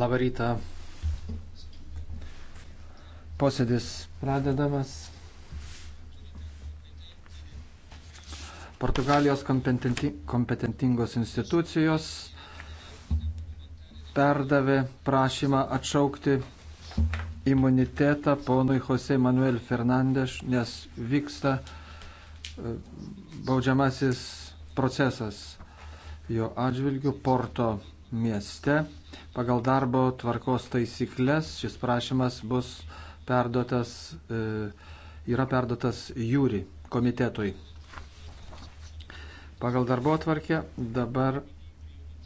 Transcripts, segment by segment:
Labą rytą. Posėdis pradedamas. Portugalijos kompetenti, kompetentingos institucijos perdavė prašymą atšaukti imunitetą ponui Jose Manuel Fernandes, nes vyksta e, baudžiamasis procesas jo atžvilgių Porto mieste. Pagal darbo tvarkos taisyklės šis prašymas bus perduotas, e, yra perduotas jūri komitetui. Pagal darbo tvarkę dabar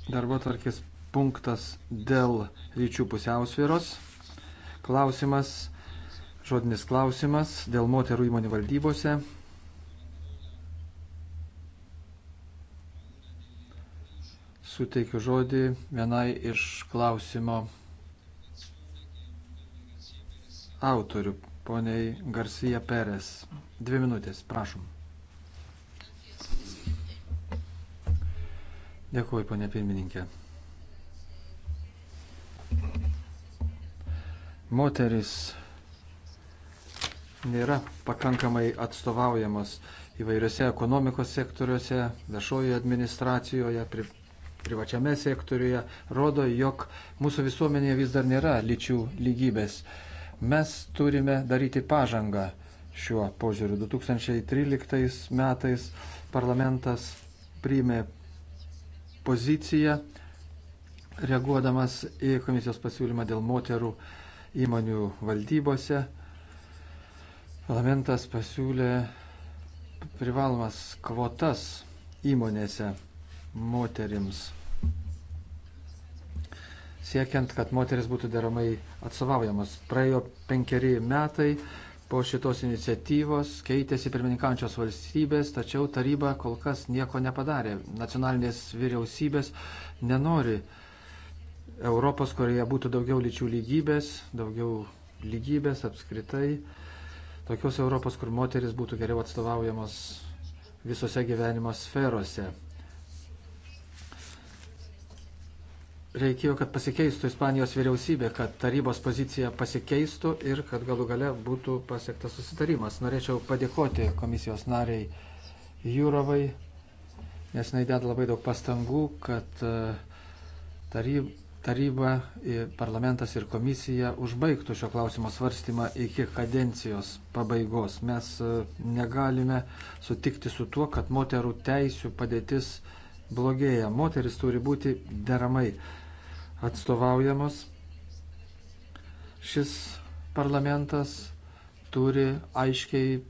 darbo tvarkės punktas dėl ryčių pusiausvėros. Klausimas, žodinis klausimas dėl moterų įmonių valdybose suteikiu žodį vienai iš klausimo autorių, poniai Garcia Perez. Dvi minutės, prašom. Dėkuoju, ponė pirmininkė. Moteris nėra pakankamai atstovaujamos įvairiose ekonomikos sektoriuose, viešojoje administracijoje, pri, privačiame sektoriuje rodo, jog mūsų visuomenėje vis dar nėra lyčių lygybės. Mes turime daryti pažangą šiuo požiūriu. 2013 metais parlamentas priėmė poziciją reaguodamas į komisijos pasiūlymą dėl moterų įmonių valdybose. Parlamentas pasiūlė privalomas kvotas įmonėse moterims. Siekiant, kad moteris būtų deramai atstovaujamas. Praėjo penkeri metai po šitos iniciatyvos, keitėsi pirmininkančios valstybės, tačiau taryba kol kas nieko nepadarė. Nacionalinės vyriausybės nenori Europos, kurioje būtų daugiau lyčių lygybės, daugiau lygybės apskritai, tokios Europos, kur moteris būtų geriau atstovaujamos visose gyvenimo sferose. reikėjo, kad pasikeistų Ispanijos vyriausybė, kad tarybos pozicija pasikeistų ir kad galų gale būtų pasiektas susitarimas. Norėčiau padėkoti komisijos nariai Jūrovai, nes jinai deda labai daug pastangų, kad e, taryb, taryba, parlamentas ir komisija užbaigtų šio klausimo svarstymą iki kadencijos pabaigos. Mes e, negalime sutikti su tuo, kad moterų teisių padėtis blogėja. Moteris turi būti deramai atstovaujamos. Šis parlamentas turi aiškiai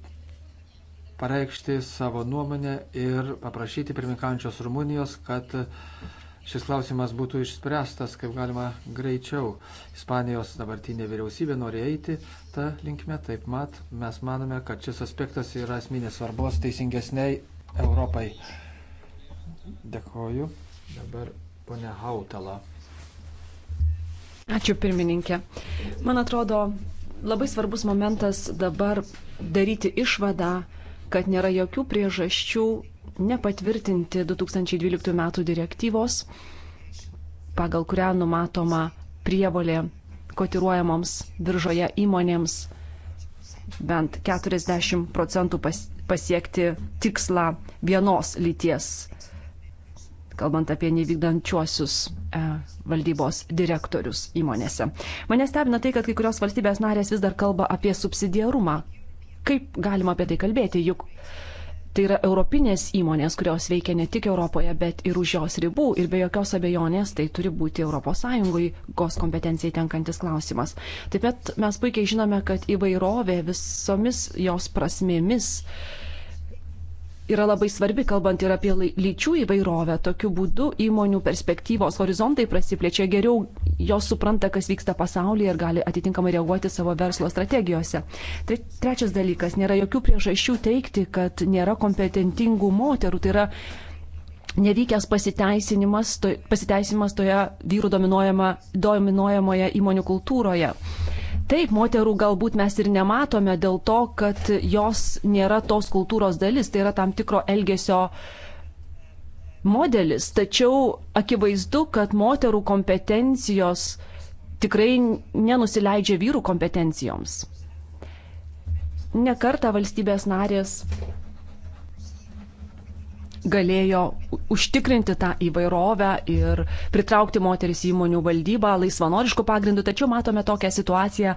pareikšti savo nuomonę ir paprašyti pirmininkančios Rumunijos, kad šis klausimas būtų išspręstas kaip galima greičiau. Ispanijos dabartinė vyriausybė nori eiti tą linkmę, taip mat, mes manome, kad šis aspektas yra esminės svarbos teisingesniai Europai. Dėkoju. Dabar ponia Hautala. Ačiū pirmininkė. Man atrodo, labai svarbus momentas dabar daryti išvadą, kad nėra jokių priežasčių nepatvirtinti 2012 m. direktyvos, pagal kurią numatoma prievolė kotiruojamoms biržoje įmonėms bent 40 procentų pasiekti tikslą vienos lyties kalbant apie nevykdančiuosius e, valdybos direktorius įmonėse. Mane stebina tai, kad kai kurios valstybės narės vis dar kalba apie subsidiarumą. Kaip galima apie tai kalbėti, juk tai yra europinės įmonės, kurios veikia ne tik Europoje, bet ir už jos ribų. Ir be jokios abejonės tai turi būti ES kompetencijai tenkantis klausimas. Taip pat mes puikiai žinome, kad įvairovė visomis jos prasmėmis uh, yra labai svarbi, kalbant ir apie lyčių įvairovę. Tokiu būdu įmonių perspektyvos horizontai prasiplečia geriau, jos supranta, kas vyksta pasaulyje ir gali atitinkamai reaguoti savo verslo strategijose. Trečias dalykas, nėra jokių priežasčių teikti, kad nėra kompetentingų moterų. Tai yra nevykęs pasiteisinimas, to, pasiteisinimas toje vyrų dominuojama, dominuojamoje įmonių kultūroje. Taip, moterų galbūt mes ir nematome dėl to, kad jos nėra tos kultūros dalis, tai yra tam tikro elgesio modelis. Tačiau akivaizdu, kad moterų kompetencijos tikrai nenusileidžia vyrų kompetencijoms. Nekarta valstybės narės galėjo užtikrinti tą įvairovę ir pritraukti moteris įmonių valdybą laisvanoriškų pagrindų. Tačiau matome tokią situaciją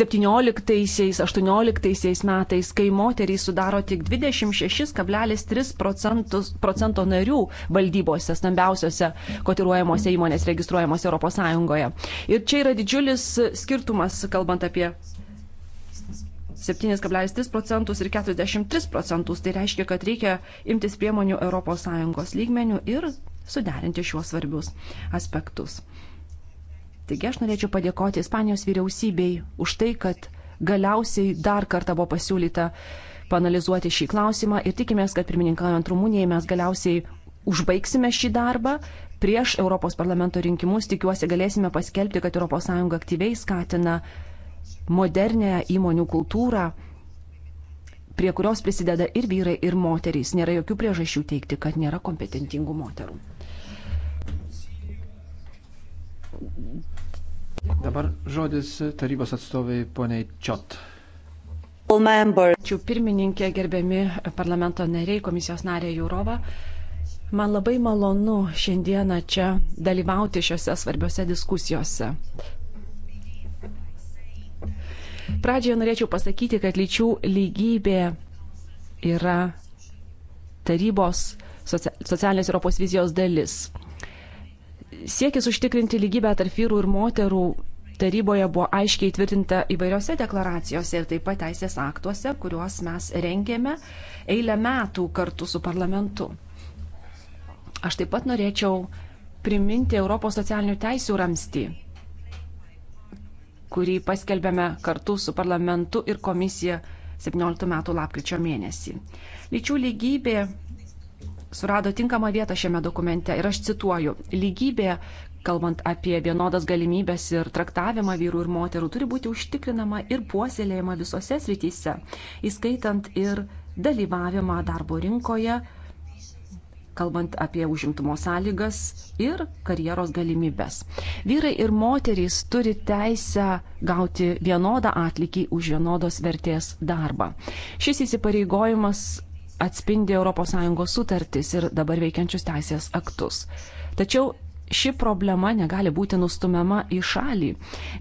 17-18 metais, kai moterys sudaro tik 26,3 procento narių valdybose, stambiausiose kotiruojamose įmonės registruojamos ES. Ir čia yra didžiulis skirtumas, kalbant apie 7,3 procentus ir 43 procentus. Tai reiškia, kad reikia imtis priemonių ES lygmenių ir suderinti šiuos svarbius aspektus. Taigi aš norėčiau padėkoti Ispanijos vyriausybei už tai, kad galiausiai dar kartą buvo pasiūlyta panalizuoti šį klausimą ir tikimės, kad pirmininkaujant Rumunijai mes galiausiai užbaigsime šį darbą. Prieš Europos parlamento rinkimus tikiuosi galėsime paskelbti, kad ES aktyviai skatina modernę įmonių kultūrą, prie kurios prisideda ir vyrai, ir moterys. Nėra jokių priežasčių teikti, kad nėra kompetentingų moterų. Dabar žodis tarybos atstovai poniai Čiot. Ačiū pirmininkė, gerbiami parlamento nariai, komisijos narė Jūrova. Man labai malonu šiandieną čia dalyvauti šiuose svarbiose diskusijose. Pradžioje norėčiau pasakyti, kad lyčių lygybė yra tarybos socialinės Europos vizijos dalis. Siekis užtikrinti lygybę tarp vyrų ir moterų taryboje buvo aiškiai įtvirtinta įvairiose deklaracijose ir taip pat teisės aktuose, kuriuos mes rengėme eilę metų kartu su parlamentu. Aš taip pat norėčiau priminti Europos socialinių teisų ramstį, kurį paskelbėme kartu su parlamentu ir komisija 17 metų lapkričio mėnesį. Lyčių lygybė surado tinkamą vietą šiame dokumente ir aš cituoju, lygybė, kalbant apie vienodas galimybės ir traktavimą vyrų ir moterų, turi būti užtikrinama ir puoselėjama visose srityse, įskaitant ir dalyvavimą darbo rinkoje, kalbant apie užimtumo sąlygas ir karjeros galimybės. Vyrai ir moterys turi teisę gauti vienodą atlygį už vienodos vertės darbą. Šis įsipareigojimas atspindi ES sutartis ir dabar veikiančius teisės aktus. Tačiau ši problema negali būti nustumiama į šalį.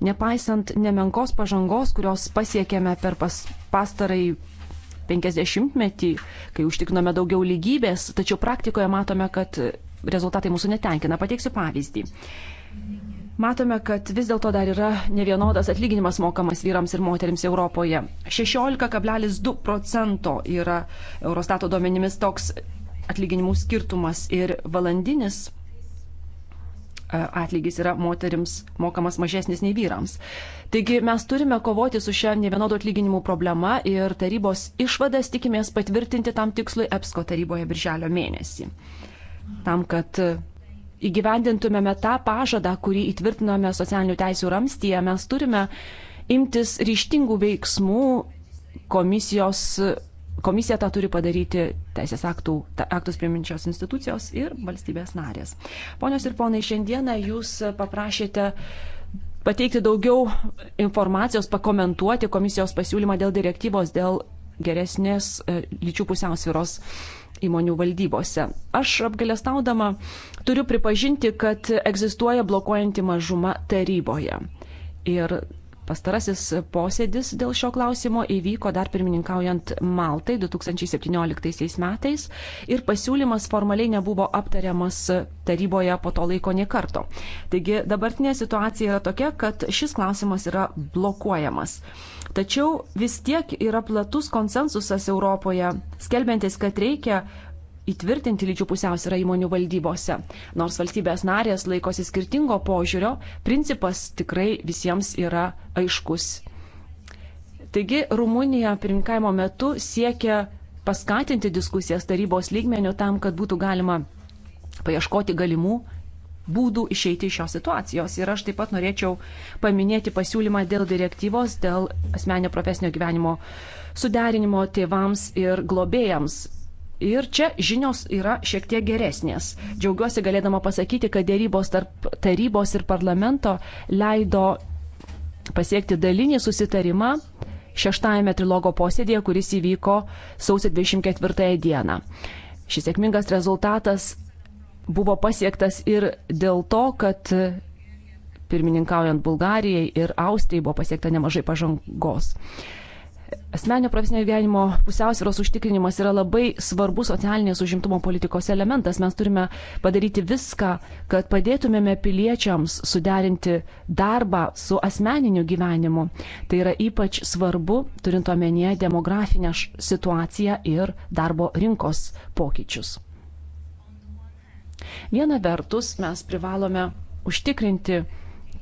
Nepaisant nemenkos pažangos, kurios pasiekėme per pas, pastarąjį 50-metį, kai užtikrinome daugiau lygybės, tačiau praktikoje matome, kad rezultatai mūsų netenkina. Pateiksiu pavyzdį. Matome, kad vis dėlto dar yra nevienodas atlyginimas mokamas vyrams ir moteriams Europoje. 16,2 procento yra Eurostato duomenimis toks atlyginimų skirtumas ir valandinis E, atlygis yra moterims mokamas mažesnis nei vyrams. Taigi mes turime kovoti su šia nevienodo atlyginimų problema ir tarybos išvadas tikimės patvirtinti tam tikslui EPSCO taryboje birželio mėnesį. Tam, kad įgyvendintumėme tą pažadą, kurį įtvirtinome socialinių teisų ramstyje, mes turime imtis ryštingų veiksmų komisijos Komisija tą turi padaryti teisės aktų, ta, aktus priminčios institucijos ir valstybės narės. Ponios ir ponai, šiandieną jūs paprašėte pateikti daugiau informacijos, pakomentuoti komisijos pasiūlymą dėl direktyvos dėl geresnės e, lyčių pusiausvyros įmonių valdybose. Aš apgalėstaudama turiu pripažinti, kad egzistuoja blokuojanti mažuma taryboje. Ir Pastarasis posėdis dėl šio klausimo įvyko dar pirmininkaujant Maltai 2017 metais ir pasiūlymas formaliai nebuvo aptariamas taryboje po to laiko niekarto. Taigi dabartinė situacija yra tokia, kad šis klausimas yra blokuojamas. Tačiau vis tiek yra platus konsensusas Europoje, skelbiantis, kad reikia įtvirtinti lyčių pusiausvyrą įmonių valdybose. Nors valstybės narės laikosi skirtingo požiūrio, principas tikrai visiems yra aiškus. Taigi Rumunija pirmininkavimo metu siekia paskatinti diskusijas tarybos lygmenių tam, kad būtų galima paieškoti galimų būdų išeiti iš šios situacijos. Ir aš taip pat norėčiau paminėti pasiūlymą dėl direktyvos, dėl asmenio profesinio gyvenimo suderinimo tėvams ir globėjams. Ir čia žinios yra šiek tiek geresnės. Džiaugiuosi galėdama pasakyti, kad dėrybos tarp tarybos ir parlamento leido pasiekti dalinį susitarimą šeštajame trilogo posėdėje, kuris įvyko sausio 24 dieną. Šis sėkmingas rezultatas buvo pasiektas ir dėl to, kad pirmininkaujant Bulgarijai ir Austrijai buvo pasiekta nemažai pažangos asmenio profesinio gyvenimo pusiausvėros užtikrinimas yra labai svarbus socialinės užimtumo politikos elementas. Mes turime padaryti viską, kad padėtumėme piliečiams suderinti darbą su asmeniniu gyvenimu. Tai yra ypač svarbu, turint omenyje demografinę situaciją ir darbo rinkos pokyčius. Viena vertus, mes privalome užtikrinti,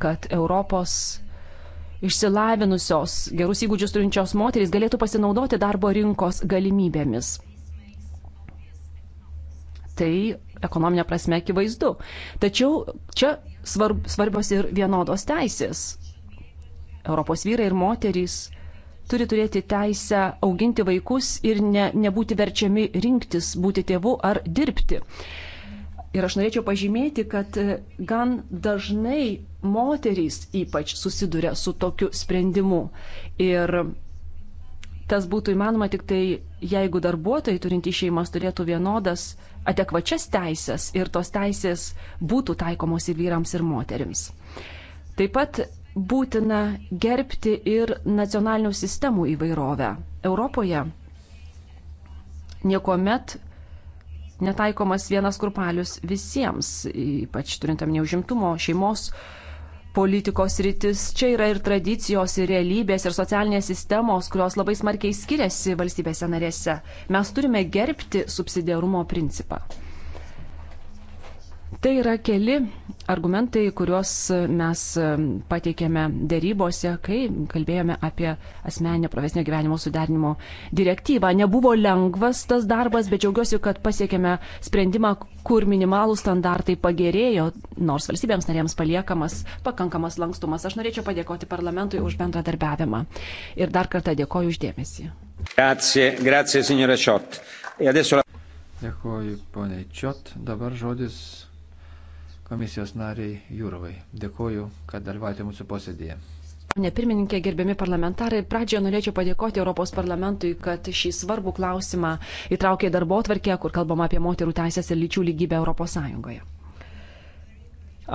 kad Europos išsilavinusios, gerus įgūdžius turinčios moterys galėtų pasinaudoti darbo rinkos galimybėmis. Tai ekonominė prasme akivaizdu. Tačiau čia svarb, svarbios ir vienodos teisės. Europos vyrai ir moterys turi turėti teisę auginti vaikus ir ne, nebūti verčiami rinktis, būti tėvu ar dirbti. Ir aš norėčiau pažymėti, kad e, gan dažnai moterys ypač susiduria su tokiu sprendimu. Ir tas būtų įmanoma tik tai, jeigu darbuotojai turinti šeimas turėtų vienodas adekvačias teisės ir tos teisės būtų taikomos ir vyrams, ir moterims. Taip pat būtina gerbti ir nacionalinių sistemų įvairovę. Europoje niekuomet met netaikomas vienas kurpalius visiems, ypač turintam neužimtumo šeimos politikos rytis. Čia yra ir tradicijos, ir realybės, ir socialinės sistemos, kurios labai smarkiai skiriasi valstybėse narėse. Mes turime gerbti subsidiarumo principą. Tai yra keli argumentai, kuriuos mes pateikėme dėrybose, kai kalbėjome apie asmenio profesinio gyvenimo suderinimo direktyvą. Nebuvo lengvas tas darbas, bet džiaugiuosi, kad pasiekėme sprendimą, kur minimalų standartai pagerėjo, nors valstybėms narėms paliekamas pakankamas lankstumas. Aš norėčiau padėkoti parlamentui už bendradarbiavimą. Ir dar kartą dėkoju uždėmesį. Grazie, grazie, signora Čiot. E adesso... Dėkoju, ponė Čiot. Dabar žodis komisijos nariai Jūrovai. Dėkuoju, kad dalyvaujate mūsų posėdėje. Pane pirmininkė, gerbiami parlamentarai, pradžioje norėčiau padėkoti Europos parlamentui, kad šį svarbų klausimą įtraukė į darbo atvarkę, kur kalbama apie moterų teisės ir lyčių lygybę Europos Sąjungoje.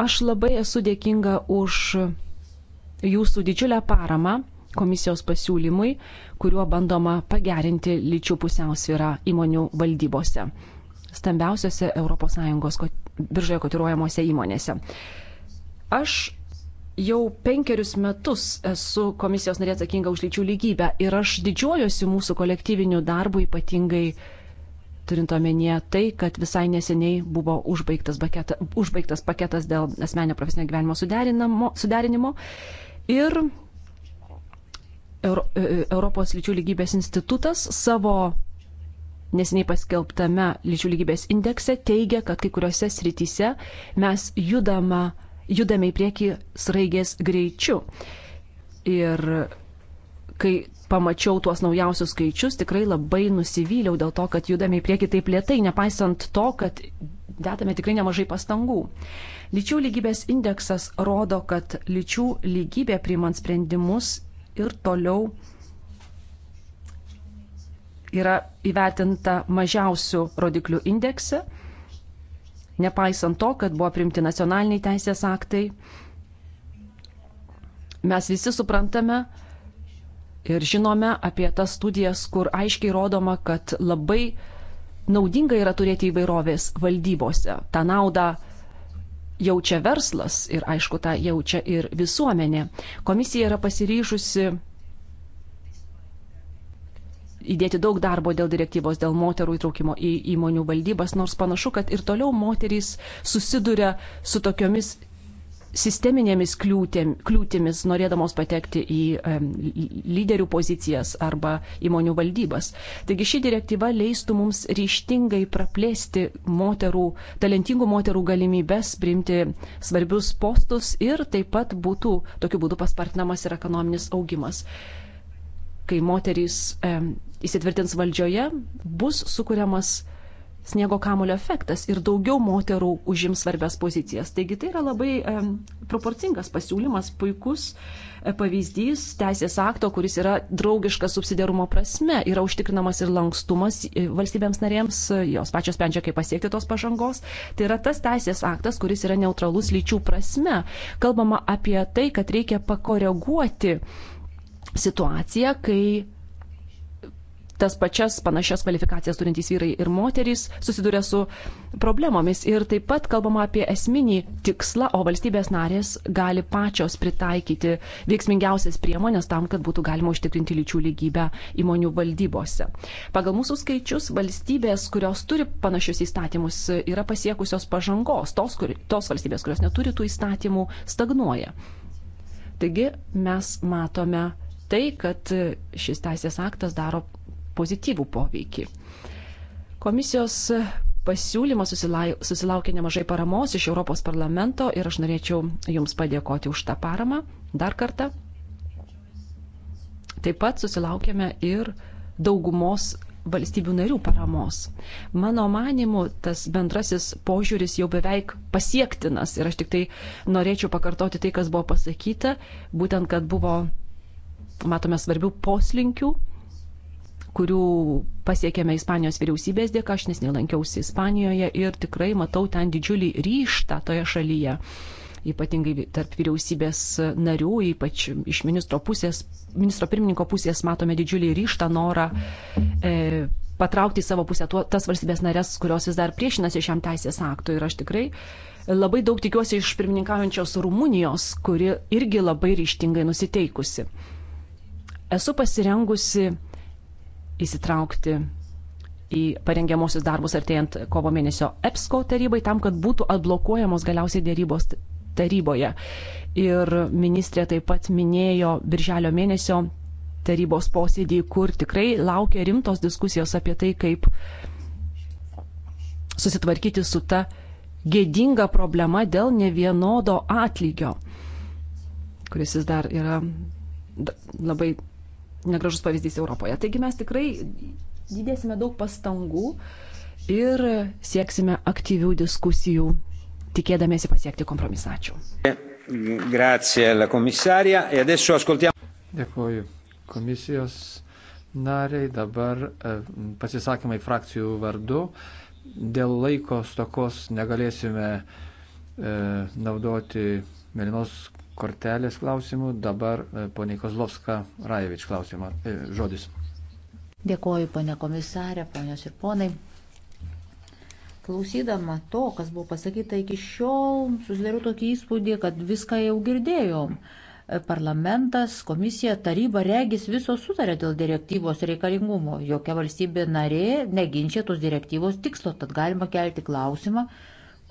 Aš labai esu dėkinga už jūsų didžiulę paramą komisijos pasiūlymui, kuriuo bandoma pagerinti lyčių pusiausvyrą įmonių valdybose stambiausiose ES biržoje kotiruojamosi įmonėse. Aš jau penkerius metus esu komisijos narė atsakinga už lyčių lygybę ir aš didžiuojuosi mūsų kolektyviniu darbu ypatingai turint omenyje tai, kad visai neseniai buvo užbaigtas, baketa, užbaigtas paketas dėl asmenio profesinio gyvenimo suderinimo ir Europos lyčių lygybės institutas savo nesiniai paskelbtame lyčių lygybės indekse teigia, kad kai kuriuose srityse mes judama, judame į priekį sraigės greičiu. Ir kai pamačiau tuos naujausius skaičius, tikrai labai nusivyliau dėl to, kad judame į priekį taip lietai, nepaisant to, kad dedame tikrai nemažai pastangų. Lyčių lygybės indeksas rodo, kad lyčių lygybė priimant sprendimus ir toliau yra įvertinta mažiausių rodiklių indekse, nepaisant to, kad buvo primti nacionaliniai teisės aktai. Mes visi suprantame ir žinome apie tas studijas, kur aiškiai rodoma, kad labai naudinga yra turėti įvairovės valdybose. Ta nauda jaučia verslas ir aišku, tą jaučia ir visuomenė. Komisija yra pasiryžusi įdėti daug darbo dėl direktyvos, dėl moterų įtraukimo į įmonių valdybas, nors panašu, kad ir toliau moterys susiduria su tokiomis sisteminėmis kliūtėm, kliūtimis, norėdamos patekti į um, lyderių pozicijas arba įmonių valdybas. Taigi ši direktyva leistų mums ryštingai praplėsti moterų, talentingų moterų galimybės priimti svarbius postus ir taip pat būtų tokiu būdu paspartinamas ir ekonominis augimas. Kai moterys um, įsitvirtins valdžioje, bus sukūriamas sniego kamulio efektas ir daugiau moterų užims svarbias pozicijas. Taigi tai yra labai e, proporcingas pasiūlymas, puikus e, pavyzdys teisės akto, kuris yra draugiškas subsidiarumo prasme, yra užtikrinamas ir lankstumas e, valstybėms narėms, e, jos pačios sprendžia, kaip pasiekti tos pažangos. Tai yra tas teisės aktas, kuris yra neutralus lyčių prasme. Kalbama apie tai, kad reikia pakoreguoti situaciją, kai tas pačias panašias kvalifikacijas turintys vyrai ir moterys susiduria su problemomis. Ir taip pat kalbama apie esminį tikslą, o valstybės narės gali pačios pritaikyti veiksmingiausias priemonės tam, kad būtų galima užtikrinti lyčių lygybę įmonių valdybose. Pagal mūsų skaičius, valstybės, kurios turi panašius įstatymus, yra pasiekusios pažangos. Tos, kur, tos valstybės, kurios neturi tų įstatymų, stagnuoja. Taigi mes matome tai, kad šis teisės aktas daro pozityvų poveikį. Komisijos pasiūlymas susilaukė nemažai paramos iš Europos parlamento ir aš norėčiau Jums padėkoti už tą paramą dar kartą. Taip pat susilaukėme ir daugumos valstybių narių paramos. Mano manimu, tas bendrasis požiūris jau beveik pasiektinas ir aš tik tai norėčiau pakartoti tai, kas buvo pasakyta, būtent, kad buvo, matome, svarbių poslinkių kurių pasiekėme Ispanijos vyriausybės dėka, aš nesnei lankiausi Ispanijoje ir tikrai matau ten didžiulį ryštą toje šalyje, ypatingai tarp vyriausybės narių, ypač iš ministro, pusės, ministro pirmininko pusės matome didžiulį ryštą norą. E, patraukti į savo pusę tuo, tas valstybės narės, kurios vis dar priešinasi šiam teisės aktui. Ir aš tikrai labai daug tikiuosi iš pirmininkaujančios Rumunijos, kuri irgi labai ryštingai nusiteikusi. Esu pasirengusi įsitraukti į parengiamosius darbus artėjant kovo mėnesio EPSCO tarybai, tam, kad būtų atblokuojamos galiausiai dėrybos taryboje. Ir ministrė taip pat minėjo birželio mėnesio tarybos posėdį, kur tikrai laukia rimtos diskusijos apie tai, kaip susitvarkyti su ta gėdinga problema dėl nevienodo atlygio, kuris vis dar yra labai negražus pavyzdys Europoje. Taigi mes tikrai didėsime daug pastangų ir sieksime aktyvių diskusijų, tikėdamėsi pasiekti kompromisą. Ačiū. Grazie, la komisarija. E adesso ascoltiamo. Dėkuoju komisijos nariai. Dabar e, pasisakymai frakcijų vardu. Dėl laiko stokos negalėsime e, naudoti mėlynos kortelės klausimų. Dabar e, ponė Kozlovska Rajevič klausimą. E, žodis. Dėkoju, ponė komisarė, ponios ir ponai. Klausydama to, kas buvo pasakyta iki šiol, susidariau tokį įspūdį, kad viską jau girdėjom. E, parlamentas, komisija, taryba, regis visos sutarė dėl direktyvos reikalingumo. Jokia valstybė narė neginčia tos direktyvos tikslo, tad galima kelti klausimą,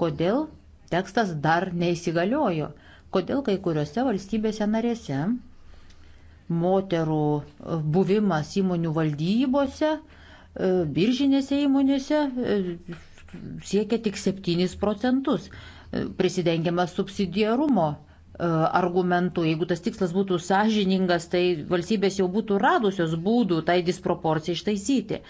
kodėl tekstas dar neįsigaliojo kodėl kai kuriuose valstybėse narėse moterų buvimas įmonių valdybose, e, biržinėse įmonėse e, siekia tik 7 procentus. E, Prisidengiamas subsidiarumo argumentu. Jeigu tas tikslas būtų sąžiningas, tai valstybės jau būtų radusios būdų tai disproporciją ištaisyti.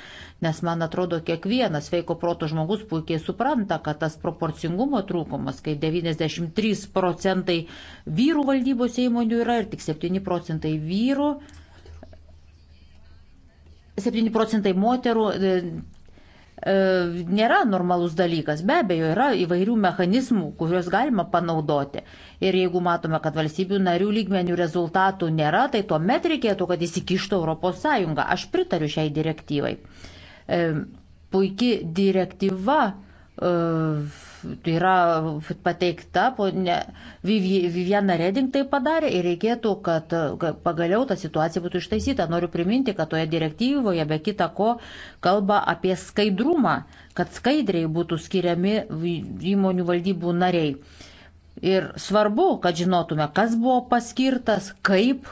Nes man atrodo, kiekvienas sveiko proto žmogus puikiai supranta, kad tas proporcingumo trūkumas, kai 93 procentai vyrų valdybos įmonių yra ir tik 7 procentai vyrų, 7 procentai moterų, E, nėra normalus dalykas. Be abejo, yra įvairių mechanizmų, kuriuos galima panaudoti. Ir jeigu matome, kad valstybių narių lygmenių rezultatų nėra, tai tuomet reikėtų, kad įsikištų ES. Aš pritariu šiai direktyvai. E, puiki direktyva e, Tai yra pateikta, ponė Viviana Reding tai padarė ir reikėtų, kad pagaliau ta situacija būtų ištaisyta. Noriu priminti, kad toje direktyvoje be kita ko kalba apie skaidrumą, kad skaidriai būtų skiriami įmonių valdybų nariai. Ir svarbu, kad žinotume, kas buvo paskirtas, kaip,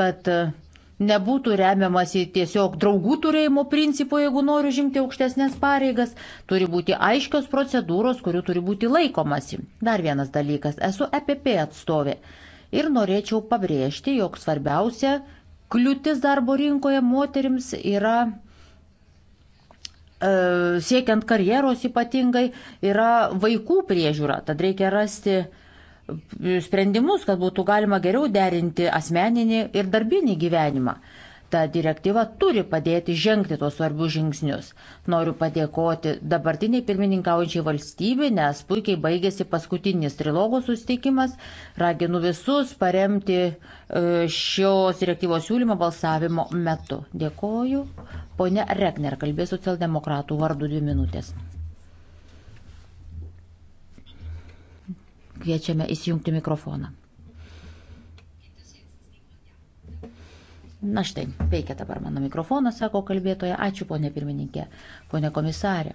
kad uh, nebūtų remiamasi tiesiog draugų turėjimo principu, jeigu nori žimti aukštesnės pareigas, turi būti aiškios procedūros, kurių turi būti laikomasi. Dar vienas dalykas, esu EPP atstovė ir norėčiau pabrėžti, jog svarbiausia kliūtis darbo rinkoje moterims yra e, siekiant karjeros ypatingai yra vaikų priežiūra, tad reikia rasti sprendimus, kad būtų galima geriau derinti asmeninį ir darbinį gyvenimą. Ta direktyva turi padėti žengti tos svarbius žingsnius. Noriu padėkoti dabartiniai pirmininkaujančiai valstybė, nes puikiai baigėsi paskutinis trilogų sustikimas. Raginu visus paremti e, šios direktyvos siūlymą balsavimo metu. Dėkoju. Pone Rekner kalbės socialdemokratų vardu dvi minutės. kviečiame įsijungti mikrofoną. Na štai, veikia dabar mano mikrofonas, sako kalbėtoja. Ačiū, ponė pirmininkė, ponė komisarė.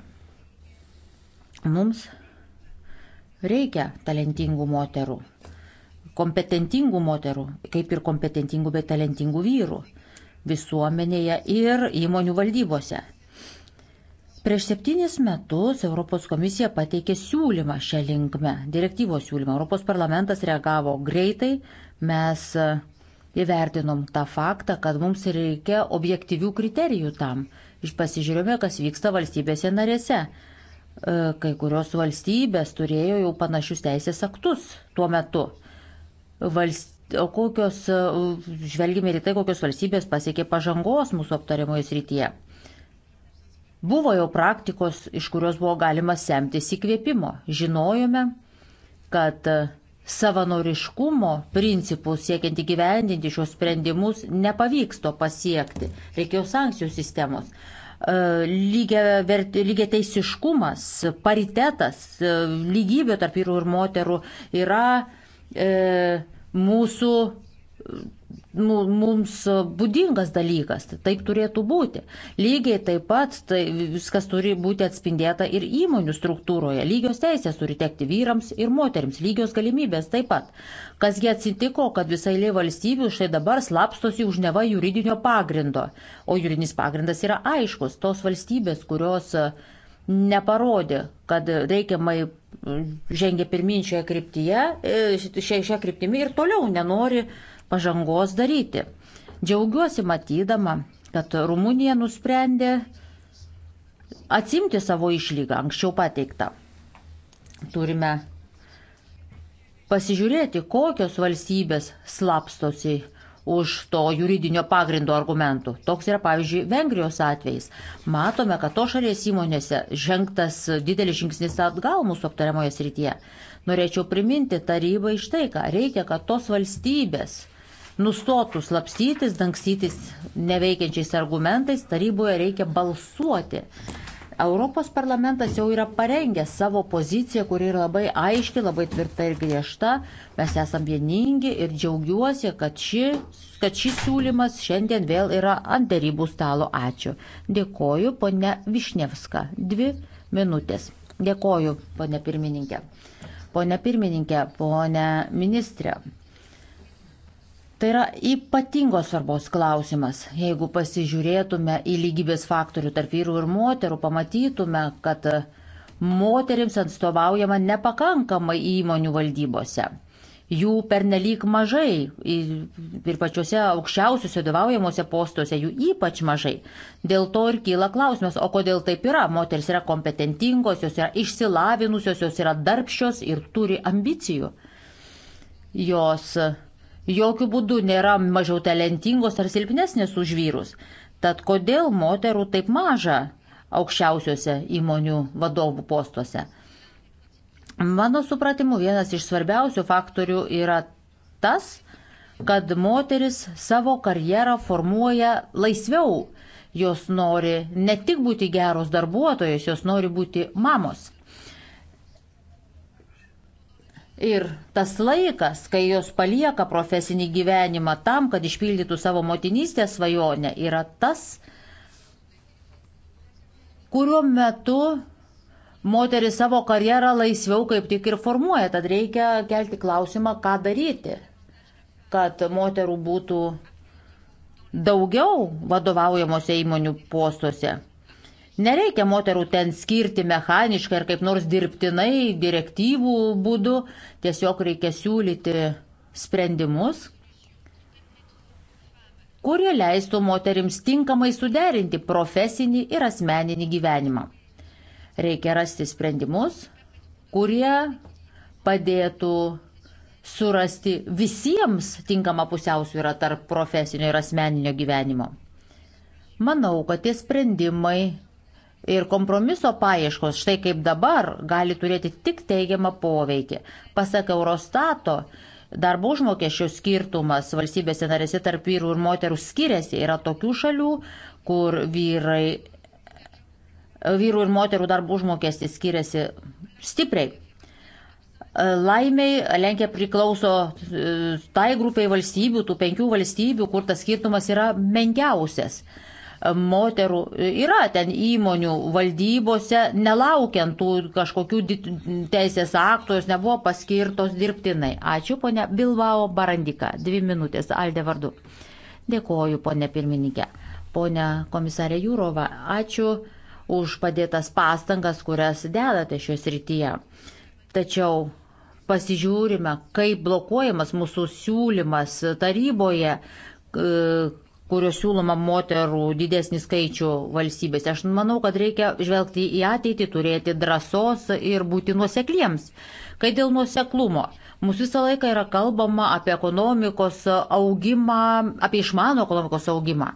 Mums reikia talentingų moterų, kompetentingų moterų, kaip ir kompetentingų bei talentingų vyrų visuomenėje ir įmonių valdybose. Prieš septynis metus Europos komisija pateikė siūlymą šią linkmę, direktyvos siūlymą. Europos parlamentas reagavo greitai, mes e, įvertinom tą faktą, kad mums reikia objektyvių kriterijų tam. Iš pasižiūrėjome, kas vyksta valstybėse narėse. E, kai kurios valstybės turėjo jau panašius teisės aktus tuo metu. Valst... O kokios, e, žvelgime ir tai, kokios valstybės pasiekė pažangos mūsų aptariamoje srityje. Buvo jau praktikos, iš kurios buvo galima semtis įkvėpimo. Žinojome, kad e, savanoriškumo principų siekiant įgyvendinti šios sprendimus nepavyks to pasiekti. Reikėjo sankcijų sistemos. E, lygia, lygia teisiškumas, paritetas, e, lygybė tarp vyrų ir moterų yra e, mūsų Nu, mums e, būdingas dalykas, taip turėtų būti. Lygiai taip pat tai viskas turi būti atspindėta ir įmonių struktūroje. Lygios teisės turi tekti vyrams ir moteriams, lygios galimybės taip pat. Kasgi atsitiko, kad visai lė valstybių štai dabar slapstosi už neva juridinio pagrindo, o juridinis pagrindas yra aiškus, tos valstybės, kurios e, neparodė, kad reikiamai e, žengia pirmin šioje kryptyje, šią kryptimį ir toliau nenori uh, pažangos daryti. Džiaugiuosi matydama, kad Rumunija nusprendė atsimti savo išlygą anksčiau pateiktą. Turime pasižiūrėti, kokios valstybės slapstosi už to juridinio pagrindo argumentų. Toks yra, pavyzdžiui, Vengrijos atvejais. Matome, kad to šalies įmonėse žengtas didelis žingsnis atgal mūsų aptariamoje srityje. Norėčiau priminti tarybai iš tai, ką reikia, kad tos valstybės nustotų slapstytis, dangstytis neveikiančiais argumentais, taryboje reikia balsuoti. Europos parlamentas jau yra parengęs savo poziciją, kuri yra labai aiški, labai tvirta ir griežta. Mes esam vieningi ir džiaugiuosi, kad, ši, kad šis siūlymas šiandien vėl yra ant darybų stalo. Ačiū. Dėkoju, ponia Višnevska. Dvi minutės. Dėkoju, ponia pirmininkė. Pone pirmininkė, pone ministrė, Tai yra ypatingos svarbos klausimas. Jeigu pasižiūrėtume į lygybės faktorių tarp vyrų ir moterų, pamatytume, kad moterims atstovaujama nepakankamai įmonių valdybose. Jų pernelyg mažai ir pačiuose aukščiausiuose vadovaujamuose postuose jų ypač mažai. Dėl to ir kyla klausimas, o kodėl taip yra? Moteris yra kompetentingos, jos yra išsilavinusios, jos yra darbščios ir turi ambicijų. Jos jokių būdų nėra mažiau talentingos ar silpnesnės už vyrus. Tad kodėl moterų taip maža aukščiausiuose įmonių vadovų postuose? Mano supratimu, vienas iš svarbiausių faktorių yra tas, kad moteris savo karjerą formuoja laisviau. Jos nori ne tik būti geros darbuotojos, jos nori būti mamos. Ir tas laikas, kai jos palieka profesinį gyvenimą tam, kad išpildytų savo motinystės svajonę, yra tas, kuriuo metu moteris savo karjerą laisviau kaip tik ir formuoja. Tad reikia kelti klausimą, ką daryti, kad moterų būtų daugiau vadovaujamosi įmonių postuose. Nereikia moterų ten skirti mechaniškai ar kaip nors dirbtinai, direktyvų būdu, tiesiog reikia siūlyti sprendimus, kurie leistų moterims tinkamai suderinti profesinį ir asmeninį gyvenimą. Reikia rasti sprendimus, kurie padėtų surasti visiems tinkamą pusiausvyrą tarp profesinio ir asmeninio gyvenimo. Manau, kad tie sprendimai ir kompromiso paieškos, štai kaip dabar, gali turėti tik teigiamą poveikį. Pasak Eurostato, Darbo užmokesčio skirtumas valstybėse narėse tarp vyrų ir moterų skiriasi. Yra tokių šalių, kur vyrai, vyrų ir moterų darbo užmokestis skiriasi stipriai. Laimiai Lenkija priklauso e, tai grupiai valstybių, tų penkių valstybių, kur tas skirtumas yra menkiausias moterų yra ten įmonių valdybose, nelaukiant tų kažkokių teisės aktų, jos nebuvo paskirtos dirbtinai. Ačiū, ponia Bilvao Barandika. Dvi minutės, Aldė vardu. Dėkoju, ponia pirmininkė. Pone komisarė Jūrova, ačiū už padėtas pastangas, kurias dedate šios rytyje. Tačiau pasižiūrime, kaip blokuojamas mūsų siūlymas taryboje, kurio siūloma moterų didesnį skaičių valstybėse. Aš manau, kad reikia žvelgti į ateitį, turėti drąsos ir būti nuosekliems. Kai dėl nuoseklumo, mūsų visą laiką yra kalbama apie ekonomikos augimą, apie išmano ekonomikos augimą.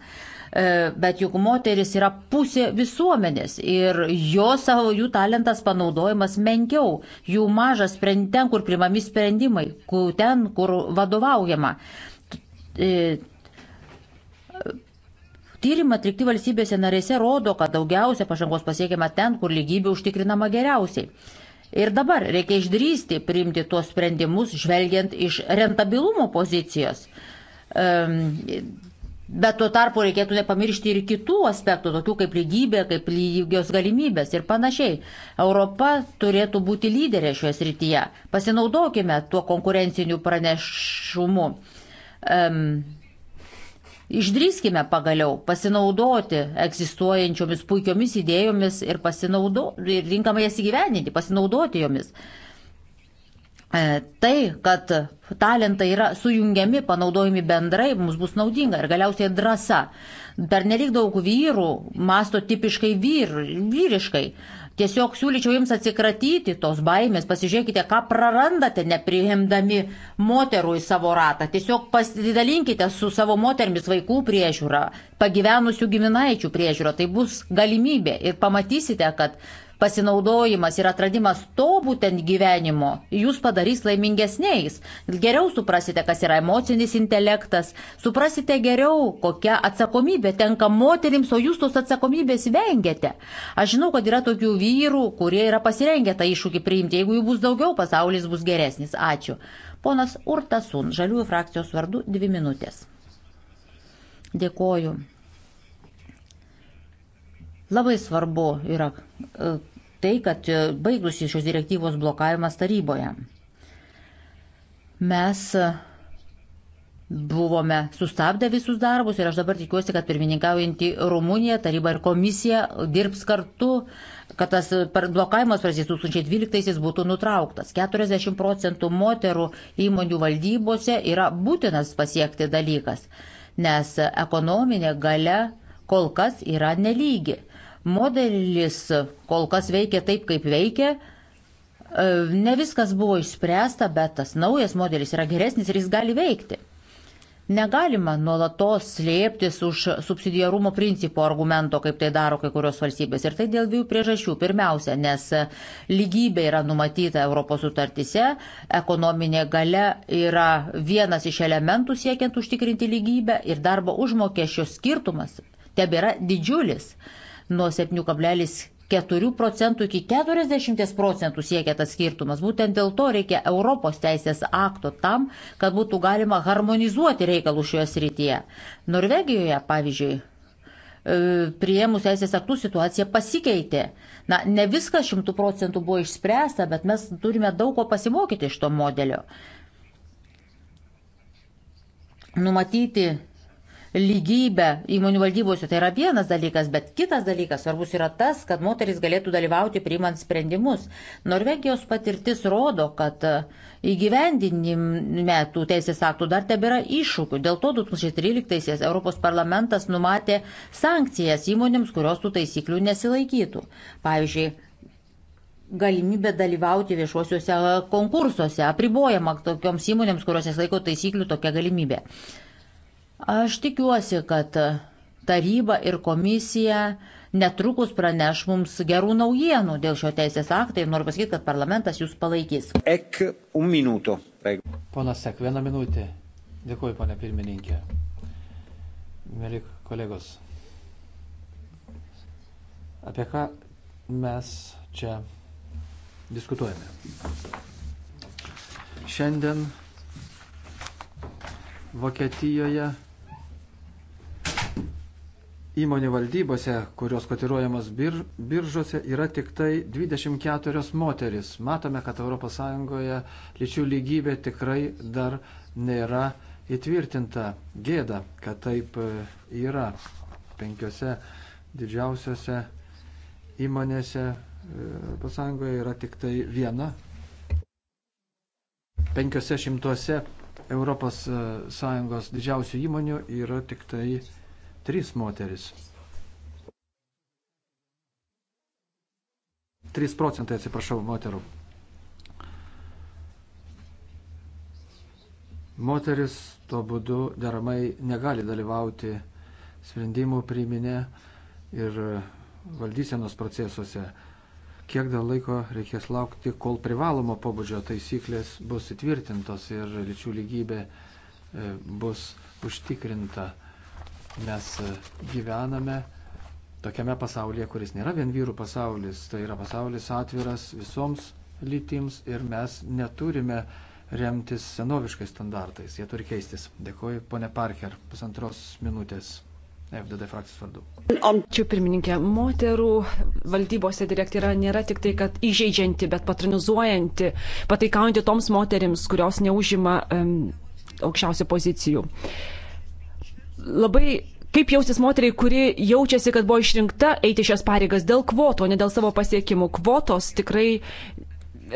E, bet juk moteris yra pusė visuomenės ir jo savo, jų talentas panaudojimas menkiau, jų mažas sprend, ten, kur primami sprendimai, ten, kur vadovaujama e, Tyrimai atlikti valstybėse narėse rodo, kad daugiausia pažangos pasiekiama ten, kur lygybė užtikrinama geriausiai. Ir dabar reikia išdrysti priimti tuos sprendimus, žvelgiant iš rentabilumo pozicijos. Ehm, bet tuo tarpu reikėtų nepamiršti ir kitų aspektų, tokių kaip lygybė, kaip lygios galimybės ir panašiai. Europa turėtų būti lyderė šioje srityje. Pasinaudokime tuo konkurenciniu pranešumu. Um, Išdrįskime pagaliau pasinaudoti egzistuojančiomis puikiomis idėjomis ir, pasinaudo, ir rinkamai jas įgyveninti, pasinaudoti jomis. E, tai, kad talentai yra sujungiami, panaudojami bendrai, mums bus naudinga ir galiausiai drąsa. Dar nelik daug vyrų masto tipiškai vyr, vyriškai. Tiesiog siūlyčiau jums atsikratyti tos baimės, pasižiūrėkite, ką prarandate nepriimdami moterų į savo ratą. Tiesiog pasidalinkite su savo moterimis vaikų priežiūra, pagyvenusių giminaičių priežiūra. Tai bus galimybė ir pamatysite, kad pasinaudojimas ir atradimas to būtent gyvenimo jūs padarys laimingesniais. Geriau suprasite, kas yra emocinis intelektas, suprasite geriau, kokia atsakomybė tenka moterims, o jūs tos atsakomybės vengiate. Aš žinau, kad yra tokių vyrų, kurie yra pasirengę tą iššūkį priimti. Jeigu jų bus daugiau, pasaulis bus geresnis. Ačiū. Ponas Urtasun, Žaliųjų frakcijos vardu, dvi minutės. Dėkoju, Labai svarbu yra e, tai, kad e, baigusi šios direktyvos blokavimas taryboje. Mes e, buvome sustabdę visus darbus ir aš dabar tikiuosi, kad pirmininkaujantį Rumuniją, tarybą ir komisiją dirbs kartu, kad tas blokavimas prasidės 2012 būtų nutrauktas. 40 procentų moterų įmonių valdybose yra būtinas pasiekti dalykas, nes ekonominė gale kol kas yra nelygi modelis kol kas veikia taip, kaip veikia. E, ne viskas buvo išspręsta, bet tas naujas modelis yra geresnis ir jis gali veikti. Negalima nuolatos slėptis už subsidiarumo principo argumento, kaip tai daro kai kurios valstybės. Ir tai dėl dviejų priežasčių. Pirmiausia, nes lygybė yra numatyta Europos sutartise, ekonominė gale yra vienas iš elementų siekiant užtikrinti lygybę ir darbo užmokesčio skirtumas tebėra didžiulis nuo 7,4 procentų iki 40 procentų siekia tas skirtumas. Būtent dėl to reikia Europos teisės akto tam, kad būtų galima harmonizuoti reikalų šioje srityje. Norvegijoje, pavyzdžiui, e, prieimus teisės aktų situacija pasikeitė. Na, ne viskas šimtų procentų buvo išspręsta, bet mes turime daug ko pasimokyti iš to modelio. Numatyti lygybę įmonių valdybose. Tai yra vienas dalykas, bet kitas dalykas svarbus yra tas, kad moteris galėtų dalyvauti priimant sprendimus. Norvegijos patirtis rodo, kad e, įgyvendinime tų teisės aktų dar tebėra iššūkių. Dėl to 2013-aisiais Europos parlamentas numatė sankcijas įmonėms, kurios tų taisyklių nesilaikytų. Pavyzdžiui, galimybė dalyvauti viešuosiuose konkursuose, apribojama tokioms įmonėms, kurios nesilaiko taisyklių tokia galimybė. Aš tikiuosi, kad taryba ir komisija netrukus praneš mums gerų naujienų dėl šio teisės akto ir noriu pasakyti, kad parlamentas jūs palaikys. Ek, un minuto. Ponas Ek, vieną minutę. Dėkuoju, ponė pirmininkė. Mėly kolegos, apie ką mes čia diskutuojame? Šiandien Vokietijoje įmonių valdybose, kurios kotiruojamos bir, biržose, yra tik tai 24 moteris. Matome, kad ES lyčių lygybė tikrai dar nėra įtvirtinta. Gėda, kad taip e, yra. Penkiose didžiausiose įmonėse ES yra tik tai viena. Penkiose šimtuose ES e, didžiausių įmonių yra tik tai viena Trys moteris. 3 procentai, atsiprašau, moterų. Moteris to būdu deramai negali dalyvauti sprendimų priiminė ir valdysenos procesuose. Kiek dar laiko reikės laukti, kol privalomo pobūdžio taisyklės bus įtvirtintos ir lyčių lygybė e, bus užtikrinta. Mes e, gyvename tokiame pasaulyje, kuris nėra vien vyrų pasaulis, tai yra pasaulis atviras visoms lytims ir mes neturime remtis senoviškais standartais, jie turi keistis. Dėkuoju, ponė Parker, pusantros minutės. FDD frakcijos vardu. Čia pirmininkė, moterų valdybose direktyra nėra tik tai, kad įžeidžianti, bet patronizuojanti, pataikaujanti toms moterims, kurios neužima um, aukščiausių pozicijų. Uh, labai kaip jausis moteriai, kuri jaučiasi, kad buvo išrinkta eiti šias pareigas dėl kvoto, ne dėl savo pasiekimų. Kvotos tikrai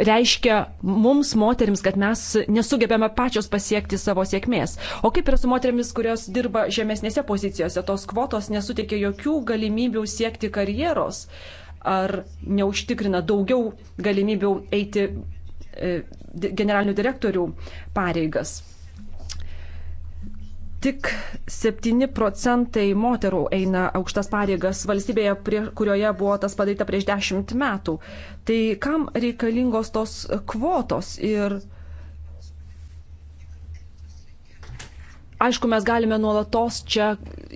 reiškia mums, moteriams, kad mes nesugebėme pačios pasiekti savo sėkmės. O kaip yra su moteriamis, kurios dirba žemesnėse pozicijose, tos kvotos nesuteikia jokių galimybių siekti karjeros ar neužtikrina daugiau galimybių eiti e, generalinių direktorių pareigas. Tik 7 procentai moterų eina aukštas pareigas valstybėje, prie, kurioje buvo tas padaryta prieš 10 metų. Tai kam reikalingos tos kvotos ir Aišku, mes galime nuolatos čia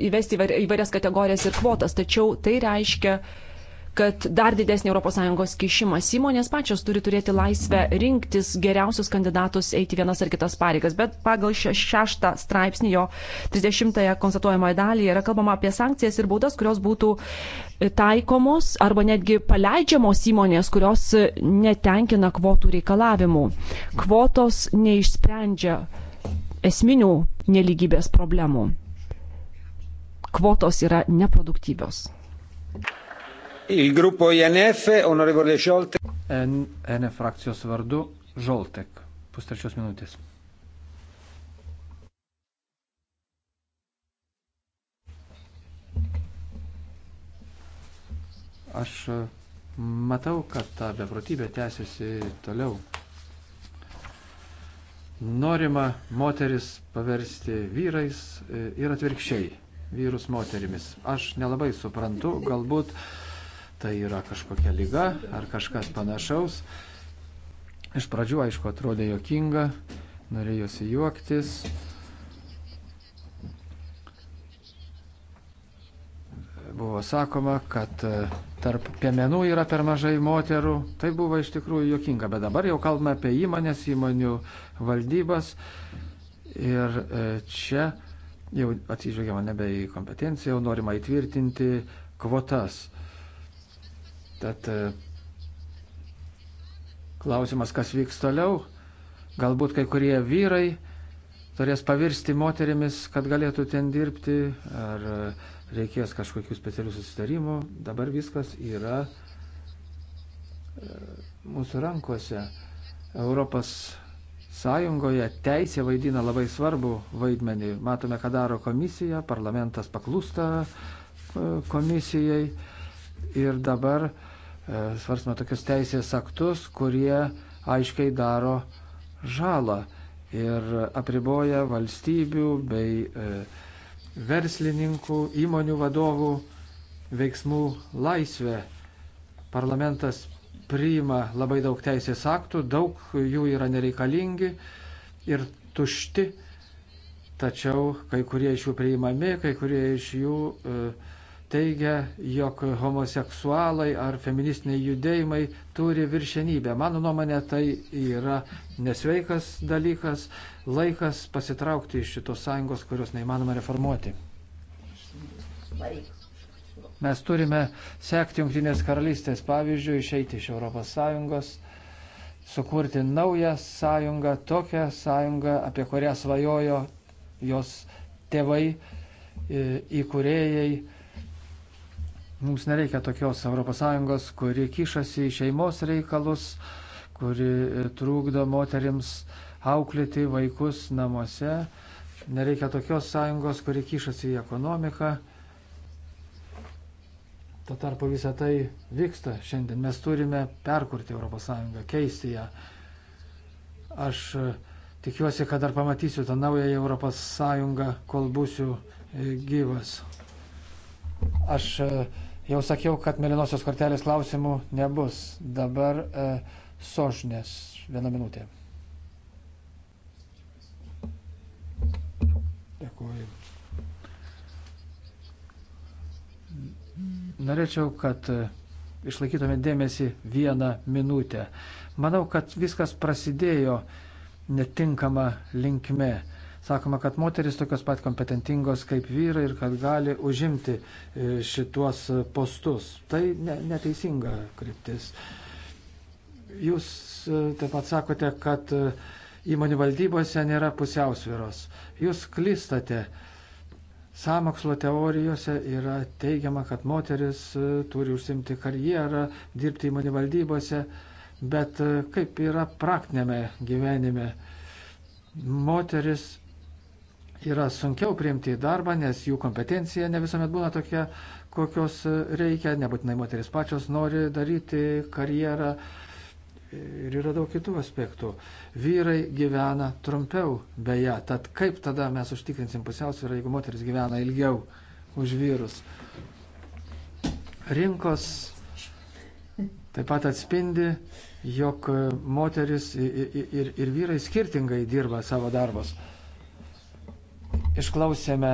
įvesti įvairias kategorijas ir kvotas, tačiau tai reiškia, kad dar didesnį ES kišimas įmonės pačios turi turėti laisvę rinktis geriausius kandidatus eiti vienas ar kitas pareigas. Bet pagal šeštą straipsnį jo 30-ąją konstatuojamoje dalyje yra kalbama apie sankcijas ir baudas, kurios būtų e, taikomos arba netgi paleidžiamos įmonės, kurios e, netenkina kvotų reikalavimų. Kvotos neišsprendžia esminių nelygybės problemų. Kvotos yra neproduktyvios. Il gruppo INF, onorevole Šoltek. NF frakcijos vardu Žoltek. Pustrečios minutės. Aš e, matau, kad ta beprotybė tęsiasi toliau. Norima moteris paversti vyrais e, ir atvirkščiai, vyrus moterimis. Aš nelabai suprantu, galbūt uh, tai yra kažkokia lyga ar kažkas panašaus. Iš pradžių, aišku, atrodė jokinga, norėjosi juoktis. Buvo sakoma, kad e, tarp piemenų yra per mažai moterų. Tai buvo iš tikrųjų jokinga, bet dabar jau kalbame apie įmonės, įmonių valdybas. Ir e, čia jau atsižvelgiama nebe į kompetenciją, jau norima įtvirtinti kvotas. Tad e, klausimas, kas vyks toliau. Galbūt kai kurie vyrai turės pavirsti moterimis, kad galėtų ten dirbti, ar e, reikės kažkokių specialių susitarimų. Dabar viskas yra e, mūsų rankose. Europos Sąjungoje teisė vaidina labai svarbu vaidmenį. Matome, ką daro komisija, parlamentas paklūsta komisijai ir dabar uh, E, svarstame tokius teisės aktus, kurie aiškiai daro žalą ir apriboja valstybių bei e, verslininkų, įmonių vadovų veiksmų laisvę. Parlamentas priima labai daug teisės aktų, daug jų yra nereikalingi ir tušti, tačiau kai kurie iš jų priimami, kai kurie iš jų uh, teigia, jog homoseksualai ar feministiniai judėjimai turi viršenybę. Mano nuomonė, tai yra nesveikas dalykas, laikas pasitraukti iš šitos sąjungos, kurios neįmanoma reformuoti. Mes turime sekti Junktinės karalystės pavyzdžių, išeiti iš Europos Sąjungos sukurti naują sąjungą, tokią sąjungą, apie kurią svajojo jos tėvai, e, įkūrėjai Mums nereikia tokios ES, kuri kišasi į šeimos reikalus, kuri e, trūkdo moteriams auklėti vaikus namuose. Nereikia tokios sąjungos, kuri kišasi į ekonomiką. Tuo tarpu visą tai vyksta šiandien. Mes turime perkurti ES, keisti ją. Aš e, tikiuosi, kad dar pamatysiu tą naująją ES, kol būsiu e, gyvas. Aš Jau sakiau, kad mėlynosios kortelės klausimų nebus. Dabar e, sožnės. Vieną minutę. Dėkuoju. Norėčiau, kad e, išlaikytume dėmesį vieną minutę. Manau, kad viskas prasidėjo netinkama linkme. Sakoma, kad moteris tokios pat kompetentingos kaip vyrai ir kad gali užimti e, šituos postus. Tai ne, neteisinga kryptis. Jūs e, taip pat sakote, kad e, įmonių valdybose nėra pusiausviros. Jūs klistate. Samokslo teorijose yra teigiama, kad moteris turi užsimti karjerą, dirbti įmonių valdybose, bet kaip yra praktinėme gyvenime. Moteris yra sunkiau priimti į darbą, nes jų kompetencija ne visuomet būna tokia, kokios reikia, nebūtinai moteris pačios nori daryti karjerą ir yra daug kitų aspektų. Vyrai gyvena trumpiau, beje, tad kaip tada mes užtikrinsim pusiausvyrą, jeigu moteris gyvena ilgiau už vyrus. Rinkos taip pat atspindi, jog moteris ir, ir, ir vyrai skirtingai dirba savo darbus. Išklausėme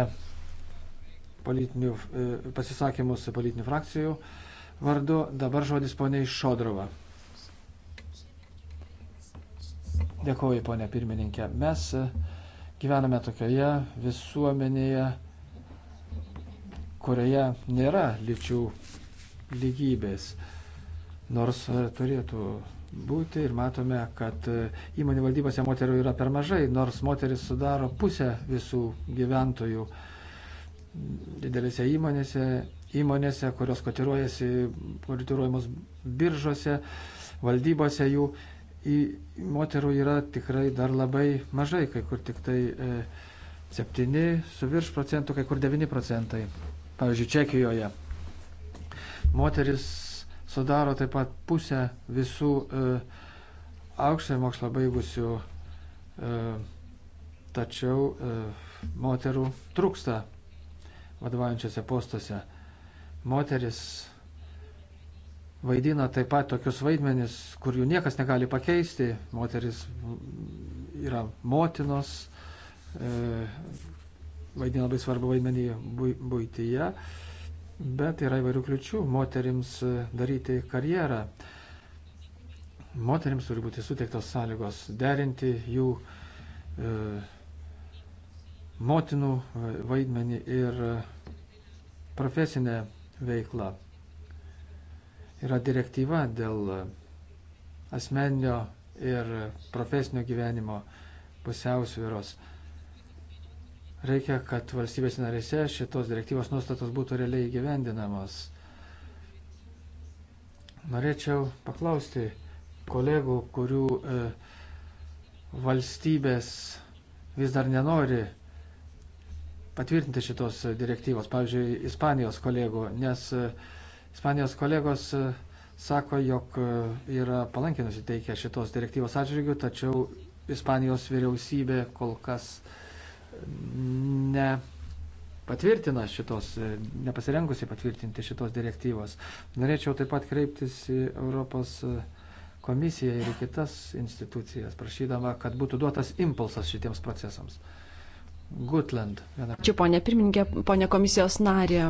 politinių, e, pasisakymus politinių frakcijų vardu. Dabar žodis poniai Šodrova. Dėkuoju, ponė pirmininkė. Mes e, gyvename tokioje visuomenėje, kurioje nėra lyčių lygybės, nors e, turėtų būti ir matome, kad e, įmonių valdybose moterų yra per mažai, nors moteris sudaro pusę visų gyventojų didelėse įmonėse, įmonėse, kurios kotiruojasi, kotiruojamos biržose, valdybose jų į, moterų yra tikrai dar labai mažai, kai kur tik tai e, 7 su virš procentų, kai kur 9 procentai. Pavyzdžiui, Čekijoje moteris sudaro taip pat pusę visų e, aukštojo mokslo baigusių, e, tačiau e, moterų trūksta vadovaujančiose postuose. Moteris vaidina taip pat tokius vaidmenis, kur jų niekas negali pakeisti. Moteris yra motinos, e, vaidina labai svarbu vaidmenį būtyje. Bu bet yra įvairių kliučių moterims e, daryti karjerą. Moterims turi būti suteiktos sąlygos derinti jų e, motinų e, vaidmenį ir e, profesinę veiklą. Yra direktyva dėl asmeninio ir profesinio gyvenimo pusiausvyros. Reikia, kad valstybės narėse šitos direktyvos nuostatos būtų realiai įgyvendinamos. Norėčiau paklausti kolegų, kurių e, valstybės vis dar nenori patvirtinti šitos direktyvos, pavyzdžiui, Ispanijos kolegų, nes e, Ispanijos kolegos e, sako, jog e, yra palankiai nusiteikę šitos direktyvos atžvilgių, tačiau Ispanijos vyriausybė kol kas nepatvirtina šitos, nepasirengusi patvirtinti šitos direktyvos. Norėčiau taip pat kreiptis į Europos komisiją ir į kitas institucijas, prašydama, kad būtų duotas impulsas šitiems procesams. Gutland. Viena. Čia ponė pirmininkė, ponė komisijos narė.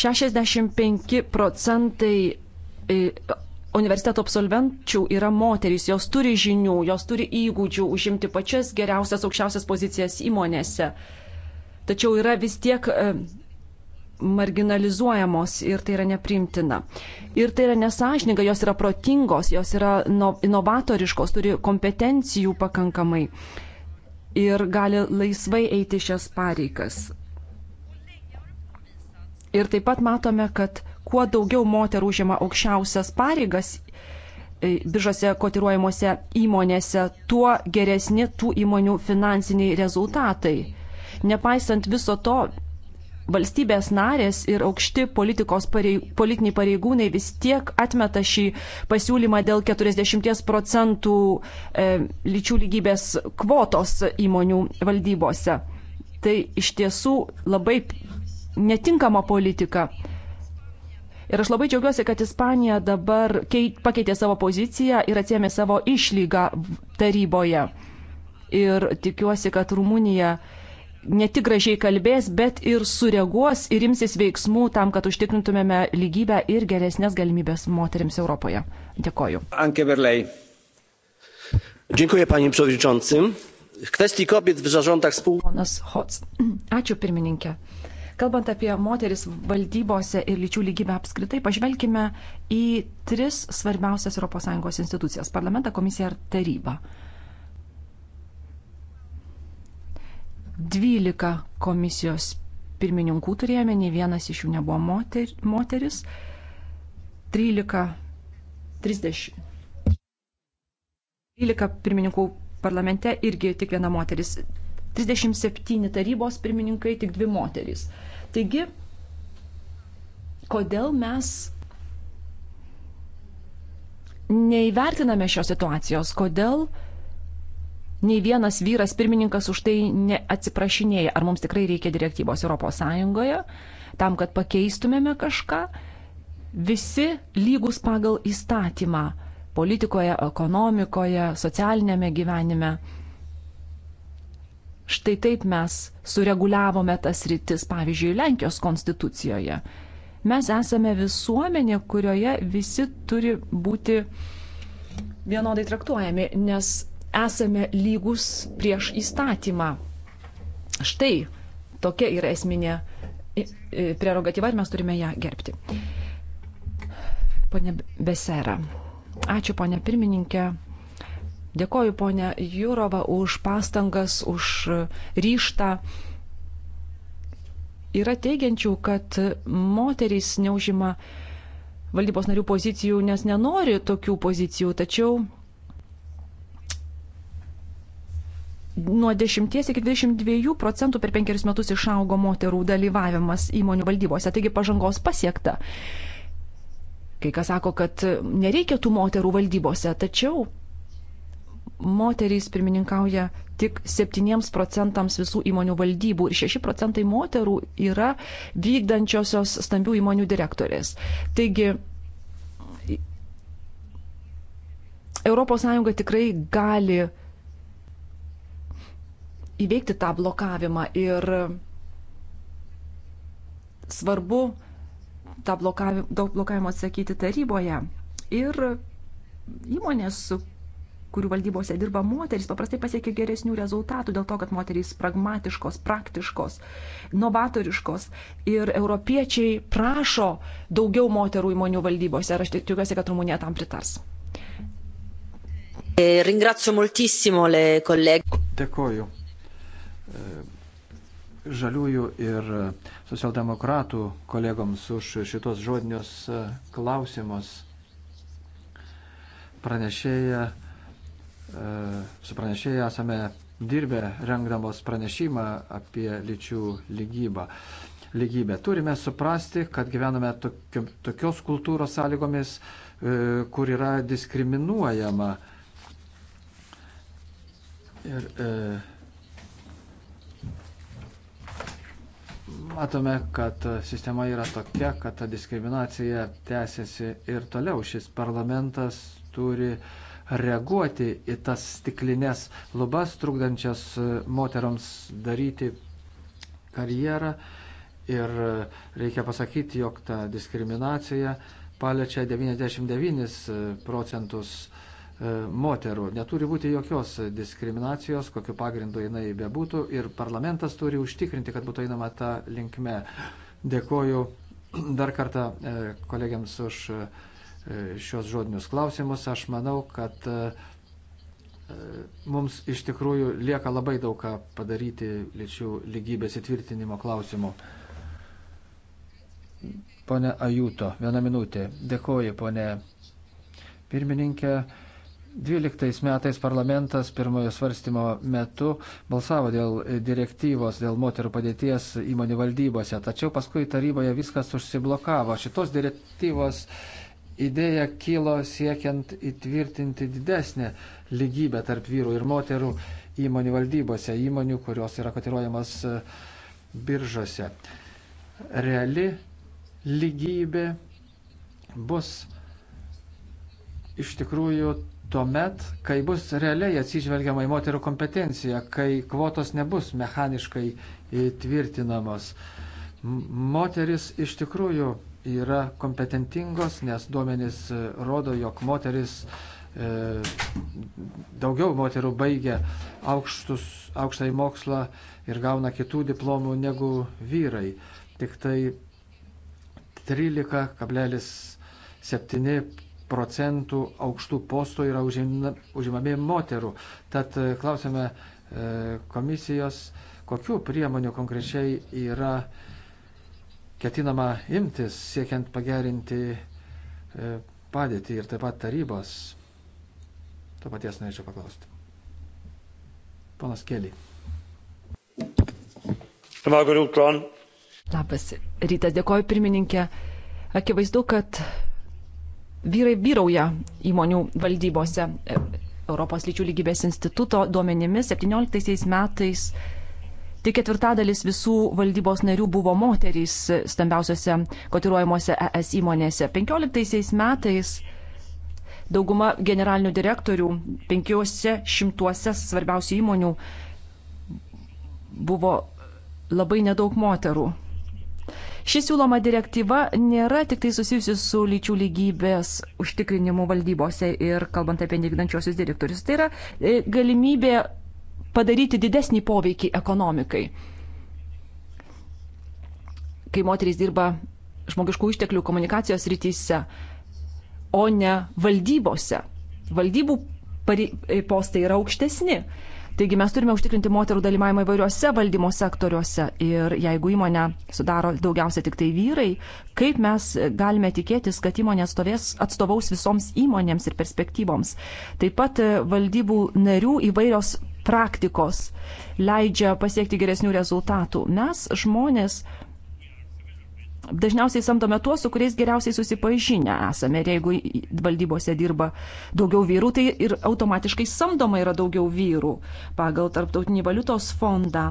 65 procentai e, universiteto absolvenčių yra moterys, jos turi žinių, jos turi įgūdžių užimti pačias geriausias, aukščiausias pozicijas įmonėse. Tačiau yra vis tiek e, marginalizuojamos ir tai yra neprimtina. Ir tai yra nesažininga, jos yra protingos, jos yra inovatoriškos, turi kompetencijų pakankamai ir gali laisvai eiti šias pareigas. Ir taip pat matome, kad kuo daugiau moterų užima aukščiausias pareigas e, biržose kotiruojamuose įmonėse, tuo geresni tų įmonių finansiniai rezultatai. Nepaisant viso to, valstybės narės ir aukšti pareig, politiniai pareigūnai vis tiek atmeta šį pasiūlymą dėl 40 procentų e, lyčių lygybės kvotos įmonių valdybose. Tai iš tiesų labai netinkama politika. Ir aš labai džiaugiuosi, kad Ispanija dabar keit, pakeitė savo poziciją ir atsėmė savo išlygą taryboje. Ir tikiuosi, kad Rumunija ne tik gražiai kalbės, bet ir sureaguos ir imsis veiksmų tam, kad užtikrintumėme lygybę ir geresnės galimybės moteriams Europoje. Dėkoju. Anke Berlei. Dziękuję, panie przewodniczący. Kwestii kobiet w zarządach spółek. Ponas Hoc. Ačiū, pirmininkė. Kalbant apie moteris valdybose ir lyčių lygybę apskritai, pažvelkime į tris svarbiausias ES institucijas - parlamentą, komisiją ir tarybą. 12 komisijos pirmininkų turėjome, ne vienas iš jų nebuvo moter, moteris. 13, 30. 13 pirmininkų parlamente irgi tik viena moteris. 37 tarybos pirmininkai, tik dvi moterys. Taigi, kodėl mes neįvertiname šios situacijos, kodėl nei vienas vyras pirmininkas už tai neatsiprašinėja, ar mums tikrai reikia direktyvos ES tam, kad pakeistumėme kažką. Visi lygus pagal įstatymą politikoje, ekonomikoje, socialinėme gyvenime. Štai taip mes sureguliavome tas rytis, pavyzdžiui, Lenkijos konstitucijoje. Mes esame visuomenė, kurioje visi turi būti vienodai traktuojami, nes esame lygus prieš įstatymą. Štai tokia yra esminė prerogatyva ir mes turime ją gerbti. Pone Besera. Ačiū, ponė pirmininkė. Dėkoju, ponė Jūrova, už pastangas, už ryštą. Yra teigiančių, kad moterys neužima valdybos narių pozicijų, nes nenori tokių pozicijų, tačiau nuo 10 iki 22 procentų per penkerius metus išaugo moterų dalyvavimas įmonių valdybose, taigi pažangos pasiekta. Kai kas sako, kad nereikia tų moterų valdybose, tačiau moterys pirmininkauja tik 7 procentams visų įmonių valdybų ir 6 procentai moterų yra vykdančiosios stambių įmonių direktorės. Taigi ES tikrai gali įveikti tą blokavimą ir svarbu tą blokavimą, daug blokavimo atsakyti taryboje. Ir įmonės, kurių valdybose dirba moteris, paprastai pasiekia geresnių rezultatų dėl to, kad moterys pragmatiškos, praktiškos, novatoriškos ir europiečiai prašo daugiau moterų įmonių valdybose ir aš tikiuosi, kad Rumunija tam pritars. E, ringrazio moltissimo le colleghe. Dėkoju. E, žaliųjų ir socialdemokratų kolegoms už šitos žodinius e, klausimus. Pranešėja E, su pranešėjai esame dirbę rengdamos pranešimą apie lyčių lygybą. lygybę. Turime suprasti, kad gyvename tokio, tokios kultūros sąlygomis, e, kur yra diskriminuojama. Ir e, matome, kad sistema yra tokia, kad ta diskriminacija tęsiasi ir toliau. Šis parlamentas turi e, reaguoti į tas stiklinės lubas, trukdančias e, moteriams daryti karjerą. Ir e, reikia pasakyti, jog ta diskriminacija paliečia 99 e, procentus moterų. Neturi būti jokios diskriminacijos, kokiu pagrindu jinai bebūtų. Ir parlamentas turi užtikrinti, kad būtų einama tą linkme. Dėkoju dar kartą kolegiams už E, šios žodinius klausimus. Aš manau, kad e, e, mums iš tikrųjų lieka labai daug ką padaryti lyčių lygybės įtvirtinimo klausimu. Pone Ajuto, vieną minutę. Dėkoju, pone pirmininkė. 12 metais parlamentas pirmojo svarstymo metu balsavo dėl direktyvos, dėl moterų padėties įmonių valdybose, tačiau paskui taryboje viskas užsiblokavo. Šitos direktyvos idėja kilo siekiant įtvirtinti didesnę lygybę tarp vyrų ir moterų įmonių valdybose, įmonių, kurios yra kotiruojamas e, biržose. Reali lygybė bus iš tikrųjų tuomet, kai bus realiai atsižvelgiama į moterų kompetenciją, kai kvotos nebus mechaniškai tvirtinamos. Moteris iš tikrųjų yra kompetentingos, nes duomenys e, rodo, jog moteris, e, daugiau moterų baigia aukštus, aukštąjį mokslą ir gauna kitų diplomų negu vyrai. Tik tai 13,7 procentų aukštų postų yra užimami moterų. Tad e, klausime komisijos, kokiu priemoniu konkrečiai yra uh, ketinama imtis siekiant pagerinti e, padėtį ir taip pat tarybos. To paties norėčiau paklausti. Ponas Kelly. Labas rytas, dėkoju pirmininkė. Akivaizdu, kad vyrai vyrauja įmonių valdybose. E, Europos lyčių lygybės instituto duomenimis 17 metais Tik ketvirtadalis visų valdybos narių buvo moterys stambiausiose kotiruojamuose ES įmonėse. 15 metais dauguma generalinių direktorių 500 svarbiausių įmonių buvo labai nedaug moterų. Ši siūloma direktyva nėra tik tai susijusi su lyčių lygybės užtikrinimu valdybose ir kalbant apie nevykdančiosius direktorius. Tai yra e, galimybė padaryti didesnį poveikį ekonomikai. Kai moterys dirba žmogiškų išteklių komunikacijos rytise, o ne valdybose. Valdybų postai yra aukštesni. Taigi mes turime užtikrinti moterų dalyvavimą įvairiuose valdymo sektoriuose ir jeigu įmonę sudaro daugiausia tik tai vyrai, kaip mes galime tikėtis, kad įmonė atstovės, atstovaus visoms įmonėms ir perspektyvoms. Taip pat valdybų narių įvairios praktikos leidžia pasiekti geresnių rezultatų. Mes žmonės dažniausiai samdome tuos, su kuriais geriausiai susipažinę esame. Ir jeigu valdybose dirba daugiau vyrų, tai ir automatiškai samdoma yra daugiau vyrų. Pagal Tarptautinį valiutos fondą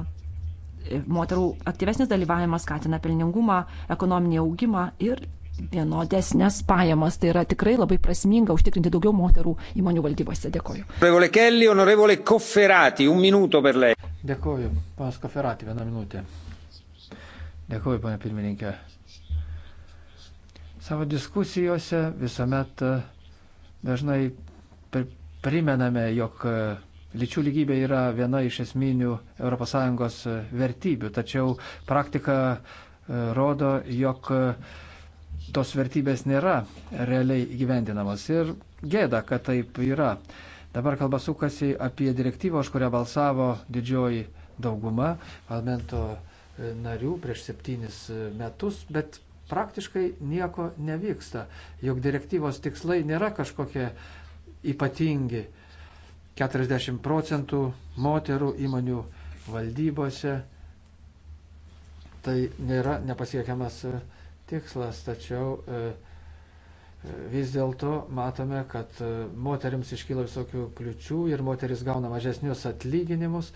moterų aktyvesnis dalyvavimas skatina pelningumą, ekonominį augimą ir vienodesnės pajamas. Tai yra tikrai labai prasminga užtikrinti daugiau moterų įmonių valdybose. Dėkoju. Honorevole Kelly, honorevole Kofferati, un minuto per lei. Dėkoju, panas Kofferati, vieną minutę. Dėkoju, pane pirmininkė. Savo diskusijose visuomet e, dažnai primename, jog e, Lyčių lygybė yra viena iš esminių ES vertybių, tačiau praktika e, rodo, jog tos vertybės nėra realiai gyvendinamos. Ir gėda, kad taip yra. Dabar kalba sukasi apie direktyvą, už kurią balsavo didžioji dauguma parlamento e, narių prieš septynis e, metus, bet praktiškai nieko nevyksta. Juk direktyvos tikslai nėra kažkokie ypatingi. 40 procentų moterų įmonių valdybose tai nėra nepasiekiamas uh, tikslas, tačiau e, e, vis dėlto matome, kad e, moteriams iškyla visokių kliučių ir moteris gauna mažesnius atlyginimus.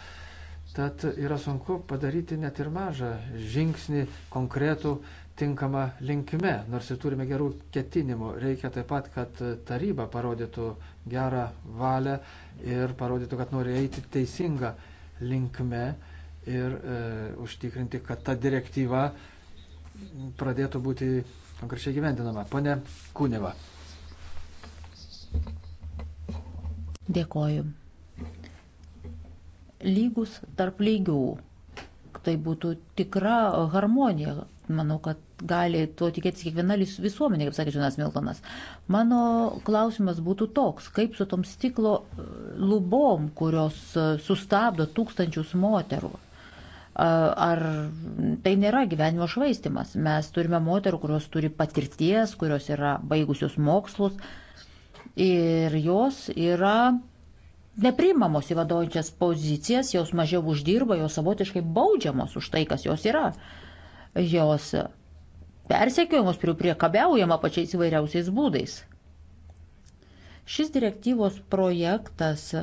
Tad yra sunku padaryti net ir mažą žingsnį konkretų tinkamą linkime, nors ir turime gerų ketinimų. Reikia taip pat, kad taryba parodytų gerą valią ir parodytų, kad nori eiti teisingą linkme ir e, užtikrinti, kad ta direktyva pradėtų būti konkrečiai gyvendinama. Pone Kūneva. Dėkoju. Lygus tarp lygių. Tai būtų tikra harmonija. Manau, kad gali to tikėtis kiekviena visuomenė, kaip sakė Žinas Miltonas. Mano klausimas būtų toks, kaip su tom stiklo e, lubom, kurios e, sustabdo tūkstančius moterų Ar tai nėra gyvenimo švaistimas? Mes turime moterų, kurios turi patirties, kurios yra baigusios mokslus ir jos yra neprimamos į vadovaujančias pozicijas, jos mažiau uždirba, jos savotiškai baudžiamos už tai, kas jos yra. Jos persekiojamos, priekabiaujama pačiais įvairiausiais būdais. Šis direktyvos projektas e,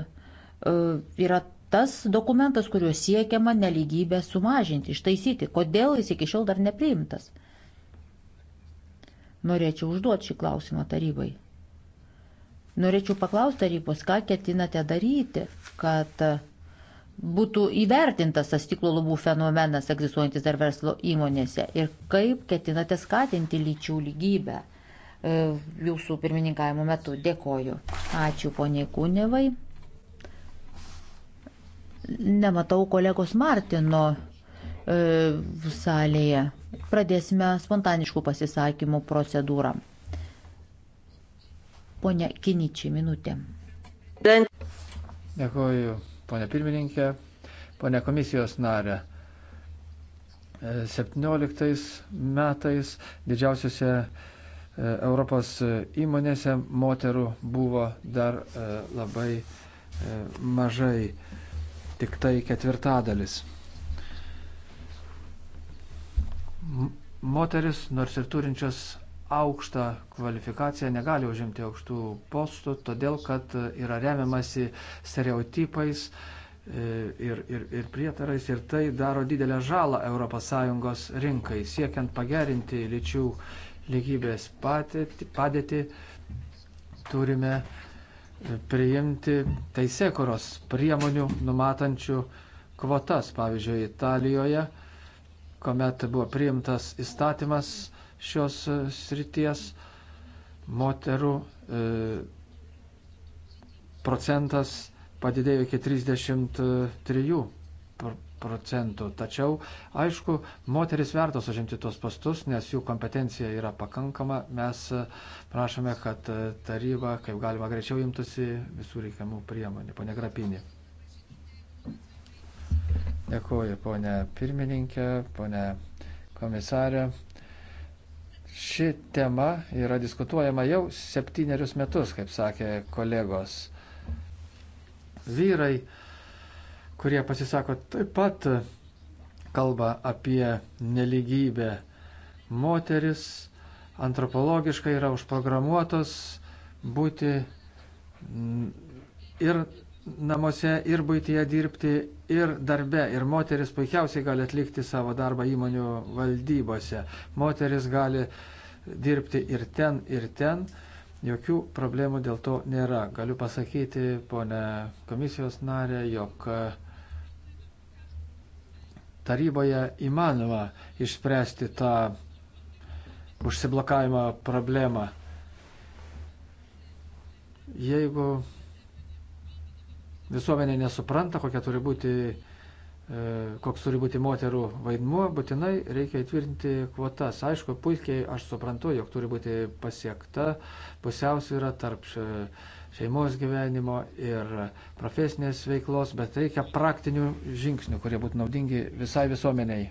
yra tas dokumentas, kuriuo siekiama neligybę sumažinti, ištaisyti. Kodėl jis iki šiol dar nepriimtas? Norėčiau užduoti šį klausimą tarybai. Norėčiau paklausti tarybos, ką ketinate daryti, kad būtų įvertintas tas stiklo lubų fenomenas egzistuojantis dar verslo įmonėse ir kaip ketinate skatinti lyčių lygybę e, jūsų pirmininkavimo metu. Dėkoju. Ačiū poniai Kūnevai. Nematau kolegos Martino e, salėje. Pradėsime spontaniškų pasisakymų procedūrą. Pone Kiničiai, minutė. Dėkuoju, ponė pirmininkė, ponė komisijos narė. 17 e, metais didžiausiose e, Europos įmonėse moterų buvo dar e, labai mažai tik tai ketvirtadalis. Moteris, nors ir turinčios aukštą kvalifikaciją negali užimti aukštų postų, todėl kad e, yra remiamasi stereotipais e, ir, ir, ir prietarais ir tai daro didelę žalą ES rinkai. Siekiant pagerinti lyčių lygybės padėtį, padėtį turime priimti teisėkuros priemonių numatančių kvotas. Pavyzdžiui, Italijoje, kuomet buvo priimtas įstatymas šios e, srities, moterų e, procentas padidėjo iki 33 procentų. Tačiau, aišku, moteris vertos užimti tuos postus, nes jų kompetencija yra pakankama. Mes e, prašome, kad e, taryba, kaip galima greičiau, imtųsi visų reikiamų priemonių. Pone Grapinė. Dėkuoju, ponė pirmininkė, ponė komisarė. Ši tema yra diskutuojama jau septynerius metus, kaip sakė kolegos. Vyrai kurie pasisako taip pat kalba apie neligybę. Moteris antropologiškai yra užprogramuotos būti ir namuose, ir būtyje dirbti, ir darbe. Ir moteris puikiausiai gali atlikti savo darbą įmonių valdybose. Moteris gali dirbti ir ten, ir ten. Jokių problemų dėl to nėra. Galiu pasakyti, ponė komisijos narė, jog uh, taryboje įmanoma išspręsti tą užsiblokavimo problemą. Jeigu visuomenė nesupranta, kokia turi būti, e, koks turi būti moterų vaidmuo, būtinai reikia įtvirtinti kvotas. Aišku, puikiai aš suprantu, jog turi būti pasiekta pusiausvyrą tarp e, šeimos gyvenimo ir profesinės veiklos, bet reikia praktinių žingsnių, kurie būtų naudingi visai visuomeniai.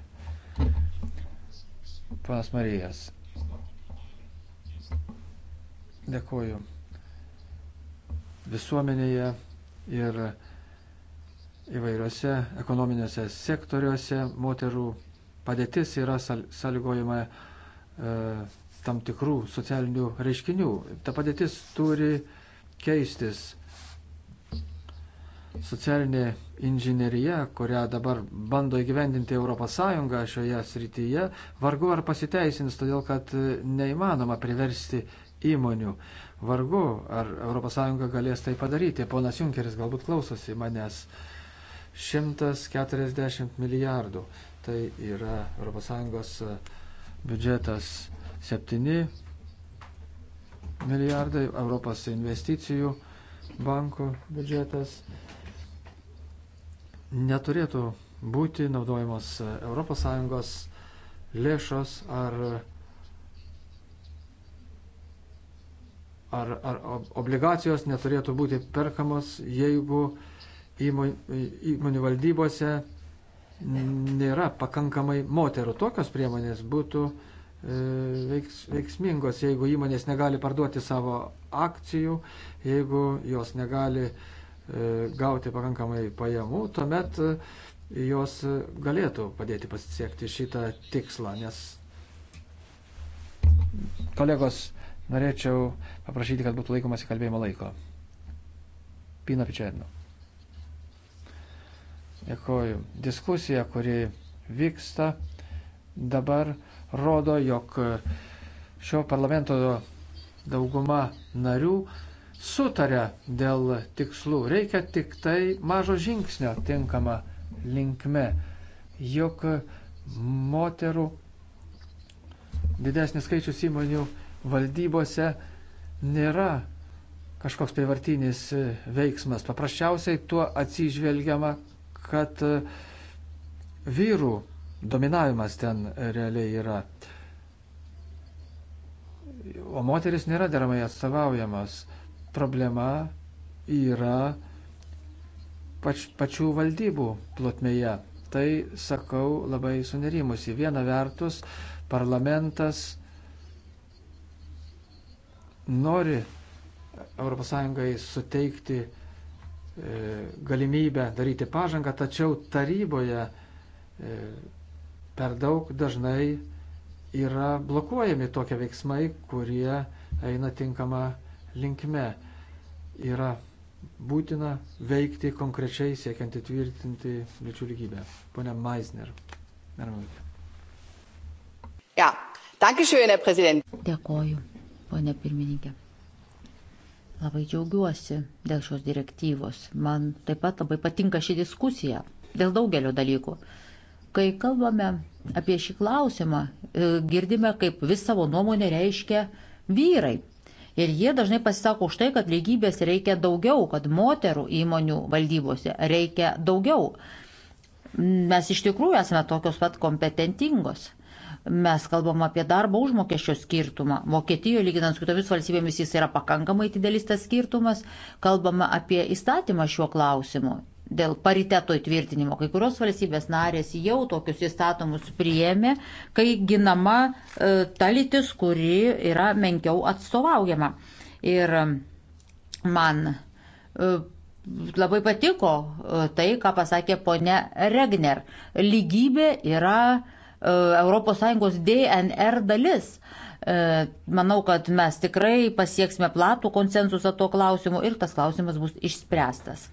Panas Marijas. Dėkuoju. Visuomenėje ir įvairiuose ekonominiuose sektoriuose moterų padėtis yra sąlygojama e, tam tikrų socialinių reiškinių. Ta padėtis turi keistis. Socialinė inžinierija, kurią dabar bando įgyvendinti ES šioje srityje, vargu ar pasiteisins, todėl kad neįmanoma priversti įmonių. Vargu ar ES galės tai padaryti. Ponas Junkeris galbūt klausosi manęs. 140 milijardų. Tai yra ES biudžetas 7 milijardai, Europos investicijų banko biudžetas neturėtų būti naudojamos ES lėšos ar, ar, ar obligacijos neturėtų būti perkamos, jeigu įmonių valdybose nėra pakankamai moterų. Tokios priemonės būtų uh, E, veiks, veiksmingos, jeigu įmonės negali parduoti savo akcijų, jeigu jos negali e, gauti pakankamai pajamų, tuomet e, jos galėtų padėti pasiekti šitą tikslą, nes kolegos, norėčiau paprašyti, kad būtų laikomasi kalbėjimo laiko. Pina Pičerino. Dėkoju. Diskusija, kuri vyksta dabar, rodo, jog šio parlamento dauguma narių sutarė dėl tikslų. Reikia tik tai mažo žingsnio tinkama linkme, jog moterų didesnis skaičius įmonių valdybose nėra kažkoks privartinis veiksmas. Paprasčiausiai tuo atsižvelgiama, kad vyrų dominavimas ten realiai yra. O moteris nėra deramai atstovaujamas. Problema yra pač, pačių valdybų plotmėje. Tai sakau labai sunerimusi. Viena vertus, parlamentas nori ES suteikti e, galimybę daryti pažangą, tačiau taryboje e, per daug dažnai yra blokuojami tokie veiksmai, kurie eina tinkama linkme. Yra būtina veikti konkrečiai siekiant įtvirtinti lyčių lygybę. Pone Meisner. Ja. Dankeschön, Herr Präsident. Dėkoju, ponė pirmininkė. Labai džiaugiuosi dėl šios direktyvos. Man taip pat labai patinka ši diskusija dėl daugelio dalykų. Kai kalbame apie šį klausimą, e, girdime, kaip vis savo nuomonę reiškia vyrai. Ir jie dažnai pasisako už tai, kad lygybės reikia daugiau, kad moterų įmonių valdybose reikia daugiau. Mes iš tikrųjų esame tokios pat kompetentingos. Mes kalbam apie darbo užmokesčio skirtumą. Vokietijoje, lyginant su kitomis valstybėmis, jis yra pakankamai didelis tas skirtumas. Kalbama apie įstatymą šiuo klausimu dėl pariteto įtvirtinimo. Kai kurios valstybės narės jau tokius įstatomus priėmė, kai ginama e, ta lytis, kuri yra menkiau atstovaujama. Ir man e, labai patiko e, tai, ką pasakė ponė Regner. Lygybė yra ES DNR dalis. E, manau, kad mes tikrai pasieksime platų konsensusą tuo klausimu ir tas klausimas bus išspręstas.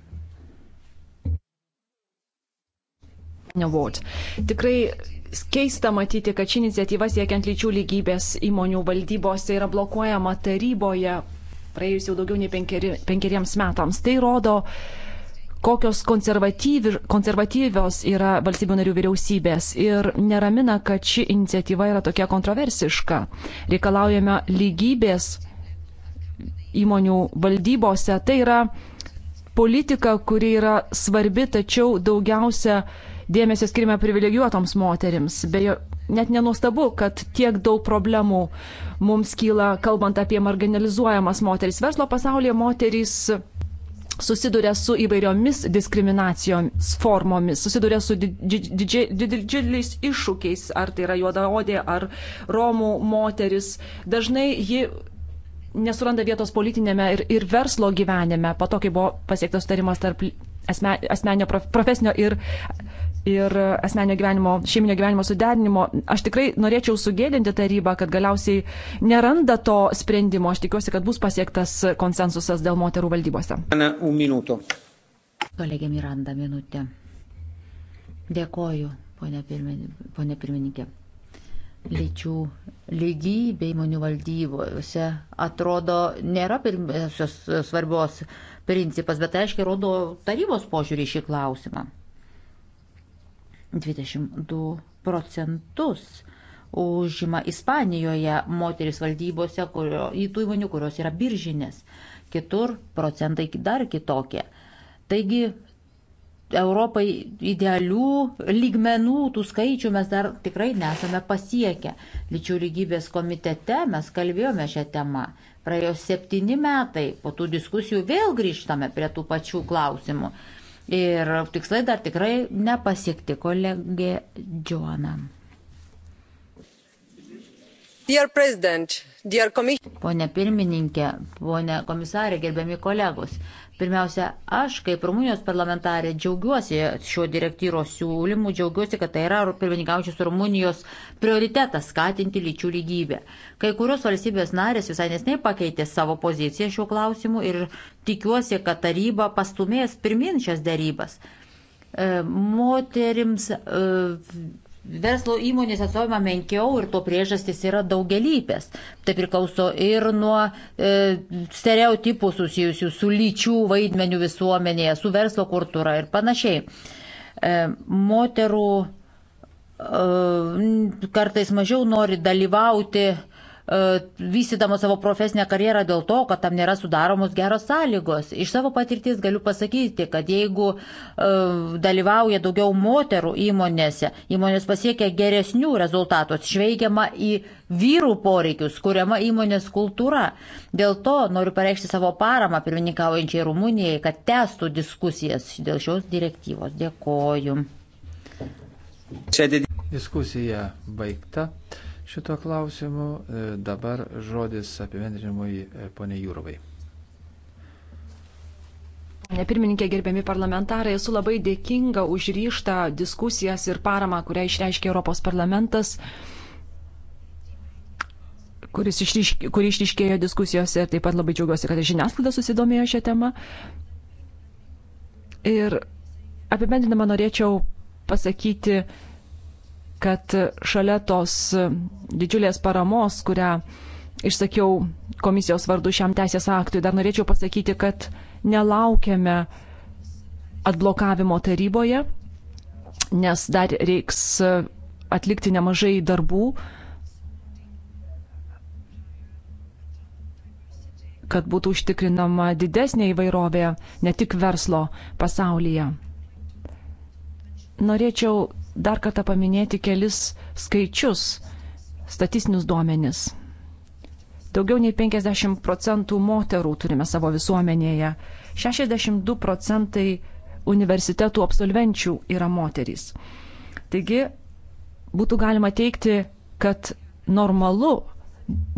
Award. Tikrai keista matyti, kad ši iniciatyva siekiant lyčių lygybės įmonių valdybose yra blokuojama taryboje praėjus jau daugiau nei penkeri, penkeriems metams. Tai rodo, kokios konservatyvios yra valstybių narių vyriausybės ir neramina, kad ši iniciatyva yra tokia kontroversiška. Reikalaujame lygybės įmonių valdybose. Tai yra politika, kuri yra svarbi, tačiau daugiausia dėmesio skirime privilegijuotoms moterims. Beje, net nenustabu, kad tiek daug problemų mums kyla, kalbant apie marginalizuojamas moteris. Verslo pasaulyje moterys susiduria su įvairiomis diskriminacijomis formomis, susiduria su didžiuliais didži, iššūkiais, ar tai yra juodaodė, ar romų moteris. Dažnai ji nesuranda vietos politinėme ir, ir verslo gyvenime, po to, kai buvo pasiektas sutarimas tarp asme, asmenio prof, profesinio ir ir asmenio gyvenimo, šeiminio gyvenimo suderinimo. Aš tikrai norėčiau sugėdinti tarybą, kad galiausiai neranda to sprendimo. Aš tikiuosi, kad bus pasiektas konsensusas dėl moterų valdybose. Ana, un minuto. Kolegė Miranda, minutė. Dėkoju, ponė, pirmin, ponė pirmininkė. Lyčių lygybė įmonių valdybose atrodo nėra pirmiausios svarbios principas, bet tai, aiškiai rodo tarybos požiūrį šį klausimą. 22 procentus užima Ispanijoje moteris valdybose, kurio, į tų įmonių, kurios yra biržinės. Kitur procentai dar kitokie. Taigi Europai idealių lygmenų, tų skaičių mes dar tikrai nesame pasiekę. Lyčių lygybės komitete mes kalbėjome šią temą. Praėjo septyni metai, po tų diskusijų vėl grįžtame prie tų pačių klausimų. Ir tikslai dar tikrai nepasiekti, kolegė Džuana. Pone pirmininkė, pone komisarė, gerbiami kolegos. Pirmiausia, aš kaip Rumunijos parlamentarė džiaugiuosi šio direktyros siūlymų, džiaugiuosi, kad tai yra pirmininkaujančios Rumunijos prioritetas skatinti lyčių lygybę. Kai kurios valstybės narės visai nesnei pakeitė savo poziciją šiuo klausimu ir tikiuosi, kad taryba pastumės pirmin šias darybas. E, moterims e, Verslo įmonės atstovima menkiau ir to priežastis yra daugelypės. Tai priklauso ir nuo e, stereotipų susijusių su lyčių vaidmeniu visuomenėje, su verslo kultūra ir panašiai. E, moterų e, kartais mažiau nori dalyvauti e, E, vystydama savo profesinę karjerą dėl to, kad tam nėra sudaromos geros sąlygos. Iš savo patirties galiu pasakyti, kad jeigu e, dalyvauja daugiau moterų įmonėse, įmonės pasiekia geresnių rezultatų, šveigiama į vyrų poreikius, kuriama įmonės kultūra. Dėl to noriu pareikšti savo paramą pirmininkaujančiai Rumunijai, kad testų diskusijas dėl šios direktyvos. Dėkoju. Diskusija baigta šito klausimu. E, dabar žodis apivendrinimui e, poniai Jūrovai. Ne pirmininkė, gerbiami parlamentarai, esu labai dėkinga už ryštą diskusijas ir paramą, kurią išreiškė Europos parlamentas, kuris išryškė, kurį išryškėjo diskusijose ir taip pat labai džiaugiuosi, kad žiniasklaida susidomėjo šią temą. Ir apibendinama norėčiau pasakyti, kad šalia tos didžiulės paramos, kurią išsakiau komisijos vardu šiam teisės aktui, dar norėčiau pasakyti, kad nelaukiame atblokavimo taryboje, nes dar reiks atlikti nemažai darbų, kad būtų užtikrinama didesnė įvairovė ne tik verslo pasaulyje. Norėčiau dar kartą paminėti kelis skaičius, statistinius duomenis. Daugiau nei 50 procentų moterų turime savo visuomenėje. 62 procentai universitetų absolvenčių yra moterys. Taigi būtų galima teikti, kad normalu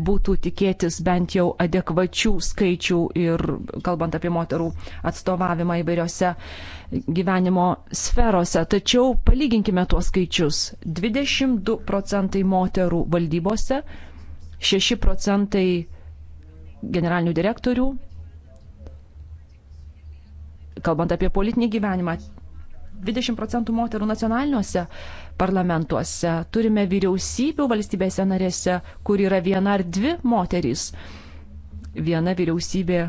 būtų tikėtis bent jau adekvačių skaičių ir kalbant apie moterų atstovavimą įvairiose gyvenimo sferose. Tačiau palyginkime tuos skaičius. 22 procentai moterų valdybose, 6 procentai generalinių direktorių. Kalbant apie politinį gyvenimą, 20 procentų moterų nacionaliniuose parlamentuose, turime vyriausybių valstybėse narėse, kur yra viena ar dvi moterys. Viena vyriausybė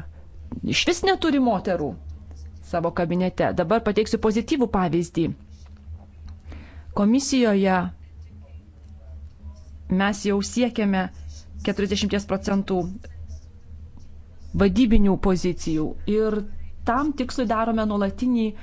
iš vis neturi moterų savo kabinete. Dabar pateiksiu pozityvų pavyzdį. Komisijoje mes jau siekiame 40 procentų vadybinių pozicijų ir tam tikslui darome nuolatinį uh,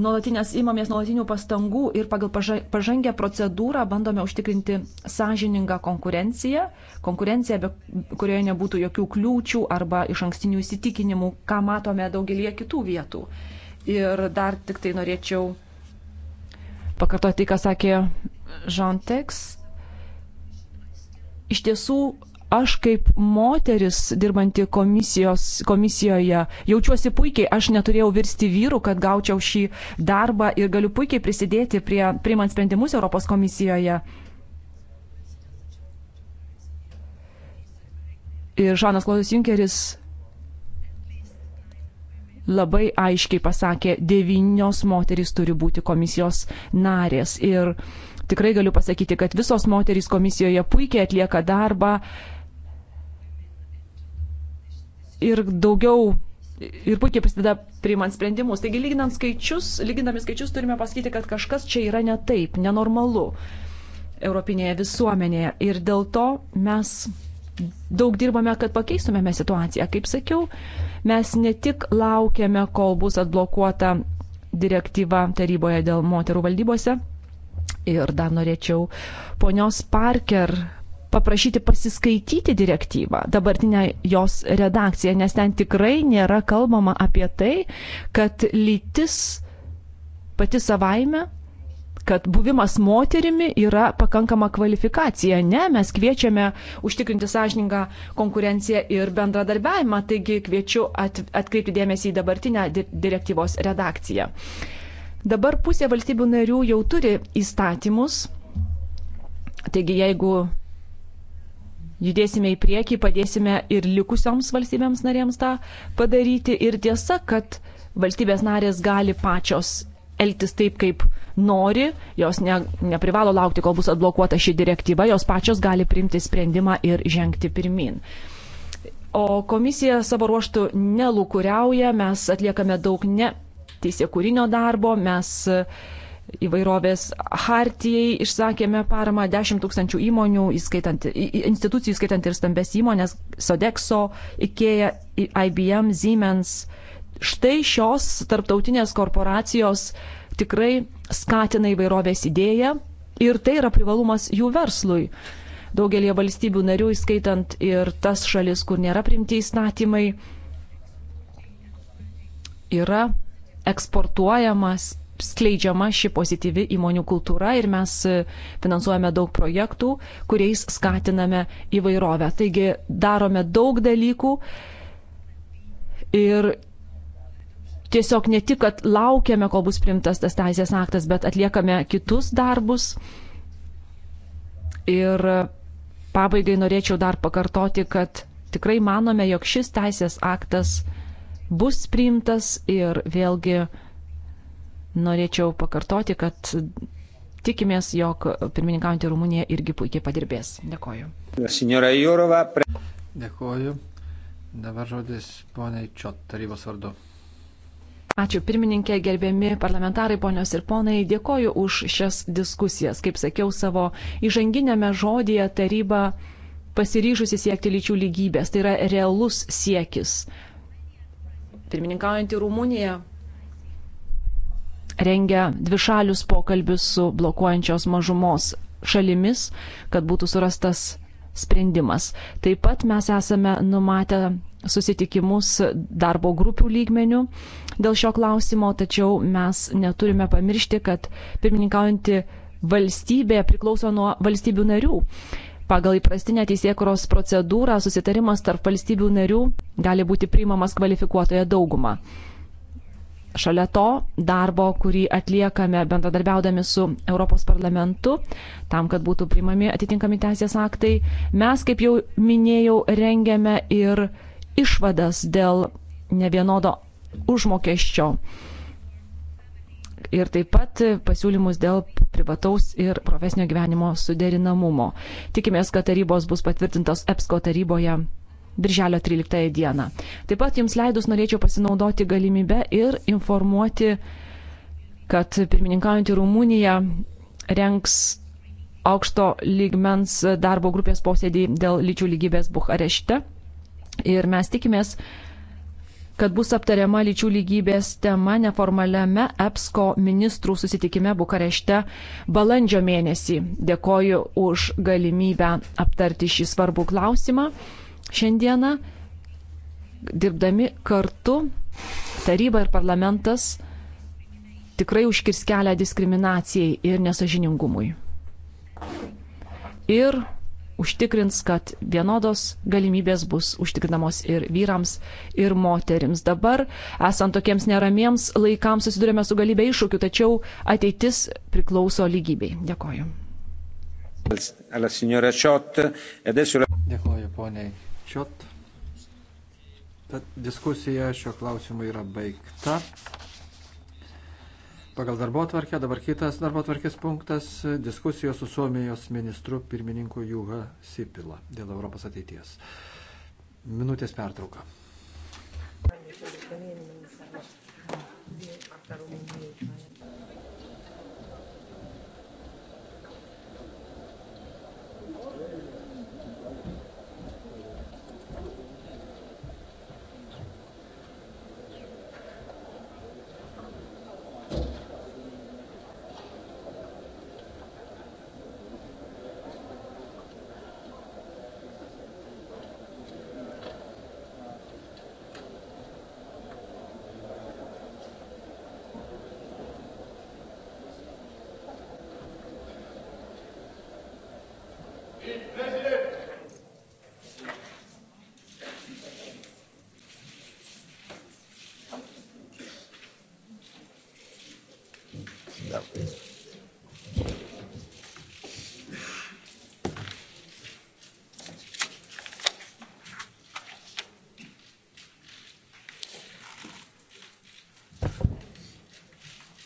nuolatinės įmamės nuolatinių pastangų ir pagal pažangę procedūrą bandome užtikrinti sąžiningą konkurenciją, konkurenciją, be, kurioje nebūtų jokių kliūčių arba iš ankstinių įsitikinimų, ką matome daugelie kitų vietų. Ir dar tik tai norėčiau pakartoti tai, ką sakė Žantex. Iš tiesų, Aš kaip moteris dirbanti komisijoje jaučiuosi puikiai, aš neturėjau virsti vyrų, kad gaučiau šį darbą ir galiu puikiai prisidėti prie priimant sprendimus Europos komisijoje. Ir Žanas Klaudijus Junkeris labai aiškiai pasakė, devynios moterys turi būti komisijos narės. Ir tikrai galiu pasakyti, kad visos moterys komisijoje puikiai atlieka darbą, ir daugiau ir puikiai prisideda priimant sprendimus. Taigi, lyginant skaičius, lygindami skaičius, turime pasakyti, kad kažkas čia yra ne taip, nenormalu Europinėje visuomenėje. Ir dėl to mes daug dirbame, kad pakeistumėme situaciją. Kaip sakiau, mes ne tik laukiame, kol bus atblokuota direktyva taryboje dėl moterų valdybose. Ir dar norėčiau ponios Parker paprašyti pasiskaityti direktyvą, dabartinę jos redakciją, nes ten tikrai nėra kalbama apie tai, kad lytis pati savaime kad buvimas moterimi yra pakankama kvalifikacija. Ne, mes kviečiame užtikrinti sąžiningą konkurenciją ir bendradarbiavimą, taigi kviečiu at, atkreipti dėmesį į dabartinę direktyvos redakciją. Dabar pusė valstybių narių jau turi įstatymus, taigi jeigu judėsime į priekį, padėsime ir likusioms valstybėms narėms tą padaryti. Ir tiesa, kad valstybės narės gali pačios elgtis taip, kaip nori, jos ne, neprivalo laukti, kol bus atblokuota ši direktyva, jos pačios gali priimti sprendimą ir žengti pirmin. O komisija savo ruoštų nelukuriauja, mes atliekame daug ne teisėkūrinio darbo, mes uh, įvairovės hartijai išsakėme paramą 10 tūkstančių įmonių, įskaitant, institucijų, įskaitant ir stambes įmonės, Sodexo, IKEA, IBM, Siemens. Štai šios tarptautinės korporacijos tikrai skatina įvairovės idėją ir tai yra privalumas jų verslui. Daugelie valstybių narių, įskaitant ir tas šalis, kur nėra primti įstatymai, yra eksportuojamas skleidžiama ši pozityvi įmonių kultūra ir mes e, finansuojame daug projektų, kuriais skatiname įvairovę. Taigi darome daug dalykų ir tiesiog ne tik, kad laukiame, kol bus primtas tas teisės aktas, bet atliekame kitus darbus. Ir pabaigai norėčiau dar pakartoti, kad tikrai manome, jog šis teisės aktas bus priimtas ir vėlgi norėčiau pakartoti, kad tikimės, jog pirmininkaujantį Rumuniją irgi puikiai padirbės. Dėkoju. Dėkoju. Dabar žodis poniai Čiot tarybos vardu. Ačiū pirmininkė, gerbiami parlamentarai, ponios ir ponai, dėkoju už šias diskusijas. Kaip sakiau savo įžanginėme žodėje, taryba pasiryžusi siekti lyčių lygybės. Tai yra realus siekis. Pirmininkaujantį Rumuniją rengia dvišalius pokalbius su blokuojančios mažumos šalimis, kad būtų surastas sprendimas. Taip pat mes esame numatę susitikimus darbo grupių lygmenių dėl šio klausimo, tačiau mes neturime pamiršti, kad pirmininkaujanti valstybė priklauso nuo valstybių narių. Pagal įprastinę teisėkuros procedūrą susitarimas tarp valstybių narių gali būti priimamas kvalifikuotoje daugumą. Šalia to darbo, kurį atliekame bendradarbiaudami su Europos parlamentu, tam, kad būtų primami atitinkami teisės aktai, mes, kaip jau minėjau, rengiame ir išvadas dėl nevienodo užmokesčio ir taip pat pasiūlymus dėl privataus ir profesinio gyvenimo suderinamumo. Tikimės, kad tarybos bus patvirtintos EPSCO taryboje birželio 13 dieną. Taip pat jums leidus norėčiau pasinaudoti galimybę ir informuoti, kad pirmininkaujantį Rumuniją renks aukšto lygmens darbo grupės posėdį dėl lyčių lygybės Bukarešte. Ir mes tikimės, kad bus aptariama lyčių lygybės tema neformaliame EPSCO ministrų susitikime Bukarešte balandžio mėnesį. Dėkoju už galimybę aptarti šį svarbų klausimą. Šiandieną, dirbdami kartu, taryba ir parlamentas tikrai užkirs kelią diskriminacijai ir nesažiningumui. Ir užtikrins, kad vienodos galimybės bus užtikrinamos ir vyrams, ir moterims. Dabar, esant tokiems neramiems laikams, susidurėme su galybė iššūkių, tačiau ateitis priklauso lygybei. Dėkoju. Dėkoju, poniai Čot. Tad diskusija šio klausimu yra baigta. Pagal darbo tvarkę dabar kitas darbo tvarkės punktas - diskusijos su Suomijos ministru pirmininku Jūga Sipila dėl Europos ateities. Minutės pertrauka. Thank you.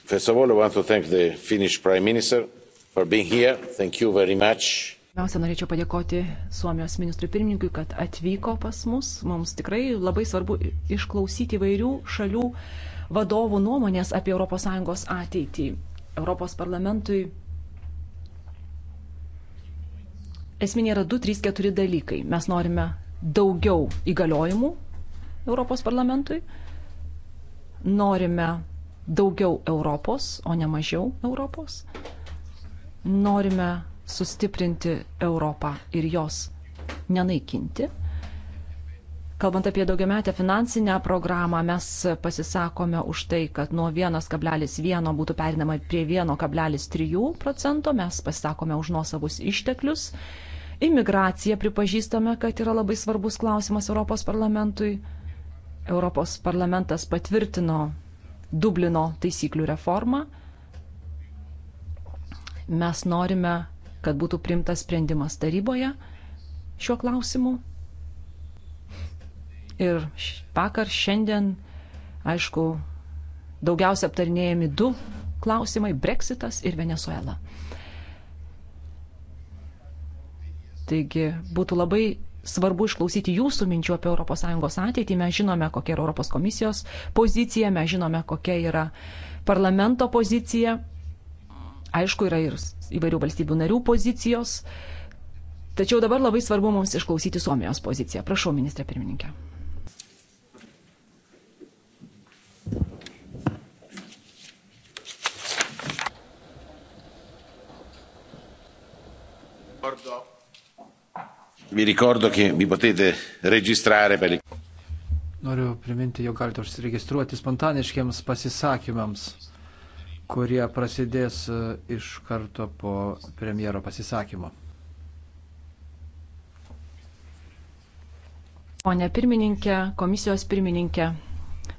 First of all, I want to thank the Finnish Prime Minister for being here. Thank you very much. Pirmiausia, norėčiau padėkoti Suomijos ministrui pirmininkui, kad atvyko pas mus. Mums tikrai labai svarbu išklausyti įvairių šalių vadovų nuomonės apie ES ateitį. Europos parlamentui esminė yra 2, 3, 4 dalykai. Mes norime daugiau įgaliojimų Europos parlamentui, norime daugiau Europos, o ne mažiau Europos. Norime sustiprinti Europą ir jos nenaikinti. Kalbant apie daugiametę finansinę programą, mes pasisakome už tai, kad nuo 1,1 būtų perinama prie 1,3 procento, mes pasisakome už nuosavus išteklius. Imigracija pripažįstame, kad yra labai svarbus klausimas Europos parlamentui. Europos parlamentas patvirtino Dublino taisyklių reformą. Mes norime, kad būtų primtas sprendimas taryboje šiuo klausimu. Ir vakar, šiandien, aišku, daugiausia aptarnėjami du klausimai - Brexitas ir Venezuela. Taigi būtų labai svarbu išklausyti jūsų minčių apie ES ateitį. Mes žinome, kokia yra Europos komisijos pozicija, mes žinome, kokia yra parlamento pozicija. Aišku, yra ir įvairių valstybių narių pozicijos. Tačiau dabar labai svarbu mums išklausyti Suomijos poziciją. Prašau, ministrė pirmininkė. Vardo Vi ricordo che vi potete registrare per il. Noriu priminti, jog galite užsiregistruoti spontaniškiams pasisakymams, kurie prasidės e, iš karto po premjero pasisakymo. Pone pirmininkė, komisijos pirmininkė,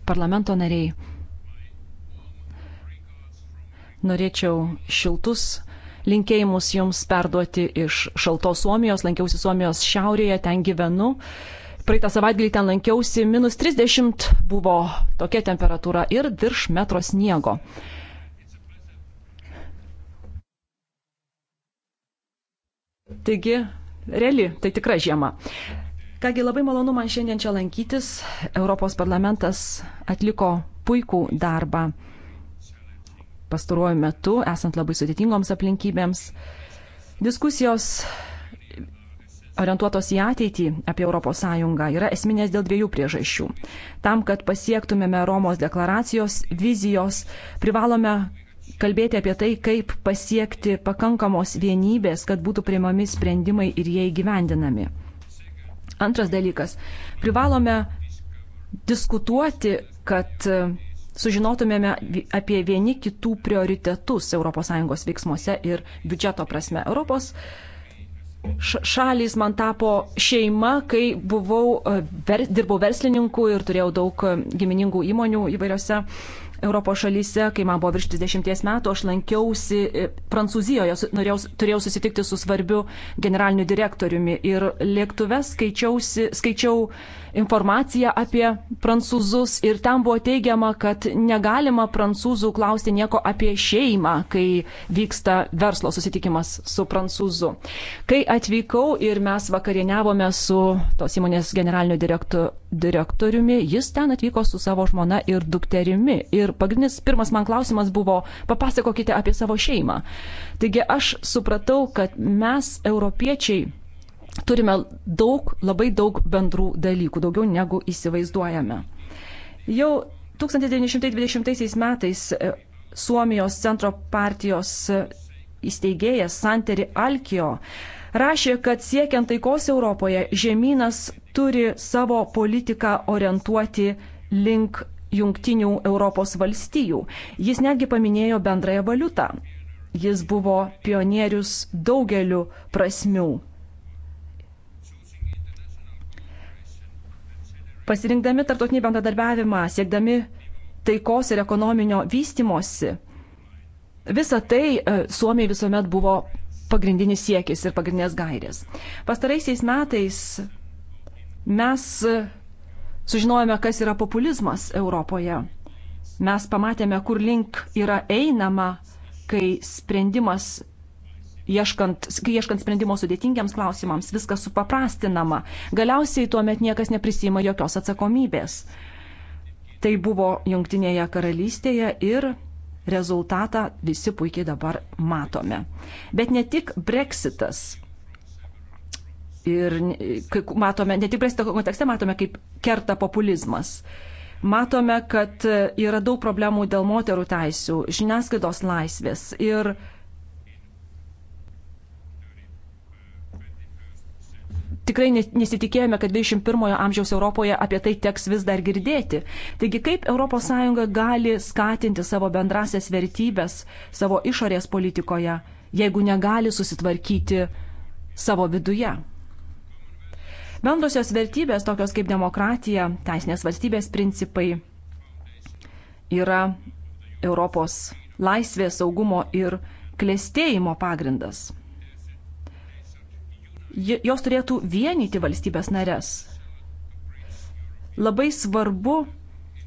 parlamento nariai, norėčiau šiltus linkėjimus jums perduoti iš šaltos Suomijos. Lankiausi Suomijos šiaurėje, ten gyvenu. Praeitą savaitgalį ten lankiausi, minus 30 buvo tokia temperatūra ir virš metro sniego. Taigi, reali, tai tikra žiema. Kągi labai malonu man šiandien čia lankytis. Europos parlamentas atliko puikų darbą pastaruoju metu, esant labai sudėtingoms aplinkybėms. Diskusijos orientuotos į ateitį apie ES yra esminės dėl dviejų priežasčių. Tam, kad pasiektumėme Romos deklaracijos vizijos, privalome kalbėti apie tai, kaip pasiekti pakankamos vienybės, kad būtų priimami sprendimai ir jie įgyvendinami. Antras dalykas. Privalome diskutuoti, kad sužinotumėme apie vieni kitų prioritetus ES veiksmuose ir biudžeto prasme. Europos šalys man tapo šeima, kai buvau, e, ver, dirbau verslininku ir turėjau daug e, giminingų įmonių įvairiose Europos šalyse, kai man buvo virš 30 metų, aš lankiausi e, Prancūzijoje, norėjau, turėjau susitikti su svarbiu generaliniu direktoriumi ir lėktuve skaičiau informaciją apie prancūzus ir ten buvo teigiama, kad negalima prancūzų klausti nieko apie šeimą, kai vyksta verslo susitikimas su prancūzu. Kai atvykau ir mes vakarieniavome su tos įmonės generaliniu direktu, direktoriumi, jis ten atvyko su savo žmona ir dukterimi. Ir pagrindinis pirmas man klausimas buvo, papasakokite apie savo šeimą. Taigi aš supratau, kad mes, europiečiai, turime daug, labai daug bendrų dalykų, daugiau negu įsivaizduojame. Jau 1920 metais e, Suomijos centro partijos e, įsteigėjas Santeri Alkio rašė, kad siekiant taikos Europoje žemynas turi savo politiką orientuoti link jungtinių Europos valstijų. Jis netgi paminėjo bendrąją valiutą. Jis buvo pionierius daugeliu prasmių. Pasirinkdami tarptautinį bendradarbiavimą, siekdami taikos ir ekonominio vystimosi, visa tai e, Suomijai visuomet buvo pagrindinis siekis ir pagrindinės gairės. Pastaraisiais metais mes e, sužinojome, kas yra populizmas Europoje. Mes pamatėme, kur link yra einama, kai sprendimas ieškant, kai ieškant sprendimo sudėtingiams klausimams, viskas supaprastinama. Galiausiai tuomet niekas neprisima jokios atsakomybės. Tai buvo Junktinėje karalystėje ir rezultatą visi puikiai dabar matome. Bet ne tik Brexitas. Ir matome, ne tik Brexito kontekste matome, kaip kerta populizmas. Matome, kad yra daug problemų dėl moterų teisų, žiniasklaidos laisvės ir tikrai nesitikėjome, kad 21-ojo amžiaus Europoje apie tai teks vis dar girdėti. Taigi kaip ES gali skatinti savo bendrasias vertybės savo išorės politikoje, jeigu negali susitvarkyti savo viduje? Bendrosios vertybės, tokios kaip demokratija, teisinės valstybės principai, yra Europos laisvės, saugumo ir klėstėjimo pagrindas jos turėtų vienyti valstybės narės. Labai svarbu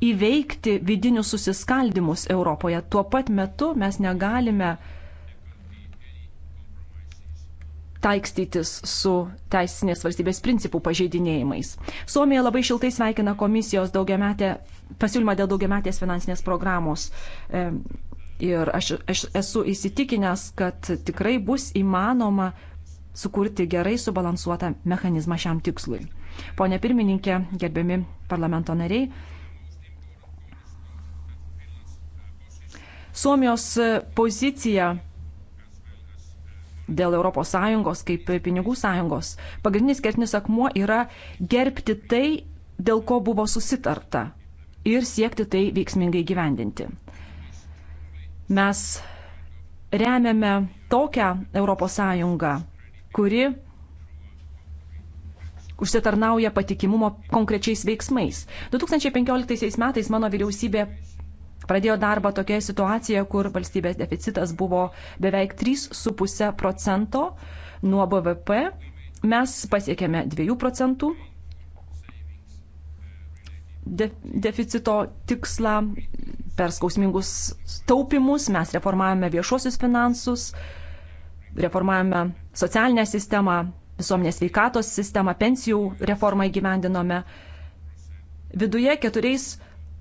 įveikti vidinius susiskaldimus Europoje. Tuo pat metu mes negalime taikstytis su teisinės valstybės principų pažeidinėjimais. Suomija labai šiltai sveikina komisijos pasiūlymą dėl daugiametės finansinės programos. Ir aš, aš esu įsitikinęs, kad tikrai bus įmanoma uh, sukurti gerai subalansuotą mechanizmą šiam tikslui. Pone pirmininkė, gerbiami parlamento nariai, Suomijos pozicija dėl ES kaip pinigų sąjungos pagrindinis kertinis akmuo yra gerbti tai, dėl ko buvo susitarta ir siekti tai veiksmingai gyvendinti. Mes remiame tokią ES, kuri užsitarnauja patikimumo konkrečiais veiksmais. 2015 metais mano vyriausybė pradėjo darbą tokioje situacijoje, kur valstybės deficitas buvo beveik 3,5 procento nuo BVP. Mes pasiekėme 2 procentų de deficito tikslą per skausmingus taupimus, mes reformavome viešuosius finansus, reformavome socialinę sistemą, visuomenės veikatos sistemą, pensijų reformą įgyvendinome. Viduje 4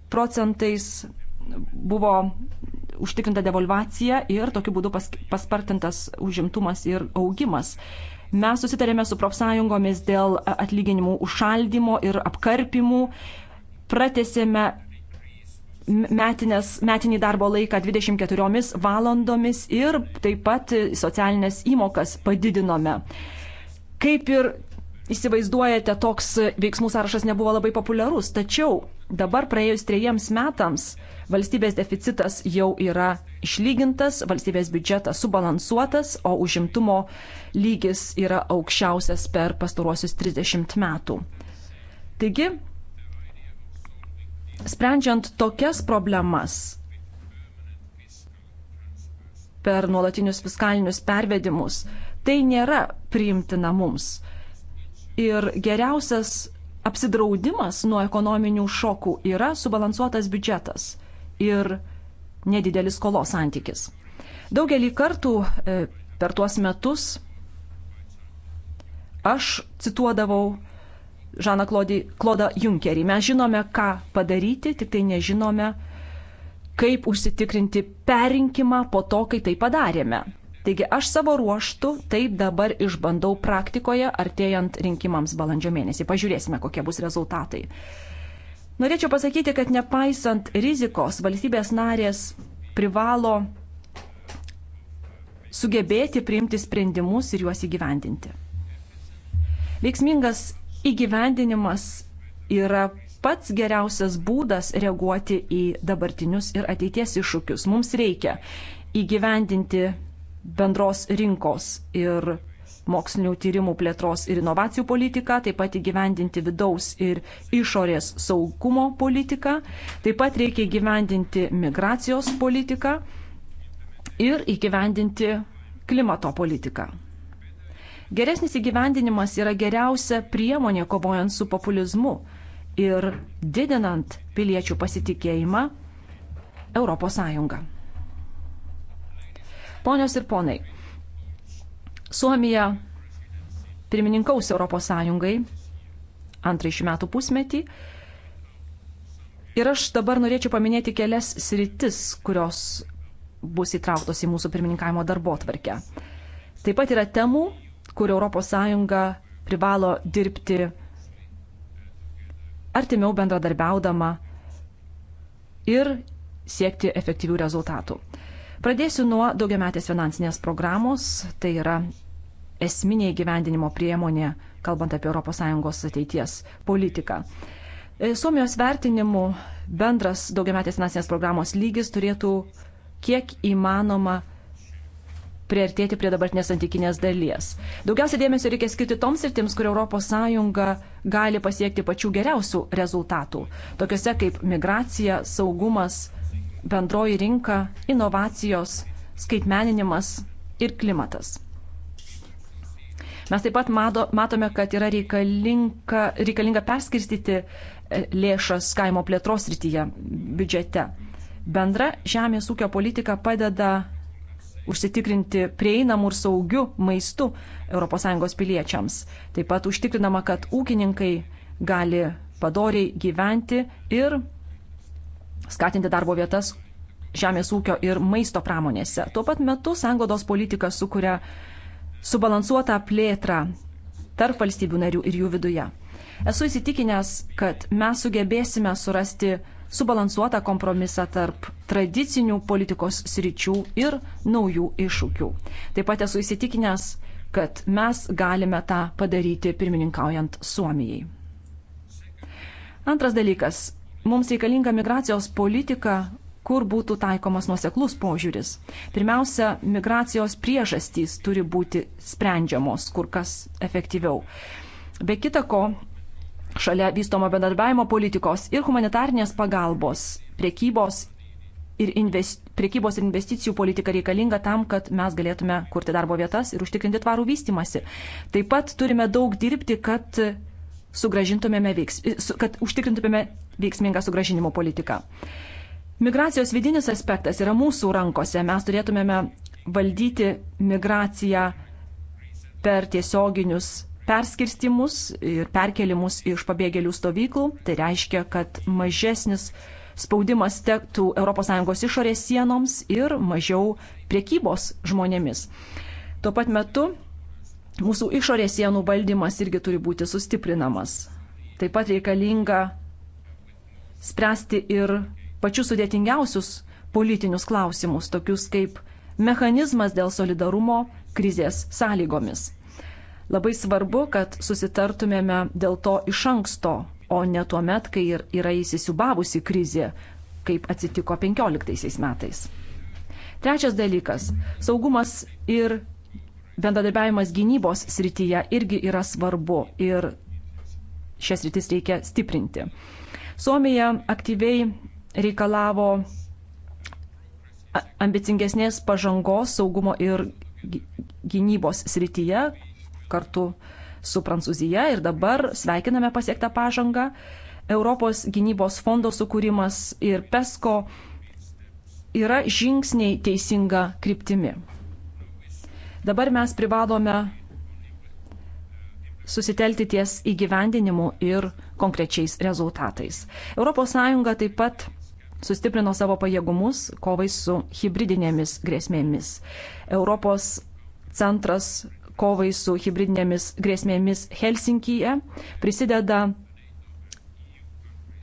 procentais buvo užtikrinta devalvacija ir tokiu būdu pas, paspartintas užimtumas ir augimas. Mes susitarėme su profsąjungomis dėl atlyginimų užšaldimo ir apkarpimų, pratesėme metinės, metinį darbo laiką 24 valandomis ir taip pat socialinės įmokas padidinome. Kaip ir įsivaizduojate, toks veiksmų sąrašas nebuvo labai populiarus, tačiau dabar praėjus trejiems metams valstybės deficitas jau yra išlygintas, valstybės biudžetas subalansuotas, o užimtumo lygis yra aukščiausias per pastaruosius 30 metų. Taigi, Sprendžiant tokias problemas per nuolatinius fiskalinius pervedimus, tai nėra priimtina mums. Ir geriausias apsidraudimas nuo ekonominių šokų yra subalansuotas biudžetas ir nedidelis skolos santykis. Daugelį kartų e, per tuos metus aš cituodavau Žaną Klodą Junkerį. Mes žinome, ką padaryti, tik tai nežinome, kaip užsitikrinti perinkimą po to, kai tai padarėme. Taigi aš savo ruoštų tai dabar išbandau praktikoje, artėjant rinkimams balandžio mėnesį. Pažiūrėsime, kokie bus rezultatai. Norėčiau pasakyti, kad nepaisant rizikos, valstybės narės privalo sugebėti priimti sprendimus ir juos įgyvendinti. Veiksmingas Įgyvendinimas yra pats geriausias būdas reaguoti į dabartinius ir ateities iššūkius. Mums reikia įgyvendinti bendros rinkos ir mokslinių tyrimų plėtros ir inovacijų politiką, taip pat įgyvendinti vidaus ir išorės saugumo politiką, taip pat reikia įgyvendinti migracijos politiką ir įgyvendinti klimato politiką. Geresnis įgyvendinimas yra geriausia priemonė kovojant su populizmu ir didinant piliečių pasitikėjimą ES. Ponios ir ponai, Suomija pirmininkaus ES antrąjį šių metų pusmetį Ir aš dabar norėčiau paminėti kelias sritis, kurios bus įtrauktos į mūsų pirmininkavimo darbo tvarkę. Taip pat yra temų, kur ES privalo dirbti artimiau bendradarbiaudama ir siekti efektyvių rezultatų. Pradėsiu nuo daugiametės finansinės programos, tai yra esminė įgyvendinimo priemonė, kalbant apie ES ateities politiką. E, Suomijos vertinimu bendras daugiametės finansinės programos lygis turėtų kiek įmanoma prieartėti prie dabartinės santykinės dalies. Daugiausia dėmesio reikia skirti toms ir tiems, kur ES gali pasiekti pačių geriausių rezultatų, tokiuose kaip migracija, saugumas, bendroji rinka, inovacijos, skaitmeninimas ir klimatas. Mes taip pat mado, matome, kad yra reikalinga, reikalinga perskirstyti e, lėšas kaimo plėtros rytyje biudžete. Bendra žemės ūkio politika padeda užsitikrinti prieinamų ir saugių maistų ES piliečiams. Taip pat užtikrinama, kad ūkininkai gali padoriai gyventi ir skatinti darbo vietas žemės ūkio ir maisto pramonėse. Tuo pat metu sanglodos politika sukuria subalansuotą plėtrą tarp valstybių narių ir jų viduje. Esu įsitikinęs, kad mes sugebėsime surasti subalansuotą kompromisą tarp tradicinių politikos sričių ir naujų iššūkių. Taip pat esu įsitikinęs, kad mes galime tą padaryti pirmininkaujant Suomijai. Antras dalykas. Mums reikalinga migracijos politika, kur būtų taikomas nuoseklus požiūris. Pirmiausia, migracijos priežastys turi būti sprendžiamos kur kas efektyviau. Be kita ko, šalia vystomo bendarbiavimo politikos ir humanitarnės pagalbos, priekybos ir, invest, priekybos ir investicijų politika reikalinga tam, kad mes galėtume kurti darbo vietas ir užtikrinti tvarų vystimasi. Taip pat turime daug dirbti, kad, veiks, kad užtikrintumėme veiksmingą sugražinimo politiką. Migracijos vidinis aspektas yra mūsų rankose. Mes turėtumėme valdyti migraciją per tiesioginius perskirstimus ir perkelimus iš pabėgėlių stovyklų. Tai reiškia, kad mažesnis spaudimas tektų ES išorės sienoms ir mažiau priekybos žmonėmis. Tuo pat metu mūsų išorės sienų valdymas irgi turi būti sustiprinamas. Taip pat reikalinga spręsti ir pačius sudėtingiausius politinius klausimus, tokius kaip mechanizmas dėl solidarumo krizės sąlygomis. Labai svarbu, kad susitartumėme dėl to iš anksto, o ne tuo met, kai yra įsisiubavusi krizė, kaip atsitiko 15 metais. Trečias dalykas - saugumas ir bendradarbiavimas gynybos srityje irgi yra svarbu ir šias rytis reikia stiprinti. Suomija aktyviai reikalavo ambicingesnės pažangos saugumo ir gynybos srityje, kartu su Prancūzija ir dabar sveikiname pasiektą pažangą. Europos gynybos fondo sukūrimas ir PESCO yra žingsniai teisinga kryptimi. Dabar mes privalome susitelti ties įgyvendinimu ir konkrečiais rezultatais. ES taip pat sustiprino savo pajėgumus kovai su hybridinėmis grėsmėmis. Europos centras kovai su hybridinėmis grėsmėmis Helsinkyje, prisideda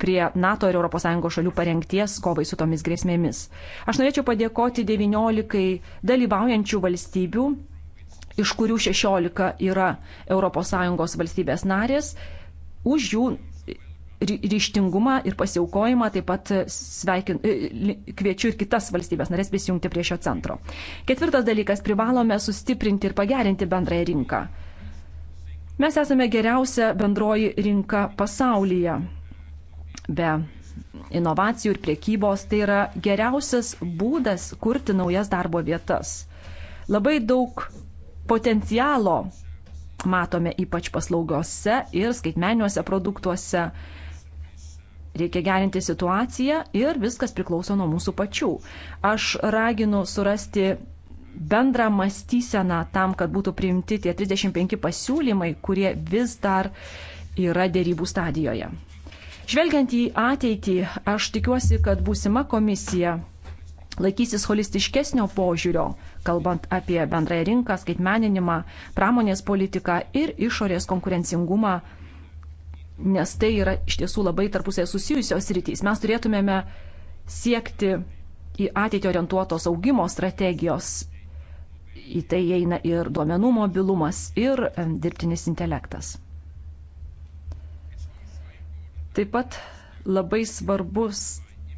prie NATO ir ES šalių parengties kovai su tomis grėsmėmis. Aš norėčiau padėkoti 19 dalyvaujančių valstybių, iš kurių 16 yra ES valstybės narės, už jų ryštingumą ir pasiaukojimą, taip pat sveikin, e, kviečiu ir kitas valstybės narės prisijungti prie šio centro. Ketvirtas dalykas - privalome sustiprinti ir pagerinti bendrąją rinką. Mes esame geriausia bendroji rinka pasaulyje. Be inovacijų ir priekybos tai yra geriausias būdas kurti naujas darbo vietas. Labai daug potencialo matome ypač paslaugose ir skaitmeniuose produktuose. Reikia gerinti situaciją ir viskas priklauso nuo mūsų pačių. Aš raginu surasti bendrą mąstyseną tam, kad būtų priimti tie 35 pasiūlymai, kurie vis dar yra dėrybų stadijoje. Žvelgiant į ateitį, aš tikiuosi, kad būsima komisija laikysis holistiškesnio požiūrio, kalbant apie bendrąją rinką, skaitmeninimą, pramonės politiką ir išorės konkurencingumą nes tai yra iš tiesų labai tarpusai susijusios rytys. Mes turėtumėme siekti į ateitį orientuotos augimo strategijos. Į tai eina ir duomenų mobilumas, ir dirbtinis intelektas. Taip pat labai svarbus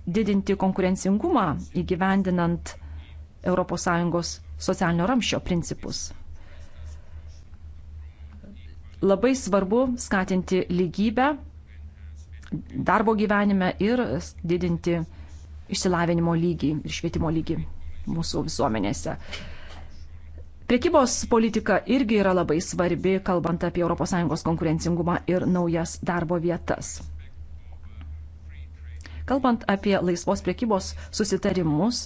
didinti konkurencingumą įgyvendinant ES socialinio ramščio principus. Labai svarbu skatinti lygybę darbo gyvenime ir didinti išsilavinimo lygį ir švietimo lygį mūsų visuomenėse. Prekybos politika irgi yra labai svarbi, kalbant apie ES konkurencingumą ir naujas darbo vietas. Kalbant apie laisvos prekybos susitarimus,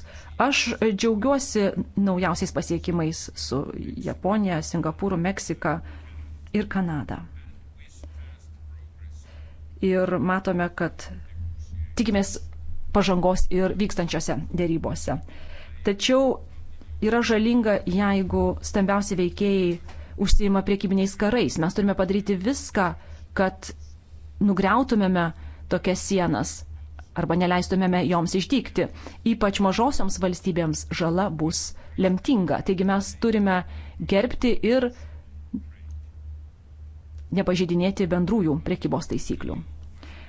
aš džiaugiuosi naujausiais pasiekimais su Japonija, Singapūru, Meksika, ir Kanadą. Ir matome, kad tikimės pažangos ir vykstančiose dėrybose. Tačiau yra žalinga, jeigu stambiausi veikėjai užsima priekybiniais karais. Mes turime padaryti viską, kad nugriautumėme tokias sienas arba neleistumėme joms išdykti. Ypač mažosioms valstybėms žala bus lemtinga. Taigi mes turime gerbti ir nepažydinėti bendrųjų prekybos taisyklių.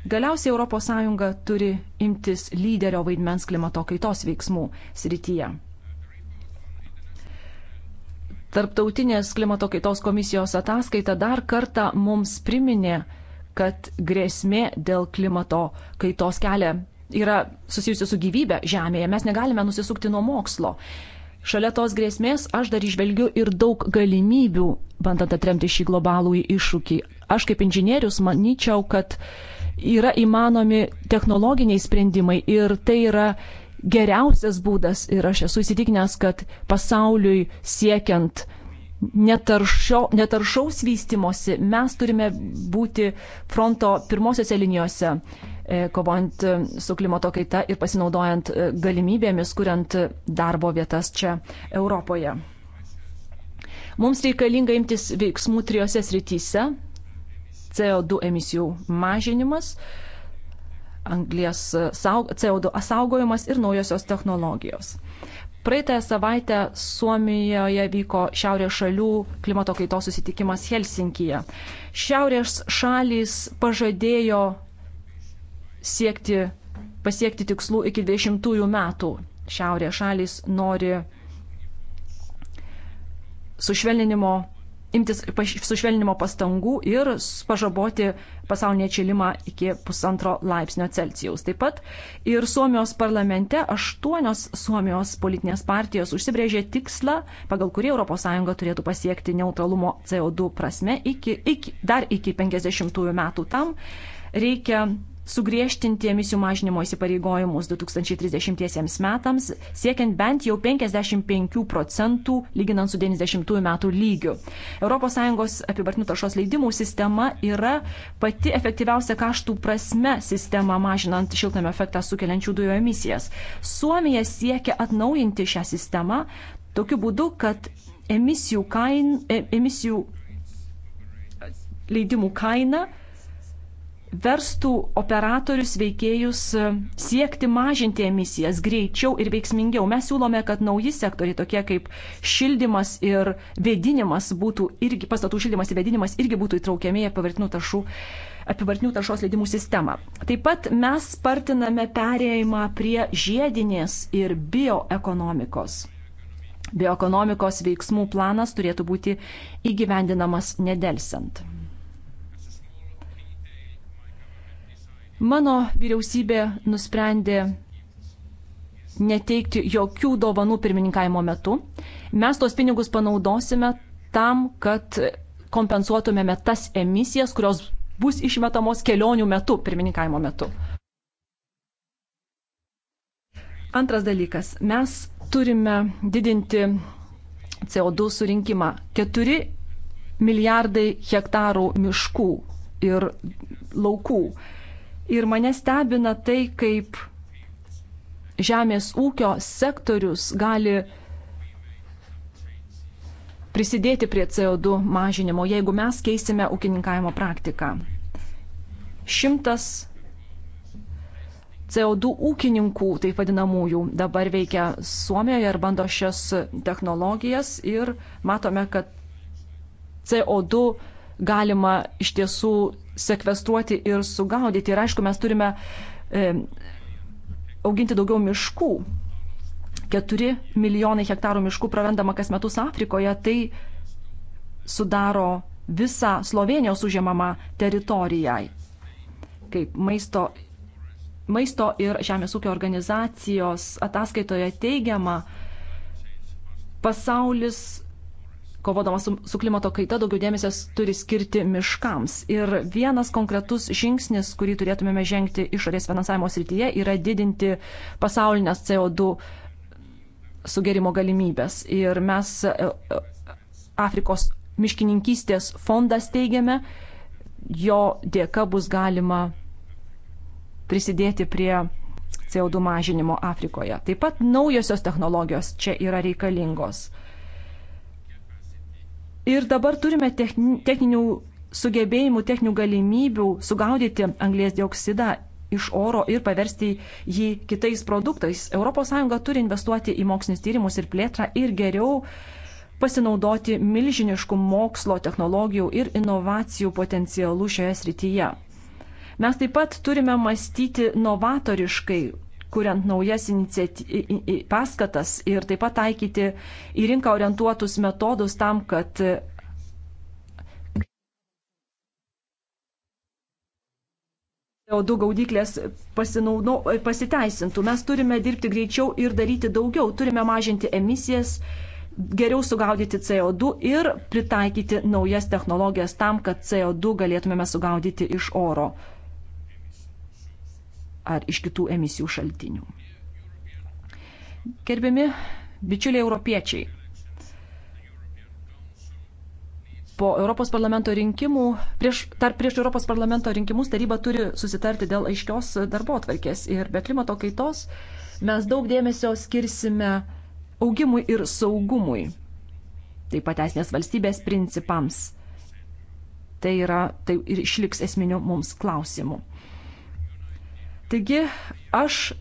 Galiausiai ES turi imtis lyderio vaidmens klimato kaitos veiksmų srityje. Tarptautinės klimato kaitos komisijos ataskaita dar kartą mums priminė, kad grėsmė dėl klimato kaitos kelia yra susijusi su gyvybė Žemėje. Mes negalime nusisukti nuo mokslo. Šalia tos grėsmės aš dar išvelgiu ir daug galimybių, bandant atremti šį globalų iššūkį. Aš kaip inžinierius manyčiau, kad yra įmanomi technologiniai sprendimai ir tai yra geriausias būdas ir aš esu įsitikinęs, kad pasauliui siekiant netaršio, netaršaus vystimosi mes turime būti fronto pirmosiose linijose E, kovojant e, su klimato kaita ir pasinaudojant e, galimybėmis, kuriant darbo vietas čia Europoje. Mums reikalinga imtis veiksmų trijose srityse - CO2 emisijų mažinimas, anglės CO2 saugojimas ir naujosios technologijos. Praeitą savaitę Suomijoje vyko šiaurės šalių klimato kaitos susitikimas Helsinkyje. Šiaurės šalys pažadėjo siekti, pasiekti tikslų iki 20 metų. Šiaurės šalis nori sušvelninimo, imtis sušvelninimo pastangų ir pažaboti pasaulinį atšilimą iki pusantro laipsnio Celsijaus. Taip pat ir Suomijos parlamente aštuonios Suomijos politinės partijos užsibrėžė tikslą, pagal kurį ES turėtų pasiekti neutralumo CO2 prasme iki, iki, dar iki 50 metų. Tam reikia sugriežtinti emisijų mažinimo įsipareigojimus 2030 metams, siekiant bent jau 55 procentų lyginant su 90 metų lygiu. ES apibartinių taršos leidimų sistema yra pati efektyviausia kaštų prasme sistema mažinant šiltnamio efektą sukeliančių dujų emisijas. Suomija siekia atnaujinti šią sistemą tokiu būdu, kad emisijų, kain, e- emisijų leidimų kaina verstų operatorius veikėjus e, siekti mažinti emisijas greičiau ir veiksmingiau. Mes siūlome, kad nauji sektoriai, tokie kaip šildymas ir vėdinimas, būtų irgi, pastatų šildymas ir vėdinimas irgi būtų įtraukiami į apivartinių taršų apivartinių taršos leidimų sistemą. Taip pat mes spartiname perėjimą prie žiedinės ir bioekonomikos. Bioekonomikos veiksmų planas turėtų būti įgyvendinamas nedelsant. Mano vyriausybė nusprendė neteikti jokių dovanų pirmininkavimo metu. Mes tuos pinigus panaudosime tam, kad kompensuotumėme tas emisijas, kurios bus išmetamos kelionių metu, pirmininkavimo metu. Antras dalykas. Mes turime didinti CO2 surinkimą. 4 milijardai hektarų miškų ir laukų Ir mane stebina tai, kaip žemės ūkio sektorius gali prisidėti prie CO2 mažinimo, jeigu mes keisime ūkininkavimo praktiką. Šimtas CO2 ūkininkų, taip vadinamųjų, dabar veikia Suomijoje ir bando šias technologijas ir matome, kad CO2 galima iš tiesų sekvestruoti ir sugaudyti. Ir aišku, mes turime e, auginti daugiau miškų. 4 milijonai hektarų miškų prarandama kas metus Afrikoje, tai sudaro visą Slovenijos užėmamą teritoriją. Kaip maisto, maisto ir žemės ūkio organizacijos ataskaitoje teigiama, pasaulis kovodamas su, su klimato kaita, daugiau dėmesio turi skirti miškams. Ir vienas konkretus žingsnis, kurį turėtumėme žengti išorės finansavimo srityje, yra didinti pasaulinės CO2 sugerimo galimybės. Ir mes e, e, Afrikos miškininkystės fondą steigiame, jo dėka bus galima prisidėti prie CO2 mažinimo Afrikoje. Taip pat naujosios technologijos čia yra reikalingos. Ir dabar turime techninių sugebėjimų, techninių galimybių sugaudyti anglės dioksidą iš oro ir paversti jį kitais produktais. ES turi investuoti į mokslinis tyrimus ir plėtrą ir geriau pasinaudoti milžiniškų mokslo, technologijų ir inovacijų potencialų šioje srityje. Mes taip pat turime mąstyti novatoriškai, kuriant naujas paskatas ir taip pat taikyti į rinką orientuotus metodus tam, kad CO2 gaudyklės pasinaudo, pasiteisintų. Mes turime dirbti greičiau ir daryti daugiau. Turime mažinti emisijas, geriau sugaudyti CO2 ir pritaikyti naujas technologijas tam, kad CO2 galėtumėme sugaudyti iš oro ar iš kitų emisijų šaltinių. Gerbiami bičiuliai europiečiai, po Europos parlamento rinkimų, prieš, tarp prieš Europos parlamento rinkimus taryba turi susitarti dėl aiškios darbo atvarkės. Ir be klimato kaitos mes daug dėmesio skirsime augimui ir saugumui, taip pat esnės valstybės principams. Tai yra tai ir išliks esminių mums klausimų. Taigi aš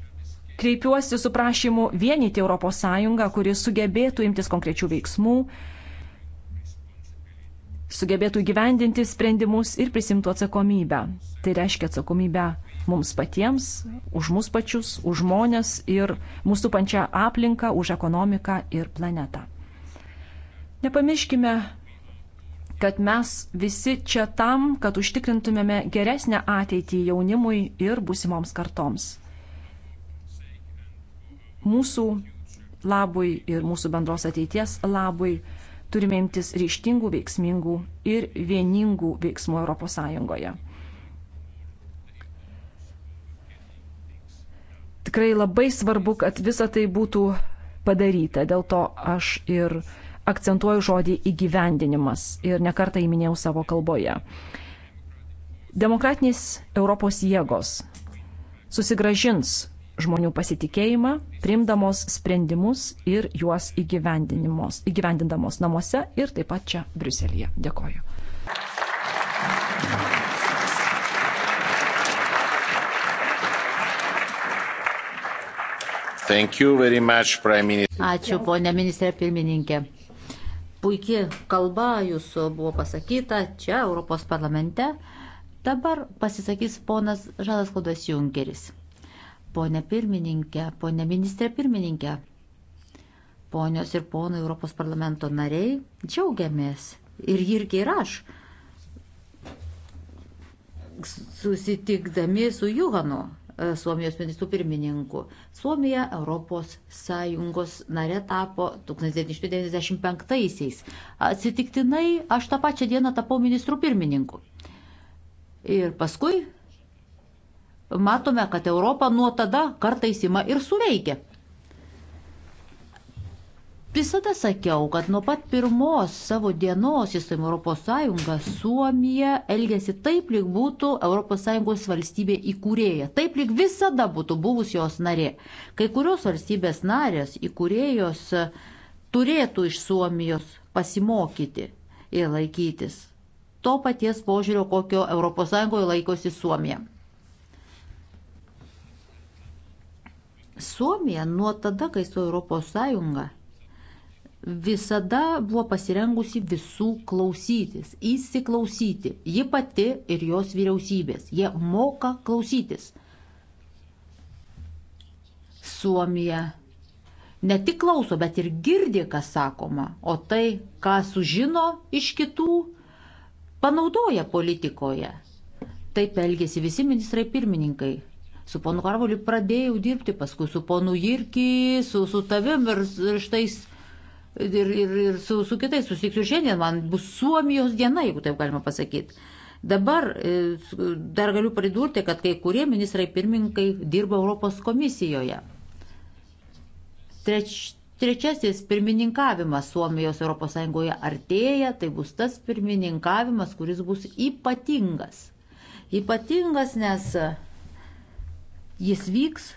kreipiuosi su prašymu vienyti ES, kuri sugebėtų imtis konkrečių veiksmų, sugebėtų gyvendinti sprendimus ir prisimtų atsakomybę. Tai reiškia atsakomybę mums patiems, už mus pačius, už žmonės ir mūsų pančią aplinką, už ekonomiką ir planetą. Nepamirškime kad mes visi čia tam, kad užtikrintumėme geresnę ateitį jaunimui ir būsimoms kartoms. Mūsų labui ir mūsų bendros ateities labui turime imtis ryštingų, veiksmingų ir vieningų veiksmų ES. Tikrai labai svarbu, kad visa tai būtų padaryta. Dėl to aš ir akcentuoju žodį įgyvendinimas ir nekartą įminėjau savo kalboje. Demokratinės Europos jėgos susigražins žmonių pasitikėjimą, primdamos sprendimus ir juos įgyvendindamos namuose ir taip pat čia Briuselėje. Dėkoju. Much, Ačiū, ponė ministrė pirmininkė puikia kalba jūsų buvo pasakyta čia Europos parlamente. Dabar pasisakys ponas Žalas Klaudas Junkeris. Pone pirmininkė, pone ministrė pirmininkė, ponios ir ponai Europos parlamento nariai, džiaugiamės. Ir irgi ir aš susitikdami su Juhanu, E, Suomijos ministrų pirmininku. Suomija Europos Sąjungos narė tapo 1995-aisiais. Atsitiktinai aš tą pačią dieną tapau ministrų pirmininku. Ir paskui matome, kad Europa nuo tada kartais ima ir suveikia. Visada sakiau, kad nuo pat pirmos savo dienos įstojimo Europos Sąjunga Suomija elgėsi taip, lyg būtų Europos Sąjungos valstybė įkūrėja, taip, lyg visada būtų buvus jos narė. Kai kurios valstybės narės įkūrėjos turėtų iš Suomijos pasimokyti ir laikytis to paties požiūrio, kokio Europos Sąjungoje laikosi Suomija. Suomija nuo tada, kai su Europos Sąjunga visada buvo pasirengusi visų klausytis, įsiklausyti. Ji pati ir jos vyriausybės. Jie moka klausytis. Suomija ne tik klauso, bet ir girdi, kas sakoma, o tai, ką sužino iš kitų, panaudoja politikoje. Taip elgėsi visi ministrai pirmininkai su ponu Karvoliu pradėjau dirbti, paskui su ponu Jirki, su, su tavim ir štai ir, ir, ir su, su kitais susitiksiu šiandien, man bus Suomijos diena, jeigu taip galima pasakyti. Dabar e, dar galiu pridurti, kad kai kurie ministrai pirmininkai dirba Europos komisijoje. Treč, trečiasis pirmininkavimas Suomijos ES artėja, tai bus tas pirmininkavimas, kuris bus ypatingas. Ypatingas, nes jis vyks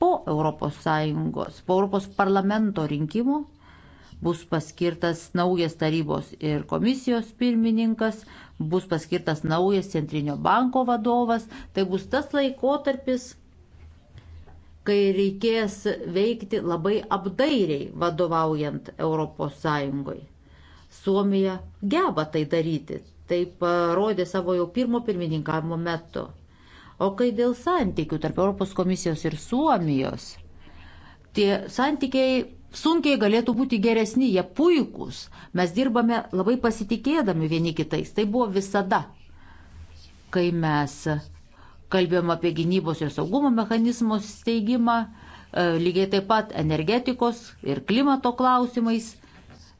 po ES, po ES parlamento rinkimų bus paskirtas naujas tarybos ir komisijos pirmininkas, bus paskirtas naujas centrinio banko vadovas. Tai bus tas laikotarpis, kai reikės veikti labai apdairiai vadovaujant ES. Suomija geba tai daryti, tai parodė savo jau pirmo pirmininkavimo metu. O kai dėl santykių tarp Europos komisijos ir Suomijos, tie santykiai sunkiai galėtų būti geresni, jie puikūs. Mes dirbame labai pasitikėdami vieni kitais. Tai buvo visada, kai mes kalbėjom apie gynybos ir saugumo mechanizmo steigimą, e, lygiai taip pat energetikos ir klimato klausimais,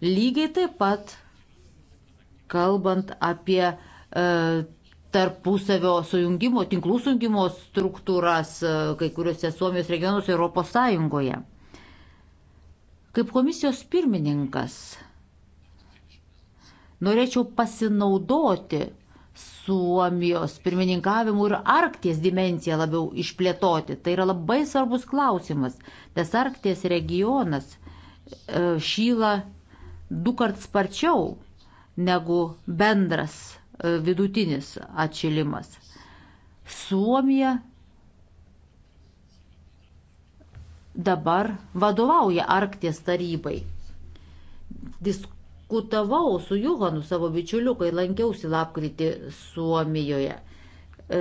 lygiai taip pat kalbant apie e, tarpusavio sujungimo, tinklų sujungimo struktūras e, kai kuriuose Suomijos regionuose Europos Sąjungoje. Kaip komisijos pirmininkas norėčiau pasinaudoti Suomijos pirmininkavimu ir Arkties dimenciją labiau išplėtoti. Tai yra labai svarbus klausimas, nes Arkties regionas e, šyla du kart sparčiau negu bendras vidutinis atšilimas. Suomija dabar vadovauja Arkties tarybai. Diskutavau su Juhanu savo bičiuliu, kai lankiausi lapkritį Suomijoje. E,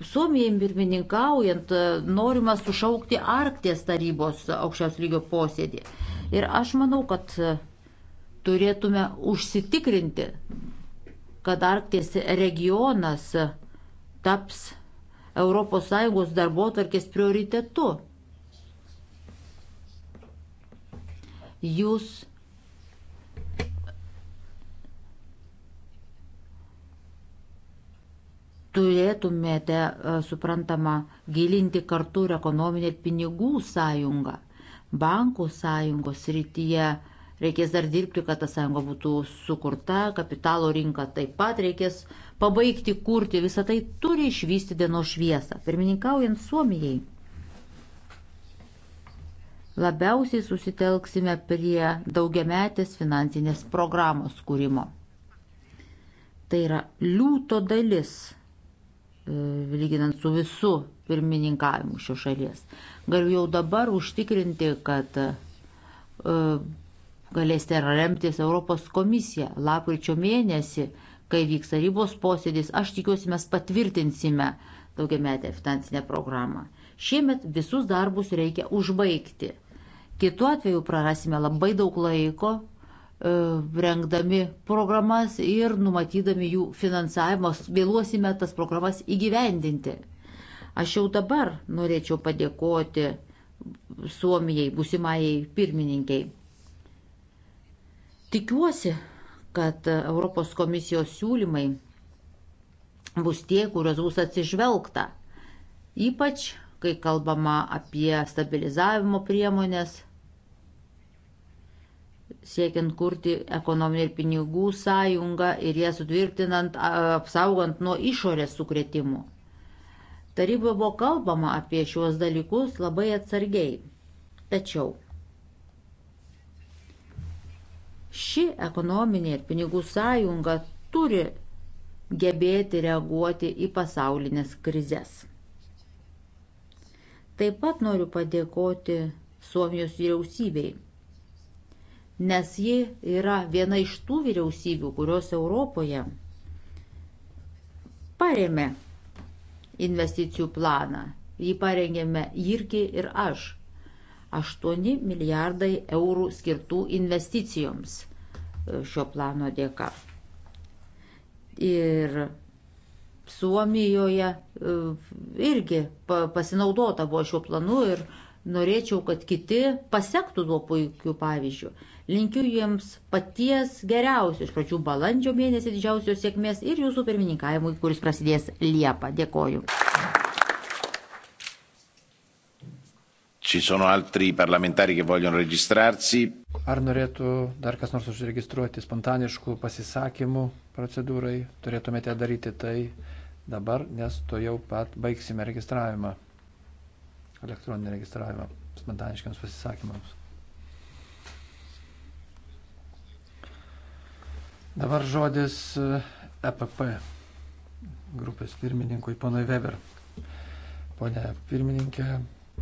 Suomijai pirmininkaujant e, norima sušaukti Arkties tarybos aukščiaus lygio posėdį. Ir aš manau, kad e, turėtume užsitikrinti kad Arkties regionas taps ES darbo tvarkės prioritetu. Jūs turėtumėte, e, suprantama, gilinti kartu ir ekonominę ir pinigų sąjungą. Bankų sąjungos rytyje Reikės dar dirbti, kad ta sąjunga būtų sukurta, kapitalo rinka taip pat reikės pabaigti kurti, visą tai turi išvysti dienos šviesą. Pirmininkaujant Suomijai, labiausiai susitelksime prie daugiametės finansinės programos kūrimo. Tai yra liūto dalis, e, lyginant su visu pirmininkavimu šios šalies. Galiu jau dabar užtikrinti, kad e, galėsite remtis Europos komisiją lapkričio mėnesį, kai vyks tarybos posėdis. Aš tikiuosi, mes patvirtinsime daugiametę finansinę programą. Šiemet visus darbus reikia užbaigti. Kitu atveju prarasime labai daug laiko e, rengdami programas ir numatydami jų finansavimą, vėluosime tas programas įgyvendinti. Aš jau dabar norėčiau padėkoti Suomijai, būsimajai pirmininkiai Tikiuosi, kad Europos komisijos siūlymai bus tie, kuriuos bus atsižvelgta. Ypač, kai kalbama apie stabilizavimo priemonės, siekiant kurti ekonominį ir pinigų sąjungą ir ją sutvirtinant, apsaugant nuo išorės sukretimų. Taryba buvo kalbama apie šiuos dalykus labai atsargiai. Tačiau Ši ekonominė ir pinigų sąjunga turi gebėti reaguoti į pasaulinės krizės. Taip pat noriu padėkoti Suomijos vyriausybei, nes ji yra viena iš tų vyriausybių, kurios Europoje paremė investicijų planą. Jį parengėme irgi ir aš. 8 milijardai eurų skirtų investicijoms e, šio plano dėka. Ir Suomijoje e, irgi pasinaudota buvo šiuo planu ir norėčiau, kad kiti pasektų tuo puikiu pavyzdžiu. Linkiu jiems paties geriausio iš pradžių balandžio mėnesį didžiausios sėkmės ir jūsų pirmininkavimui, kuris prasidės Liepą. Dėkoju. Ci sono altri parlamentari che vogliono registrarsi? Ar norėtų dar kas nors užregistruoti spontaniškų pasisakymų procedūrai? Turėtumėte daryti tai dabar, nes to jau pat baigsime registravimą. Elektroninį registravimą spontaniškiams pasisakymams. Dabar žodis EPP e grupės pirmininkui, ponui Weber. Pone pirmininkė,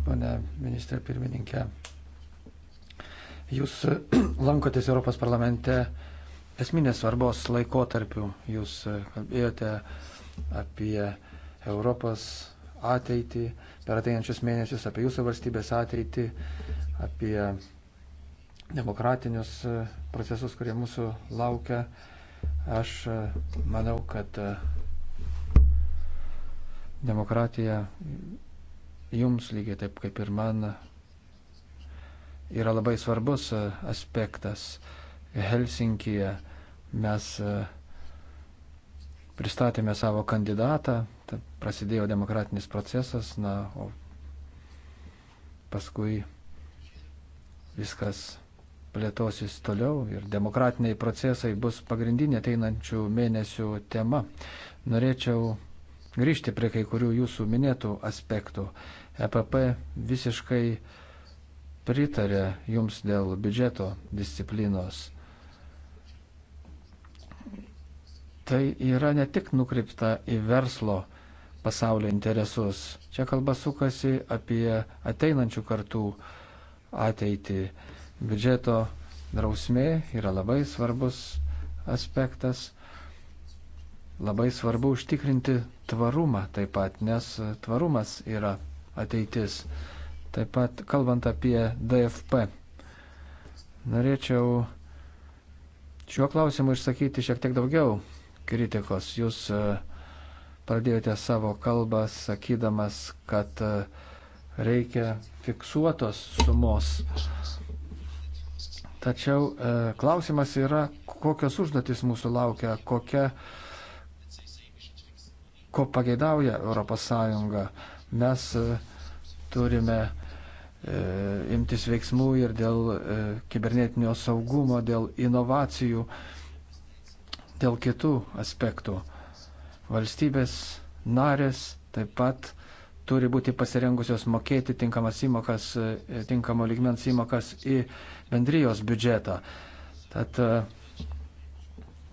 pane ministrė pirmininkė. Jūs lankotės Europos parlamente esminės svarbos laikotarpių. Jūs kalbėjote apie Europos ateitį per ateinančius mėnesius, apie jūsų valstybės ateitį, apie demokratinius procesus, kurie mūsų laukia. Aš manau, kad demokratija jums lygiai taip kaip ir man yra labai svarbus e, aspektas. Helsinkije mes e, pristatėme savo kandidatą, prasidėjo demokratinis procesas, na, o paskui viskas plėtosis toliau ir demokratiniai procesai bus pagrindinė ateinančių mėnesių tema. Norėčiau grįžti prie kai kurių jūsų minėtų aspektų. EPP visiškai pritarė jums dėl biudžeto disciplinos. Tai yra ne tik nukreipta į verslo pasaulio interesus. Čia kalba sukasi apie ateinančių kartų ateitį. Biudžeto drausmė yra labai svarbus aspektas. Labai svarbu užtikrinti tvarumą taip pat, nes tvarumas yra ateitis. Taip pat kalbant apie DFP, norėčiau šiuo klausimu išsakyti šiek tiek daugiau kritikos. Jūs e, pradėjote savo kalbą sakydamas, kad e, reikia fiksuotos sumos. Tačiau e, klausimas yra, kokios užduotis mūsų laukia, kokia, ko pageidauja ES. Mes e, turime e, imtis veiksmų ir dėl e, kibernetinio saugumo, dėl inovacijų, dėl kitų aspektų. Valstybės narės taip pat turi būti pasirengusios mokėti tinkamas įmokas, tinkamo ligmens įmokas į bendrijos biudžetą. Tad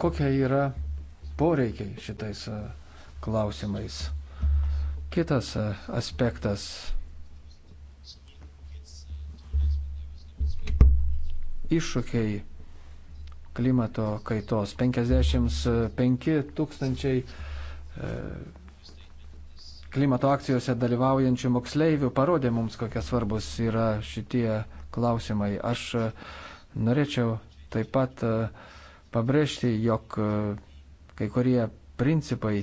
kokie yra poreikiai šitais klausimais? Kitas e, aspektas. Iššūkiai klimato kaitos. 55 tūkstančiai e, klimato akcijose dalyvaujančių moksleivių parodė mums, kokie svarbus yra šitie klausimai. Aš e, norėčiau taip pat pabrėžti, jog kai kurie principai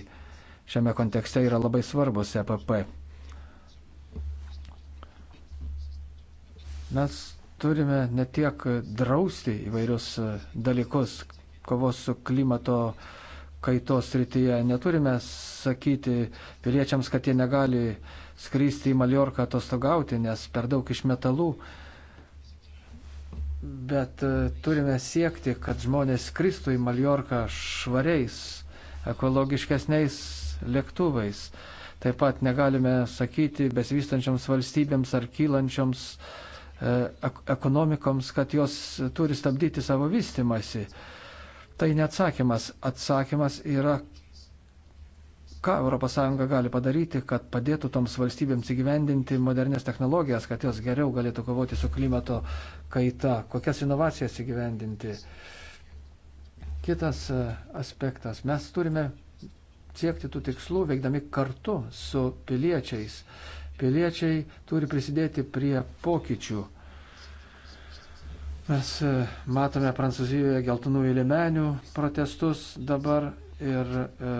šiame kontekste yra labai svarbus EPP. Mes turime ne tiek drausti įvairius dalykus kovos su klimato kaitos rytyje. Neturime sakyti piliečiams, kad jie negali skristi į Maliorką atostogauti, nes per daug iš metalų. Bet e, turime siekti, kad žmonės skristų į Maliorką švariais, ekologiškesniais lėktuvais. Taip pat negalime sakyti besivystančioms valstybėms ar kylančioms e, ekonomikoms, kad jos turi stabdyti savo vystimasi. Tai neatsakymas. Atsakymas yra, ką ES gali padaryti, kad padėtų toms valstybėms įgyvendinti modernės technologijas, kad jos geriau galėtų kovoti su klimato kaita, kokias inovacijas įgyvendinti. Kitas e, aspektas. Mes turime siekti tų tikslų veikdami kartu su piliečiais. Piliečiai turi prisidėti prie pokyčių. Mes e, matome Prancūzijoje geltonųjų limenių protestus dabar ir e,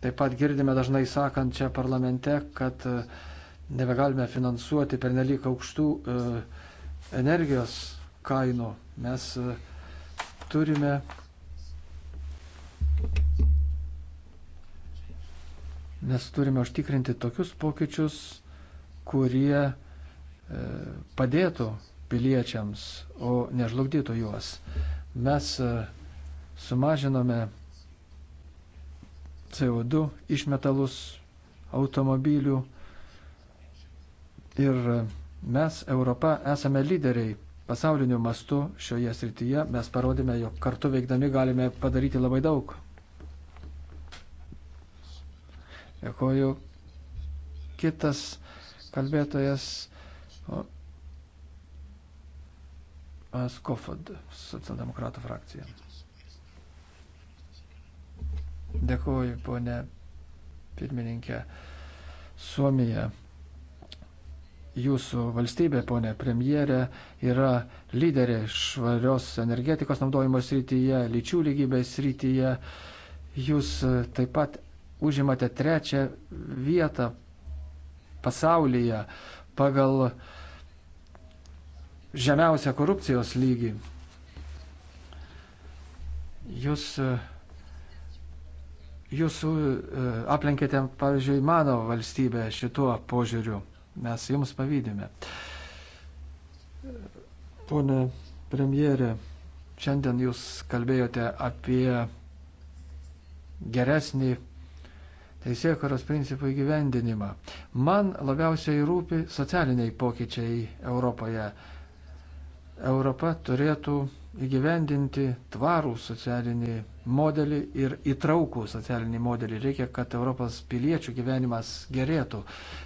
taip pat girdime dažnai sakant čia parlamente, kad e, nebegalime finansuoti pernelyg aukštų e, energijos kainų. Mes e, turime Mes turime užtikrinti tokius pokyčius, kurie e, padėtų piliečiams, o nežlugdytų juos. Mes e, sumažinome CO2 išmetalus automobilių ir mes, Europa, esame lyderiai pasauliniu mastu šioje srityje. Mes parodėme, jog kartu veikdami galime padaryti labai daug. Dėkoju. Kitas kalbėtojas Skofod, socialdemokratų frakcija. Dėkoju, ponė pirmininkė. Suomija, jūsų valstybė, ponė premjerė, yra lyderė švarios energetikos naudojimo srityje, lyčių lygybės srityje. Jūs taip pat užimate trečią vietą pasaulyje pagal žemiausią korupcijos lygį. Jūs, jūs e, aplenkėte, pavyzdžiui, mano valstybę šituo požiūriu. Mes jums pavydime. Pone premjerė, šiandien jūs kalbėjote apie geresnį teisėkaros principų įgyvendinimą. Man labiausiai rūpi socialiniai pokyčiai Europoje. Europa turėtų įgyvendinti tvarų socialinį modelį ir įtraukų socialinį modelį. Reikia, kad Europos piliečių gyvenimas gerėtų.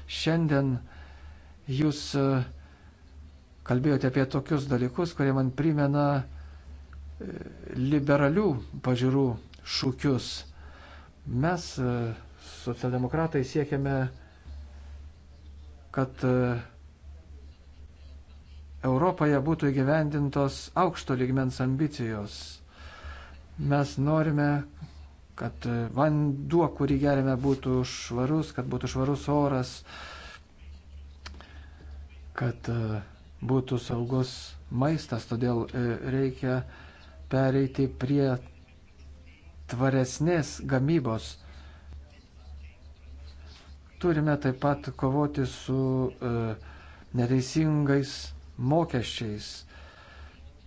Šiandien jūs e, kalbėjote apie tokius dalykus, kurie man primena e, liberalių pažiūrų šūkius. Mes e, socialdemokratai siekiame, kad e, Europoje būtų įgyvendintos aukšto lygmens ambicijos. Mes norime, kad e, vanduo, kurį gerime, būtų švarus, kad būtų švarus oras, kad e, būtų saugus maistas, todėl reikia pereiti prie tvaresnės gamybos Turime taip pat kovoti su e, neteisingais mokesčiais.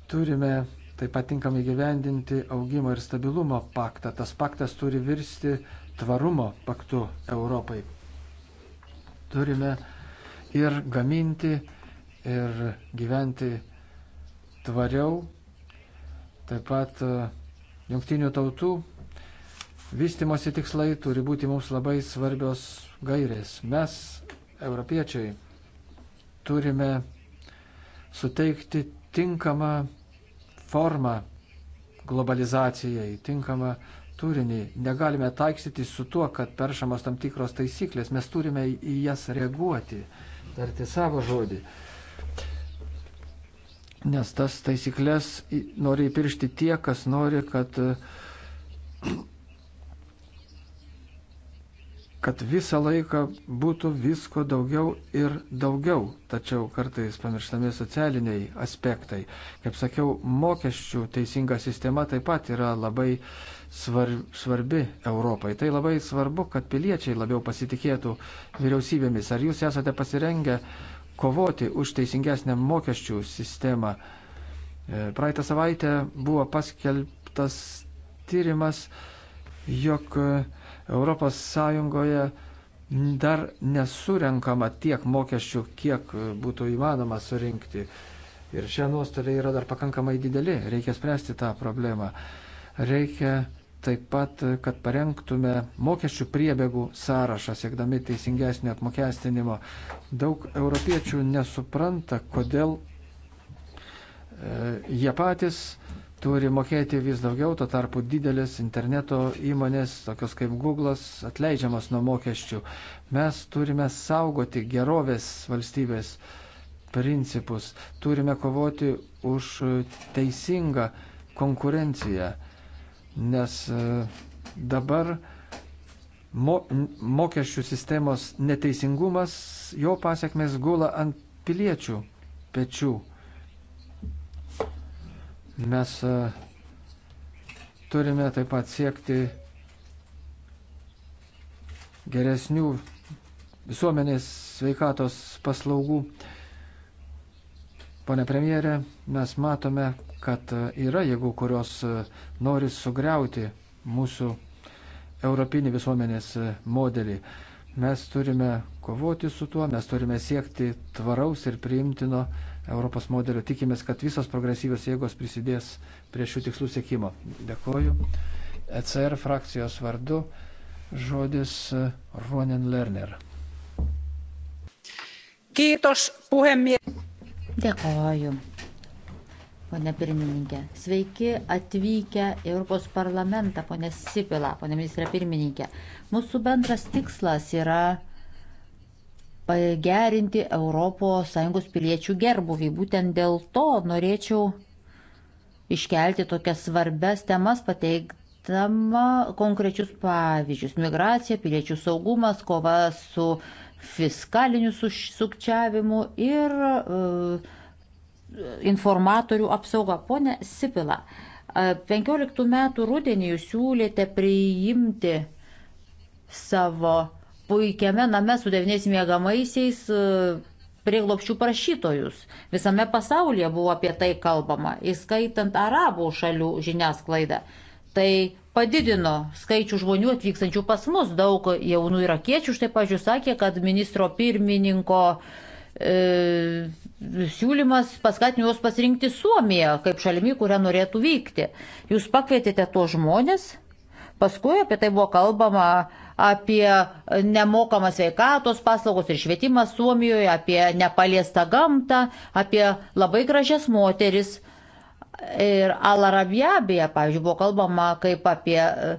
Turime taip pat tinkamai gyvendinti augimo ir stabilumo paktą. Tas paktas turi virsti tvarumo paktu Europai. Turime ir gaminti, ir gyventi tvariau. Taip pat e, jungtinių tautų Vystimosi tikslai turi būti mums labai svarbios gairės. Mes, europiečiai, turime suteikti tinkamą formą globalizacijai, tinkamą turinį. Negalime taikstyti su tuo, kad peršamos tam tikros taisyklės. Mes turime į jas reaguoti, tarti savo žodį. Nes tas taisyklės nori įpiršti tie, kas nori, kad kad visą laiką būtų visko daugiau ir daugiau, tačiau kartais pamirštami socialiniai aspektai. Kaip sakiau, mokesčių teisinga sistema taip pat yra labai svarbi Europai. Tai labai svarbu, kad piliečiai labiau pasitikėtų vyriausybėmis. Ar jūs esate pasirengę kovoti už teisingesnę mokesčių sistemą? E, praeitą savaitę buvo paskelbtas tyrimas, jog e, Europos Sąjungoje dar nesurenkama tiek mokesčių, kiek būtų įmanoma surinkti. Ir šie nuostoliai yra dar pakankamai dideli, reikia spręsti tą problemą. Reikia taip pat, kad parengtume mokesčių priebėgų sąrašą, siekdami teisingesnio apmokestinimo. Daug europiečių nesupranta, kodėl e, jie patys e, turi mokėti vis daugiau, to tarpu didelės interneto įmonės, tokios kaip Google'as, atleidžiamas nuo mokesčių. Mes turime saugoti gerovės valstybės principus, turime kovoti už teisingą konkurenciją, nes e, dabar mo mokesčių sistemos neteisingumas, jo pasiekmes gula ant piliečių pečių. Mes e, turime taip pat siekti geresnių visuomenės sveikatos paslaugų. Pone premjerė, mes matome, kad yra jėgų, kurios e, nori sugriauti mūsų europinį visuomenės e, modelį. Mes turime kovoti su tuo, mes turime siekti tvaraus ir priimtino Europos modelio. Tikimės, kad visos progresyvios jėgos prisidės prie šių tikslų sėkimo. Dėkoju. ECR frakcijos vardu žodis e, Ronen Lerner. Kiitos puhemies. Dėkoju. Pone pirmininkė, sveiki atvykę į Europos parlamentą, pone Sipila, pone ministrė pirmininkė. Mūsų bendras tikslas yra pagerinti ES piliečių gerbuvį. Būtent dėl to norėčiau iškelti tokias svarbias temas, pateikdama konkrečius pavyzdžius - migracija, piliečių saugumas, kova su fiskaliniu sukčiavimu ir uh, informatorių apsauga. Pone Sipila, 15 e, metų rudenį jūs siūlėte priimti savo puikiame name su devyniais mėgamaisiais e, prieglopščių prašytojus. Visame pasaulyje buvo apie tai kalbama, įskaitant arabų šalių žiniasklaidą. Tai padidino skaičių žmonių atvykstančių pas mus. Daug jaunų irakiečių štai pažiūrėjau sakė, kad ministro pirmininko e, siūlymas paskatino juos pasirinkti Suomiją kaip šalimi, kurią norėtų vykti. Jūs pakvietėte tuos žmonės, paskui apie tai buvo kalbama apie nemokamas veikatos paslaugos ir švietimas Suomijoje, apie nepaliestą gamtą, apie labai gražias moteris. Ir Alarabijabėje, pavyzdžiui, buvo kalbama kaip apie e,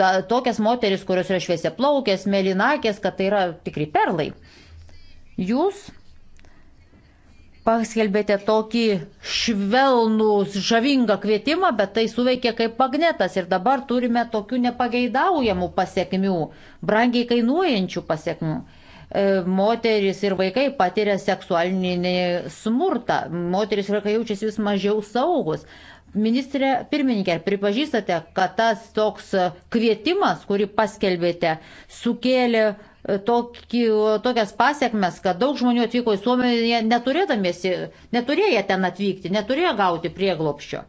ta, tokias moteris, kurios yra šviesia plaukės, melinakės, kad tai yra tikri perlai. Jūs paskelbėte tokį švelnų, žavingą kvietimą, bet tai suveikė kaip magnetas ir dabar turime tokių nepageidaujamų pasiekmių, brangiai kainuojančių pasiekmių. E, moteris ir vaikai patiria seksualinį smurtą, moteris ir vaikai jaučiasi vis mažiau saugus. Ministrė pirmininkė, ar pripažįstate, kad tas toks kvietimas, kurį paskelbėte, sukėlė tokį, tokias pasiekmes, kad daug žmonių atvyko į Suomiją neturėdamiesi, neturėję ten atvykti, neturėjo gauti prieglopščio.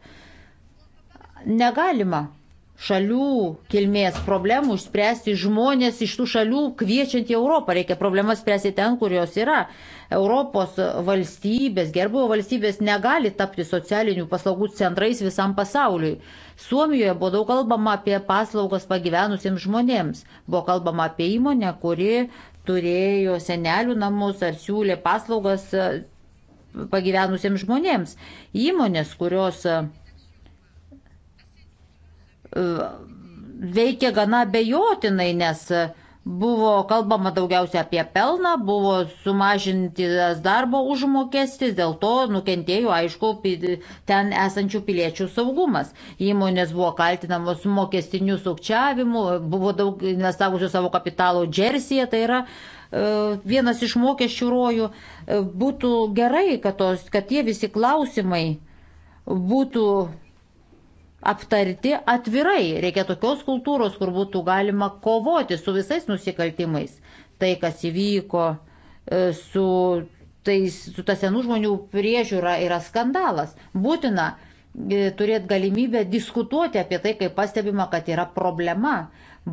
Negalima šalių kilmės problemų išspręsti žmonės iš tų šalių kviečiant į Europą. Reikia problemas spręsti ten, kur jos yra. Europos valstybės, gerbuvo valstybės negali tapti socialinių paslaugų centrais visam pasauliui. Suomijoje buvo daug kalbama apie paslaugas pagyvenusiems žmonėms. Buvo kalbama apie įmonę, kuri turėjo senelių namus ar siūlė paslaugas pagyvenusiems žmonėms. Įmonės, kurios veikia gana bejotinai, nes buvo kalbama daugiausia apie pelną, buvo sumažintas darbo užmokestis, dėl to nukentėjo, aišku, ten esančių piliečių saugumas. Įmonės buvo kaltinamos mokestiniu sukčiavimu, buvo daug investavusių savo kapitalo džersiją, tai yra e, vienas iš mokesčių rojų. E, būtų gerai, kad, tos, kad tie visi klausimai būtų aptarti atvirai. Reikia tokios kultūros, kur būtų galima kovoti su visais nusikaltimais. Tai, kas įvyko e, su, tai, su ta senų žmonių priežiūra, yra skandalas. Būtina e, turėti galimybę diskutuoti apie tai, kaip pastebima, kad yra problema.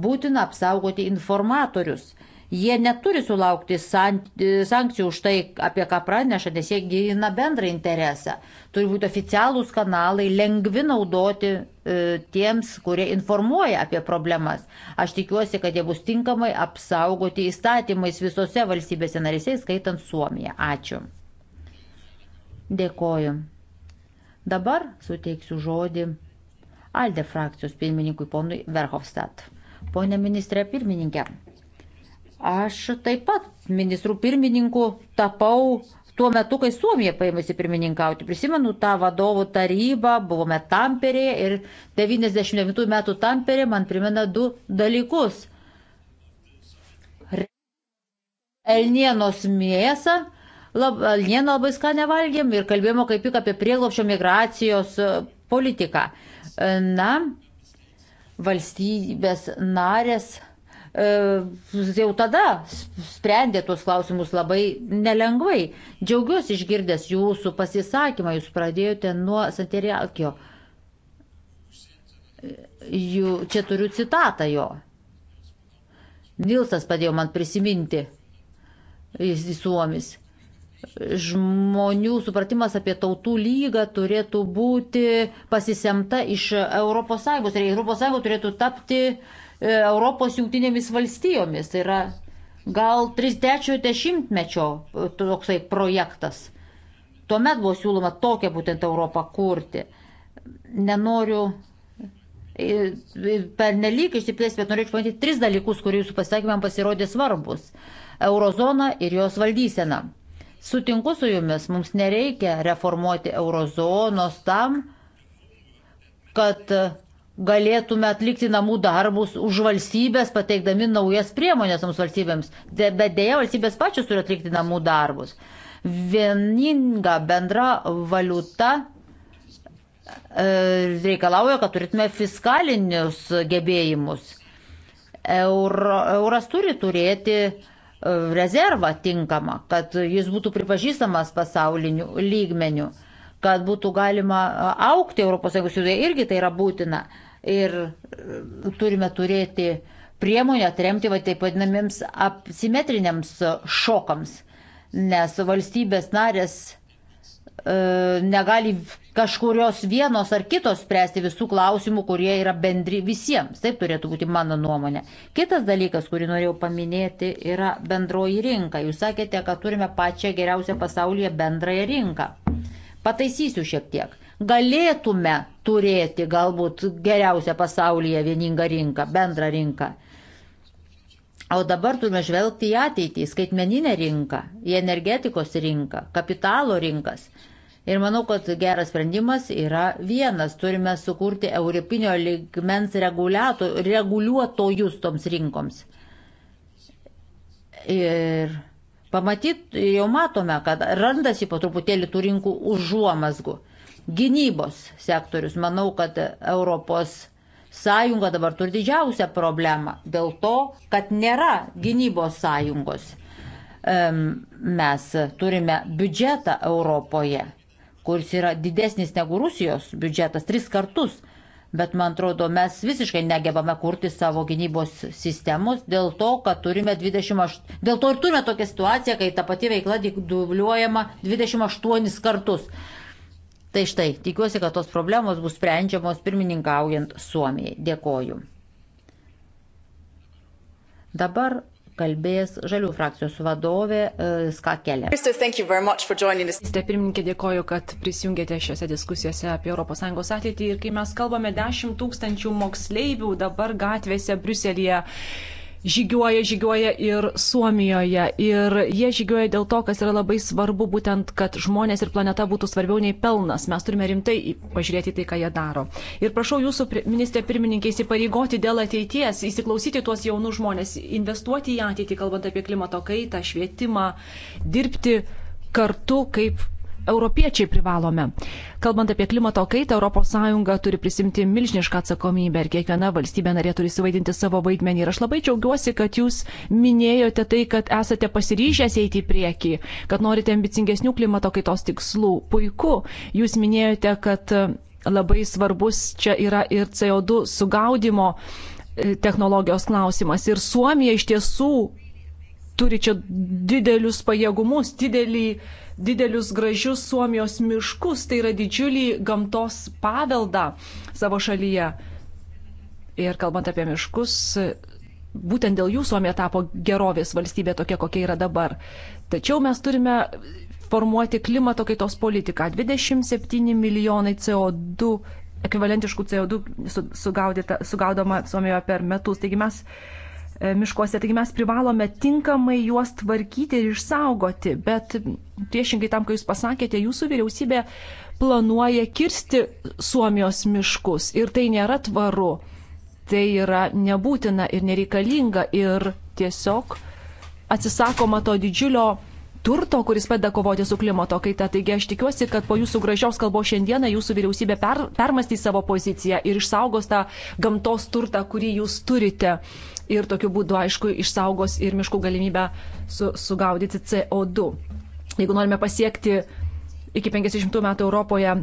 Būtina apsaugoti informatorius Jie neturi sulaukti e, sankcijų už tai, apie ką praneša, nes jie gina bendrą interesą. Turi būti oficialūs kanalai, lengvi naudoti e, tiems, kurie informuoja apie problemas. Aš tikiuosi, kad jie bus tinkamai apsaugoti įstatymais visose valstybėse narėse, skaitant Suomiją. Ačiū. Dėkoju. Dabar suteiksiu žodį Alde frakcijos pirmininkui ponui Verhofstadt. Pone ministrė pirmininkė, Aš taip pat ministrų pirmininku tapau tuo metu, kai Suomija paėmėsi pirmininkauti. Prisimenu tą vadovų tarybą, buvome Tamperėje ir 99 metų Tamperė man primena du dalykus. Elnienos mėsą, lab, elnieną labai skanę valgėm ir kalbėjome kaip tik apie prieglopšio migracijos e, politiką. E, na, valstybės narės E, jau tada sprendė tuos klausimus labai nelengvai. Džiaugiuosi išgirdęs jūsų pasisakymą, jūs pradėjote nuo Santeriakio. Čia turiu citatą jo. Nilsas padėjo man prisiminti jis suomis. Žmonių supratimas apie tautų lygą turėtų būti pasisemta iš ES ir ES turėtų tapti uh, E, Europos jungtinėmis valstijomis. Tai yra gal 30-mečio e, toksai projektas. Tuomet buvo siūloma tokią būtent Europą kurti. Nenoriu e, per nelik išsiplės, bet norėčiau pamatyti tris dalykus, kurių jūsų pasakymėm pasirodė svarbus. Eurozona ir jos valdysena. Sutinku su jumis, mums nereikia reformuoti eurozonos tam, kad galėtume atlikti namų darbus už valstybės, pateikdami naujas priemonės mums valstybėms. De, bet dėja, valstybės pačios turi atlikti namų darbus. Vieninga bendra valiuta e, reikalauja, kad turėtume fiskalinius gebėjimus. Eur, euras turi turėti e, rezervą tinkamą, kad jis būtų pripažįstamas pasauliniu lygmeniu kad būtų galima aukti ES viduje, irgi tai yra būtina ir e, turime turėti priemonę atremti va taip vadinamiems asimetriniams šokams, nes valstybės narės e, negali kažkurios vienos ar kitos spręsti visų klausimų, kurie yra bendri visiems. Taip turėtų būti mano nuomonė. Kitas dalykas, kurį norėjau paminėti, yra bendroji rinka. Jūs sakėte, kad turime pačią geriausią pasaulyje bendrąją rinką. Pataisysiu šiek tiek galėtume turėti galbūt geriausią pasaulyje vieningą rinką, bendrą rinką. O dabar turime žvelgti į ateitį, į skaitmeninę rinką, į energetikos rinką, kapitalo rinkas. Ir manau, kad geras sprendimas yra vienas. Turime sukurti europinio ligmens reguliuotojus toms rinkoms. Ir pamatyt, jau matome, kad randasi po truputėlį tų rinkų užuomasgų. Už Gynybos sektorius. Manau, kad Europos sąjunga dabar turi didžiausią problemą dėl to, kad nėra gynybos sąjungos. Mes turime biudžetą Europoje, kuris yra didesnis negu Rusijos biudžetas tris kartus, bet man atrodo, mes visiškai negebame kurti savo gynybos sistemos dėl to, kad turime 28, dėl to ir turime tokią situaciją, kai ta pati veikla dubliuojama 28 kartus. Tai štai, tikiuosi, kad tos problemos bus sprendžiamos pirmininkaujant Suomijai. Dėkoju. Dabar kalbės Žalių frakcijos vadovė e, Skakelė. Ministrė pirmininkė, dėkoju, kad prisijungėte šiose diskusijose apie ES ateitį. Ir kai mes kalbame 10 tūkstančių moksleivių dabar gatvėse Bruselėje žygiuoja, žygiuoja ir Suomijoje. Ir jie žygiuoja dėl to, kas yra labai svarbu, būtent, kad žmonės ir planeta būtų svarbiau nei pelnas. Mes turime rimtai pažiūrėti tai, ką jie daro. Ir prašau jūsų, ministrė pirmininkė, įsipareigoti dėl ateities, įsiklausyti tuos jaunus žmonės, investuoti į ateitį, kalbant apie klimato kaitą, švietimą, dirbti kartu kaip europiečiai privalome. Kalbant apie klimato kaitą, ES turi prisimti milžinišką atsakomybę ir kiekviena valstybė narė turi suvaidinti savo vaidmenį. Ir aš labai džiaugiuosi, kad jūs minėjote tai, kad esate pasiryžęs eiti į priekį, kad norite ambicingesnių klimato kaitos tikslų. Puiku, jūs minėjote, kad labai svarbus čia yra ir CO2 sugaudimo e, technologijos klausimas. Ir Suomija iš tiesų turi čia didelius pajėgumus, didelį uh, didelius gražius Suomijos miškus, tai yra didžiulį gamtos paveldą savo šalyje. Ir kalbant apie miškus, būtent dėl jų Suomija tapo gerovės valstybė tokia, kokia yra dabar. Tačiau mes turime formuoti klimato kaitos politiką. 27 milijonai CO2, ekvivalentiškų CO2 sugaudyta, sugaudoma Suomijoje per metus. Taigi mes miškuose. Taigi mes privalome tinkamai juos tvarkyti ir išsaugoti. Bet priešingai tam, ką jūs pasakėte, jūsų vyriausybė planuoja kirsti Suomijos miškus. Ir tai nėra tvaru. Tai yra nebūtina ir nereikalinga. Ir tiesiog atsisakoma to didžiulio turto, kuris padeda kovoti su klimato kaita. Taigi aš tikiuosi, kad po jūsų gražios kalbos šiandieną jūsų vyriausybė per, permastys savo poziciją ir išsaugos tą gamtos turtą, kurį jūs turite ir tokiu būdu, aišku, išsaugos ir miškų galimybę su, sugaudyti CO2. Jeigu norime pasiekti iki 50 metų Europoje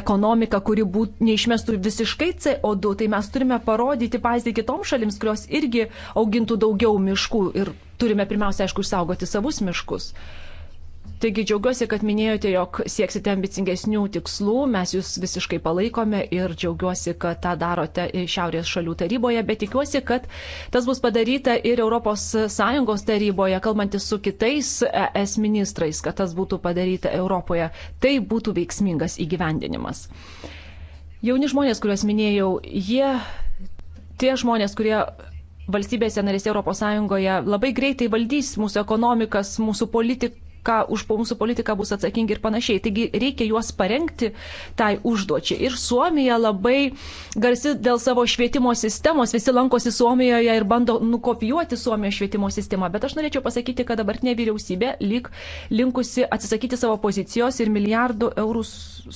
ekonomiką, kuri būt, neišmestų visiškai CO2, tai mes turime parodyti pavyzdį kitoms šalims, kurios irgi augintų daugiau miškų ir turime pirmiausia, aišku, išsaugoti savus miškus. Uh, Taigi džiaugiuosi, kad minėjote, jog sieksite ambicingesnių tikslų, mes jūs visiškai palaikome ir džiaugiuosi, kad tą darote Šiaurės šalių taryboje, bet tikiuosi, kad tas bus padaryta ir ES taryboje, kalbantis su kitais ES ministrais, kad tas būtų padaryta Europoje. Tai būtų veiksmingas įgyvendinimas. Jauni žmonės, kuriuos minėjau, jie, tie žmonės, kurie valstybėse narėse ES labai greitai valdys mūsų ekonomikas, mūsų politiką ką už mūsų politiką bus atsakingi ir panašiai. Taigi reikia juos parengti tai užduočiai. Ir Suomija labai garsi dėl savo švietimo sistemos, visi lankosi Suomijoje ir bando nukopijuoti Suomijos švietimo sistemą. Bet aš norėčiau pasakyti, kad dabartinė vyriausybė lyg linkusi atsisakyti savo pozicijos ir milijardų eurų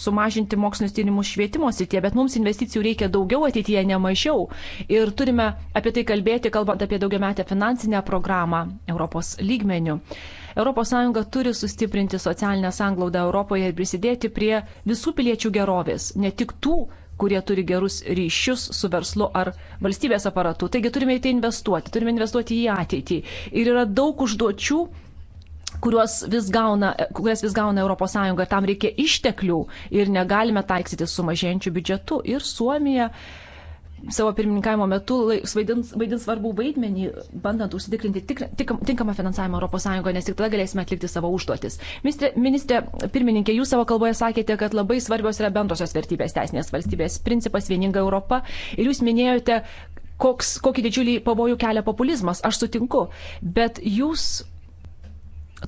sumažinti mokslinius tyrimus švietimo srityje, bet mums investicijų reikia daugiau ateityje, ne mažiau. Ir turime apie tai kalbėti, kalbant apie daugiametę finansinę programą Europos lygmenių. Uh, ES turi sustiprinti socialinę sanglaudą Europoje ir prisidėti prie visų piliečių gerovės, ne tik tų, kurie turi gerus ryšius su verslu ar valstybės aparatu. Taigi turime į tai investuoti, turime investuoti į ateitį. Ir yra daug užduočių, kuriuos vis gauna, kurias vis gauna ES ir tam reikia išteklių ir negalime taiksyti su mažėjančiu biudžetu. Ir Suomija. Uh, savo pirmininkavimo metu vaidins, vaidins svarbų vaidmenį, bandant užsitikrinti tik, tik, tinkamą finansavimą ES, nes tik tada galėsime atlikti savo užduotis. Ministrė, ministrė pirmininkė, jūs savo kalboje sakėte, kad labai svarbios yra bendrosios vertybės, teisinės valstybės principas, vieninga Europa. Ir jūs minėjote, koks, kokį didžiulį pavojų kelia populizmas. Aš sutinku, bet jūs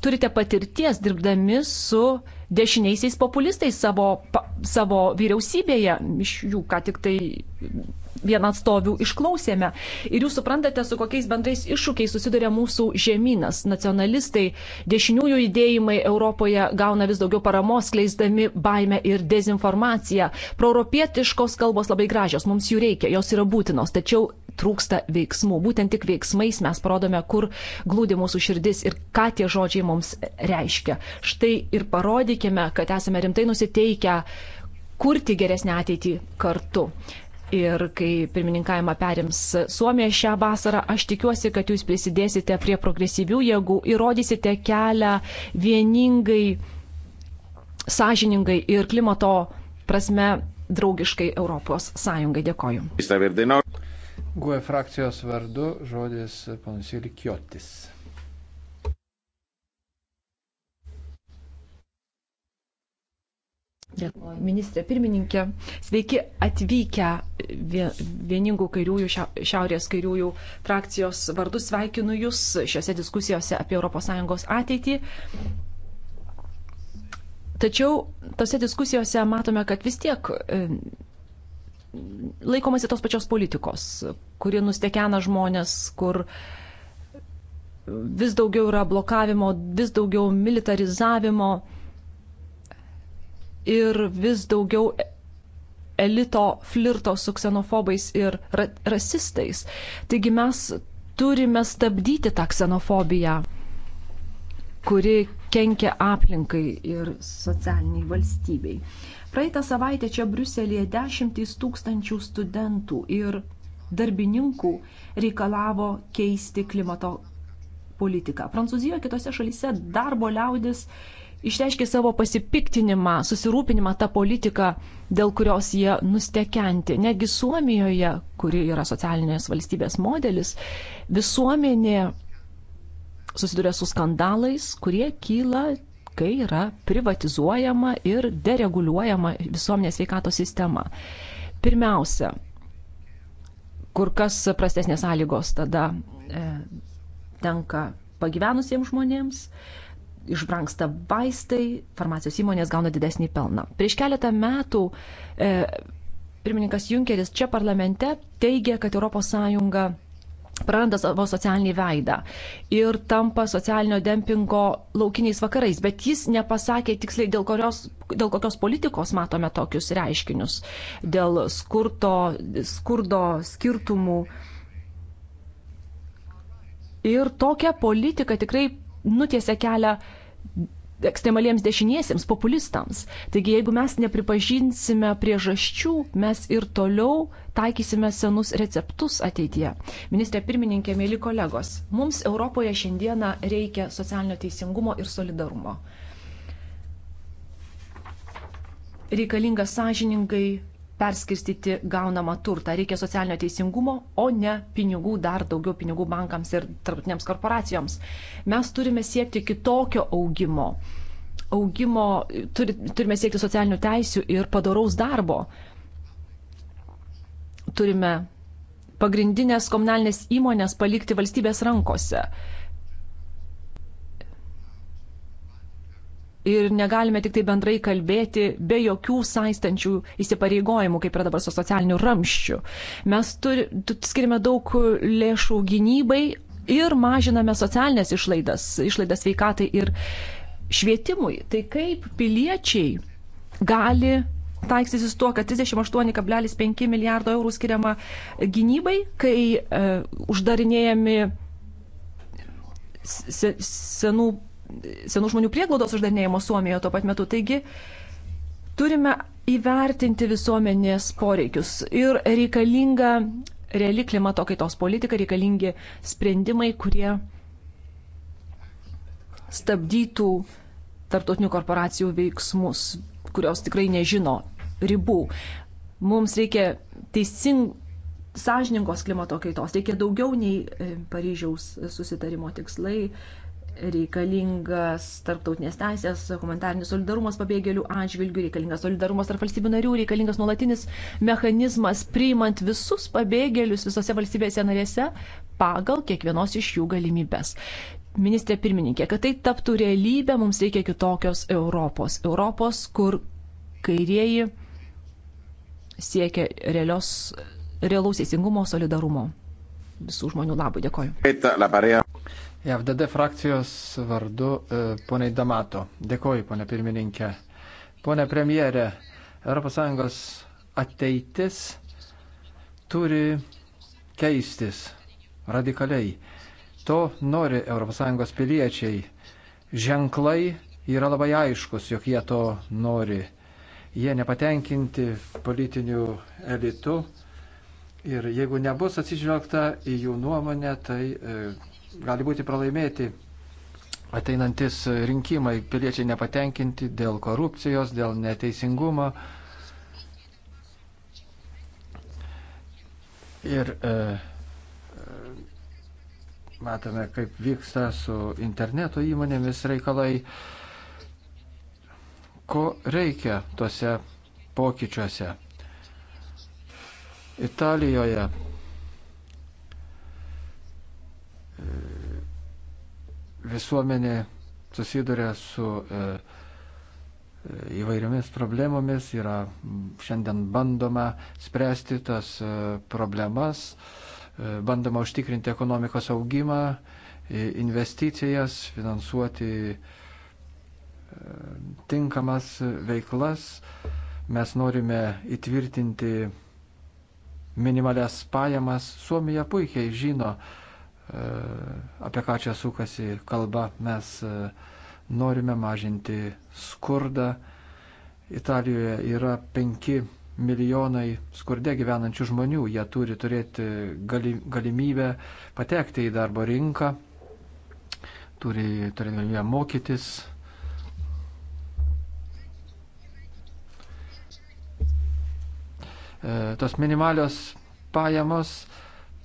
turite patirties dirbdami su dešiniaisiais populistais savo, pa, savo vyriausybėje, iš jų ką tik tai vieną atstovių išklausėme. Ir jūs suprantate, su kokiais bendrais iššūkiais susiduria mūsų žemynas. Nacionalistai, dešiniųjų judėjimai Europoje gauna vis daugiau paramos, kleisdami baimę ir dezinformaciją. Proeuropietiškos kalbos labai gražios, mums jų reikia, jos yra būtinos, tačiau trūksta veiksmų. Būtent tik veiksmais mes parodome, kur glūdi mūsų širdis ir ką tie žodžiai mums reiškia. Štai ir parodykime, kad esame rimtai nusiteikę kurti geresnę ateitį kartu. Ir kai pirmininkavimą perims Suomija šią vasarą, aš tikiuosi, kad jūs prisidėsite prie progresyvių jėgų, įrodysite kelią vieningai, sąžiningai ir klimato prasme draugiškai Europos Sąjungai. Dėkoju. GUE frakcijos vardu žodis panas Ilikiotis. Dėkuoju. Ministrė pirmininkė, sveiki atvykę vieningų kairiųjų, šiaurės kairiųjų frakcijos vardus. Sveikinu Jūs šiuose diskusijose apie ES ateitį. Tačiau tose diskusijose matome, kad vis tiek e, laikomasi tos pačios politikos, kuri nustekena žmonės, kur vis daugiau yra blokavimo, vis daugiau militarizavimo ir vis daugiau elito flirto su ksenofobais ir ra rasistais. Taigi mes turime stabdyti tą ksenofobiją, kuri kenkia aplinkai ir socialiniai valstybei. Praeitą savaitę čia Bruselėje dešimtys tūkstančių studentų ir darbininkų reikalavo keisti klimato politiką. Prancūzijoje kitose šalyse darbo liaudis išreiškė savo pasipiktinimą, susirūpinimą tą politiką, dėl kurios jie nustekenti. Netgi Suomijoje, kuri yra socialinės valstybės modelis, visuomenė susiduria su skandalais, kurie kyla, kai yra privatizuojama ir dereguliuojama visuomenės veikato sistema. Pirmiausia, kur kas prastesnės sąlygos tada e, tenka pagyvenusiems žmonėms, e, išbranksta vaistai, farmacijos įmonės gauna didesnį pelną. Prieš keletą metų e, pirmininkas Junkeris čia parlamente teigė, kad ES praranda savo socialinį veidą ir tampa socialinio dempingo laukiniais vakarais, bet jis nepasakė tiksliai, dėl, kurios, dėl kokios politikos matome tokius reiškinius, dėl skurto, skurdo skirtumų. Ir tokia politika tikrai nutiesia kelią ekstremaliems dešiniesiems, populistams. Taigi, jeigu mes nepripažinsime priežasčių, mes ir toliau taikysime senus receptus ateityje. Ministrė pirmininkė, mėly kolegos, mums Europoje šiandieną reikia socialinio teisingumo ir solidarumo. Reikalinga sąžiningai perskirstyti gaunamą turtą. Reikia socialinio teisingumo, o ne pinigų, dar daugiau pinigų bankams ir tarptautinėms korporacijoms. Mes turime siekti kitokio augimo. Augimo turi, turime siekti socialinių teisių ir padaraus darbo. Turime pagrindinės komunalinės įmonės palikti valstybės rankose. ir negalime tik tai bendrai kalbėti be jokių saistančių įsipareigojimų, kaip yra dabar su socialiniu ramščiu. Mes turi, skirime daug lėšų gynybai ir mažiname socialinės išlaidas, išlaidas veikatai ir švietimui. Tai kaip piliečiai gali taikstysis tuo, kad 38,5 milijardo eurų skiriama gynybai, kai e, uždarinėjami senų senų žmonių prieglaudos uždarinėjimo Suomijoje tuo pat metu. Taigi turime įvertinti visuomenės poreikius ir reikalinga reali klimato kaitos politika, reikalingi sprendimai, kurie stabdytų tarptautinių korporacijų veiksmus, kurios tikrai nežino ribų. Mums reikia teisingų sąžiningos klimato kaitos. Reikia daugiau nei e, Paryžiaus susitarimo tikslai, reikalingas tarptautinės teisės, humanitarinis solidarumas pabėgėlių atžvilgių, reikalingas solidarumas tarp valstybių narių, reikalingas nuolatinis mechanizmas priimant visus pabėgėlius visose valstybėse narėse pagal kiekvienos iš jų galimybės. Ministrė pirmininkė, kad tai taptų realybė, mums reikia kitokios Europos. Europos, kur kairieji siekia realios, realaus teisingumo, solidarumo. Visų žmonių labui dėkoju. FDD frakcijos vardu e, poniai Damato. Dėkoju, ponė pirmininkė. Pone premjerė, ES ateitis turi keistis radikaliai. To nori ES piliečiai. Ženklai yra labai aiškus, jog jie to nori. Jie nepatenkinti politinių elitų. Ir jeigu nebus atsižvelgta į jų nuomonę, tai e, gali būti pralaimėti ateinantis rinkimai. Piliečiai nepatenkinti dėl korupcijos, dėl neteisingumo. Ir e, e matome, kaip vyksta su interneto įmonėmis reikalai, ko reikia tuose pokyčiuose. Italijoje visuomenė susiduria su e, e, įvairiomis problemomis, yra šiandien bandoma spręsti tas e, problemas, bandoma užtikrinti ekonomikos augimą, investicijas, finansuoti tinkamas veiklas. Mes norime įtvirtinti minimalias pajamas. Suomija puikiai žino, apie ką čia sukasi kalba, mes e, norime mažinti skurdą. Italijoje yra 5 milijonai skurde gyvenančių žmonių, jie turi turėti galimybę patekti į darbo rinką, turi turėti galimybę mokytis. E, tos minimalios pajamos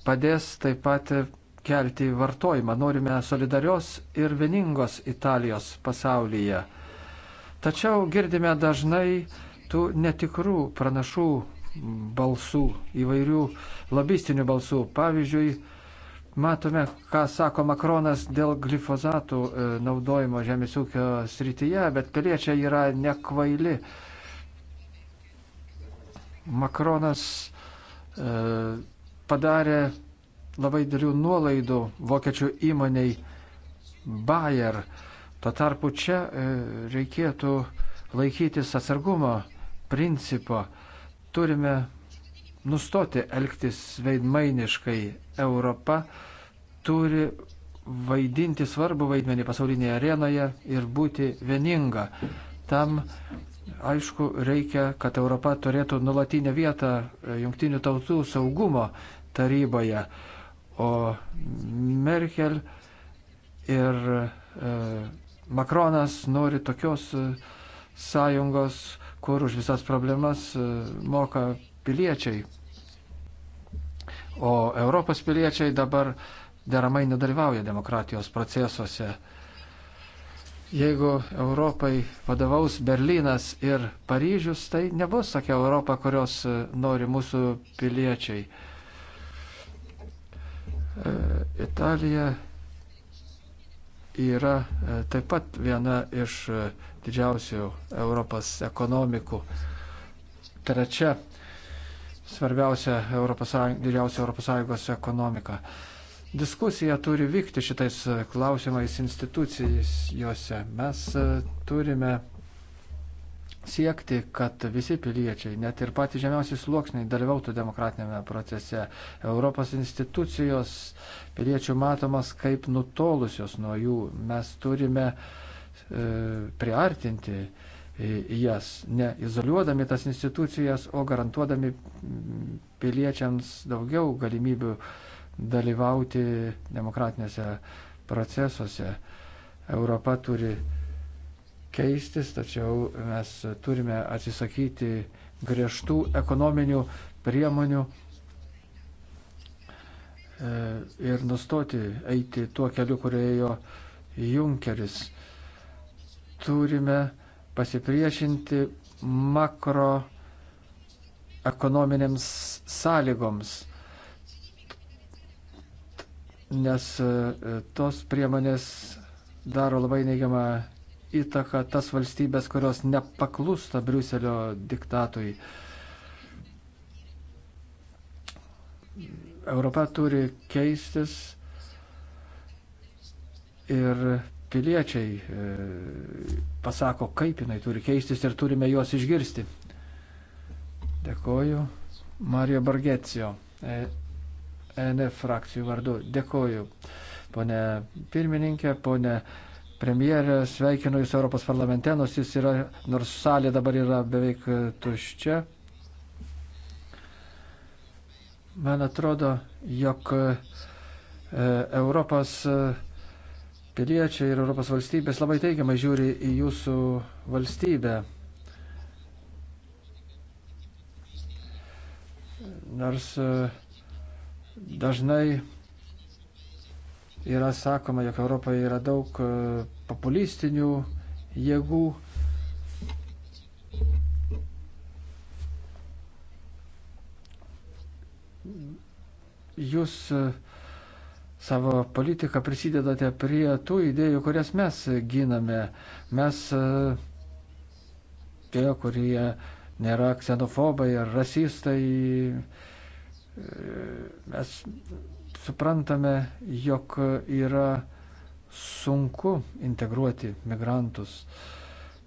padės taip pat kelti vartojimą. Norime solidarios ir vieningos Italijos pasaulyje. Tačiau girdime dažnai tų netikrų pranašų balsų, įvairių lobistinių balsų. Pavyzdžiui, matome, ką sako Makronas dėl glifozatų e, naudojimo žemės ūkio srityje, bet piliečiai yra nekvaili. Makronas e, padarė labai dėlių nuolaidų vokiečių įmoniai Bayer. Tuo tarpu čia e, reikėtų laikytis atsargumo principo. Turime nustoti elgtis veidmainiškai. Europa turi vaidinti svarbu vaidmenį pasaulinėje arenoje ir būti vieninga. Tam, aišku, reikia, kad Europa turėtų nulatinę vietą e, jungtinių tautų saugumo taryboje o Merkel ir e, Makronas nori tokios e, sąjungos, kur už visas problemas e, moka piliečiai. O Europos piliečiai dabar deramai nedalyvauja demokratijos procesuose. Jeigu Europai vadovaus Berlynas ir Paryžius, tai nebus tokia Europa, kurios e, nori mūsų piliečiai. E, E, Italija yra e, taip pat viena iš e, didžiausių Europos ekonomikų. Trečia svarbiausia Europos, didžiausia ES ekonomika. Diskusija turi vykti šitais klausimais institucijose. Mes turime siekti, kad visi piliečiai, net ir patys žemiausi sluoksniai, dalyvautų demokratinėme procese. Europos institucijos piliečių matomas kaip nutolusios nuo jų. Mes turime e, priartinti e, jas, ne izoliuodami tas institucijas, o garantuodami piliečiams daugiau galimybių dalyvauti demokratinėse procesuose. Europa turi keistis, tačiau mes turime atsisakyti griežtų ekonominių priemonių e, ir nustoti eiti tuo keliu, kuriojo Junkeris. Turime pasipriešinti makroekonominėms sąlygoms, nes e, tos priemonės daro labai neigiamą įtaką tas valstybės, kurios nepaklūsta Briuselio diktatui. Europa turi keistis ir piliečiai e, pasako, kaip jinai turi keistis ir turime juos išgirsti. Dėkoju. Mario Bargecijo, e, NF frakcijų vardu. Dėkoju. Pone pirmininkė, pone premjerę, sveikinu Jūs Europos parlamente, nors, jis yra, nors salė dabar yra beveik tuščia. Man atrodo, jog e, Europos e, piliečiai ir Europos valstybės labai teigiamai žiūri į Jūsų valstybę. Nors e, dažnai yra sakoma, jog Europoje yra daug e, populistinių jėgų. Jūs e, savo politiką prisidedate prie tų idėjų, kurias mes giname. Mes e, tie, kurie nėra ksenofobai ar rasistai, mes Suprantame, jog yra sunku integruoti migrantus.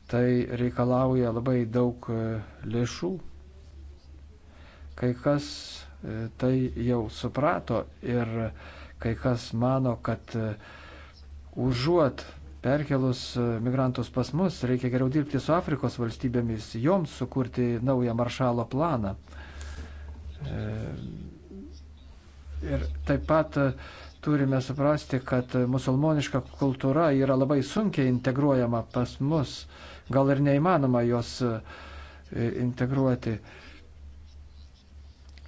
Tai reikalauja labai daug e, lėšų. Kai kas e, tai jau suprato ir kai kas mano, kad e, užuot perkelus migrantus pas mus, reikia geriau dirbti su Afrikos valstybėmis, joms sukurti naują maršalo planą. E, Ir taip pat e, turime suprasti, kad musulmoniška kultūra yra labai sunkiai integruojama pas mus. Gal ir neįmanoma jos e, integruoti.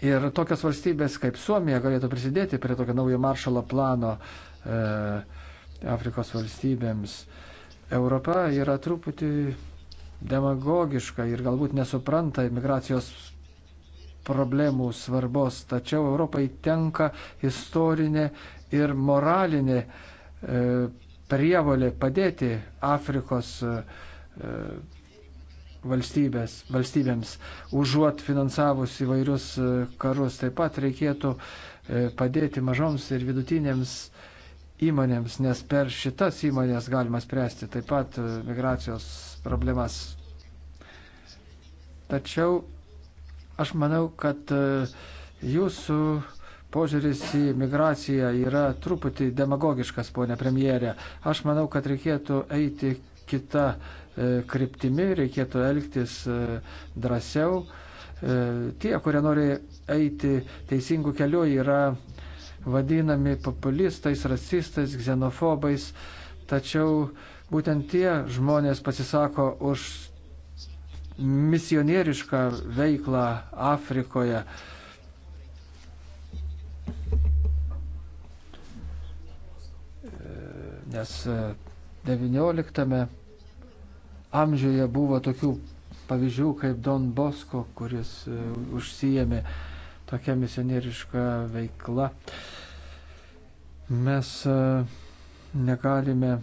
Ir tokios valstybės kaip Suomija galėtų prisidėti prie tokio naujo maršalo plano e, Afrikos valstybėms. Europa yra truputį demagogiška ir galbūt nesupranta imigracijos problemų svarbos, tačiau Europai tenka istorinė ir moralinė e, prievolė padėti Afrikos e, valstybės, valstybėms, užuot finansavus įvairius e, karus. Taip pat reikėtų padėti mažoms ir vidutinėms įmonėms, nes per šitas įmonės galima spręsti taip pat migracijos problemas. Tačiau Aš manau, kad e, jūsų požiūris į migraciją yra truputį demagogiškas, ponė premjerė. Aš manau, kad reikėtų eiti kitą e, kryptimi, reikėtų elgtis e, drąsiau. Tie, kurie nori eiti teisingų kelių, yra vadinami populistais, rasistais, xenofobais. Tačiau būtent tie žmonės pasisako už misionierišką veiklą Afrikoje. Nes XIX amžiuje buvo tokių pavyzdžių kaip Don Bosko, kuris e, užsijėmė tokią misionierišką veiklą. Mes e, negalime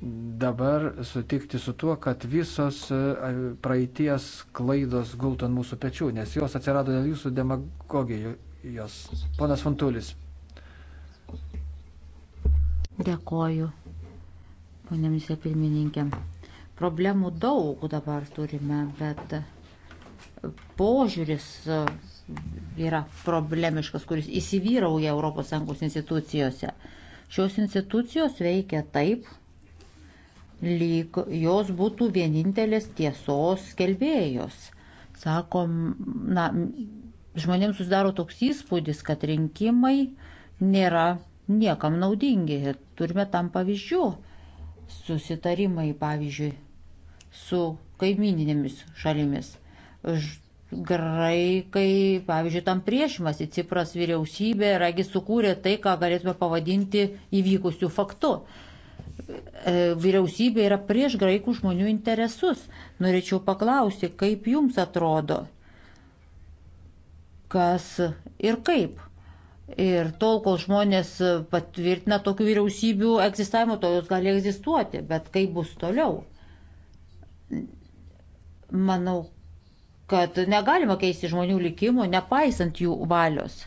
dabar sutikti su tuo, kad visos e, praeities klaidos gultų ant mūsų pečių, nes jos atsirado dėl jūsų demagogijos. Ponas Fantulis. Dėkoju, ponė misija pirmininkė. Problemų daug dabar turime, bet požiūris yra problemiškas, kuris įsivyrauja ES institucijose. Šios institucijos veikia taip, lyg jos būtų vienintelės tiesos skelbėjos. Sakom, na, žmonėms susidaro toks įspūdis, kad rinkimai nėra niekam naudingi. Turime tam pavyzdžių. Susitarimai, pavyzdžiui, su kaimininėmis šalimis. Graikai, pavyzdžiui, tam priešimasi Cipras vyriausybė, ragi sukūrė tai, ką galėtume pavadinti įvykusių faktų. E, vyriausybė yra prieš graikų žmonių interesus. Norėčiau paklausti, kaip jums atrodo, kas ir kaip. Ir tol, kol žmonės patvirtina tokių vyriausybių egzistavimą, to jos gali egzistuoti, bet kaip bus toliau? Manau, kad negalima keisti žmonių likimų, nepaisant jų valios.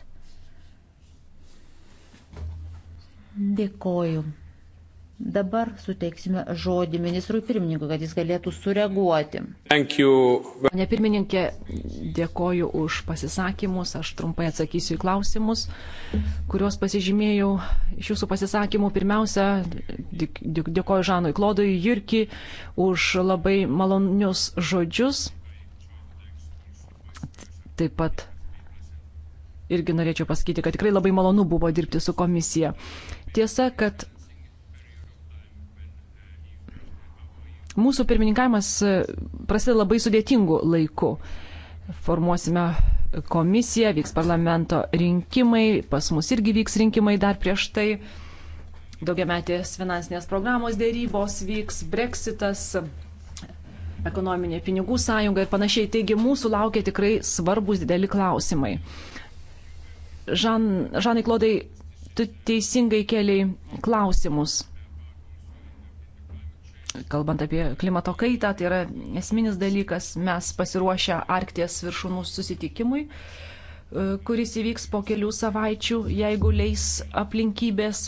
Dėkoju. Dabar suteiksime žodį ministrui pirmininkui, kad jis galėtų sureaguoti. Ne pirmininkė, dėkoju už pasisakymus, aš trumpai atsakysiu į klausimus, kuriuos pasižymėjau iš jūsų pasisakymų. Pirmiausia, dėkoju Žanui Klodui Jurki už labai malonius žodžius. Taip pat irgi norėčiau pasakyti, kad tikrai labai malonu buvo dirbti su komisija. Tiesa, kad Mūsų pirmininkavimas e, prasideda labai sudėtingu laiku. Formuosime komisiją, vyks parlamento rinkimai, pas mus irgi vyks rinkimai dar prieš tai. Daugiametės finansinės programos dėrybos vyks, breksitas, ekonominė pinigų sąjunga ir panašiai. Taigi mūsų laukia tikrai svarbus dideli klausimai. Žan, Žanai Klodai, tu teisingai keliai klausimus kalbant apie klimato kaitą, tai yra esminis dalykas, mes pasiruošę Arkties viršūnų susitikimui, e, kuris įvyks po kelių savaičių, jeigu leis aplinkybės.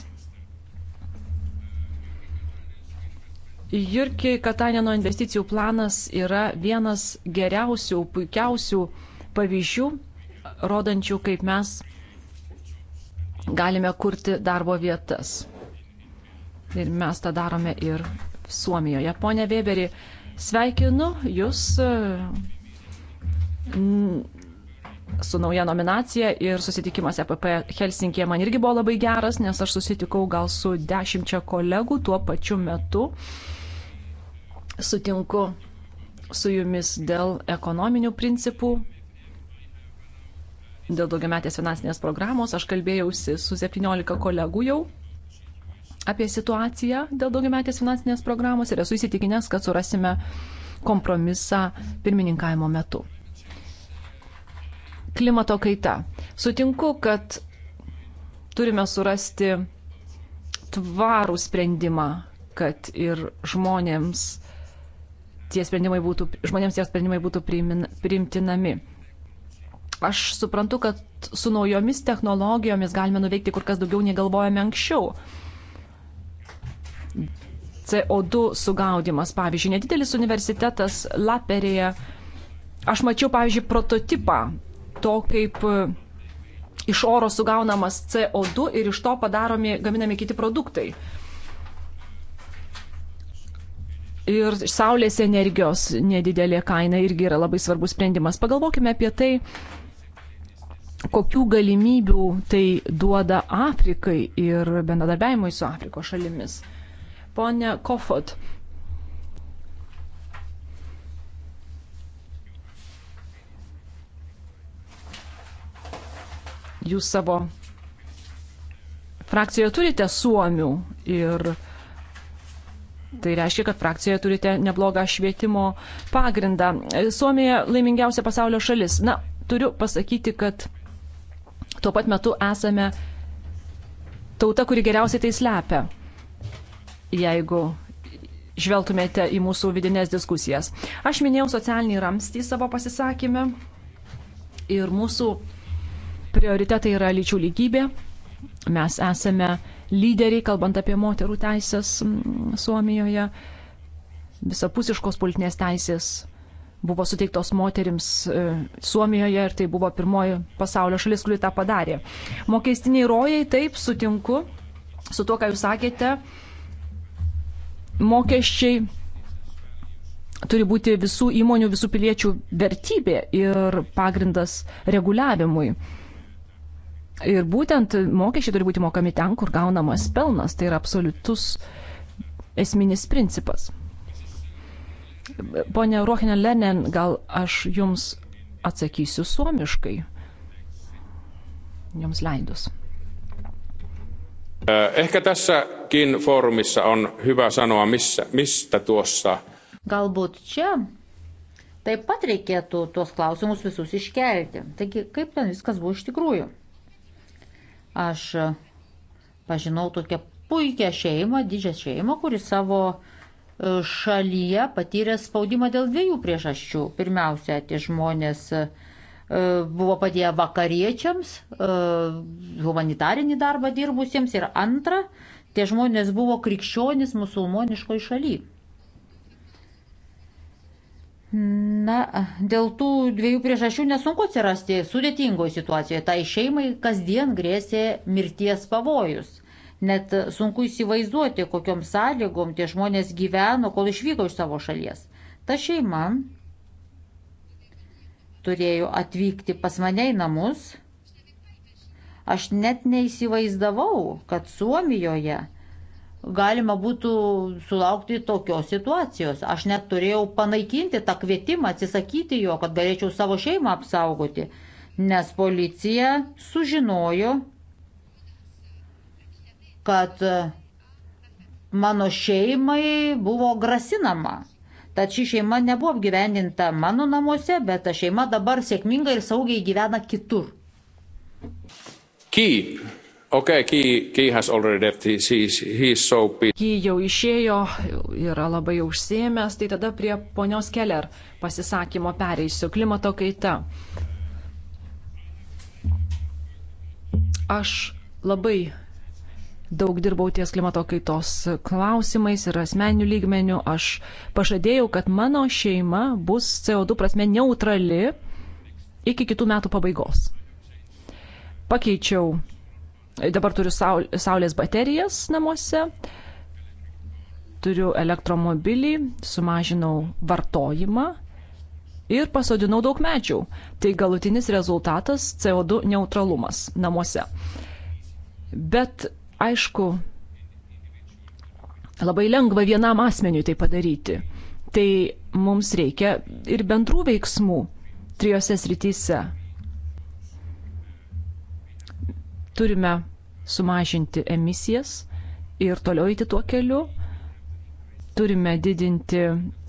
Jurkiai Katanino investicijų planas yra vienas geriausių, puikiausių pavyzdžių, rodančių, kaip mes galime kurti darbo vietas. Ir mes tą darome ir Suomijoje. Pone Weberi, sveikinu Jūs e, su nauja nominacija ir susitikimas EPP Helsinkėje man irgi buvo labai geras, nes aš susitikau gal su dešimčia kolegų tuo pačiu metu. Sutinku su jumis dėl ekonominių principų, dėl daugiametės finansinės programos. Aš kalbėjausi su 17 kolegų jau apie situaciją dėl daugiametės finansinės programos ir esu įsitikinęs, kad surasime kompromisą pirmininkavimo metu. Klimato kaita. Sutinku, kad turime surasti tvarų sprendimą, kad ir žmonėms tie sprendimai būtų, žmonėms tie sprendimai būtų priimin, priimtinami. Aš suprantu, kad su naujomis technologijomis galime nuveikti kur kas daugiau nei galvojame anksčiau. CO2 sugaudimas. Pavyzdžiui, nedidelis universitetas Laperėje. Aš mačiau, pavyzdžiui, prototipą to, kaip e, iš oro sugaunamas CO2 ir iš to padaromi, gaminami kiti produktai. Ir saulės energijos nedidelė kaina irgi yra labai svarbus sprendimas. Pagalvokime apie tai, kokių galimybių tai duoda Afrikai ir bendradarbiavimui su Afrikos šalimis. Pone Kofot. Jūs savo frakcijoje turite suomių ir tai reiškia, kad frakcijoje turite neblogą švietimo pagrindą. Suomija laimingiausia pasaulio šalis. Na, turiu pasakyti, kad tuo pat metu esame tauta, kuri geriausiai tai slepia jeigu žvelgtumėte į mūsų vidinės diskusijas. Aš minėjau socialinį ramstį savo pasisakymę ir mūsų prioritetai yra lyčių lygybė. Mes esame lyderiai, kalbant apie moterų teisės Suomijoje. Visapusiškos politinės teisės buvo suteiktos moterims e, Suomijoje ir tai buvo pirmoji pasaulio šalis, kuri tą padarė. Mokestiniai rojai, taip, sutinku su tuo, ką jūs sakėte, mokesčiai turi būti visų įmonių, visų piliečių vertybė ir pagrindas reguliavimui. Ir būtent mokesčiai turi būti mokami ten, kur gaunamas pelnas. Tai yra absoliutus esminis principas. Pone Rohinė Lenen, gal aš jums atsakysiu suomiškai, jums leidus. Ehkä tässäkin foorumissa on hyvä sanoa, missä, mistä tuossa. Galbūt čia taip pat reikėtų tuos klausimus visus iškelti. Taigi, kaip ten viskas buvo iš tikrųjų? Aš e, pažinau tokią puikią šeimą, didžią šeimą, kuri savo e, šalyje patyrė spaudimą dėl dviejų priežasčių. Pirmiausia, tie žmonės uh, E, buvo padėję vakariečiams, e, humanitarinį darbą dirbusiems ir antra, tie žmonės buvo krikščionis musulmoniškoj šaly. Na, dėl tų dviejų priežasčių nesunku atsirasti sudėtingoje situacijoje. Tai šeimai kasdien grėsė mirties pavojus. Net sunku įsivaizduoti, kokiom sąlygom tie žmonės gyveno, kol išvyko iš savo šalies. Ta šeima turėjo atvykti pas mane į namus. Aš net neįsivaizdavau, kad Suomijoje galima būtų sulaukti tokios situacijos. Aš net turėjau panaikinti tą kvietimą, atsisakyti jo, kad galėčiau savo šeimą apsaugoti, nes policija sužinojo, kad mano šeimai buvo grasinama Tad ši šeima nebuvo apgyvendinta mano namuose, bet ta šeima dabar sėkmingai ir saugiai gyvena kitur. Keep. Okay, Key, Key has already left. He's, he's, he's so busy. Key jau išėjo, yra labai užsiemęs, tai tada prie ponios Keller pasisakymo pereisiu. Klimato kaita. Aš labai daug dirbau ties klimato kaitos klausimais ir asmeninių lygmenių. Aš pažadėjau, kad mano šeima bus CO2 prasme neutrali iki kitų metų pabaigos. Pakeičiau, dabar turiu saulės baterijas namuose, turiu elektromobilį, sumažinau vartojimą ir pasodinau daug medžių. Tai galutinis rezultatas - CO2 neutralumas namuose. Bet Aišku, labai lengva vienam asmeniui tai padaryti. Tai mums reikia ir bendrų veiksmų trijose srityse. Turime sumažinti emisijas ir toliau eiti tuo keliu. Turime didinti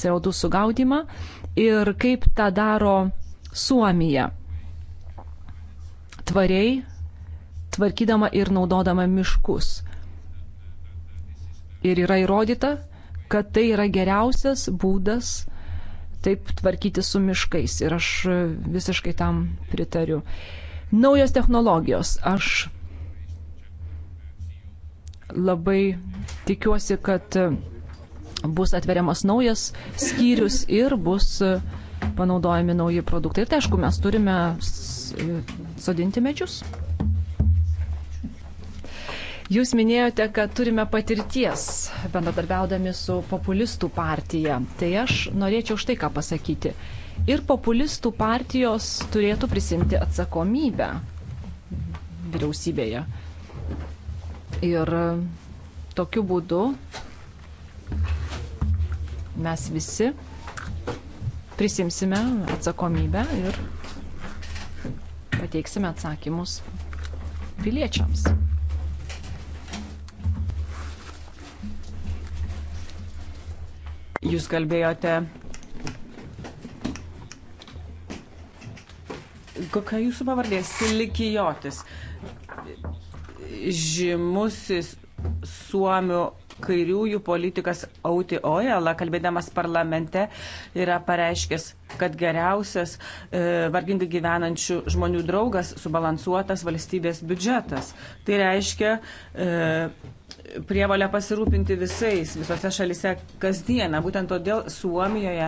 CO2 sugaudimą ir kaip tą daro Suomija. Tvariai tvarkydama ir naudodama miškus. Ir yra įrodyta, kad tai yra geriausias būdas taip tvarkyti su miškais. Ir aš visiškai tam pritariu. Naujos technologijos. Aš labai tikiuosi, kad bus atveriamas naujas skyrius ir bus panaudojami nauji produktai. Ir tai aišku, mes turime sodinti medžius. Jūs minėjote, kad turime patirties bendradarbiaudami su populistų partija. Tai aš norėčiau štai ką pasakyti. Ir populistų partijos turėtų prisimti atsakomybę vyriausybėje. Ir tokiu būdu mes visi prisimsime atsakomybę ir pateiksime atsakymus piliečiams. Jūs kalbėjote. Kokia jūsų pavardė? Silikijotis. Žymusis suomių kairiųjų politikas Auti Ojala, kalbėdamas parlamente, yra pareiškęs, kad geriausias e, vargingai gyvenančių žmonių draugas subalansuotas valstybės biudžetas. Tai reiškia e, prievalę pasirūpinti visais, visose šalise kasdieną. Būtent todėl Suomijoje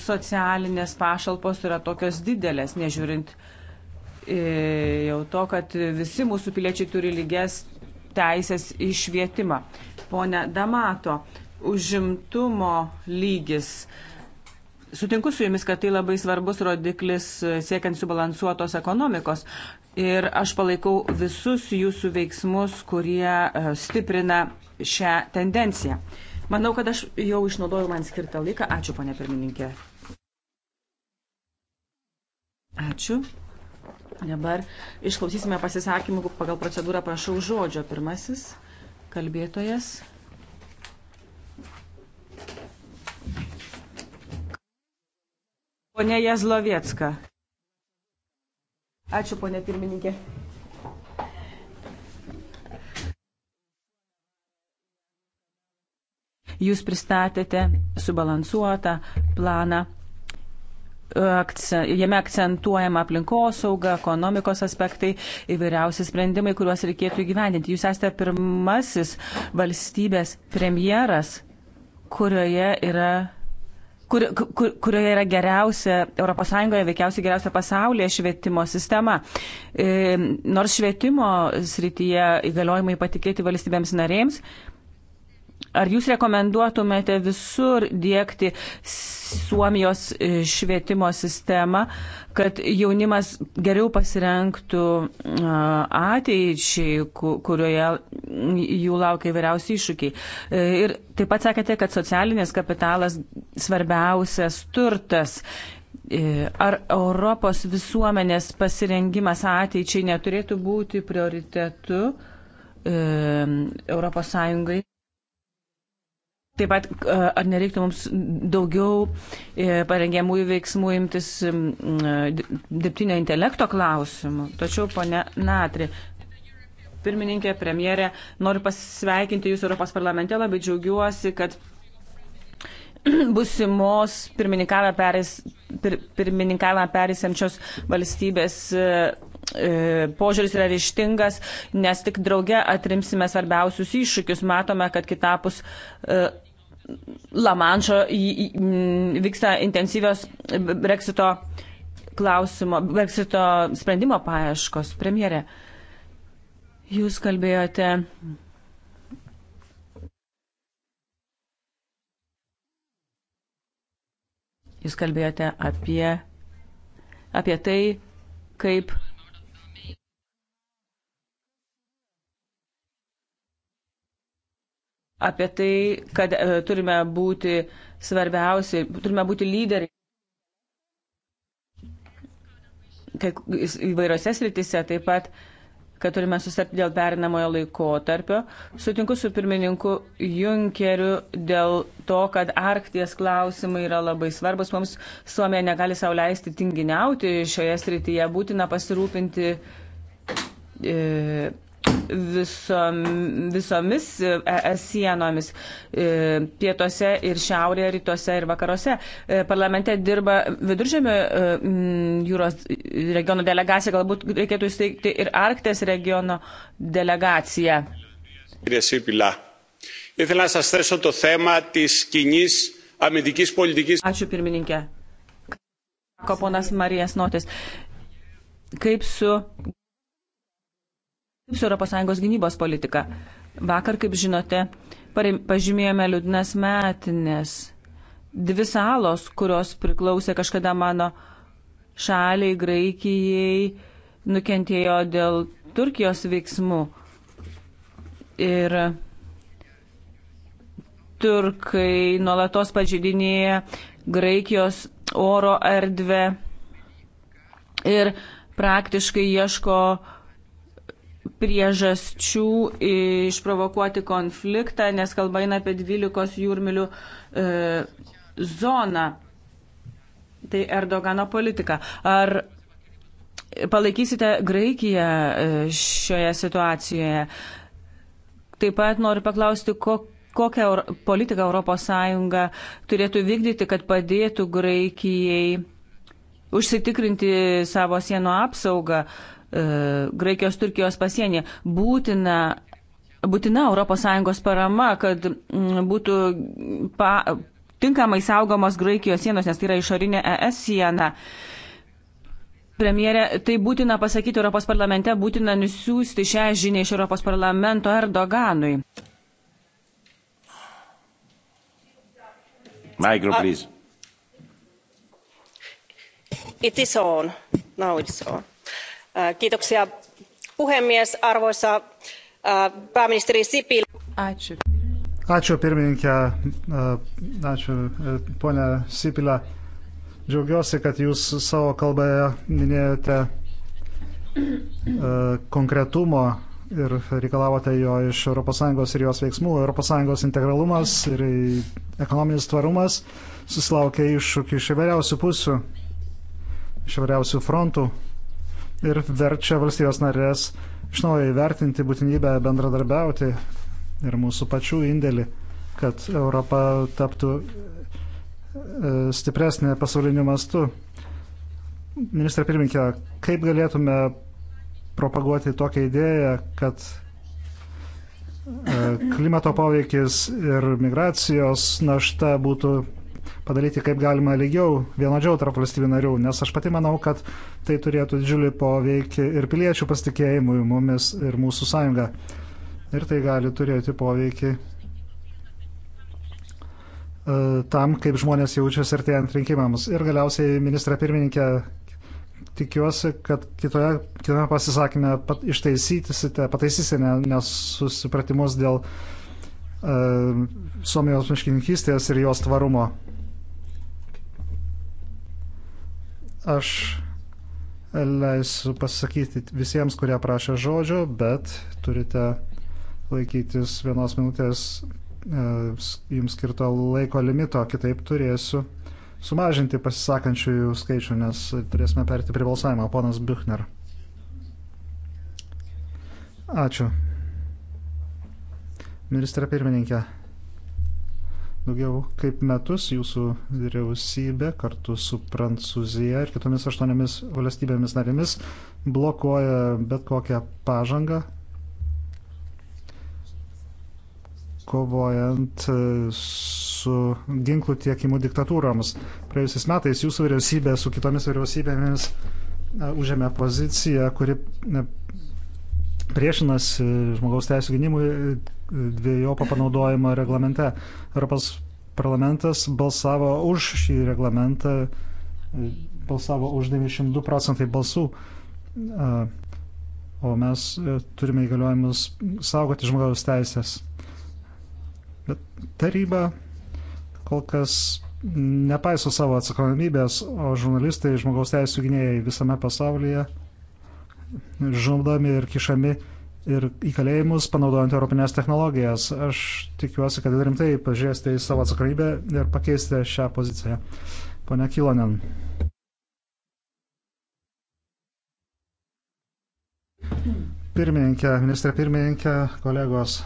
socialinės pašalpos yra tokios didelės, nežiūrint e, jau to, kad visi mūsų piliečiai turi lygias teisės išvietimą. Pone Damato, užimtumo lygis. Sutinku su jumis, kad tai labai svarbus rodiklis siekiant subalansuotos ekonomikos, ir aš palaikau visus jūsų veiksmus, kurie e, stiprina šią tendenciją. Manau, kad aš jau išnaudojau man skirtą laiką. Ačiū, ponė pirmininkė. Ačiū. Dabar išklausysime pasisakymų pagal procedūrą. Prašau žodžio. Pirmasis kalbėtojas. Pone Jazlovietska. Ačiū, ponė pirmininkė. Jūs pristatėte subalansuotą planą. Jame akcentuojama aplinkosauga, ekonomikos aspektai, įvairiausi sprendimai, kuriuos reikėtų įgyvendinti. Jūs esate pirmasis valstybės premjeras, kurioje yra kur, kur, kurioje yra geriausia ES, veikiausiai geriausia pasaulyje švietimo sistema. E, nors švietimo srityje įgaliojimai patikėti valstybėms narėms, Ar jūs rekomenduotumėte visur dėkti Suomijos e, švietimo sistemą, kad jaunimas geriau pasirenktų e, ateičiai, kurioje jų laukia įvairiausi iššūkiai? E, ir taip pat sakėte, kad socialinis kapitalas svarbiausias turtas. Ar Europos visuomenės pasirengimas ateičiai neturėtų būti prioritetu e, Europos Sąjungai? Taip pat, ar nereiktų mums daugiau e, parengiamųjų veiksmų imtis dirbtinio intelekto klausimų? Tačiau, ponia Natri, pirmininkė, premjerė, noriu pasveikinti Jūs Europos parlamente, labai džiaugiuosi, kad busimos pirmininkavę peris, pir, pirmininkavę perisiančios valstybės e, e, požiūris yra ryštingas, nes tik drauge atrimsime svarbiausius iššūkius. Matome, kad kitapus Lamanšo mm, vyksta intensyvios Brexito klausimo, Brexito sprendimo paieškos. Premjerė, jūs kalbėjote Jūs kalbėjote apie, apie tai, kaip apie tai, kad e, turime būti svarbiausi, turime būti lyderiai. Įvairiose sritise taip pat, kad turime susitarti dėl perinamojo laikotarpio. Sutinku su pirmininku Junkeriu dėl to, kad Arkties klausimai yra labai svarbus. Mums Suomija negali sauliaisti tinginiauti šioje srityje. Būtina pasirūpinti. E, visom, visomis ES e, sienomis e, pietuose ir šiaurėje, rytuose ir vakaruose. E, parlamente dirba viduržėmio jūros regiono delegacija, galbūt reikėtų įsteigti ir Arktės regiono delegaciją. Ήθελα να σας θέσω το θέμα της κοινή αμυντικής πολιτικής. Ačiū pirmininkė. Koponas Marijas Notis. Kaip su Kaip su ES gynybos politika? Vakar, kaip žinote, pažymėjome liūdnas metinės. Dvi salos, kurios priklausė kažkada mano šaliai, Graikijai, nukentėjo dėl Turkijos veiksmų. Ir turkai nuolatos pažydinėja Graikijos oro erdvę ir praktiškai ieško uh, priežasčių išprovokuoti konfliktą, nes kalba eina apie 12 jūrmilių e, zoną. Tai Erdogano politika. Ar palaikysite Graikiją e, šioje situacijoje? Taip pat noriu paklausti, kokią kokią politiką ES turėtų vykdyti, kad padėtų Graikijai užsitikrinti savo sienų apsaugą. Uh, E, Graikijos-Turkijos pasienį. Būtina būtina ES parama, kad mm, būtų pa, tinkamai saugomos Graikijos sienos, nes tai yra išorinė ES siena. Premjerė, tai būtina pasakyti Europos parlamente, būtina nusiųsti šią žinią iš Europos parlamento Erdoganui. Micro, please. It is on. Now it's on. Äh, kiitoksia puhemies, arvoisa äh, pääministeri Sipilä. Ačiū. Ačiū pirmininkė, äh, ačiū e, ponė Sipilė. Džiaugiuosi, kad jūs savo kalbąje minėjote e, konkretumo ir reikalavote jo iš ES ir jos veiksmų. ES integralumas ir ekonominis tvarumas susilaukia iššūkių iš įvairiausių pusių, iš įvairiausių frontų ir verčia valstybės narės iš naujo įvertinti būtinybę bendradarbiauti ir mūsų pačių indėlį, kad Europa taptų e, stipresnė pasauliniu mastu. Ministra pirminkė, kaip galėtume propaguoti tokią idėją, kad e, klimato poveikis ir migracijos našta būtų padaryti kaip galima lygiau, vienodžiau tarp valstybių narių, nes aš pati manau, kad tai turėtų didžiulį poveikį ir piliečių pasitikėjimui mumis ir mūsų sąjunga. Ir tai gali turėti poveikį e, tam, kaip žmonės jaučiasi artėjant rinkimams. Ir galiausiai, ministra pirmininkė, tikiuosi, kad kitoje, kitame pasisakime pat, ištaisysite, pataisysite nesusipratimus dėl uh, Suomijos miškininkystės ir jos tvarumo. Aš leisiu pasakyti visiems, kurie prašė žodžio, bet turite laikytis vienos minutės e, jums skirto laiko limito, kitaip turėsiu sumažinti pasisakančiųjų skaičių, nes turėsime perti prie balsavimo. Ponas Büchner. Ačiū. Ministra pirmininkė. Daugiau kaip metus jūsų vyriausybė kartu su Prancūzija ir kitomis aštuoniomis valstybėmis narėmis blokuoja bet kokią pažangą, kovojant e, su ginklų tiekimu diktatūroms. Praėjusiais metais jūsų vyriausybė su kitomis vyriausybėmis e, užėmė poziciją, kuri e, priešinasi žmogaus teisų gynimui, dviejopą panaudojimą reglamente. Europos parlamentas balsavo už šį reglamentą, balsavo už 92 procentai balsų, o mes e, turime įgaliojimus saugoti žmogaus teisės. Bet taryba kol kas nepaiso savo atsakomybės, o žurnalistai, žmogaus teisų gynėjai visame pasaulyje žumdami ir kišami ir į kalėjimus panaudojant europinės technologijas. Aš tikiuosi, kad rimtai pažiūrėsite į savo atsakomybę ir pakeisite šią poziciją. Pone Kilonen. Pirmininkė, ministrė pirmininkė, kolegos.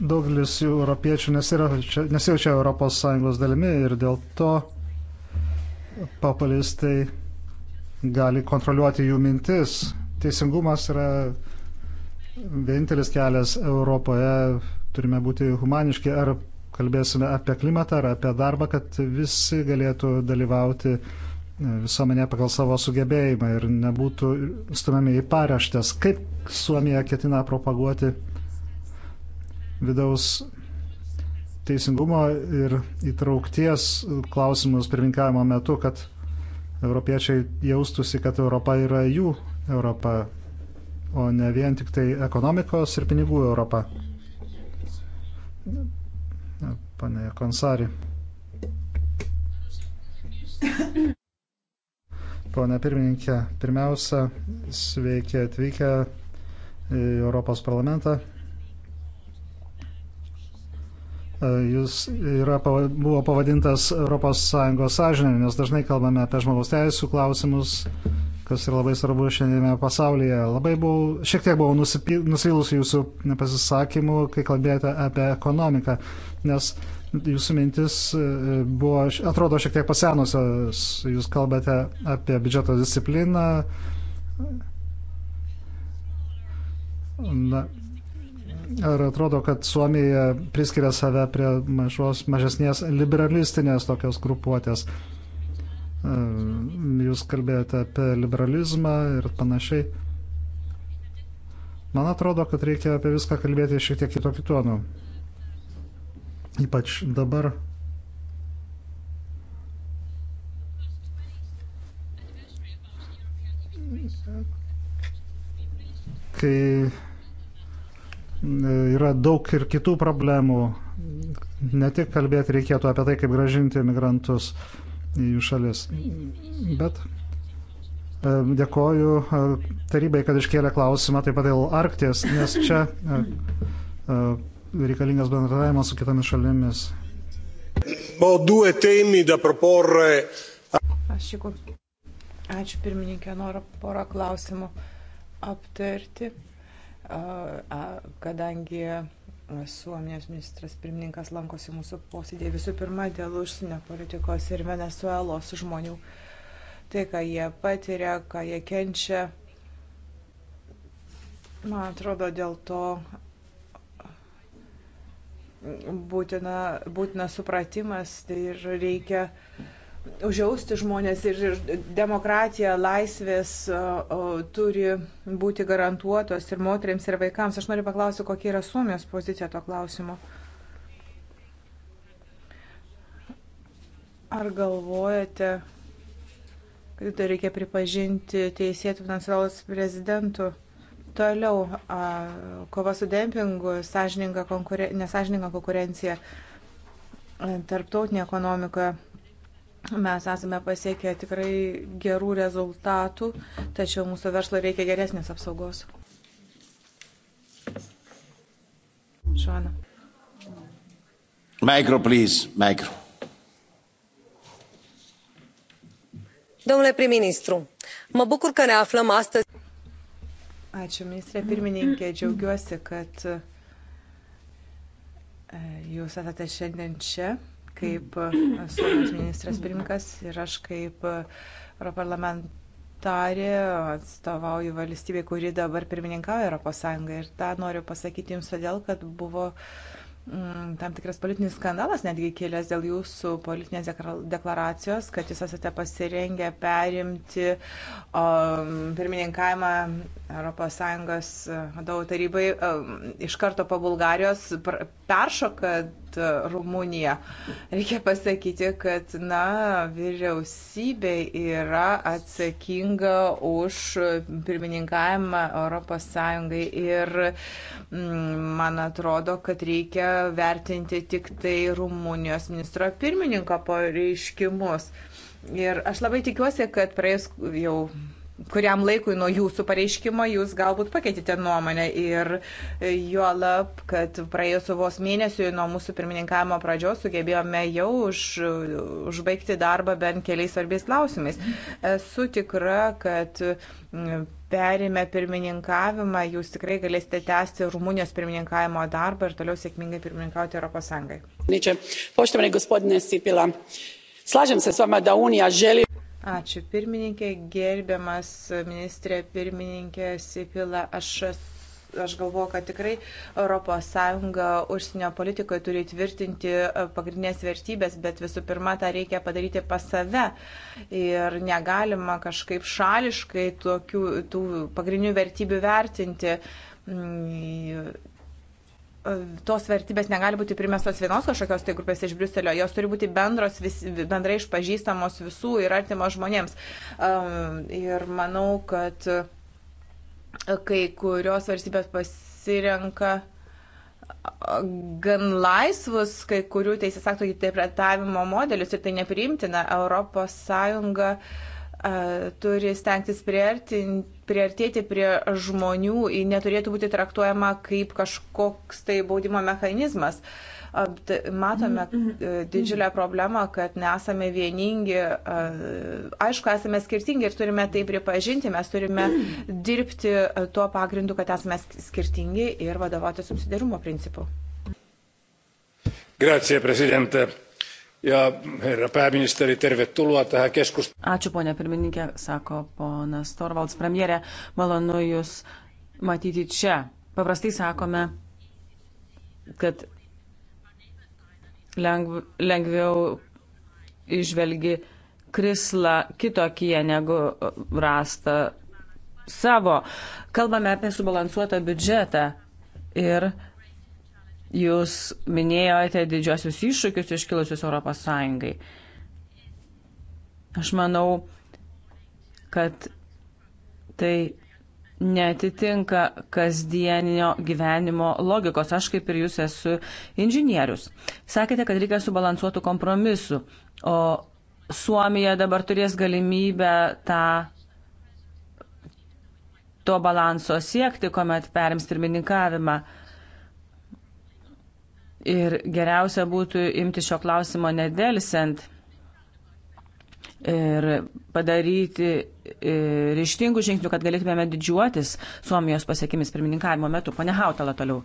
Daugelis europiečių nesijaučia Europos Sąjungos dalimi ir dėl to populistai gali kontroliuoti jų mintis. Teisingumas yra vienintelis kelias Europoje. Turime būti humaniški, ar kalbėsime apie klimatą, ar apie darbą, kad visi galėtų dalyvauti visuomenė pagal savo sugebėjimą ir nebūtų stumiami į paraštės. Kaip Suomija ketina propaguoti vidaus teisingumo ir įtraukties klausimus pirmininkavimo metu, kad europiečiai jaustusi, kad Europa yra jų Europa, o ne vien tik tai ekonomikos ir pinigų Europa. Pane Konsari. Pone pirmininkė, pirmiausia, sveiki atvykę į Europos parlamentą jis yra, buvo pavadintas ES sąžinė, nes dažnai kalbame apie žmogaus teisų klausimus, kas yra labai svarbu šiandienėme pasaulyje. Labai buvau, šiek tiek buvau nusivylusi jūsų pasisakymu, kai kalbėjote apie ekonomiką, nes jūsų mintis e, buvo, atrodo, šiek tiek pasenusios. Jūs kalbate apie biudžeto discipliną. Na, Ar atrodo, kad Suomija priskiria save prie mažos, mažesnės liberalistinės tokios grupuotės? Ehm, jūs kalbėjote apie liberalizmą ir panašiai. Man atrodo, kad reikia apie viską kalbėti šiek tiek kitokiu tonu. Ypač dabar. Kai yra daug ir kitų problemų. Ne tik kalbėti reikėtų apie tai, kaip gražinti migrantus į jų šalis. Bet e, dėkoju e, tarybai, kad iškėlė klausimą taip pat dėl Arkties, nes čia e, reikalingas bendradavimas su kitomis šalimis. Aš jeigu. Ačiū pirmininkė, noriu porą klausimų aptarti kadangi Suomijos ministras pirmininkas lankosi mūsų posėdėje visų pirma dėl užsienio politikos ir Venezuelos žmonių. Tai, ką jie patiria, ką jie kenčia, man atrodo, dėl to būtina, būtina supratimas tai ir reikia uh, užjausti žmonės ir, ir demokratija, laisvės o, o, turi būti garantuotos ir moteriams, ir vaikams. Aš noriu paklausyti, kokia yra Suomijos pozicija to klausimu. Ar galvojate, kad tai reikia pripažinti teisėtų finansuojalos prezidentų? Toliau, a, kova su dempingu, nesažininga konkurencija tarptautinė ekonomika Mes esame pasiekę tikrai gerų rezultatų, tačiau mūsų verslo reikia geresnės apsaugos. Šona. Micro, please. Micro. Domnule prim-ministru, mă bucur că ne aflăm astăzi. Ačiū, ministrė pirmininkė, džiaugiuosi, kad e, jūs esate šiandien čia kaip e, Suomijos ministras pirmininkas ir aš kaip e, europarlamentarė atstovauju valstybė, kuri dabar pirmininkauja Europos Sąjungai. Ir tą noriu pasakyti jums todėl, kad buvo mm, tam tikras politinis skandalas netgi kilęs dėl jūsų politinės deklaracijos, kad jūs esate pasirengę perimti um, pirmininkavimą ES e, vadovų tarybai um, iš karto po Bulgarijos, peršoka E, Rumunija. Reikia pasakyti, kad na, vyriausybė yra atsakinga už pirmininkavimą ES ir mm, man atrodo, kad reikia vertinti tik tai Rumunijos ministro pirmininko pareiškimus. Ir aš labai tikiuosi, kad praėjus jau kuriam laikui nuo jūsų pareiškimo jūs galbūt pakeitėte nuomonę ir juolab, kad praėjus vos mėnesiui nuo mūsų pirmininkavimo pradžios sugebėjome jau už, užbaigti darbą bent keliais svarbiais klausimais. Esu tikra, kad perėmę pirmininkavimą jūs tikrai galėsite tęsti Rumunijos pirmininkavimo darbą ir toliau sėkmingai pirmininkauti Europos Sąjungai. Poštovani gospodine Sipila, slažem se s vama da Unija želi Ačiū pirmininkė, gerbiamas ministrė pirmininkė Sipila, aš esu aš galvoju, kad tikrai ES užsienio politikoje turi tvirtinti e, pagrindinės vertybės, bet visų pirma, tą reikia padaryti pas save. Ir negalima kažkaip šališkai tokių, tų pagrindinių vertybių vertinti mm, tos vertybės negali būti primestos vienos kažkokios tai grupės iš Briuselio, jos turi būti bendros, vis, bendrai išpažįstamos visų ir artimos žmonėms. Um, ir manau, kad e, kai kurios valstybės pasirenka e, gan laisvus kai kurių teisės aktų interpretavimo modelius ir tai nepriimtina. Europos Sąjunga uh, E, turi stengtis priartėti prie žmonių, neturėtų būti traktuojama kaip kažkoks tai baudimo mechanizmas. E, matome mm, mm, e, mm. didžiulę problemą, kad nesame vieningi, aišku, esame skirtingi ir turime tai pripažinti, mes turime dirbti tuo pagrindu, kad esame skirtingi ir vadovauti subsidarumo principu. Grazie, Presidente. Ja herra pääministeri, tervetuloa tähän keskusteluun. Ačiū, ponia pirmininkė, sako ponas Torvalds premjerė. Malonu jūs matyti čia. Paprastai sakome, kad lengv, lengviau išvelgi krislą kitokie negu rasta savo. Kalbame apie subalansuotą biudžetą ir Jūs minėjote didžiosius iššūkius iškilusius Europos Sąjungai. Aš manau, kad tai netitinka kasdieninio gyvenimo logikos. Aš kaip ir jūs esu inžinierius. Sakėte, kad reikia subalansuotų kompromisų, o Suomija dabar turės galimybę tą to balanso siekti, kuomet perims pirmininkavimą. Ir geriausia būtų imti šio klausimo nedelsiant ir padaryti e, ryštingų žingsnių, kad galėtumėme didžiuotis Suomijos pasiekimis pirmininkavimo metu. Pone Hautala toliau.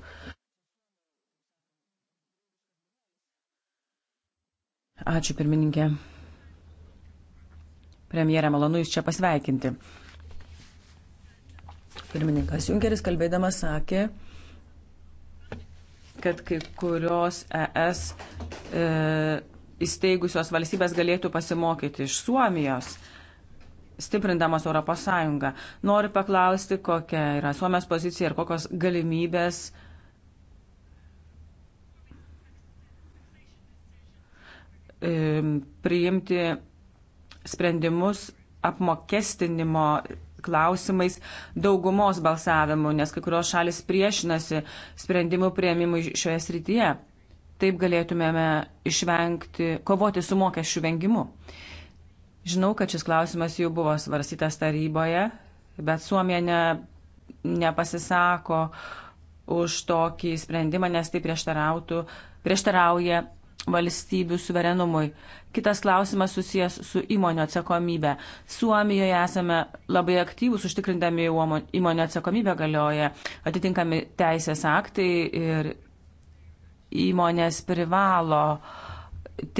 Ačiū pirmininkė. Premjerė, malonu Jūs čia pasveikinti. Pirmininkas Junkeris kalbėdamas sakė, kad kai kurios ES e, įsteigusios valstybės galėtų pasimokyti iš Suomijos stiprindamas Europos Sąjungą. Noriu paklausti, kokia yra Suomės pozicija ir kokios galimybės e, priimti sprendimus apmokestinimo klausimais daugumos balsavimu, nes kai kurios šalis priešinasi sprendimų prieimimui šioje srityje. Taip galėtumėme išvengti, kovoti su mokesčių vengimu. Žinau, kad šis klausimas jau buvo svarstytas taryboje, bet Suomija ne, nepasisako už tokį sprendimą, nes tai prieštarauja valstybių suverenumui. Kitas klausimas susijęs su įmonių atsakomybė. Suomijoje esame labai aktyvus, užtikrindami įmonių atsakomybę galioja atitinkami teisės aktai ir įmonės privalo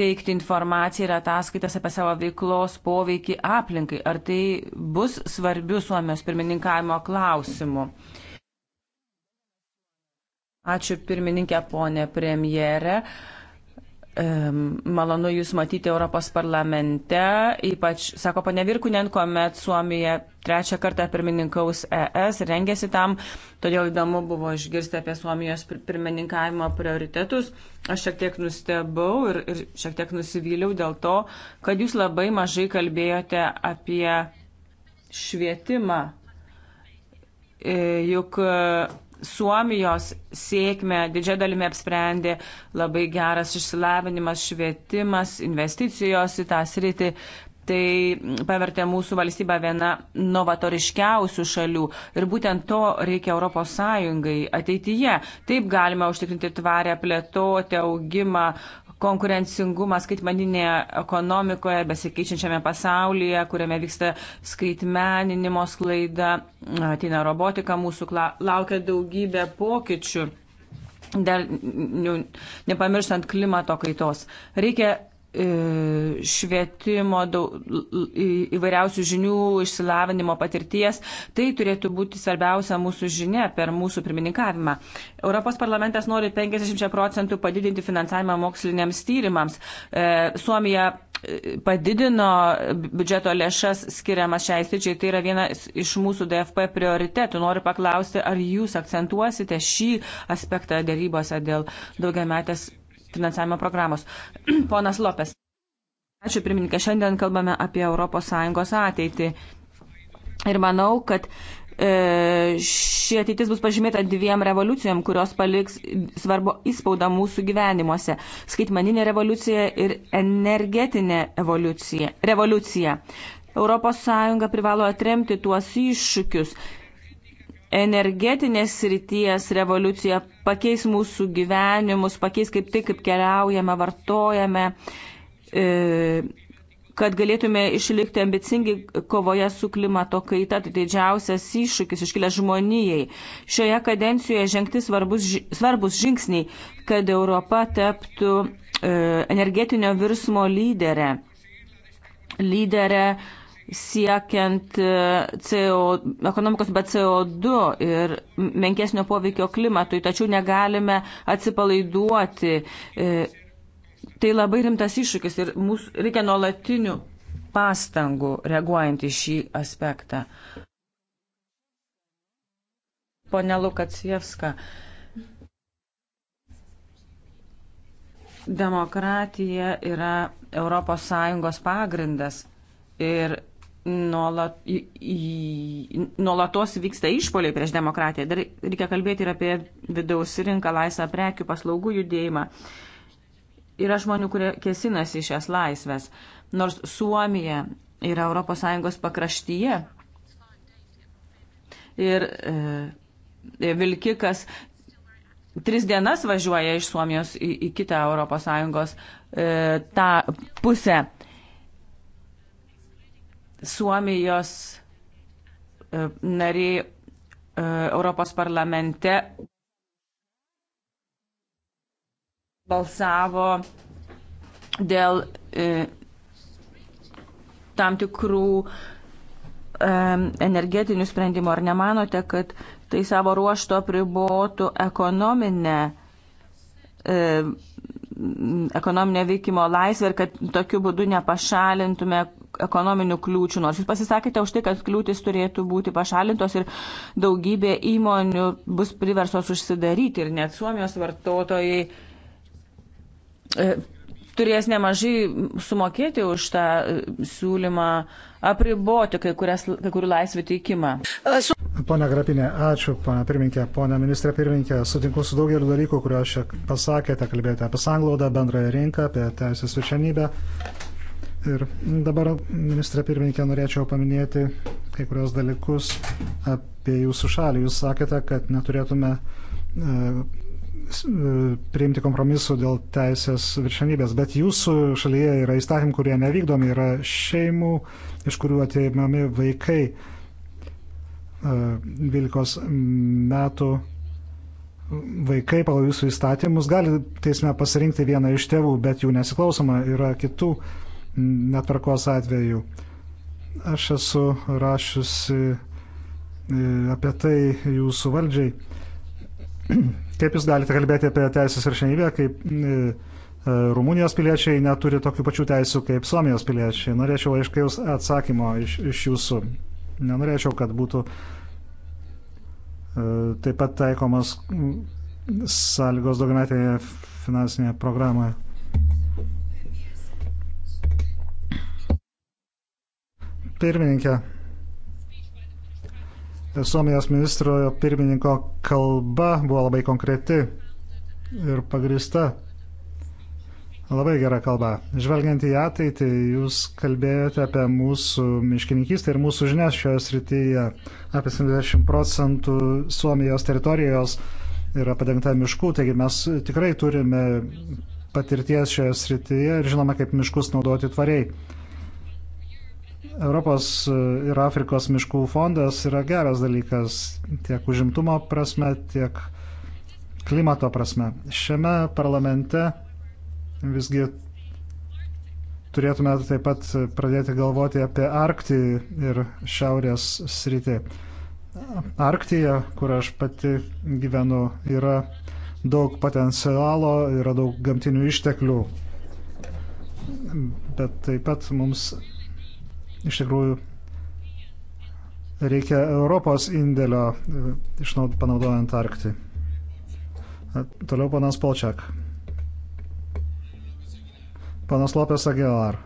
teikti informaciją ir ataskaitas apie savo veiklos poveikį aplinkai. Ar tai bus svarbių Suomijos pirmininkavimo klausimų? Ačiū pirmininkė ponė premjerė. Malonu Jūs matyti Europos parlamente, ypač, sako pane Virkunen, kuomet Suomija trečią kartą pirmininkaus ES rengėsi tam, todėl įdomu buvo išgirsti apie Suomijos pirmininkavimo prioritetus. Aš šiek tiek nustebau ir, ir šiek tiek nusivyliau dėl to, kad Jūs labai mažai kalbėjote apie švietimą. E, juk Suomijos sėkmę didžia dalimi apsprendė labai geras išsilavinimas, švietimas, investicijos į tą sritį. Tai pavertė mūsų valstybę viena novatoriškiausių šalių ir būtent to reikia ES ateityje. Taip galima užtikrinti tvarę plėtotę, augimą, konkurencingumą skaitmaninėje ekonomikoje, besikeičiančiame pasaulyje, kuriame vyksta skaitmeninimo sklaida, ateina robotika, mūsų laukia daugybė pokyčių. Dar nu, nepamirštant klimato kaitos. Reikia E, švietimo, daug, įvairiausių žinių, išsilavinimo patirties. Tai turėtų būti svarbiausia mūsų žinia per mūsų pirmininkavimą. Europos parlamentas nori 50 procentų padidinti finansavimą moksliniams tyrimams. E, Suomija e, padidino biudžeto lėšas skiriamas šiai sričiai. Tai yra vienas iš mūsų DFP prioritetų. Noriu paklausti, ar jūs akcentuosite šį aspektą dėrybose dėl daugiametės finansavimo programos. Ponas Lopes. Ačiū, pirmininkė. Šiandien kalbame apie ES ateitį. Ir manau, kad e, ši ateitis bus pažymėta dviem revoliucijom, kurios paliks svarbu įspaudą mūsų gyvenimuose. Skaitmaninė revoliucija ir energetinė evoliucija, revoliucija. ES privalo atremti tuos iššūkius energetinės srities revoliucija pakeis mūsų gyvenimus, pakeis kaip tai, kaip keliaujame, vartojame, e, kad galėtume išlikti ambicingi kovoje su klimato kaita. Tai didžiausias iššūkis iškilęs žmonijai. Šioje kadencijoje žengti svarbus, svarbus žingsniai, kad Europa taptų e, energetinio virsmo lyderę. Lyderė, lyderė siekiant e, CO, ekonomikos be CO2 ir menkesnio poveikio klimatui, tačiau negalime atsipalaiduoti. E, tai labai rimtas iššūkis ir mūsų reikia nuolatinių pastangų reaguojant į šį aspektą. Pone Lukacievska, demokratija yra ES pagrindas ir nuolat, nuolatos vyksta išpoliai prieš demokratiją. Dar reikia kalbėti ir apie vidaus rinką, laisvą prekių, paslaugų judėjimą. Yra žmonių, kurie kesinasi į šias laisvės. Nors Suomija yra ES pakraštyje ir e, Vilkikas tris dienas važiuoja iš Suomijos į, į kitą ES e, tą pusę Suomijos e, nariai e, Europos parlamente balsavo dėl e, tam tikrų energetinių sprendimų. Ar nemanote, kad tai savo ruošto pribotų ekonominę ekonominio veikimo laisvę ir kad tokiu būdu nepašalintume ekonominių kliūčių. Nors jūs pasisakėte už tai, kad kliūtis turėtų būti pašalintos ir daugybė įmonių bus priversos užsidaryti ir net Suomijos vartotojai e, turės nemažai sumokėti už tą e, siūlymą apriboti kai, kurias, kai kurių laisvių teikimą. Pone Grapinė, ačiū, pone pirmininkė, pone ministrė pirmininkė, sutinku su daugeliu dalykų, kuriuos čia pasakėte, kalbėjote apie sanglaudą, bendrąją rinką, apie teisės viršenybę. Ir dabar, ministrė pirmininkė, norėčiau paminėti kai kurios dalykus apie jūsų šalį. Jūs sakėte, kad neturėtume e, E, priimti kompromisų dėl teisės viršenybės, bet jūsų šalyje yra įstatymų, kurie nevykdomi, yra šeimų, iš kurių ateimami vaikai 12 e, metų. Vaikai pagal jūsų įstatymus gali teisme pasirinkti vieną iš tėvų, bet jų nesiklausoma yra kitų netvarkos atvejų. Aš esu rašiusi e, apie tai jūsų valdžiai Kaip jūs galite kalbėti apie teisės viršenybę, kaip e, e, Rumunijos piliečiai neturi tokių pačių teisų kaip Suomijos piliečiai. Norėčiau aiškaus atsakymo iš, iš jūsų. Nenorėčiau, kad būtų e, taip pat taikomas sąlygos daugiametėje finansinėje programoje. Pirmininkė, Suomijos ministro pirmininko kalba buvo labai konkreti ir pagrista. Labai gera kalba. Žvelgiant į ateitį, jūs kalbėjote apie mūsų miškininkystę ir mūsų žinias šioje srityje. Apie 70 procentų Suomijos teritorijos yra padengta miškų, taigi mes tikrai turime patirties šioje srityje ir žinome, kaip miškus naudoti tvariai. Europos ir Afrikos miškų fondas yra geras dalykas tiek užimtumo prasme, tiek klimato prasme. Šiame parlamente visgi turėtume taip pat pradėti galvoti apie Arktį ir Šiaurės sritį. Arktija, kur aš pati gyvenu, yra daug potencialo, yra daug gamtinių išteklių, bet taip pat mums Iš tikrųjų, reikia Europos indėlio e, išnaud, panaudojant Arktį. Toliau panas Polčiak. Panas Lopės Agilar.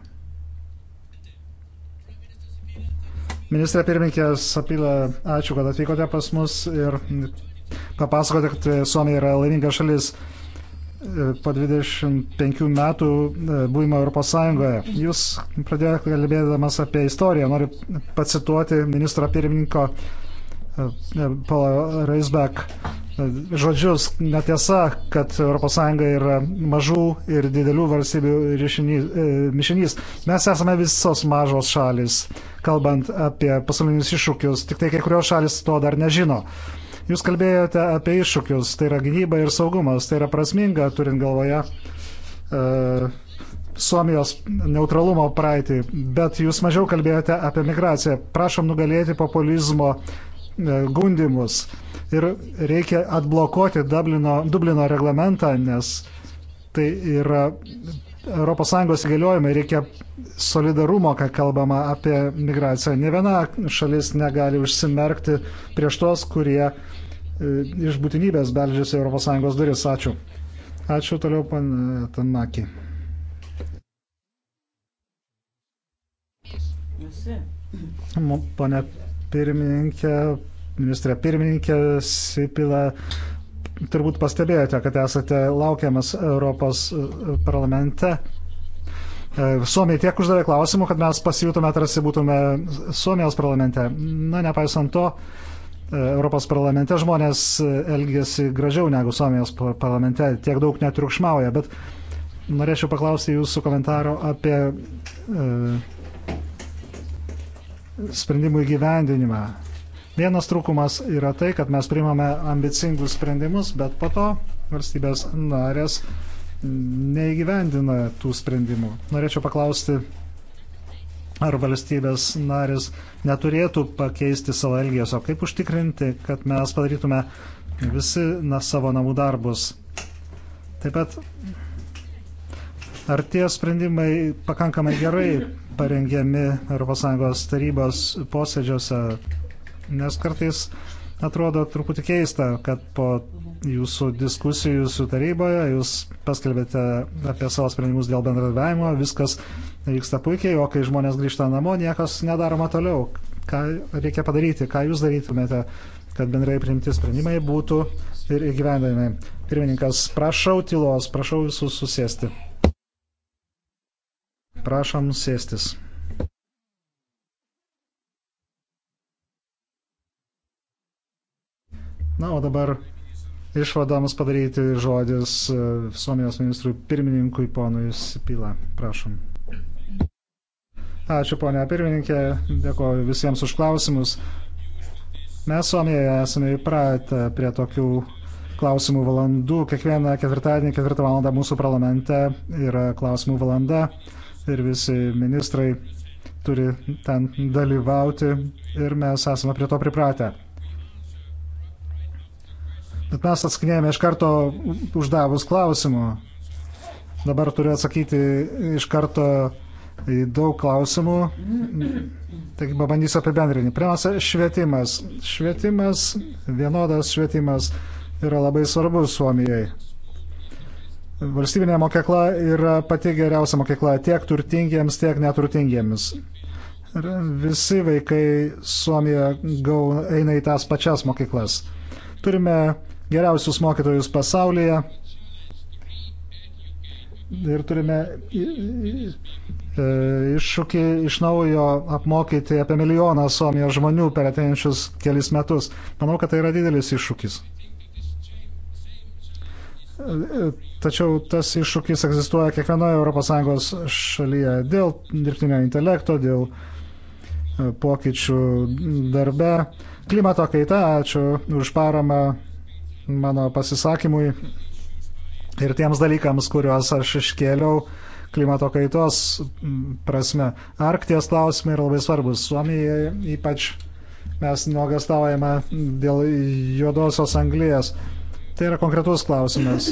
Ministrė pirmininkė Sapilė, ačiū, kad atvykote pas mus ir papasakote, kad Suomija yra laiminga šalis po 25 metų e, buvimo Europos Sąjungoje. Jūs pradėjote kalbėdamas apie istoriją. Noriu pacituoti ministro pirmininko e, e, Paul Reisbeck žodžius. Netiesa, kad ES yra mažų ir didelių valstybių mišinys. Mes esame visos mažos šalis, kalbant apie pasaulinius iššūkius. Tik tai kai kurios šalis to dar nežino. Jūs kalbėjote apie iššūkius, tai yra gynyba ir saugumas, tai yra prasminga, turint galvoje e, Suomijos neutralumo praeitį, bet jūs mažiau kalbėjote apie migraciją. Prašom nugalėti populizmo e, gundimus ir reikia atblokuoti Dublino, Dublino reglamentą, nes tai yra ES įgaliojimai, reikia solidarumo, kai kalbama apie migraciją. Ne viena šalis negali užsimerkti prieš tos, kurie uh, E, iš būtinybės beldžiasi ES duris. Ačiū. Ačiū toliau, pan e, Tanaki. Pane pirmininkė, ministrė pirmininkė Sipila, turbūt pastebėjote, kad esate laukiamas Europos e, parlamente. Suomiai tiek uždavė klausimų, kad mes pasijutome, tarsi būtume Suomijos parlamente. Na, nepaisant to, Europos parlamente žmonės e, elgesi gražiau negu Suomijos parlamente, tiek daug netriukšmauja, bet norėčiau paklausti jūsų komentaro apie e, sprendimų įgyvendinimą. Vienas trūkumas yra tai, kad mes primame ambicingus sprendimus, bet po to valstybės narės neįgyvendina tų sprendimų. Norėčiau paklausti ar valstybės narės neturėtų pakeisti savo elgesio. Kaip užtikrinti, kad mes padarytume visi na, savo namų darbus. Taip pat, ar tie sprendimai pakankamai gerai parengiami ES tarybos posėdžiuose, nes kartais Atrodo truputį keista, kad po jūsų diskusijų su taryboje jūs paskelbėte apie savo sprendimus dėl bendradarbiavimo, viskas vyksta puikiai, o kai žmonės grįžta namo, niekas nedaroma toliau. Ką reikia padaryti, ką jūs darytumėte, kad bendrai priimti sprendimai būtų ir įgyvendinami. Pirmininkas, prašau tylos, prašau visus susėsti. Prašom sėstis. Na, o dabar išvadoms padaryti žodis e, Suomijos ministrui pirmininkui ponui Sipila. Prašom. Ačiū, ponia pirmininkė. Dėkuoju visiems už klausimus. Mes Suomijoje esame įpratę prie tokių klausimų valandų. Kiekvieną ketvirtadienį, ketvirtą valandą mūsų parlamente yra klausimų valanda ir visi ministrai turi ten dalyvauti ir mes esame prie to pripratę. Bet mes atsakinėjame iš karto uždavus klausimų. Dabar turiu atsakyti iš karto į daug klausimų. Taigi pabandysiu apibendrinti. Pirmiausia, švietimas. Švietimas, vienodas švietimas yra labai svarbus Suomijai. Valstybinė mokykla yra pati geriausia mokykla tiek turtingiems, tiek neturtingiems. Ir visi vaikai Suomija gau, eina į tas pačias mokyklas. Turime geriausius mokytojus pasaulyje ir turime e, iššūkį iš naujo apmokyti apie milijoną Suomijos žmonių per ateinančius kelis metus. Manau, kad tai yra didelis iššūkis. E, tačiau tas iššūkis egzistuoja kiekvienoje ES šalyje dėl dirbtinio intelekto, dėl e, pokyčių darbe. Klimato kaita, ačiū už paramą mano pasisakymui ir tiems dalykams, kuriuos aš iškėliau klimato kaitos prasme. Arkties klausimai yra labai svarbus. Suomijoje ypač mes nuogastaujame dėl juodosios anglijas. Tai yra konkretus klausimas,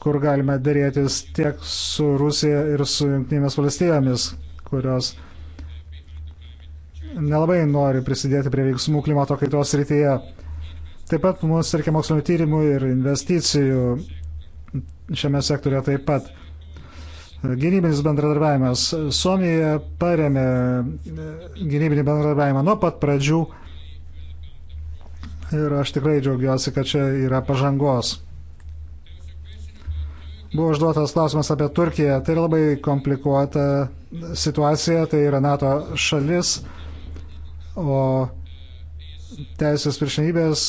kur galime dėrėtis tiek su Rusija ir su Junktinėmis valstybėmis, kurios nelabai nori prisidėti prie veiksmų klimato kaitos rytyje. Taip pat mums reikia mokslinio tyrimų ir investicijų šiame sektorėje taip pat. Gynybinis bendradarbiavimas. Suomija paremė e, gynybinį bendradarbiavimą nuo pat pradžių ir aš tikrai džiaugiuosi, kad čia yra pažangos. Buvo užduotas klausimas apie Turkiją. Tai yra labai komplikuota situacija, tai yra NATO šalis, o teisės viršinybės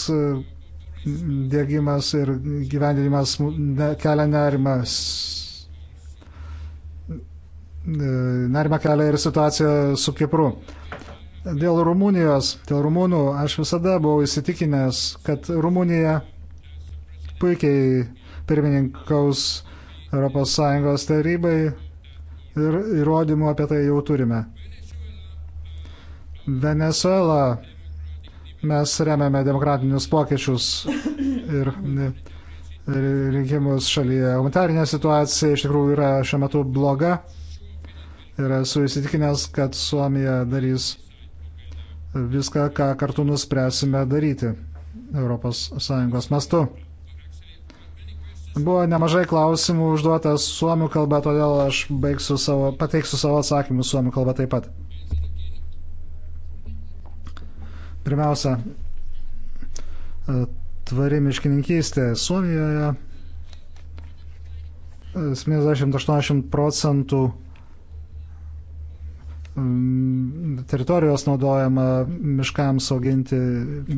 dėgymas ir gyvendinimas kelia nerimas. E, Nerima kelia ir situacija su Kipru. Dėl Rumunijos, dėl Rumunų, aš visada buvau įsitikinęs, kad Rumunija puikiai pirmininkaus ES tarybai ir įrodymų apie tai jau turime. Venezuela Mes remiame demokratinius pokyčius ir rinkimus šalyje. Humanitarinė situacija iš tikrųjų yra šiuo metu bloga ir esu įsitikinęs, kad Suomija darys viską, ką kartu nuspręsime daryti ES mastu. Buvo nemažai klausimų užduotas suomių kalba, todėl aš baigsiu savo, pateiksiu savo atsakymus suomių kalba taip pat. Pirmiausia, e, tvari miškininkystė Suomijoje. 70-80 e, procentų teritorijos naudojama miškams auginti.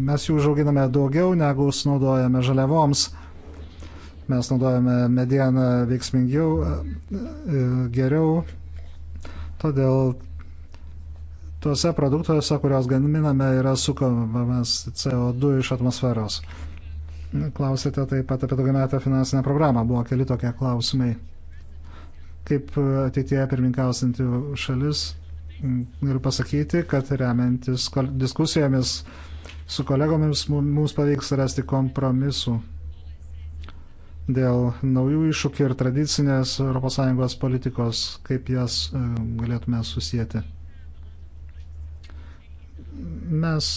Mes jų užauginame daugiau negu sunaudojame žaliavoms. Mes naudojame medieną veiksmingiau, e, geriau. Todėl tuose produktuose, kuriuos gaminame, yra sukomamas CO2 iš atmosferos. Klausėte taip pat apie daugiametę finansinę programą. Buvo keli tokie klausimai. Kaip ateityje pirmininkausinti šalis, galiu pasakyti, kad remiantis diskusijomis su kolegomis mums pavyks rasti kompromisų dėl naujų iššūkių ir tradicinės ES politikos, kaip jas e, galėtume susijęti. Mes,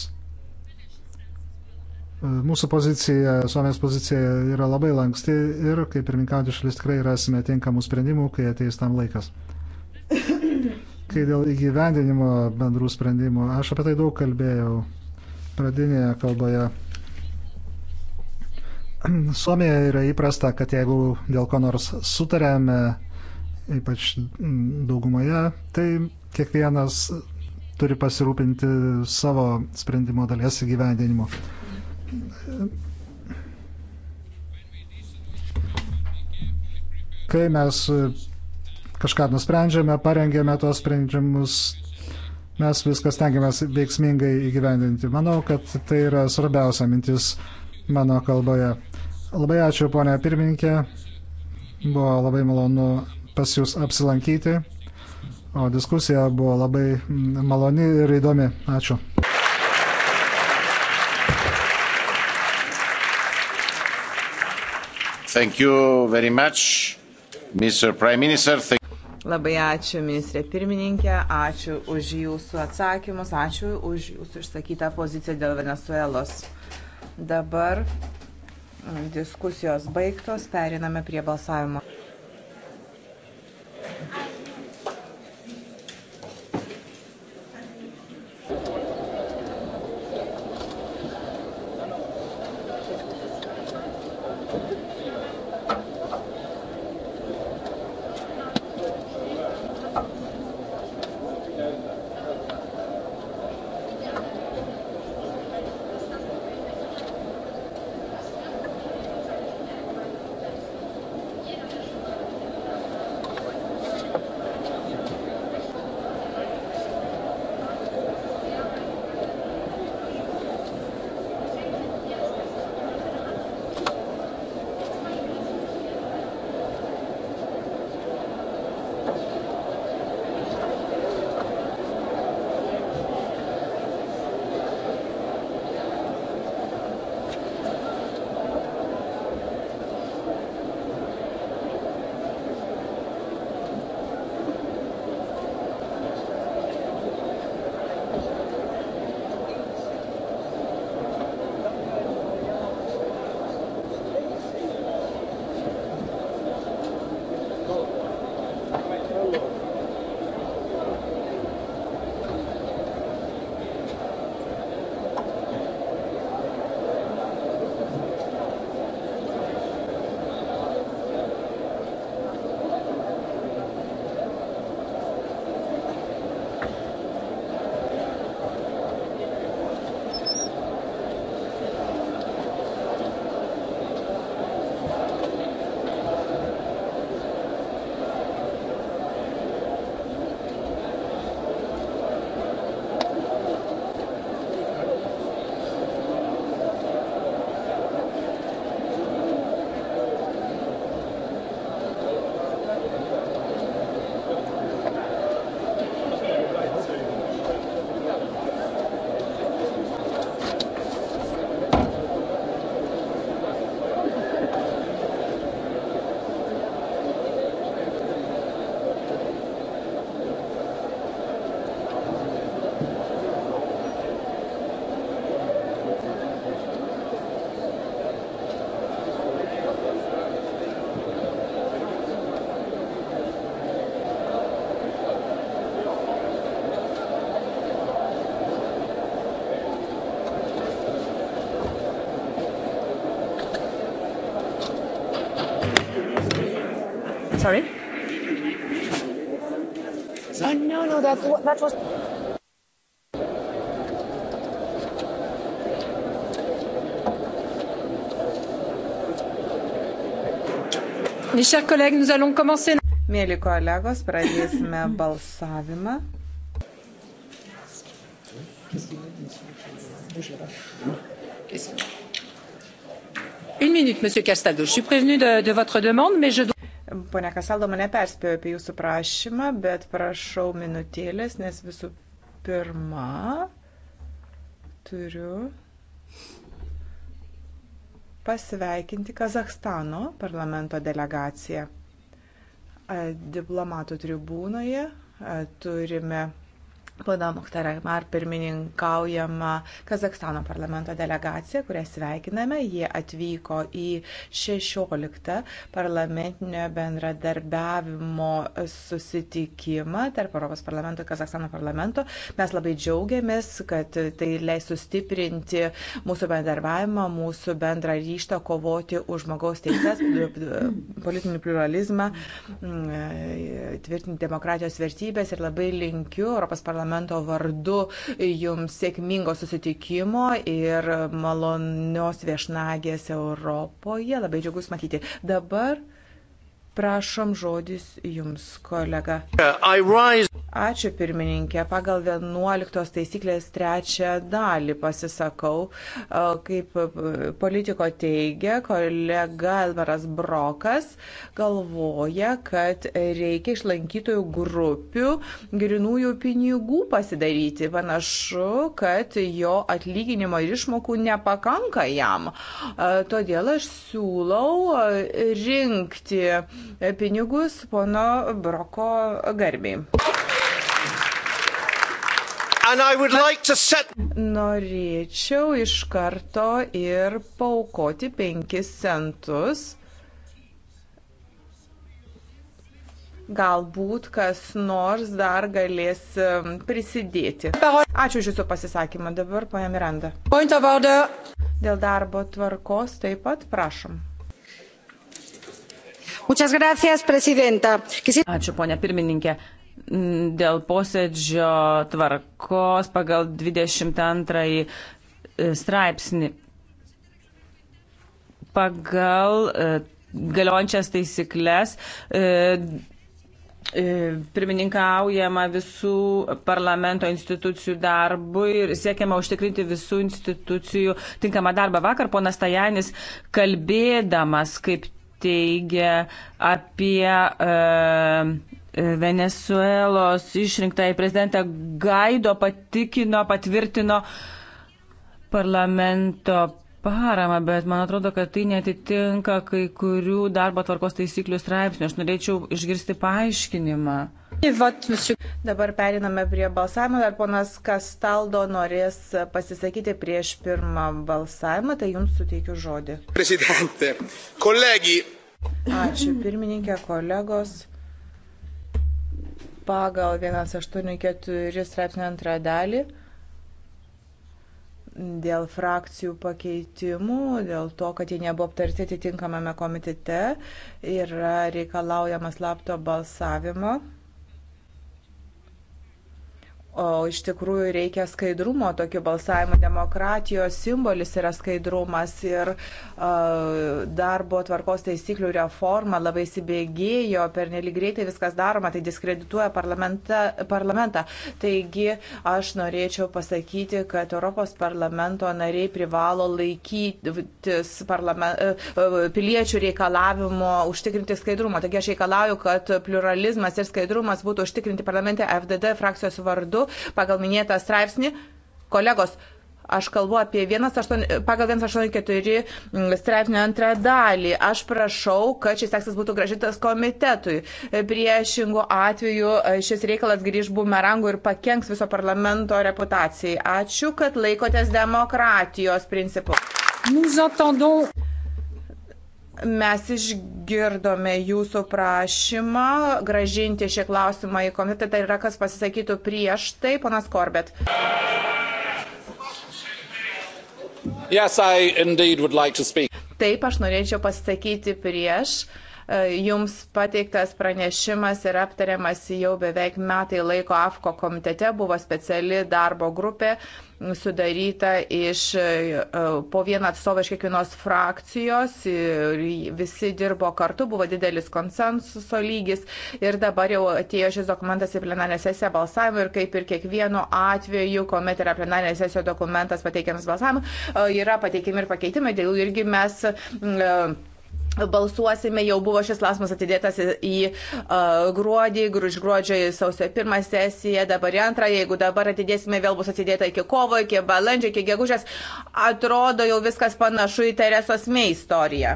e, mūsų pozicija, Suomijos pozicija yra labai lanksti ir, kaip pirminkauti šalis, tikrai rasime tinkamų sprendimų, kai ateis tam laikas. Kai dėl įgyvendinimo bendrų sprendimų, aš apie tai daug kalbėjau pradinėje kalboje. Suomijoje yra įprasta, kad jeigu dėl ko nors sutarėme, ypač mm, daugumoje, tai kiekvienas turi pasirūpinti savo sprendimo dalies įgyvendinimu. Kai mes kažką nusprendžiame, parengėme tos sprendimus, mes viskas tengiamės veiksmingai įgyvendinti. Manau, kad tai yra svarbiausia mintis mano kalboje. Labai ačiū, ponia pirmininkė. Buvo labai malonu pas jūs apsilankyti. O diskusija buvo labai mm, maloni ir įdomi. Ačiū. Much, Minister, labai ačiū, ministrė pirmininkė, ačiū už jūsų atsakymus, ačiū už jūsų išsakytą poziciją dėl Venezuelos. Dabar diskusijos baigtos, periname prie balsavimo. what, that was Mes chers collègues, nous allons commencer. Mėly kolegos, pradėsime balsavimą. Une minute, Monsieur Castaldo. Je suis prévenu de, de votre demande, mais je dois. Pone Kasaldo mane perspėjo apie jūsų prašymą, bet prašau minutėlės, nes visų pirma turiu pasveikinti Kazahstano parlamento delegaciją. Diplomatų tribūnoje turime Pana Muhtarakmar pirmininkaujama Kazakstano parlamento delegacija, kurią sveikiname. Jie atvyko į 16 parlamentinio bendradarbiavimo susitikimą tarp Europos parlamento ir Kazakstano parlamento. Mes labai džiaugiamės, kad tai leis sustiprinti mūsų bendarbiavimą, mūsų bendrą ryštą kovoti už žmogaus teises, politinį pluralizmą, tvirtinti demokratijos vertybės ir labai linkiu Europos parlamento parlamento vardu jums sėkmingo susitikimo ir malonios viešnagės Europoje. Labai džiugus matyti. Dabar Prašom žodis jums, kolega. Uh, Ačiū pirmininkė. Pagal 11 taisyklės trečią dalį pasisakau, uh, kaip uh, politiko teigia, kolega Elmaras Brokas galvoja, kad reikia iš lankytojų grupių grinųjų pinigų pasidaryti. Panašu, kad jo atlyginimo ir išmokų nepakanka jam. Todėl aš siūlau rinkti pinigus pono Broko garbiai. Like set... Norėčiau iš karto ir paukoti 5 centus. Galbūt kas nors dar galės um, prisidėti. Ačiū iš jūsų pasisakymą dabar, ponia Miranda. Dėl darbo tvarkos taip pat prašom. Ačiū, ponia pirmininkė. Mm, dėl posėdžio tvarkos pagal 22 e, straipsnį. Pagal e, galiojančias taisyklės e, pirmininkaujama visų parlamento institucijų darbui ir siekiama užtikrinti visų institucijų tinkamą darbą. Vakar ponas Tajanis, kalbėdamas kaip teigia apie e, Venezuelos išrinktąjį prezidentą Gaido patikino, patvirtino parlamento paramą, bet man atrodo, kad tai netitinka kai kurių darbo tvarkos taisyklių straipsnių. Aš norėčiau išgirsti paaiškinimą. Tai Dabar periname prie balsavimo. Ar ponas Kastaldo norės pasisakyti prieš pirmą balsavimą, tai jums suteikiu žodį. Prezidentė, kolegi. Ačiū pirmininkė, kolegos. Pagal 184 straipsnio antrą dalį dėl frakcijų pakeitimų, dėl to, kad jie nebuvo aptarti atitinkamame komitete, yra reikalaujama slapto balsavimo O iš tikrųjų reikia skaidrumo tokiu balsavimu. Demokratijos simbolis yra skaidrumas ir uh, darbo tvarkos taisyklių reforma labai įsibėgėjo, per nelik greitai viskas daroma, tai diskredituoja parlamentą. Taigi aš norėčiau pasakyti, kad Europos parlamento nariai privalo laikytis parlament, uh, e, e, piliečių reikalavimo užtikrinti skaidrumą. Taigi aš reikalauju, kad pluralizmas ir skaidrumas būtų užtikrinti parlamente FDD frakcijos vardu tačiau pagal minėtą straipsnį, kolegos, Aš kalbu apie 18, pagal 184 mm, straipsnio antrą dalį. Aš prašau, kad šis tekstas būtų gražintas komitetui. Priešingų atveju e, šis reikalas grįž bumerangų ir pakenks viso parlamento reputacijai. Ačiū, kad laikotės demokratijos principų. Mes išgirdome jūsų prašymą gražinti šį klausimą į komitetą. Tai yra, kas pasisakytų prieš tai, ponas Korbet. Yes, like Taip, aš norėčiau pasisakyti prieš. E, jums pateiktas pranešimas ir aptariamas jau beveik metai laiko AFKO komitete buvo speciali darbo grupė sudaryta iš e, po vieną atstovą iš kiekvienos frakcijos ir visi dirbo kartu, buvo didelis konsensuso lygis ir dabar jau atėjo šis dokumentas į plenarinę sesiją balsavimą ir kaip ir kiekvienu atveju, kuomet yra plenarinė sesija dokumentas pateikiamas balsavimą, e, yra pateikiami ir pakeitimai, dėl jų irgi mes. Uh, balsuosime, jau buvo šis klausimas atidėtas į uh, gruodį, iš gruodžio į sausio pirmą sesiją, dabar į antrą, jeigu dabar atidėsime, vėl bus atidėta iki kovo, iki balandžio, iki gegužės. Atrodo jau viskas panašu į Teresos Mei istoriją.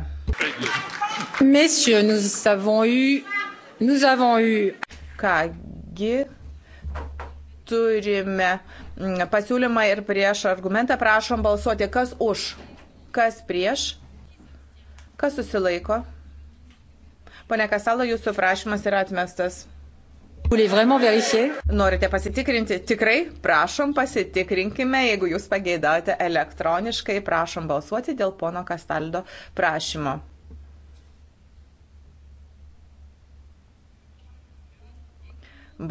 Messieurs, nous avons eu, nous avons eu. Kągi, turime mm, pasiūlymą ir prieš argumentą prašom balsuoti, kas už, kas prieš Kas susilaiko? Pone Kasalo, jūsų prašymas yra atmestas. Norite pasitikrinti? Tikrai, prašom pasitikrinkime, jeigu jūs pageidaujate elektroniškai, prašom balsuoti dėl pono Kastaldo prašymo.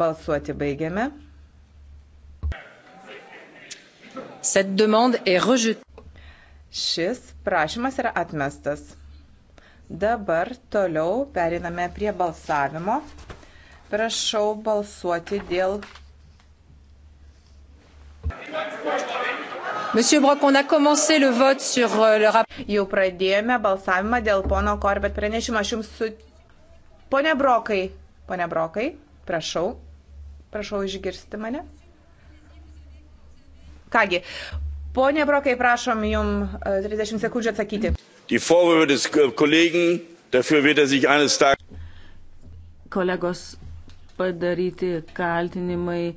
Balsuoti baigiame. Šis prašymas yra atmestas. Dabar toliau periname prie balsavimo. Prašau balsuoti dėl. Monsieur Brock, on a commencé le vote sur euh, le rapport. Jau pradėjome balsavimą dėl pono Korbet pranešimo. Aš jums su... Pone Brokai, pone Brokai, prašau, prašau išgirsti mane. Kągi, pone Brokai, prašom jum 30 e, sekundžių atsakyti. Die Vorwürfe des Kollegen, dafür wird er sich eines Tages. Kolegos padaryti kaltinimai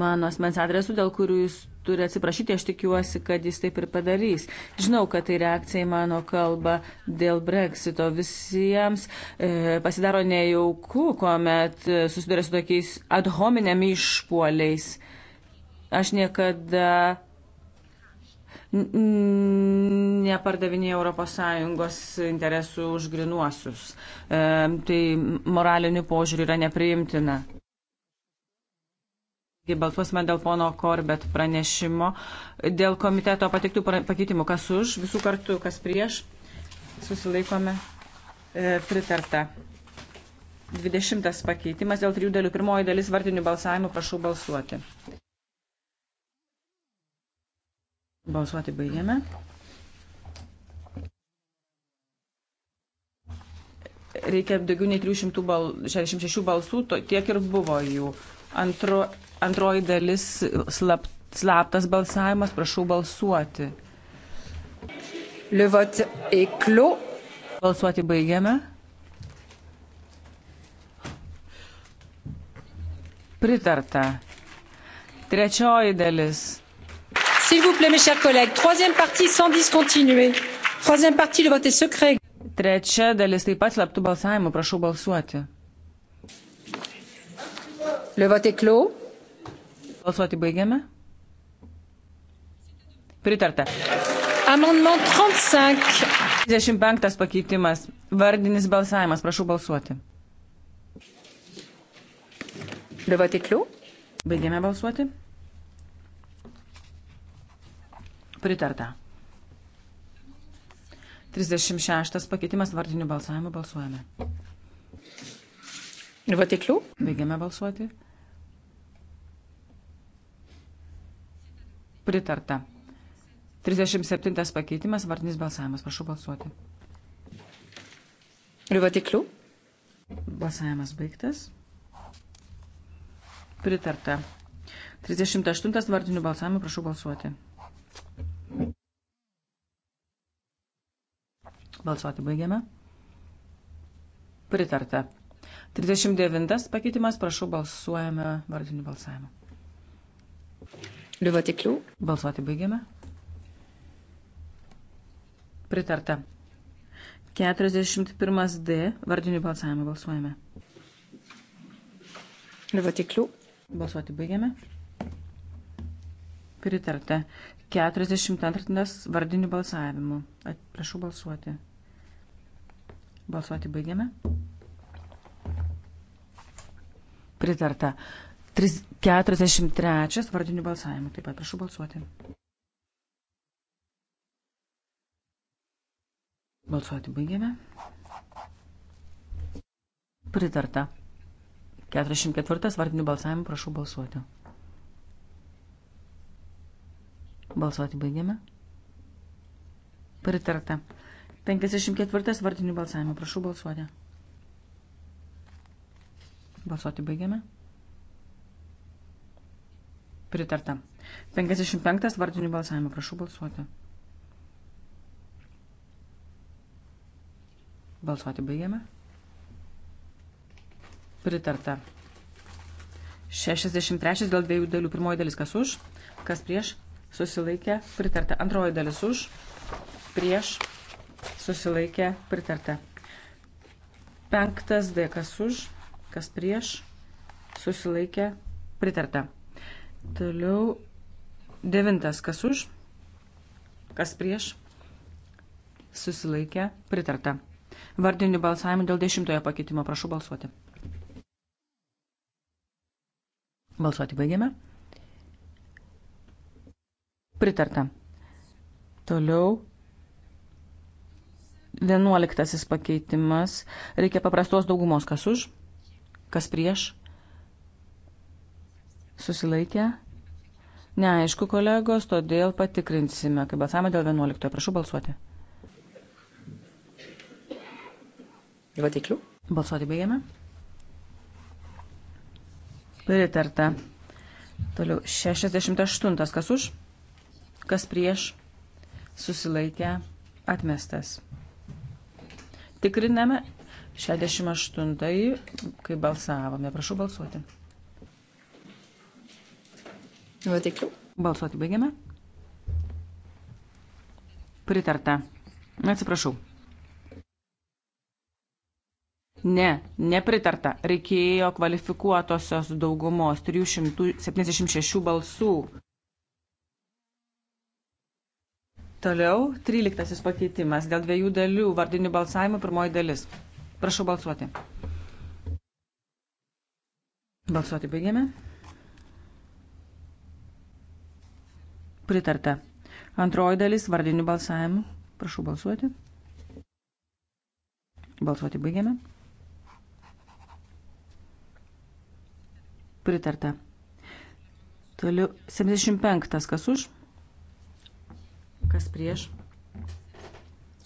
mano asmens adresu, dėl kurių jūs turi atsiprašyti, aš tikiuosi, kad jis taip ir padarys. Žinau, kad tai reakcija į mano kalbą dėl breksito. Visiems e, pasidaro nejauku, kuomet e, susiduria su tokiais ad hominem išpuoliais. Aš niekada nepardavinėja ES interesų už grinuosius. E, tai moraliniu požiūriu yra nepriimtina. Balsuosime dėl pono Korbet pranešimo, dėl komiteto patiktų pakeitimų, kas už, visų kartų, kas prieš, susilaikome e, pritarta. 20 pakeitimas dėl trijų dalių. Pirmoji dalis vardinių balsavimų, prašau balsuoti. Balsuoti baigiame. Reikia daugiau nei 366 balsų, to, tiek ir buvo jų. Antro, antroji dalis slap, slaptas balsavimas, prašau balsuoti. Le vote est clos. Balsuoti baigiame. Pritarta. Trečioji dalis s'il vous plaît mes chers collègues troisième partie sans discontinuer troisième partie le vote est secret trečia dalis taip pat slaptu balsavimu prašau balsuoti le vote est clos balsuoti baigiame pritarta amendement 35 35 pakeitimas vardinis balsavimas prašau balsuoti le vote est clos baigiame balsuoti Pritarta. 36 pakeitimas vardiniu balsavimu balsuojame. Ir vatiklių? Baigiame balsuoti. Pritarta. 37 pakeitimas vardinis balsavimas. Prašau balsuoti. Ir vatiklių? Balsavimas baigtas. Pritarta. 38 vardinių balsavimų. Prašau balsuoti. Balsuoti baigiame. Pritarta. 39 pakeitimas, prašau, balsuojame vardiniu balsavimu. Liuvatiklių. Balsuoti baigiame. Pritarta. 41D vardiniu balsavimu balsuojame. Liuvatiklių. Balsuoti baigiame. Pritarta. 42 vardiniu balsavimu. Prašau balsuoti. Balsuoti baigiame. Pritarta. 3, 43 vardinių balsavimų. Taip pat prašau balsuoti. Balsuoti baigiame. Pritarta. 44 vardinių balsavimų prašau balsuoti. Balsuoti baigiame. Pritarta. 54 vardinių balsavimų. Prašau balsuoti. Balsuoti baigiame. Pritarta. 55 vardinių balsavimų. Prašau balsuoti. Balsuoti baigiame. Pritarta. 63 dėl dviejų dalių. Pirmoji dalis kas už, kas prieš, susilaikė, pritarta. Antroji dalis už, prieš, susilaikė pritarta. Penktas D, kas už, kas prieš, susilaikė pritarta. Toliau devintas, kas už, kas prieš, susilaikė pritarta. Vardinių balsavimų dėl dešimtojo pakeitimo prašau balsuoti. Balsuoti baigiame. Pritarta. Toliau Vienuoliktasis pakeitimas. Reikia paprastos daugumos. Kas už? Kas prieš? Susilaikė? Neaišku, kolegos, todėl patikrinsime, kaip balsavimą dėl 11. Prašau balsuoti. Vatiklių. Balsuoti baigiame. Pritarta. Toliau 68. Kas už? Kas prieš? Susilaikė. Atmestas. Tikriname 68, kai balsavome. Prašau balsuoti. Vatikliu. Balsuoti baigiame. Pritarta. Atsiprašau. Ne, nepritarta. Reikėjo kvalifikuotosios daugumos 376 balsų. Toliau 13 pakeitimas dėl dviejų dalių vardinių balsavimų pirmoji dalis. Prašau balsuoti. Balsuoti baigiame. Pritarta. Antroji dalis vardinių balsavimų. Prašau balsuoti. Balsuoti baigiame. Pritarta. Toliau 75. Kas už? Kas prieš?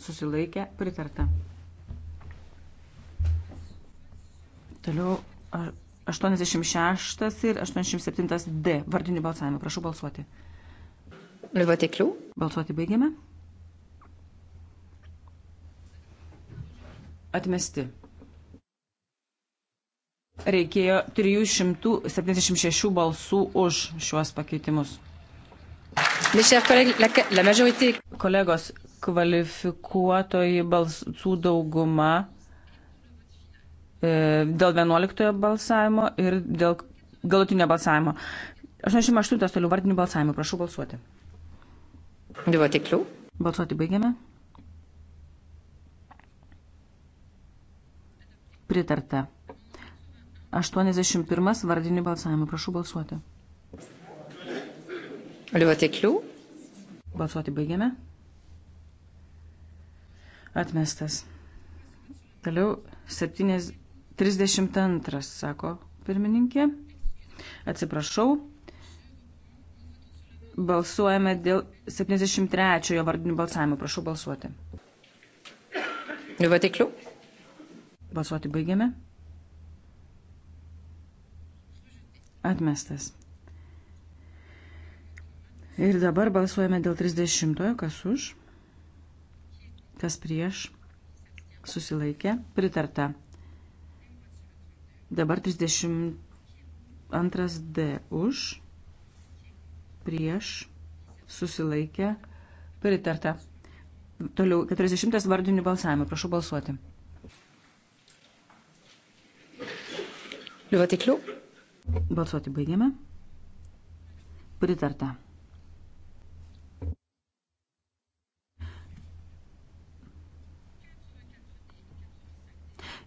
Susilaikė pritarta. Toliau 86 ir 87 D. Vardinį balsavimą. Prašau balsuoti. Liuvatiklių. Balsuoti baigiame. Atmesti. Reikėjo 376 balsų už šiuos pakeitimus. Kolegos, kvalifikuotoji balsų dauguma e, dėl 11 balsavimo ir dėl galutinio balsavimo. 88 toliau vardinių balsavimų. Prašau balsuoti. Dėvotiklių. Balsuoti baigiame. Pritarta. 81 vardinių balsavimų. Prašau balsuoti. Liuotė klių. Balsuoti baigiame. Atmestas. Toliau 7, 32, sako pirmininkė. Atsiprašau. Balsuojame dėl 73 vardinių balsavimų. Prašau balsuoti. Liuotė klių. Balsuoti baigiame. Atmestas. Ir dabar balsuojame dėl 30-ojo, kas už, kas prieš, susilaikė, pritarta. Dabar 32D už, prieš, susilaikė, pritarta. Toliau 40 vardinių balsavimų, prašau balsuoti. Liuvatiklių. Balsuoti baigiame. Pritarta.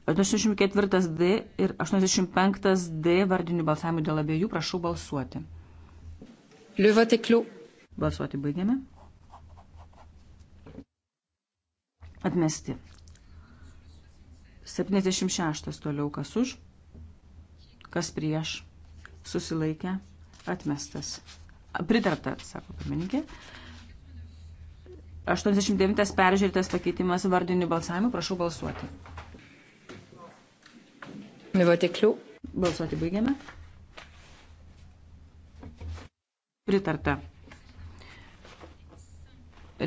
84D ir 85D vardinių balsavimų dėl abiejų prašau balsuoti. Liuvatiklių. Balsuoti baigiame. Atmesti. 76 toliau kas už, kas prieš, susilaikę, atmestas. Pritarta, sako pirmininkė. 89 peržiūrėtas pakeitimas vardinių balsavimų, prašau balsuoti. Le vote est clos. Balsuoti baigiame. Pritarta.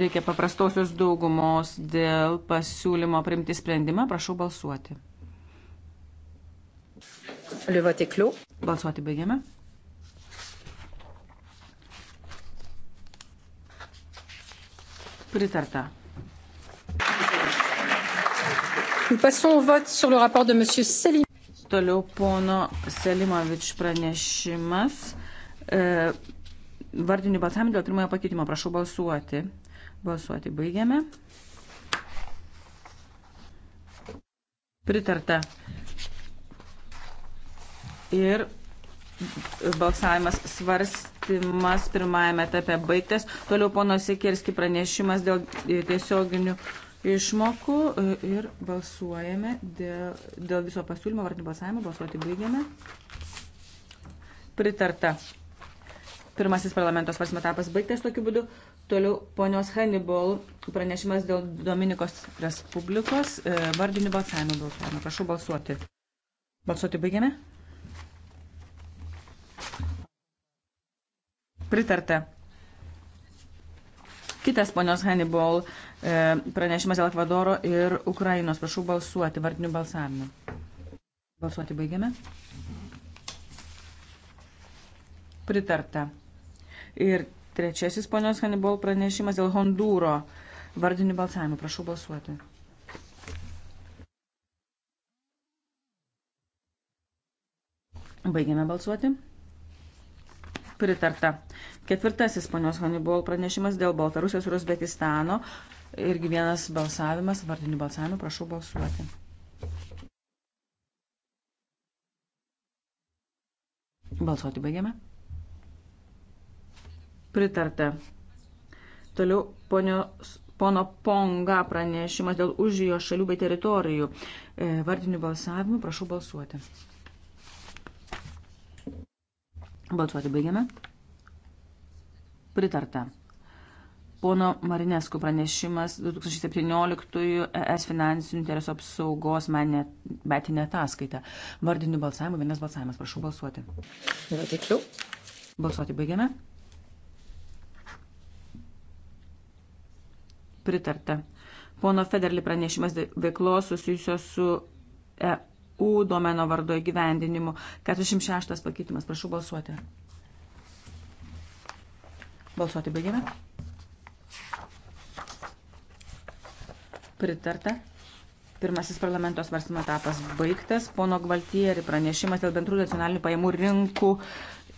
Reikia paprastosios daugumos dėl pasiūlymo priimti sprendimą. Prašau balsuoti. Le vote est clos. Balsuoti baigiame. Pritarta. Nous passons au vote sur le rapport de M. Selim. Toliau pono Selimovič pranešimas. E, vardinių balsavimų dėl pirmojo pakeitimo. Prašau balsuoti. Balsuoti baigiame. Pritarta. Ir balsavimas svarstymas pirmajame etape baigtas. Toliau pono Sikirski pranešimas dėl tiesioginių išmokų e, ir balsuojame dėl, dėl viso pasiūlymo vardinio balsavimo. Balsuoti baigiame. Pritarta. Pirmasis parlamentos svarstymo etapas baigtas tokiu būdu. Toliau ponios Hannibal pranešimas dėl Dominikos Respublikos e, vardinių balsavimų balsuojame. Prašau balsuoti. Balsuoti baigiame. Pritarta. Kitas ponios Hannibal e, pranešimas dėl Ekvadoro ir Ukrainos. Prašau balsuoti vardiniu balsavimu. Balsuoti baigiame. Pritarta. Ir trečiasis ponios Hannibal pranešimas dėl Hondūro vardinių balsavimų. Prašau balsuoti. Baigiame balsuoti. Pritarta. Ketvirtasis ponios Hannibal pranešimas dėl Baltarusijos ir Uzbekistano. Irgi vienas balsavimas, vardinių balsavimų, prašau balsuoti. Balsuoti baigiame. Pritarta. Toliau ponios, pono Ponga pranešimas dėl užijo šalių bei teritorijų. E, vardinių balsavimų prašau balsuoti. Balsuoti baigiame pritarta. Pono Marinesku pranešimas 2017 ES finansinių interesų apsaugos metinė ataskaita. Vardiniu balsavimu vienas balsavimas. Prašau balsuoti. Yra tiksliau. Balsuoti baigiame. Pritarta. Pono Federli pranešimas veiklos susijusios su EU domeno vardo įgyvendinimu. 46 pakeitimas. Prašau balsuoti. Balsuoti baigiame. Pritarta. Pirmasis parlamento svarstymo etapas baigtas. Pono Gvaltieri pranešimas dėl bendrų nacionalinių pajamų rinkų.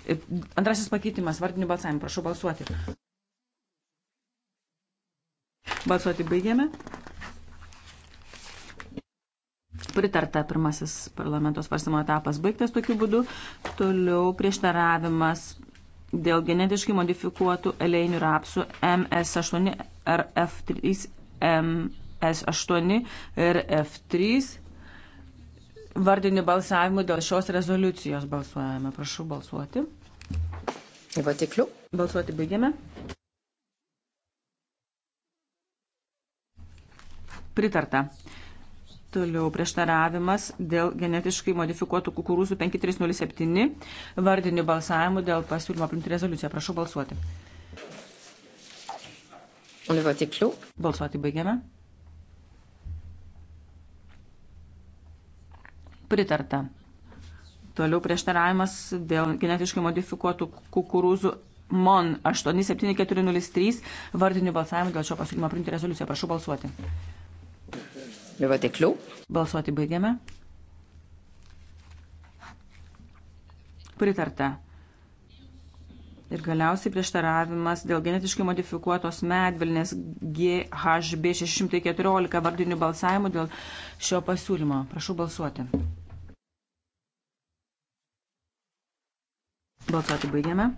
E, antrasis pakeitimas, vardinių balsavimų. Prašau balsuoti. Balsuoti baigiame. Pritarta pirmasis parlamento svarstymo etapas baigtas tokiu būdu. Toliau prieštaravimas dėl genetiškai modifikuotų eleinių rapsų MS8 ar F3, MS8 ir F3. Vardiniu balsavimu dėl šios rezoliucijos balsuojame. Prašau balsuoti. Įvatikliu. Balsuoti baigiame. Pritarta. Toliau prieštaravimas dėl genetiškai modifikuotų kukurūzų 5307 vardinių balsavimų dėl pasiūlymo priimti rezoliuciją. Prašau balsuoti. Balsuoti baigiame. Pritarta. Toliau prieštaravimas dėl genetiškai modifikuotų kukurūzų MON 87403 vardinių balsavimų dėl šio pasiūlymo priimti rezoliuciją. Prašau balsuoti. Le vote est clos. Balsuoti baigiame. Pritarta. Ir galiausiai prieštaravimas dėl genetiškai modifikuotos medvilnės GHB 614 vardinių balsavimų dėl šio pasiūlymo. Prašau balsuoti. Balsuoti baigiame.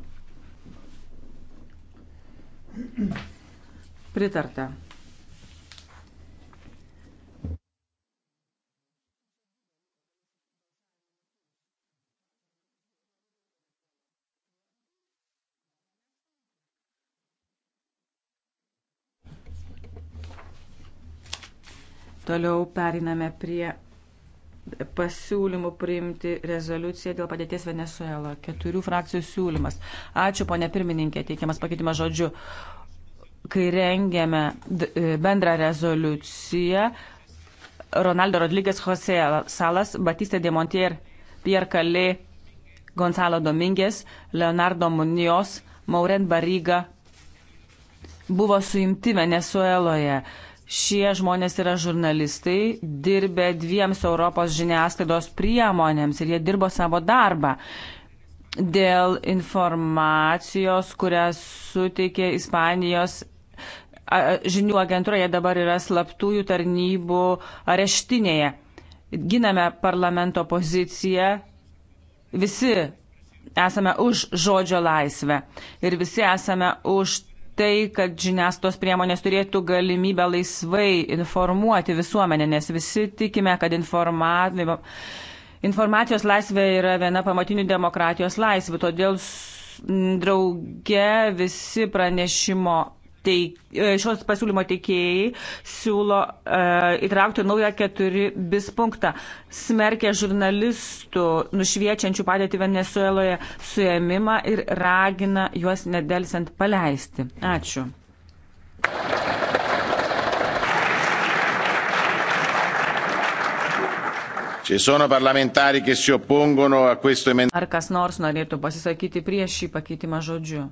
Pritarta. Toliau periname prie pasiūlymų priimti rezoliuciją dėl padėties Venezuela. Keturių frakcijų siūlymas. Ačiū, ponė pirmininkė, teikiamas pakeitimas žodžiu. Kai rengėme e, bendrą rezoliuciją, Ronaldo Rodlygės, Jose Salas, Batista Demontier, Pierre Kalė, Gonzalo Domingės, Leonardo Munijos, Maurent Baryga buvo suimti Venezueloje. Šie žmonės yra žurnalistai, dirbė dviems Europos žiniasklaidos priemonėms ir jie dirbo savo darbą dėl informacijos, kurią suteikė Ispanijos žinių agentūra, jie dabar yra slaptųjų tarnybų areštinėje. Giname parlamento poziciją, visi esame už žodžio laisvę ir visi esame už tai, kad žiniasklaidos priemonės turėtų galimybę laisvai informuoti visuomenę, nes visi tikime, kad informavimo. Informacijos laisvė yra viena pamatinių demokratijos laisvių, todėl drauge visi pranešimo teik, e, šios pasiūlymo teikėjai siūlo e, įtraukti naują 4 bis punktą. Smerkia žurnalistų nušviečiančių padėti Venezueloje suėmimą ir ragina juos nedelsiant paleisti. Ačiū. Ci sono parlamentari che si oppongono a questo emendamento. Ar kas nors norėtų pasisakyti prieš šį pakeitimą žodžiu?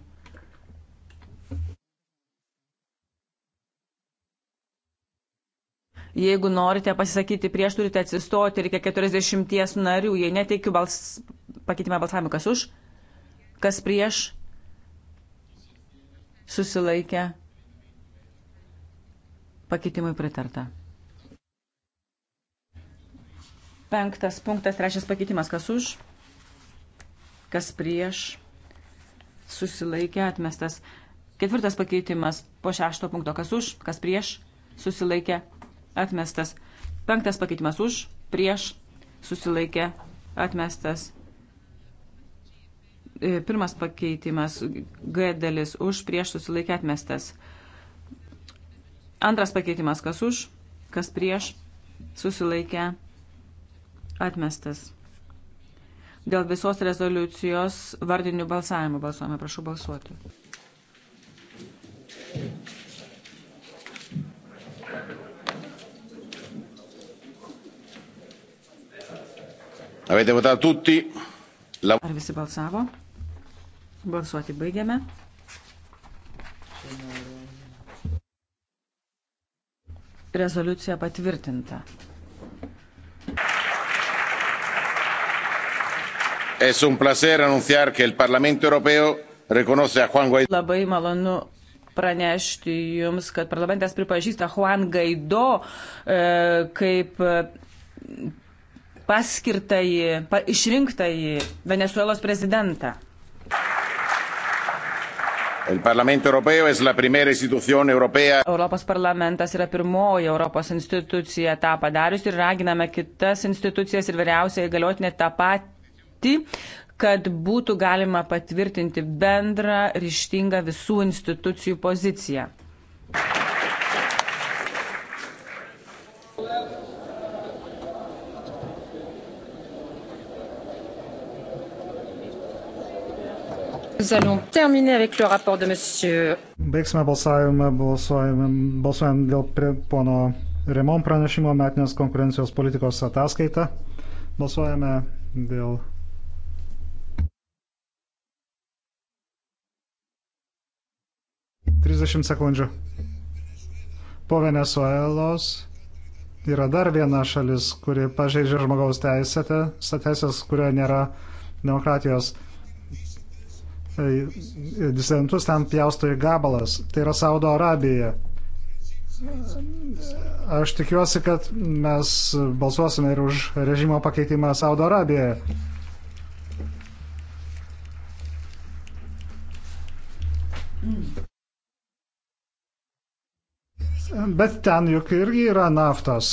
Jeigu norite pasisakyti prieš, turite atsistoti, reikia 40 narių. Jei neteikiu bals... pakeitimą balsavimą, kas už, kas prieš, susilaikė, pakeitimui pritarta. Penktas punktas, trečias pakeitimas, kas už, kas prieš, susilaikė, atmestas. Ketvirtas pakeitimas po šešto punkto, kas už, kas prieš, susilaikė, atmestas. Penktas pakeitimas už, prieš, susilaikė, atmestas. E, pirmas pakeitimas G dalis už, prieš, susilaikė, atmestas. Antras pakeitimas kas už, kas prieš, susilaikė, atmestas. Dėl visos rezoliucijos vardinių balsavimų balsuojame. Prašau balsuoti. Avete votato tutti? La... Ar visi balsavo? Balsuoti baigiame. Rezoliucija patvirtinta. Es un placer anunciar que el Parlamento Europeo reconoce a Juan Guaidó. Labai malonu pranešti Jums, kad parlamentas pripažįsta Juan Gaido e, kaip paskirtąjį, pa, išrinktąjį Venezuelos prezidentą. Europos parlamentas yra pirmoji Europos institucija tą padarius ir raginame kitas institucijas ir vyriausiai galiotinę tą patį, kad būtų galima patvirtinti bendrą ryštingą visų institucijų poziciją. Baigsime balsavimą, balsuojam dėl prie, pono Remon pranešimo metinės konkurencijos politikos ataskaita. Balsuojame dėl Trisdešimt sekundžių. Po Venezuelos yra dar viena šalis, kuri pažeidžia žmogaus teisės, teisės kurioje nėra demokratijos. Tai disidentus ten pjausto į gabalas. Tai yra Saudo Arabija. Aš tikiuosi, kad mes balsuosime ir už režimo pakeitimą Saudo Arabijoje. Bet ten juk irgi yra naftos.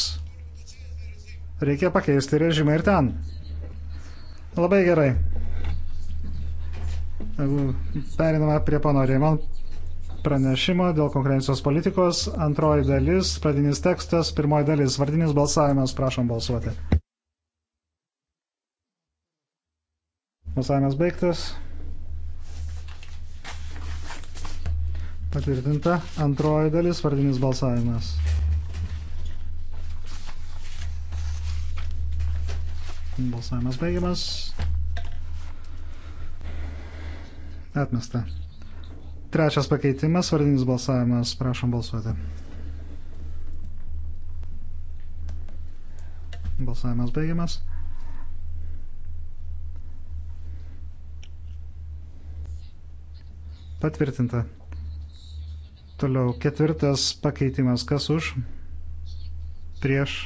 Reikia pakeisti režimą ir ten. Labai gerai. Periname prie pono Reimon pranešimo dėl konkurencijos politikos. Antroji dalis, pradinis tekstas, pirmoji dalis, vardinis balsavimas, prašom balsuoti. Balsavimas baigtas. Patvirtinta. Antroji dalis, vardinis balsavimas. Balsavimas baigiamas. Atmesta. Trečias pakeitimas, vardinis balsavimas, prašom balsuoti. Balsavimas baigiamas. Patvirtinta. Toliau ketvirtas pakeitimas, kas už, prieš,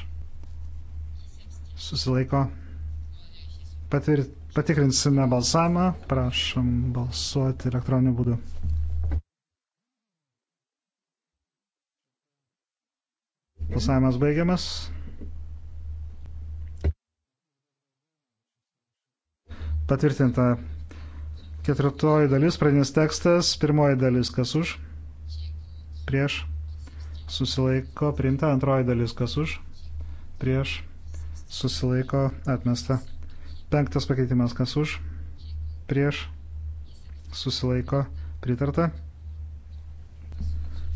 susilaiko, patvirtinta Patikrinsime balsavimą. Prašom balsuoti elektroniniu būdu. Balsavimas baigiamas. Patvirtinta ketvirtoji dalis, pradinis tekstas, pirmoji dalis, kas už, prieš, susilaiko, priimta, antroji dalis, kas už, prieš, susilaiko, atmesta. Penktas pakeitimas, kas už, prieš, susilaiko, pritarta.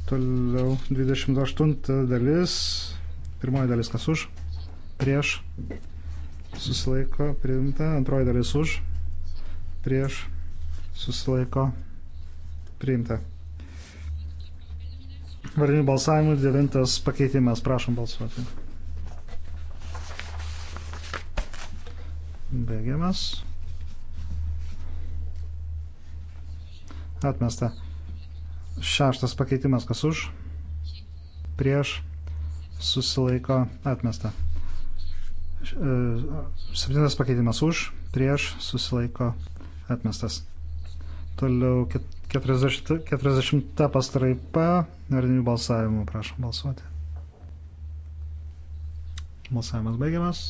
Toliau 28 dalis, pirmoji dalis, kas už, prieš, susilaiko, priimta. Antroji dalis už, prieš, susilaiko, priimta. Vardinių balsavimų devintas pakeitimas, prašom balsuoti. Baigiamas. Atmesta. Šeštas pakeitimas, kas už, prieš, susilaiko, atmesta. E, septintas pakeitimas už, prieš, susilaiko, atmestas. Toliau 40, 40 pastraipa, vardinių balsavimų, prašom balsuoti. Balsavimas baigiamas.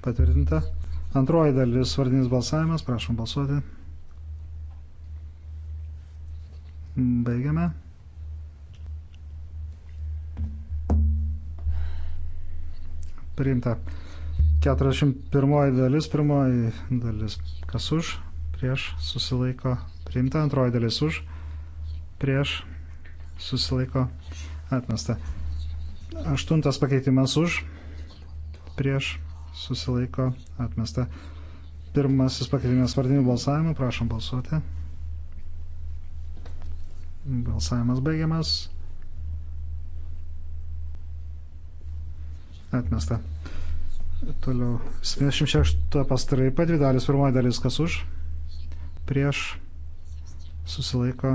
Patvirtinta. Antroji dalis vardinis balsavimas. Prašom balsuoti. Baigiame. Priimta. 41 dalis, pirmoji dalis kas už, prieš susilaiko priimta, antroji dalis už, prieš susilaiko atmesta. Aštuntas pakeitimas už, prieš susilaiko atmesta. Pirmasis pakeitimas vardinių balsavimų, prašom balsuoti. Balsavimas baigiamas. Atmesta. Toliau 76 pastraipa, dvi dalis, pirmoji dalis kas už, prieš, susilaiko,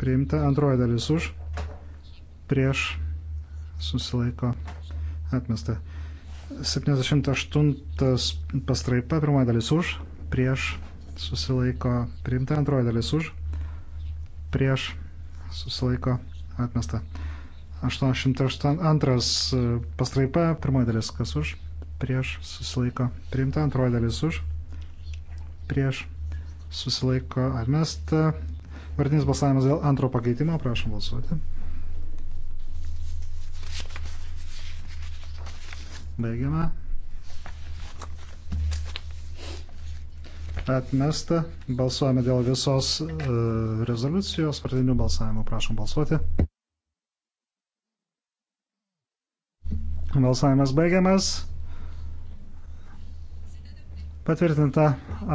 priimta, antroji dalis už, prieš, susilaiko, atmesta. 78 pastraipa, pirmoji dalis už, prieš susilaiko priimta, antroji dalis už, prieš susilaiko atmesta. 82 e, pastraipa, pirmoji dalis kas už, prieš susilaiko priimta, antroji dalis už, prieš susilaiko atmesta. Vardinis balsavimas dėl antro pakeitimo, prašom balsuoti. Baigiame. Atmesta. Balsuojame dėl visos e, rezoliucijos. Pradinių balsavimų prašom balsuoti. Balsavimas baigiamas. Patvirtinta.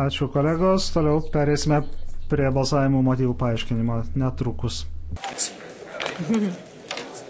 Ačiū kolegos. Toliau perėsime prie balsavimo motyvų paaiškinimo netrukus. Ačiū.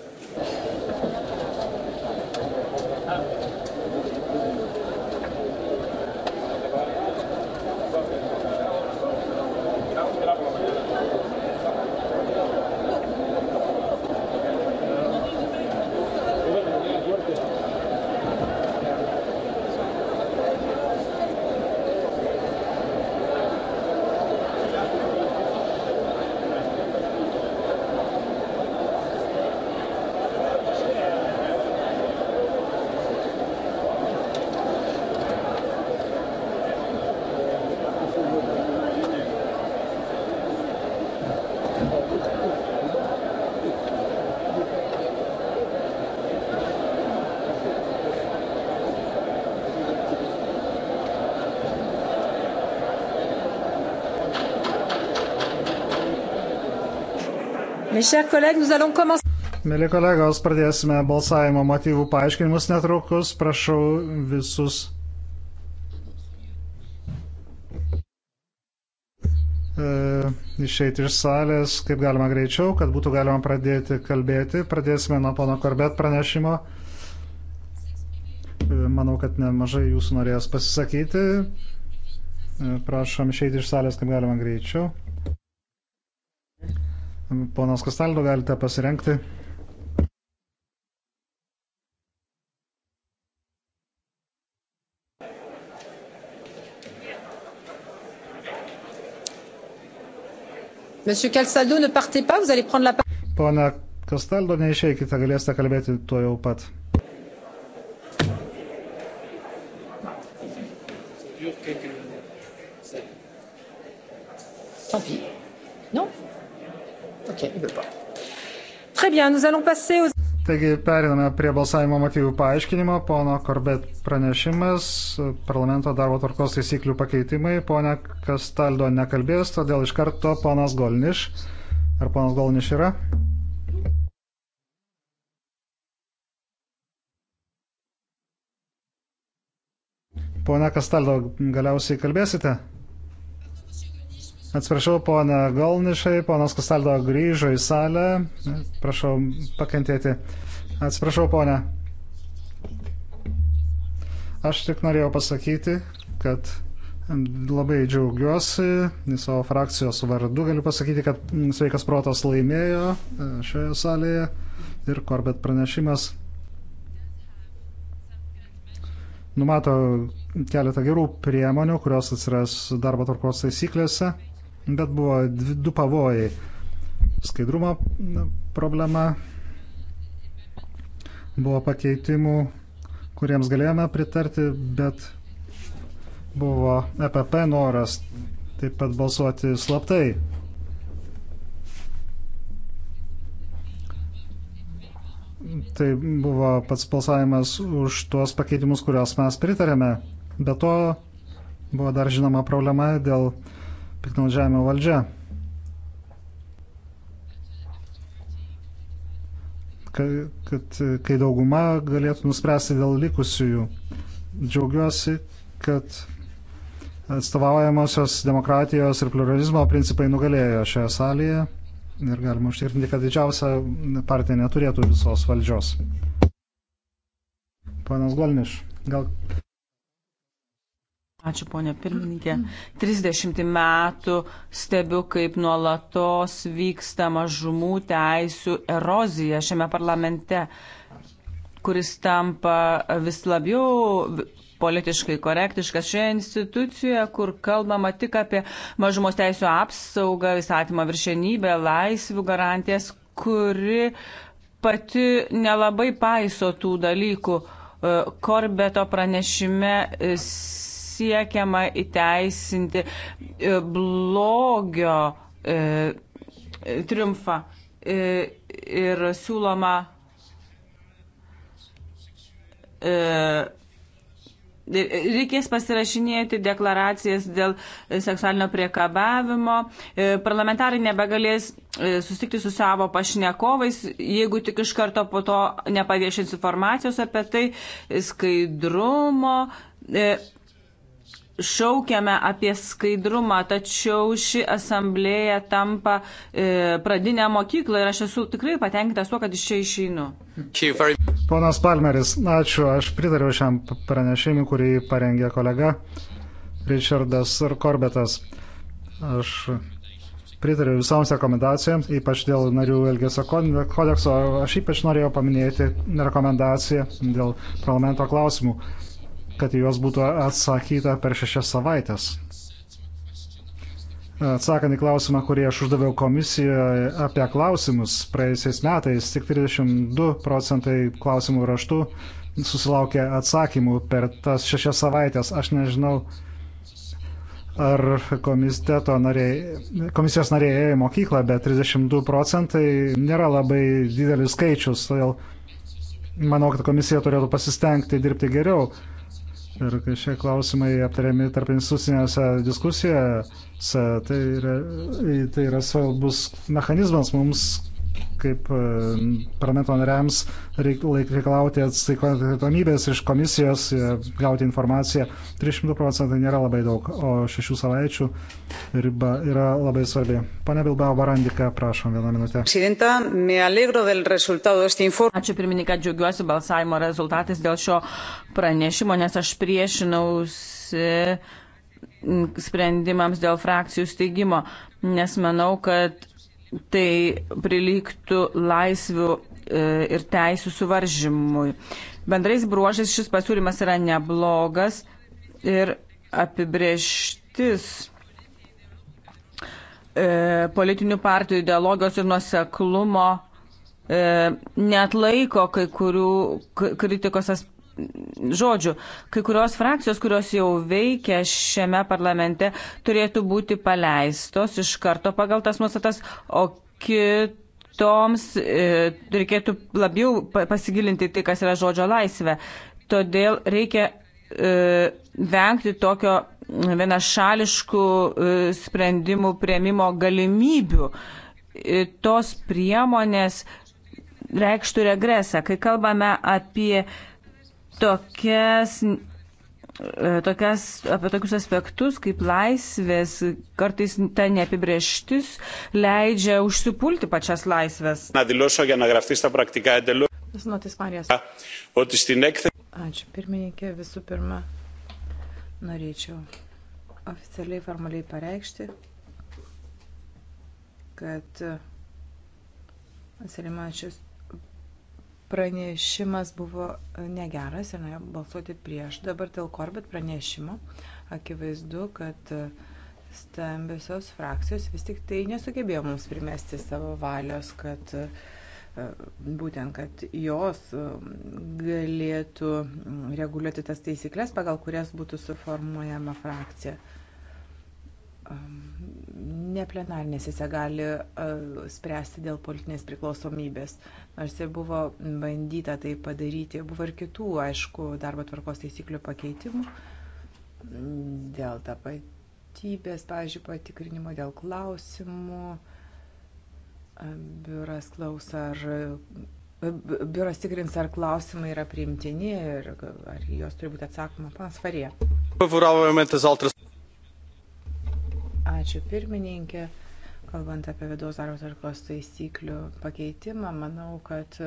Mėly kolegos, pradėsime balsavimo motyvų paaiškinimus netrukus. Prašau visus. E, išeiti iš salės, kaip galima greičiau, kad būtų galima pradėti kalbėti. Pradėsime nuo pono Korbet pranešimo. E, manau, kad nemažai jūsų norės pasisakyti. E, prašom išeiti iš salės, kaip galima greičiau. Ponas Kastaldo, galite pasirenkti. Monsieur Calçado, ne partez pas, vous allez prendre la parole. Pone Kastaldo, neišeikite, galėsite kalbėti tuo jau pat. Tant pis. Taigi periname prie balsavimo motyvų paaiškinimo. Pono Korbet pranešimas, parlamento darbo tvarkos taisyklių pakeitimai. Pone Kastaldo nekalbės, todėl iš karto ponas Golniš. Ar ponas Golniš yra? Pone Kastaldo, galiausiai kalbėsite? Atsiprašau, pona Golnišai, ponas Kastaldo grįžo į salę. Prašau pakentėti. Atsiprašau, ponia. Aš tik norėjau pasakyti, kad labai džiaugiuosi, savo frakcijos vardu galiu pasakyti, kad sveikas protas laimėjo šioje salėje ir Korbet pranešimas numato keletą gerų priemonių, kurios atsiras darbo tvarkos taisyklėse bet buvo dvi, du pavojai. Skaidrumo problema buvo pakeitimų, kuriems galėjome pritarti, bet buvo EPP noras taip pat balsuoti slaptai. Tai buvo pats balsavimas už tuos pakeitimus, kuriuos mes pritarėme. Be to buvo dar žinoma problema dėl uh, piknaudžiavimo valdžia. Kad, kad kai dauguma galėtų nuspręsti dėl likusiųjų. Džiaugiuosi, kad atstovaujamosios demokratijos ir pluralizmo principai nugalėjo šioje salėje ir galima užtikrinti, kad didžiausia partija neturėtų visos valdžios. Panas Golniš, gal Ačiū, ponė pirmininkė. 30 metų stebiu, kaip nuolatos vyksta mažumų teisų erozija šiame parlamente, kuris tampa vis labiau politiškai korektiškas šioje institucijoje, kur kalbama tik apie mažumos teisų apsaugą, įstatymą viršenybę, laisvių garantijas, kuri pati nelabai paiso tų dalykų. Korbeto pranešime siekiama įteisinti e, blogio e, e, triumfą e, ir siūloma e, e Reikės pasirašinėti deklaracijas dėl seksualinio priekabavimo. Parlamentarai nebegalės susitikti su savo pašnekovais, jeigu tik iš karto po to nepaviešins informacijos apie tai, skaidrumo šaukiame apie skaidrumą, tačiau ši asamblėja tampa e, pradinę mokyklą ir aš esu tikrai patenkintas tuo, kad iš čia išeinu. Ponas Palmeris, ačiū, aš pritariu šiam pranešimui, kurį parengė kolega Richardas ir Korbetas. Aš pritariu visoms rekomendacijoms, ypač dėl narių Elgėso kodekso. Aš ypač norėjau paminėti rekomendaciją dėl parlamento klausimų kad juos būtų atsakyta per šešias savaitės. Atsakant į klausimą, kurį aš uždaviau komisijoje apie klausimus, praėjusiais metais tik 32 procentai klausimų raštų susilaukė atsakymų per tas šešias savaitės. Aš nežinau, ar nariai, komisijos nariai ėjo į mokyklą, bet 32 procentai nėra labai didelis skaičius, todėl manau, kad komisija turėtų pasistengti dirbti geriau Ir kai šie klausimai aptariami tarp institucinėse diskusijose, tai yra, tai yra svarbus mechanizmas mums kaip e, parlamento nariams reikalauti atsakomybės iš komisijos, e, gauti informaciją. 300 procentai nėra labai daug, o šešių savaičių riba yra labai svarbi. Pane Bilbao Barandika, prašom vieną minutę. Ačiū pirmininką, džiaugiuosi balsavimo rezultatais dėl šio pranešimo, nes aš priešinausi sprendimams dėl frakcijų steigimo, nes manau, kad tai prilygtų laisvių e, ir teisų suvaržymui. Bendrais bruožais šis pasiūlymas yra neblogas ir apibrieštis e, politinių partijų ideologijos ir nuseklumo e, net laiko kai kurių kritikos aspektų žodžių. Kai kurios frakcijos, kurios jau veikia šiame parlamente, turėtų būti paleistos iš karto pagal tas nuostatas, o kitos toms e, reikėtų labiau pasigilinti tai, kas yra žodžio laisvė. Todėl reikia e, vengti tokio vienašališkų e, sprendimų prieimimo galimybių. E, tos priemonės reikštų regresą. Kai kalbame apie e, tokias e, tokias, apie tokius aspektus kaip laisvės, kartais ta neapibrieštis leidžia užsipulti pačias laisvės. Ačiū pirmininkė, visų pirma, norėčiau oficialiai formaliai pareikšti, kad e, Selimačius pranešimas buvo e, negeras ir norėjau balsuoti prieš. Dabar dėl Korbit pranešimo akivaizdu, kad e, stambiosios frakcijos vis tik tai nesugebėjo mums primesti savo valios, kad e, būtent, kad jos galėtų reguliuoti tas taisyklės, pagal kurias būtų suformuojama frakcija ne plenarinės jis gali spręsti dėl politinės priklausomybės. Nors ir buvo bandyta tai padaryti, buvo ir kitų, aišku, darbo tvarkos taisyklių pakeitimų dėl tapatybės, pavyzdžiui, patikrinimo, dėl klausimų. Biuras klaus, ar biuras tikrins, ar klausimai yra priimtini ir ar jos turi būti atsakoma pansvarė. Ačiū pirmininkė. Kalbant apie vidaus darbo tvarkos taisyklių pakeitimą, manau, kad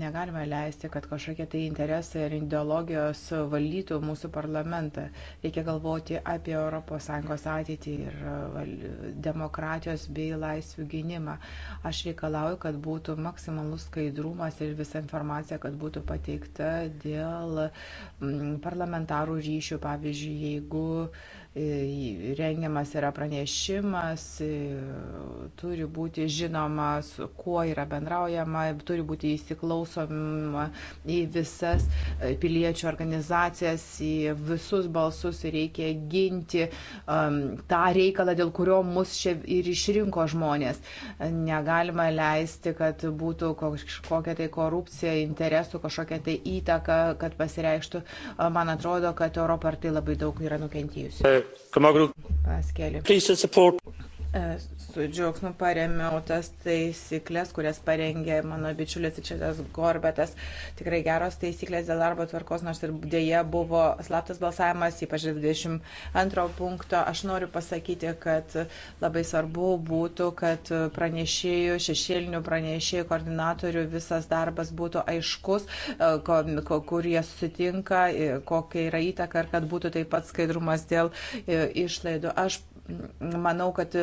negalime leisti, kad kažkokie tai interesai ir ideologijos valdytų mūsų parlamentą. Reikia galvoti apie ES ateitį ir demokratijos bei laisvių gynimą. Aš reikalauju, kad būtų maksimalus skaidrumas ir visa informacija, kad būtų pateikta dėl mm, parlamentarų ryšių. Pavyzdžiui, jeigu uh, E, rengiamas yra pranešimas, e, turi būti žinoma, su kuo yra bendraujama, turi būti įsiklausoma į visas e, piliečių organizacijas, į visus balsus ir reikia ginti um, tą reikalą, dėl kurio mus čia ir išrinko žmonės. Negalima leisti, kad būtų kažkokia tai korupcija, interesų, kažkokia tai įtaka, kad pasireikštų. Man atrodo, kad Europa ar tai labai daug yra nukentėjusi. Paskelį. E, su džiaugsmu paremiau tas taisyklės, kurias parengė mano bičiulis Ričardas Gorbetas. Tikrai geros taisyklės dėl darbo tvarkos, nors ir dėje buvo slaptas balsavimas, ypač 22 punkto. Aš noriu pasakyti, kad labai svarbu būtų, kad pranešėjų, šešėlinių pranešėjų, koordinatorių visas darbas būtų aiškus, e, kur jie sutinka, e, kokia yra įtaka ir kad būtų taip pat skaidrumas dėl išlaidų. Aš manau, kad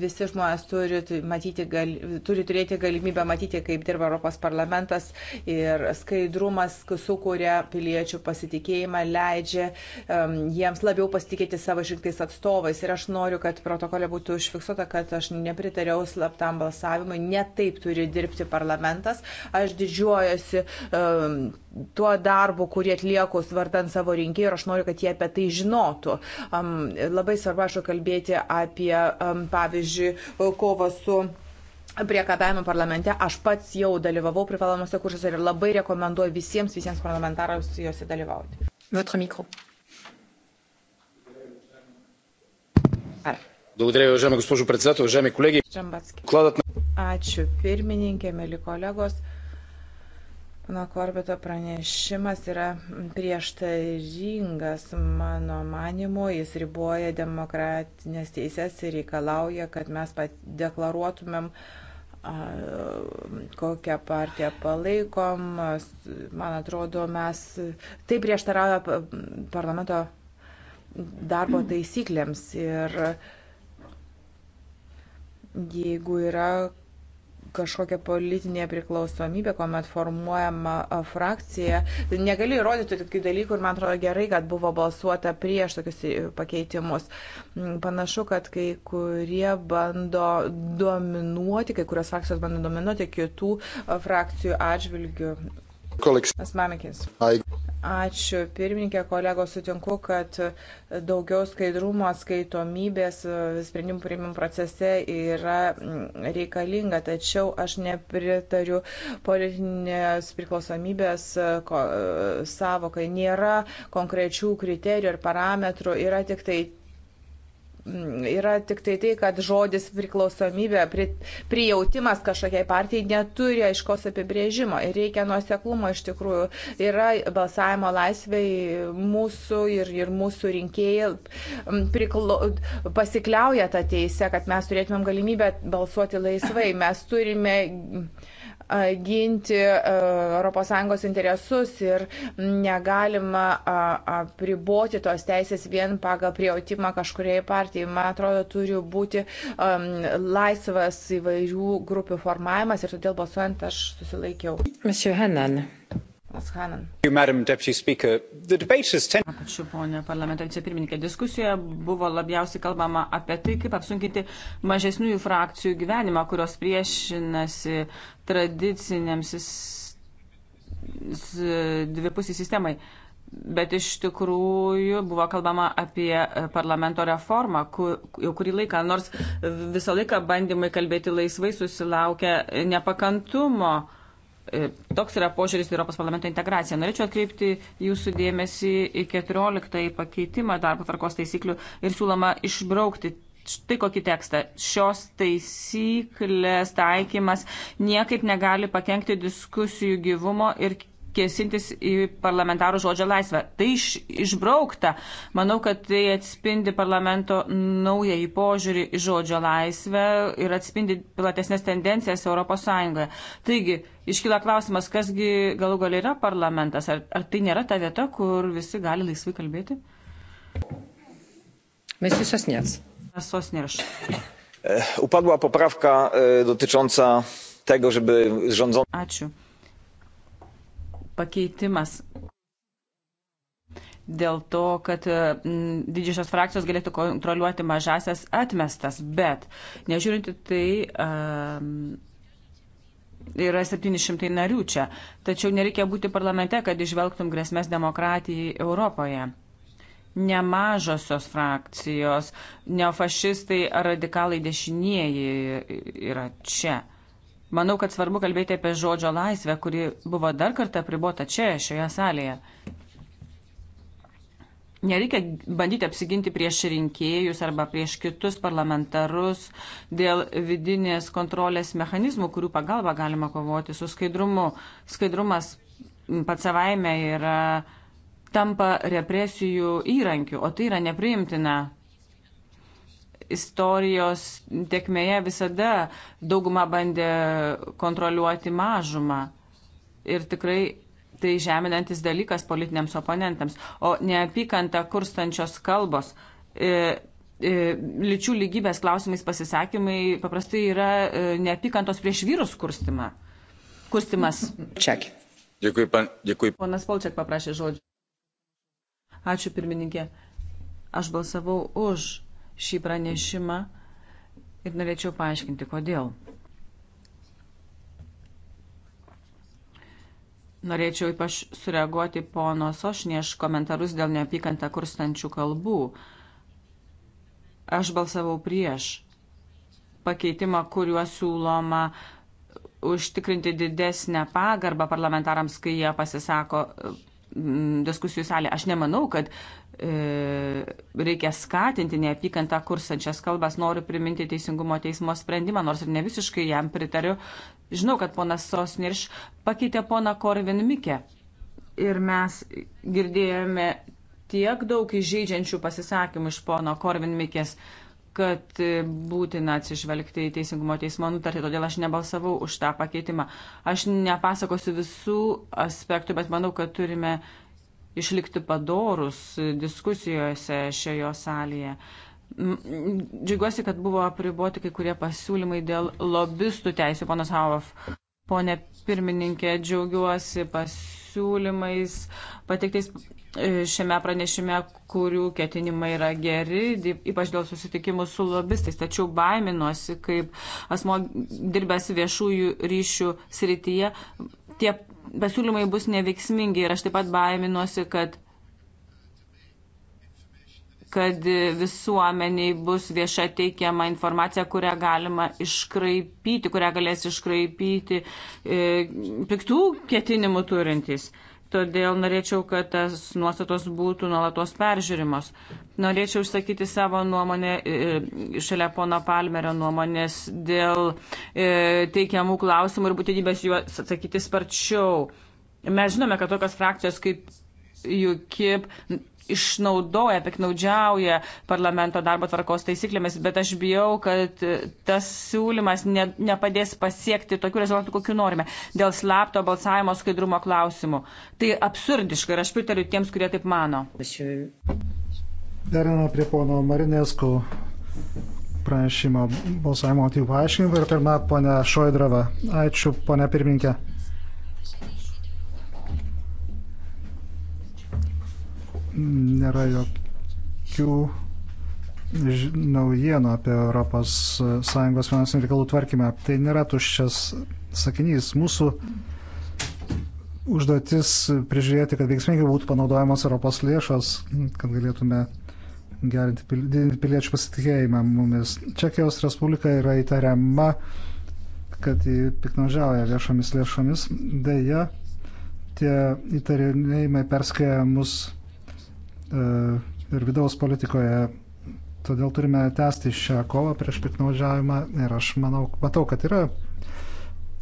visi žmonės turi, matyti, gal, turi turėti galimybę matyti, kaip dirba Europos parlamentas ir skaidrumas sukuria piliečių pasitikėjimą, leidžia um, jiems labiau pasitikėti savo išrinktais atstovais. Ir aš noriu, kad protokolė būtų užfiksuota, kad aš nepritariau slaptam balsavimui, netaip turi dirbti parlamentas. Aš didžiuojasi. Um, tuo darbu, kurį atlieku svartant savo rinkėjų ir aš noriu, kad jie apie tai žinotų. Um, labai svarbu, aš kalbėti apie, um, pavyzdžiui, kovą su priekabiavimo parlamente. Aš pats jau dalyvavau privalomuose kursuose ir labai rekomenduoju visiems, visiems parlamentarams juose dalyvauti. Votre micro. Ar. Благодаря, уважаема госпожо председател, уважаеми колеги. Докладът на... Ačiū pirmininkė, mėly kolegos. Pana Korbeto pranešimas yra prieštaringas, mano manimo, jis riboja demokratinės teises ir reikalauja, kad mes deklaruotumėm, kokią partiją palaikom. Man atrodo, mes tai prieštarauja parlamento darbo taisyklėms ir jeigu yra kažkokią politinę priklausomybę, kuomet formuojama frakcija. Negali įrodyti tokių dalykų ir man atrodo gerai, kad buvo balsuota prieš tokius e, pakeitimus. Mm, panašu, kad kai kurie bando dominuoti, kai kurios frakcijos bando dominuoti kitų frakcijų atžvilgių. Asmamikis. Ačiū pirmininkė, kolegos, sutinku, kad daugiau skaidrumo, skaitomybės e, sprendimų priimimų procese yra mm, reikalinga, tačiau aš nepritariu politinės priklausomybės e, e, savokai. Nėra konkrečių kriterijų ir parametrų, yra tik tai yra tik tai tai, kad žodis priklausomybė, pri, prijautimas kažkokiai partijai neturi aiškos apibrėžimo ir reikia nuoseklumo iš tikrųjų. Yra balsavimo laisvė mūsų ir, ir mūsų rinkėjai priklo, pasikliauja tą teisę, kad mes turėtumėm galimybę balsuoti laisvai. Mes turime ginti ES interesus ir negalima apriboti tos teisės vien pagal priejautimą kažkuriai partijai. Man atrodo, turi būti um, laisvas įvairių grupių formavimas ir todėl balsuojant aš susilaikiau. Monsieur Hanan. Ačiū, ponė parlamento vicepirmininkė. Diskusijoje buvo labiausiai kalbama apie tai, kaip apsunkinti mažesniųjų frakcijų gyvenimą, kurios priešinasi tradiciniams dvipusiai sistemai. Bet iš tikrųjų buvo kalbama apie parlamento reformą, kur, jau kurį laiką, nors visą laiką bandymai kalbėti laisvai susilaukia nepakantumo. Uh, E, toks yra požiūris į Europos parlamento integraciją. Norėčiau atkreipti jūsų dėmesį į 14 pakeitimą darbo tvarkos taisyklių ir siūloma išbraukti štai kokį tekstą. Šios taisyklės taikymas niekaip negali pakengti diskusijų gyvumo ir kėsintis į parlamentarų žodžio laisvę. Tai iš, išbraukta. Manau, kad tai atspindi parlamento naująjį požiūrį į žodžio laisvę ir atspindi platesnės tendencijas ES. Taigi, iškyla klausimas, kasgi galų gal yra parlamentas. Ar, ar tai nėra ta vieta, kur visi gali laisvai kalbėti? Mes visos nes. Visos nes. Upadła poprawka e, dotycząca tego, żeby rządzący. Ačiū pakeitimas dėl to, kad e, didžiosios frakcijos galėtų kontroliuoti mažasias atmestas, bet nežiūrinti tai. Um, Yra 700 narių čia, tačiau nereikia būti parlamente, kad išvelgtum grėsmės demokratijai Europoje. Nemažosios frakcijos, neofašistai ar radikalai dešinieji yra čia. Manau, kad svarbu kalbėti apie žodžio laisvę, kuri buvo dar kartą pribota čia, šioje salėje. Nereikia bandyti apsiginti prieš rinkėjus arba prieš kitus parlamentarus dėl vidinės kontrolės mechanizmų, kurių pagalba galima kovoti su skaidrumu. Skaidrumas pats savaime yra tampa represijų įrankiu, o tai yra nepriimtina istorijos tekmėje visada dauguma bandė kontroliuoti mažumą. Ir tikrai tai žeminantis dalykas politiniams oponentams. O neapykanta kurstančios kalbos. E, e, Lyčių lygybės klausimais pasisakymai paprastai yra e, neapykantos prieš vyrus kurstima. kurstimas. Čekį. Dėkui, pan, dėkui. Ponas Polčiak paprašė žodžių. Ačiū pirmininkė. Aš balsavau už šį pranešimą ir norėčiau paaiškinti, kodėl. Norėčiau ypač sureaguoti pono Sošnieš komentarus dėl neapykantą kurstančių kalbų. Aš balsavau prieš pakeitimą, kuriuo siūloma užtikrinti didesnę pagarbą parlamentarams, kai jie pasisako mm, diskusijų salė. Aš nemanau, kad E, reikia skatinti neapykantą kursančias kalbas. Noriu priminti Teisingumo teismo sprendimą, nors ir ne visiškai jam pritariu. Žinau, kad ponas Sosnirš pakeitė poną Korvin Mikę. Ir mes girdėjome tiek daug įžeidžiančių pasisakymų iš pono Korvin Mikės, kad būtina atsižvelgti į Teisingumo teismo nutartį, todėl aš nebalsavau už tą pakeitimą. Aš nepasakosiu visų aspektų, bet manau, kad turime uh, išlikti padorus diskusijose šioje salėje. Džiugiuosi, kad buvo apriboti kai kurie pasiūlymai dėl lobistų teisų, ponas Havov. Pone pirmininkė, džiaugiuosi pasiūlymais pateiktais e, šiame pranešime, kurių ketinimai yra geri, ypač dėl susitikimų su lobistais. Tačiau baiminuosi, kaip asmo dirbęs viešųjų ryšių srityje, tie pasiūlymai bus neveiksmingi ir aš taip pat baiminuosi, kad kad visuomeniai bus vieša teikiama informacija, kurią galima iškraipyti, kurią galės iškraipyti e, piktų ketinimų turintys. E, todėl norėčiau, kad tas nuostatos būtų nuolatos peržiūrimos. Norėčiau išsakyti savo nuomonę e, šalia pono Palmerio nuomonės dėl e, teikiamų klausimų ir būtinybės juos atsakyti sparčiau. Mes žinome, kad tokios frakcijos kaip UKIP išnaudoja, piknaudžiauja parlamento darbo tvarkos taisyklėmis, bet aš bijau, kad tas siūlymas ne, nepadės pasiekti tokių rezultatų, kokiu norime, dėl slapto balsavimo skaidrumo klausimų. Tai absurdiška ir aš pritariu tiems, kurie taip mano. Deriname prie pono Marinesku pranešimo balsavimo motyvų paaiškinimą ir pirmą ponę Šoidravą. Ačiū, ponė pirmininkė. nėra jokių naujienų apie ES finansinių reikalų tvarkymą. Tai nėra tuščias sakinys. Mūsų užduotis prižiūrėti, kad veiksmingai būtų panaudojamos Europos lėšos, kad galėtume gerinti piliečių pasitikėjimą mumis. Čekijos Respublika yra įtariama, kad jį piknaudžiauja viešomis lėšomis. Deja, tie įtarinėjimai perskėja mus E, ir vidaus politikoje. Todėl turime tęsti šią kovą prieš piknaudžiavimą ir aš manau, matau, kad yra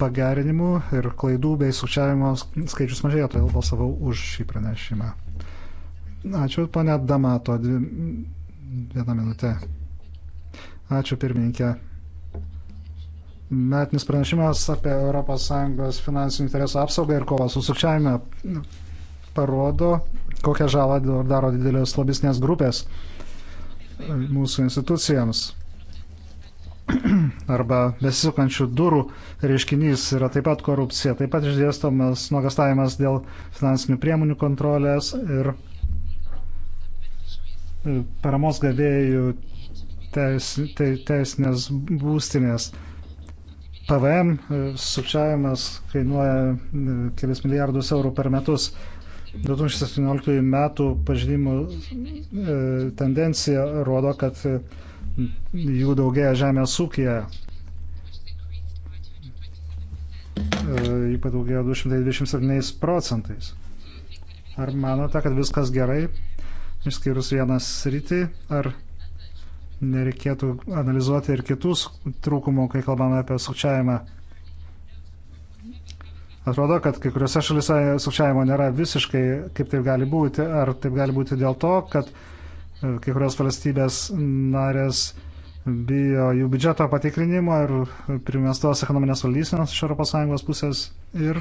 pagerinimų ir klaidų bei sukčiavimo skaičius mažėjo, todėl balsavau už šį pranešimą. Ačiū, ponė Damato, dvi, vieną minutę. Ačiū, pirmininkė. Metinis pranešimas apie ES finansinių interesų apsaugą ir kovą su sukčiavime parodo, kokią žalą daro didelės lobisnės grupės e, mūsų institucijams. Arba besisukančių durų reiškinys yra taip pat korupcija, taip pat išdėstomas nuogastavimas dėl finansinių priemonių kontrolės ir e, paramos gavėjų teis, te, teisinės būstinės. PVM e, sukčiavimas kainuoja kelis milijardus eurų per metus. 2017 metų pažydimų e, tendencija rodo, kad e, jų daugėja žemės ūkija. E, jų padaugėjo 227 procentais. Ar manote, kad viskas gerai, išskyrus vieną sritį, ar nereikėtų analizuoti ir kitus trūkumų, kai kalbame apie sukčiavimą? Atrodo, kad kai kuriuose šalise sukčiavimo nėra visiškai, kaip taip gali būti. Ar taip gali būti dėl to, kad e, kai kurios valstybės narės bijo jų biudžeto patikrinimo ir e, primestos ekonominės valdysenos iš ES pusės ir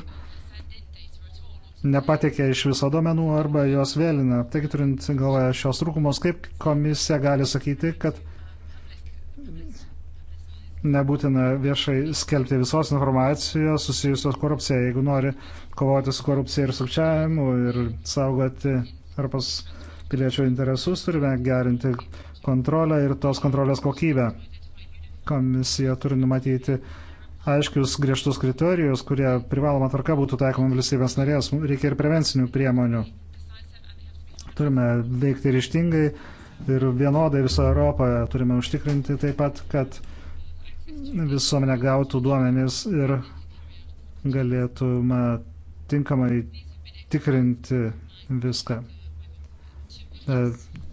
nepatikė iš viso domenų arba juos vėlina. Taigi turint galvoje šios trūkumus, kaip komisija gali sakyti, kad nebūtina viešai skelbti visos informacijos susijusios korupcija, jeigu nori kovoti su korupcija ir sukčiavimu ir saugoti Europos piliečių interesus, turime gerinti kontrolę ir tos kontrolės kokybę. Komisija turi numatyti aiškius griežtus kriterijus, kurie privaloma tvarka būtų taikoma valstybės narės, reikia ir prevencinių priemonių. Turime veikti ryštingai ir vienodai visoje Europoje turime užtikrinti taip pat, kad visuomenė gautų duomenis ir galėtume tinkamai tikrinti viską. E,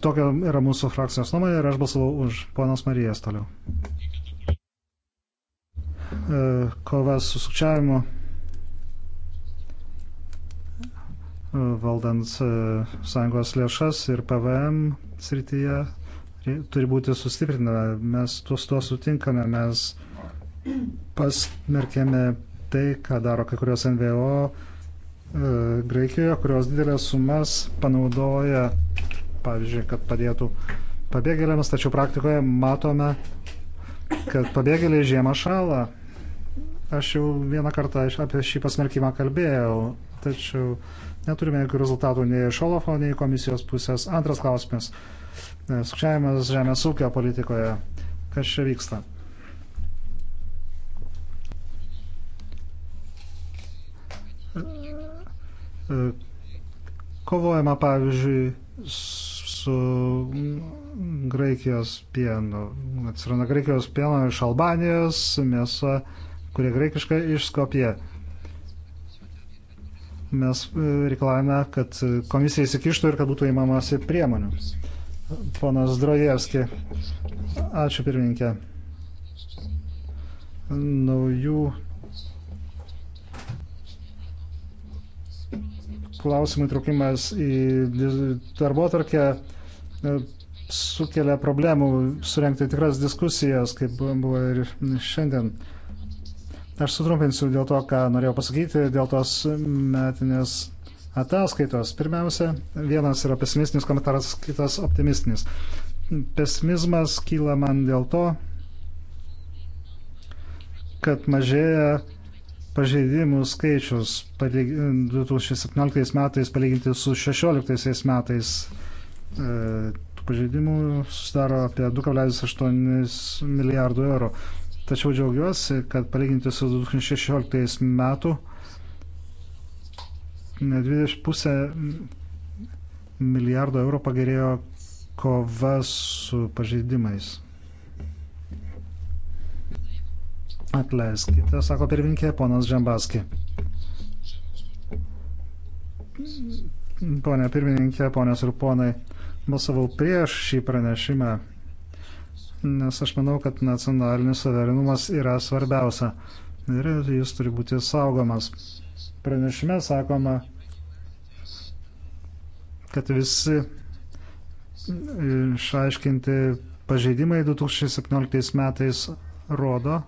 tokia yra mūsų frakcijos nuomonė ir aš balsavau už ponas Marijas toliau. E, kova su sukčiavimu valdant e, sąjungos lėšas ir PVM srityje turi būti sustiprinama. Mes tuos tuo sutinkame, mes pasmerkėme tai, ką daro kai kurios NVO e, Graikijoje, kurios didelės sumas panaudoja, pavyzdžiui, kad padėtų pabėgėliams, tačiau praktikoje matome, kad pabėgėliai žiemą šalą. Aš jau vieną kartą apie šį pasmerkimą kalbėjau, tačiau neturime jokių rezultatų nei iš Olofo, nei komisijos pusės. Antras klausimas sukčiavimas žemės ūkio politikoje. Kas čia vyksta? Kovojama, pavyzdžiui, su Graikijos pienu. Atsiranda Graikijos pieno iš Albanijos, mėsa, kurie graikiškai iš Skopje mes e, reikalavome, kad komisija įsikištų ir kad būtų įmamasi priemonių. Ponas Drojevski. Ačiū pirmininkė. Naujų klausimų įtraukimas į darbo tarkę e, sukelia problemų surenkti tikras diskusijas, kaip buvo ir šiandien. Aš sutrumpinsiu dėl to, ką norėjau pasakyti, dėl tos metinės ataskaitos. Pirmiausia, vienas yra pesimistinis komentaras, kitas optimistinis. Pesimizmas kyla man dėl to, kad mažėja pažeidimų skaičius 2017 metais palyginti su 2016 metais. E, tų pažeidimų sudaro apie 2,8 milijardų eurų. Tačiau džiaugiuosi, kad palyginti su 2016 metu Pusę milijardo eurų pagerėjo kova su pažeidimais. Atleiskite, sako pirminkė, ponas Žembaski. Pone pirmininkė, ponios ir ponai, balsavau prieš šį pranešimą, nes aš manau, kad nacionalinis suverenumas yra svarbiausia ir jis turi būti saugomas. Pranešime sakoma, kad visi e, išaiškinti pažeidimai 2017 metais rodo,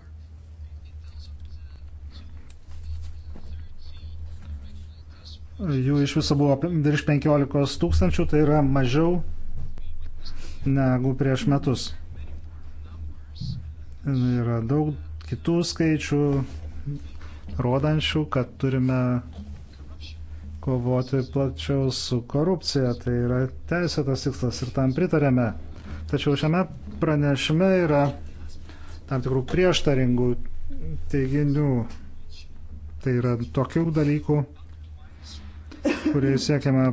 jų iš viso buvo virš 15 tūkstančių, tai yra mažiau negu prieš metus. Yra daug kitų skaičių, rodančių, kad turime kovoti plačiau su korupcija. Tai yra teisėtas tikslas ir tam pritarėme. Tačiau šiame pranešime yra tam tikrų prieštaringų teiginių. Tai yra tokių dalykų, kuriais siekiama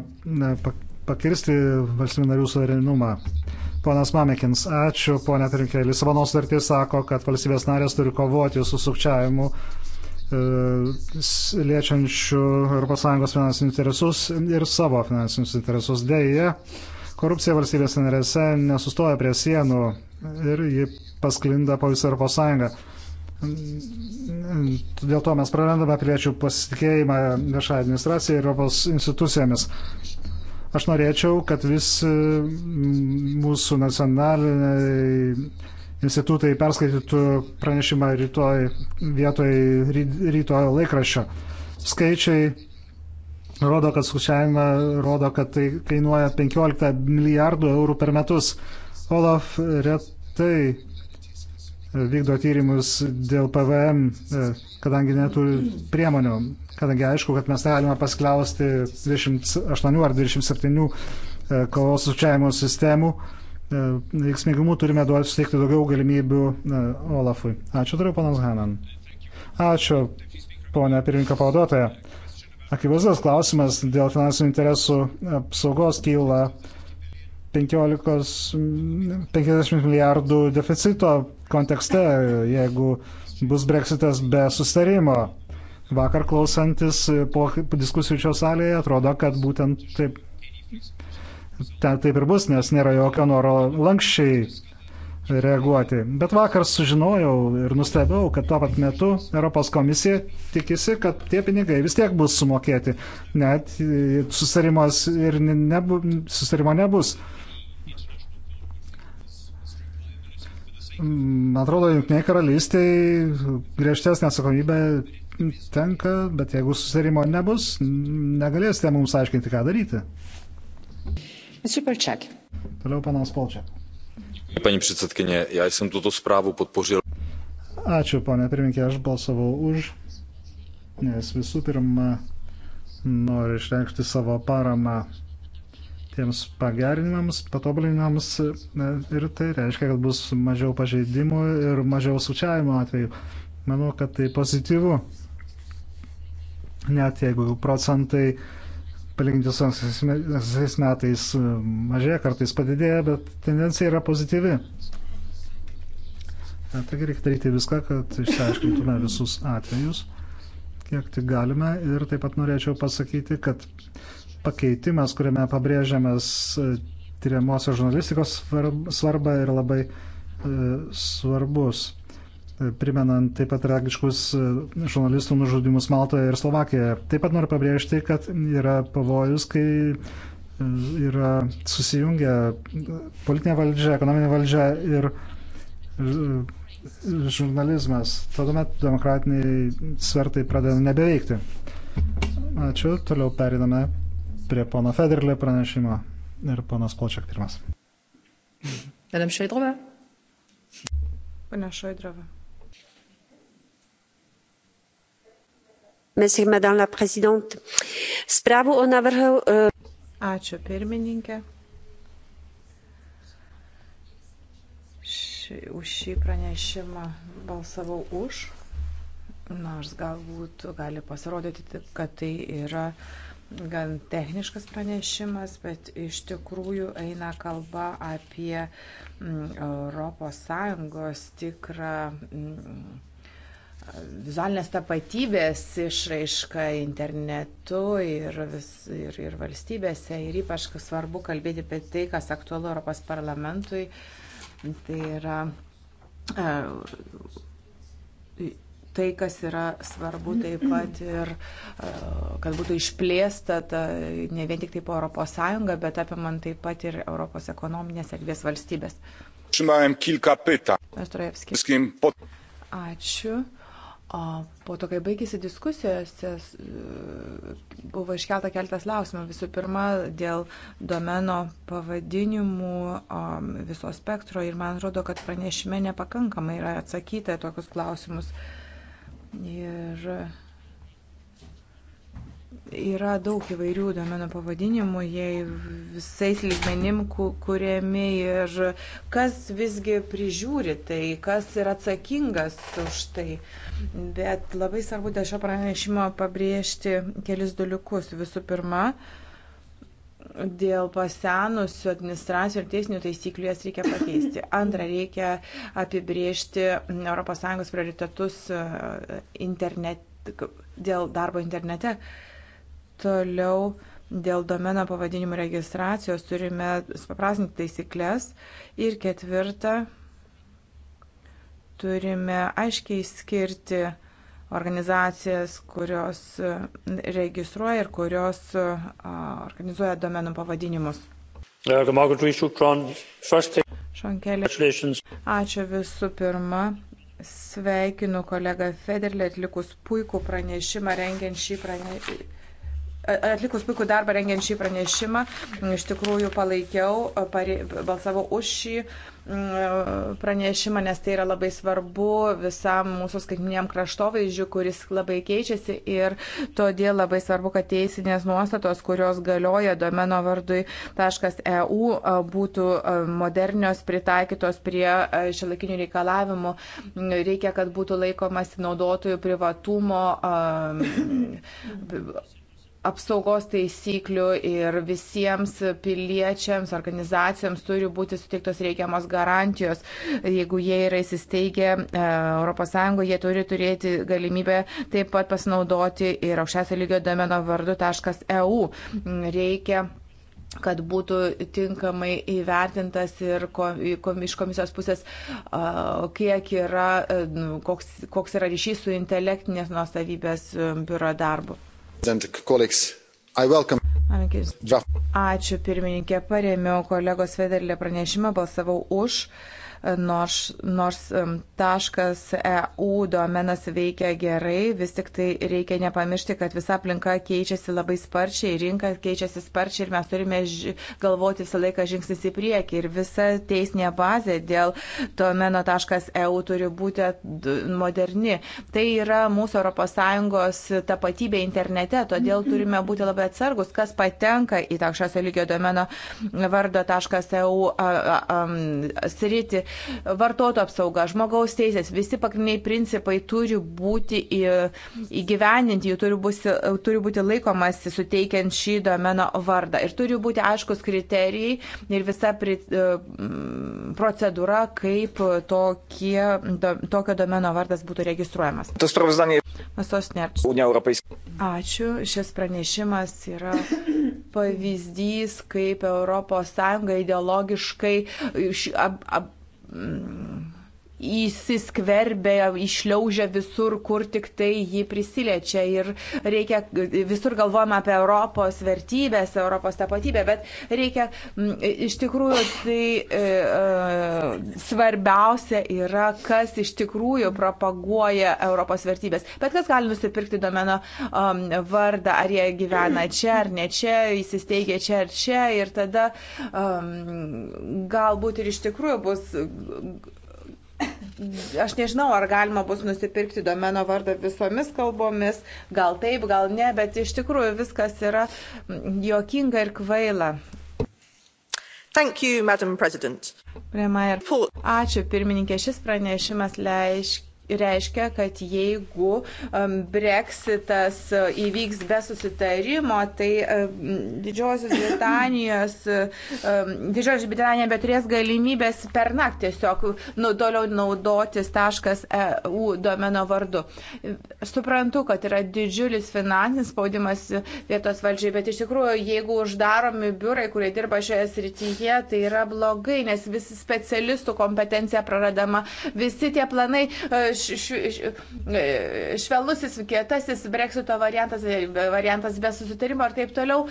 pakirsti valstybių narių suverenumą. Ponas Mamekins, ačiū, ponė Trinkė. Lisabonos vertė sako, kad valstybės narės turi kovoti su sukčiavimu E, liečiančių ES finansinius interesus ir savo finansinius interesus. Deja, korupcija valstybės narėse nesustoja prie sienų ir ji pasklinda po visą Europos Sąjungą. Dėl to mes prarandame piliečių pasitikėjimą viešą administraciją ir Europos institucijomis. Aš norėčiau, kad vis mūsų nacionaliniai institutai perskaitytų pranešimą rytoj vietoj ryto laikraščio. Skaičiai rodo, kad skušiavimą rodo, kad tai kainuoja 15 milijardų eurų per metus. Olaf retai vykdo tyrimus dėl PVM, kadangi neturi priemonių. Kadangi aišku, kad mes negalime paskliausti 28 ar 27 e, kovos sučiavimo sistemų, veiksmingumu turime duoti suteikti daugiau galimybių e, Olafui. Ačiū, turiu panas Hanan. Ačiū, ponia pirmininko pavaduotoja. Akivaizdus klausimas dėl finansinių interesų apsaugos kyla 15, 50 milijardų deficito kontekste, jeigu bus breksitas be sustarimo. Vakar klausantis po diskusijų čia salėje atrodo, kad būtent taip ten taip ir bus, nes nėra jokio noro lankščiai reaguoti. Bet vakar sužinojau ir nustebau, kad tuo pat metu Europos komisija tikisi, kad tie pinigai vis tiek bus sumokėti, net susitarimas ir nebu, susitarimo nebus. Man mm, atrodo, jungtiniai karalystėje griežtesnė atsakomybė tenka, bet jeigu susitarimo nebus, negalėsite mums aiškinti, ką daryti. Polčiak. Toliau panas Polčiak. Pani předsedkyně, já jsem tuto zprávu podpořil. Ačiū, ponė pirmininkė, aš balsavau už, nes visų pirma noriu išreikšti savo paramą tiems pagerinimams, patobulinimams e, ir tai reiškia, kad bus mažiau pažeidimų ir mažiau sučiavimo atveju. Manau, kad tai pozityvu. Net jeigu procentai uh, palyginti su ankstesiais metais e, mažėja, kartais padidėja, bet tendencija yra pozityvi. E, taigi reikia daryti viską, kad išsiaiškintume visus atvejus, kiek tik galime. Ir taip pat norėčiau pasakyti, kad pakeitimas, kuriame pabrėžiamas e, tyriamosios žurnalistikos svarba yra labai e, svarbus primenant taip pat tragiškus e, žurnalistų nužudimus Maltoje ir Slovakijoje. Taip pat noriu pabrėžti, kad yra pavojus, kai e, yra susijungę politinė valdžia, ekonominė valdžia ir e, žurnalizmas. Tada demokratiniai svertai pradeda nebeveikti. Ačiū. Toliau periname prie pono Federlio pranešimo ir ponas Polčiak pirmas. Madame Šaidrova. Pane Šaidrova. madame la présidente zprávu o návrhu. Eh, ačiū pirmininke. Ši, už šį pranešimą balsavau už, nors galbūt gali pasirodyti, kad tai yra gan techniškas pranešimas, bet iš tikrųjų eina kalba apie mm, ES tikrą. Mm, vizualinės tapatybės išraiška internetu ir, vis, ir, ir valstybėse. Ir ypač svarbu kalbėti apie tai, kas aktualu Europos parlamentui. Tai yra e, tai, kas yra svarbu taip pat ir e, kad būtų išplėsta ta, ne vien tik tai po Europos Sąjungą, bet apimant taip pat ir Europos ekonominės erdvės valstybės. Trzymałem kilka pytań. Ačiū. O po to, kai baigėsi diskusijos, e, buvo iškelta keltas klausimų. Visų pirma, dėl domeno pavadinimų viso spektro ir man atrodo, kad pranešime nepakankamai yra atsakyta tokius klausimus. Ir Yra daug įvairių domenų pavadinimų, jie visais lygmenim kuriami ir kas visgi prižiūri tai, kas yra atsakingas už tai. Bet labai svarbu dėl šio pranešimo pabrėžti kelis dalykus. Visų pirma, dėl pasenusių administracijų ir teisinių taisyklių jas reikia pakeisti. Antra, reikia apibriežti ES prioritetus e, internet, dėl darbo internete. Uh, Toliau dėl domeno pavadinimų registracijos turime supaprasinti taisyklės. Ir ketvirta, turime aiškiai skirti organizacijas, kurios registruoja ir kurios organizuoja domenų pavadinimus. Šonkelė. Uh, Ačiū visų pirma. Sveikinu kolegą Federlį atlikus puikų pranešimą rengiant šį pranešimą Atlikus puikų darbą rengiant šį pranešimą, iš tikrųjų palaikiau, pari, balsavau už šį mm, pranešimą, nes tai yra labai svarbu visam mūsų skaitminiam kraštovaizdžiu, kuris labai keičiasi ir todėl labai svarbu, kad teisinės nuostatos, kurios galioja domeno vardui.eu, būtų e, modernios, pritaikytos prie e, šilakinių reikalavimų. Reikia, kad būtų laikomasi naudotojų privatumo. E, apsaugos taisyklių ir visiems piliečiams, organizacijams turi būti suteiktos reikiamos garantijos. Jeigu jie yra įsisteigę ES, jie turi turėti galimybę taip pat pasinaudoti ir aukščiausio lygio domeno vardu.eu. Reikia kad būtų tinkamai įvertintas ir kom, kom, iš komisijos pusės, kiek yra, e, nu, koks, koks yra ryšys su intelektinės nuosavybės e, biuro darbu. Ačiū pirmininkė, paremiau kolegos Federlė pranešimą, balsavau už nors, nors taškas EU domenas veikia gerai, vis tik tai reikia nepamiršti, kad visa aplinka keičiasi labai sparčiai, rinka keičiasi sparčiai ir mes turime galvoti visą laiką žingsnis į priekį ir visa teisinė bazė dėl domeno taškas EU turi būti moderni. Tai yra mūsų ES tapatybė internete, todėl turime būti labai atsargus, kas patenka į taškas lygio domeno vardo taškas EU sritį vartoto apsauga, žmogaus teisės, visi pagrindiniai principai turi būti įgyveninti, jų turi, būsi, turi būti laikomasi suteikiant šį domeno vardą. Ir turi būti aiškus kriterijai ir visa pri, e, procedūra, kaip tokie, do, tokio domeno vardas būtų registruojamas. Ačiū. Šis pranešimas yra pavyzdys, kaip ES ideologiškai ap, ap, mm, įsiskverbia, išliaužia visur, kur tik tai jį prisiliečia. Ir reikia, visur galvojama apie Europos vertybės, Europos tapatybę, bet reikia, iš tikrųjų, tai e, e, svarbiausia yra, kas iš tikrųjų propaguoja Europos vertybės. Bet kas gali nusipirkti domeno um, vardą, ar jie gyvena čia ar ne čia, įsisteigia čia ar čia. Ir tada um, galbūt ir iš tikrųjų bus Aš nežinau, ar galima bus nusipirkti domeno vardą visomis kalbomis, gal taip, gal ne, bet iš tikrųjų viskas yra jokinga ir kvaila. You, Ačiū, pirmininkė. Šis pranešimas leiškia reiškia, kad jeigu breksitas e, įvyks be susitarimo, tai e, Didžiosios Britanijos, e, Didžiosios Britanija beturės galimybės per naktį tiesiog nu, toliau naudotis .eu domeno vardu. Suprantu, kad yra didžiulis finansinis spaudimas vietos valdžiai, bet iš tikrųjų, jeigu uždaromi biurai, kurie dirba šioje srityje, tai yra blogai, nes visi specialistų kompetencija praradama, visi tie planai E, švelusis, kietasis breksito variantas, e, variantas be susitarimo ir taip toliau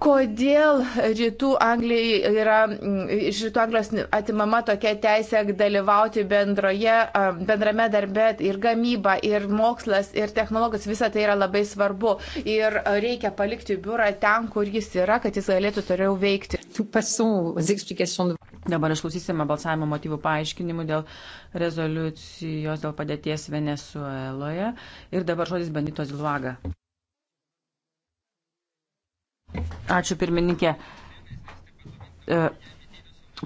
kodėl rytų Anglijai yra, mm, iš rytų Anglijos atimama tokia teisė dalyvauti bendroje, bendrame darbe ir gamyba, ir mokslas, ir technologijos, visa tai yra labai svarbu. Ir reikia palikti biurą ten, kur jis yra, kad jis galėtų toliau veikti. Dabar išklausysime balsavimo motyvų paaiškinimų dėl rezoliucijos dėl padėties Venezueloje. Ir dabar žodis Benitos Luaga. Ačiū pirmininkė. E,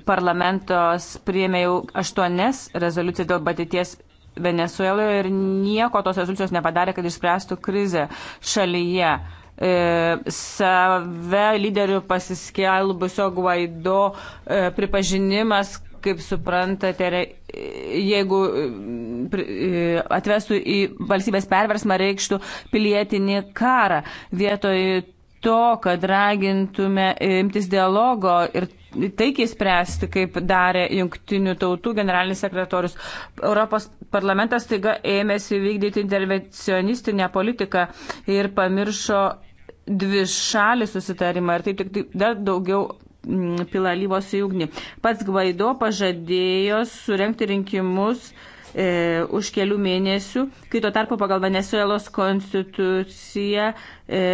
parlamentas priėmė jau aštuonias rezoliucijas dėl batyties Venezueloje ir nieko tos rezoliucijos nepadarė, kad išspręstų krizę šalyje. E, save lyderių pasiskelbusio Guaido e, pripažinimas, kaip suprantate, jeigu e, atvestų į valstybės perversmą reikštų pilietinį karą. Vietoj to, kad ragintume imtis dialogo ir taikiai spręsti, kaip darė jungtinių tautų generalinis sekretorius. Europos parlamentas taiga ėmėsi vykdyti intervencionistinę politiką ir pamiršo dvi šalį susitarimą ir taip tik tai dar daugiau mm, pilalyvos į ugnį. Pats Gvaido pažadėjo surenkti rinkimus e, už kelių mėnesių, kai tuo tarpu pagal Venezuelos konstituciją e,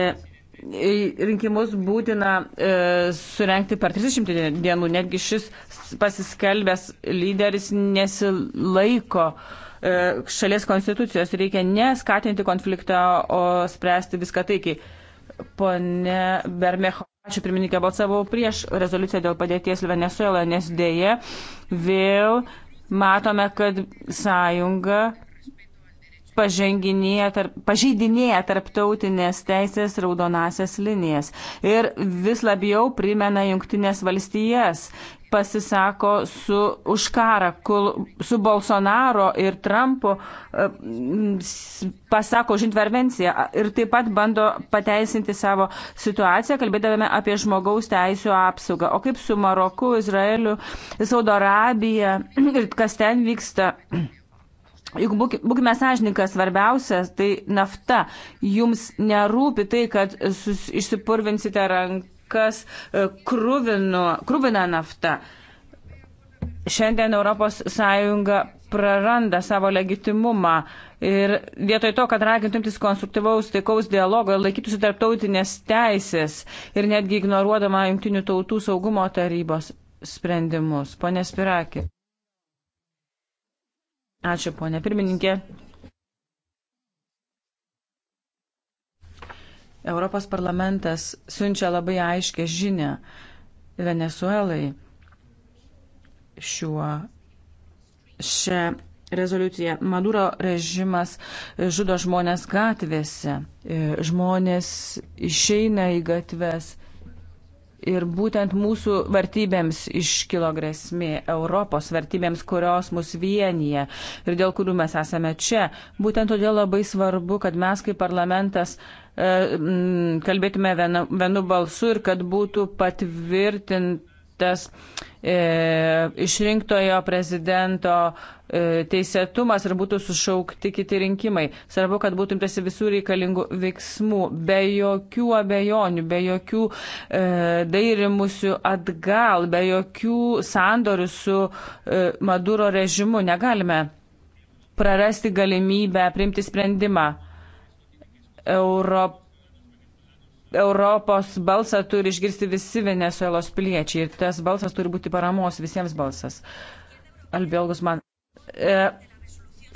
rinkimus būtina e, surenkti per 30 dienų. Netgi šis pasiskelbęs lyderis nesilaiko e, šalies konstitucijos. Reikia neskatinti konfliktą, o spręsti viską taikiai. Pone Bermecho, ačiū pirmininkė, balsavau prieš rezoliuciją dėl padėties Venezuela, nes dėje vėl matome, kad sąjunga tarp, pažeidinėja tarptautinės teisės raudonasias linijas ir vis labiau primena jungtinės valstijas pasisako su, už karą, kul, su Bolsonaro ir Trumpu, e, pasako už intervenciją ir taip pat bando pateisinti savo situaciją, kalbėdavome apie žmogaus teisų apsaugą. O kaip su Maroku, Izraeliu, Saudo Arabija ir kas ten vyksta? Juk būkime sąžininkai, svarbiausias tai nafta. Jums nerūpi tai, kad sus, išsipurvinsite rankas e, krūvinu, krūvina nafta. Šiandien ES praranda savo legitimumą ir vietoj to, kad ragintumtis konstruktyvaus taikaus dialogo ir laikytųsi tarptautinės teisės ir netgi ignoruodama Junktinių tautų saugumo tarybos sprendimus. Pone Spirakė. Ačiū, ponė pirmininkė. Europos parlamentas siunčia labai aiškę žinę Venezuelai šiuo šią rezoliuciją. Maduro režimas žudo žmonės gatvėse, žmonės išeina į gatves Ir būtent mūsų vertybėms iškilo grėsmė, Europos vertybėms, kurios mus vienyje ir dėl kurių mes esame čia. Būtent todėl labai svarbu, kad mes kaip parlamentas e, kalbėtume vienu, vienu balsu ir kad būtų patvirtint pažeistas e, išrinktojo prezidento e, teisėtumas ir būtų sušaukti kiti rinkimai. Svarbu, kad būtų imtasi visų reikalingų veiksmų, be jokių abejonių, be jokių e, dairimusių atgal, be jokių sandorių su e, Maduro režimu. Negalime prarasti galimybę priimti sprendimą. Europ Europos balsą turi išgirsti visi Venezuelos piliečiai ir tas balsas turi būti paramos visiems balsas. Albielgus man. E,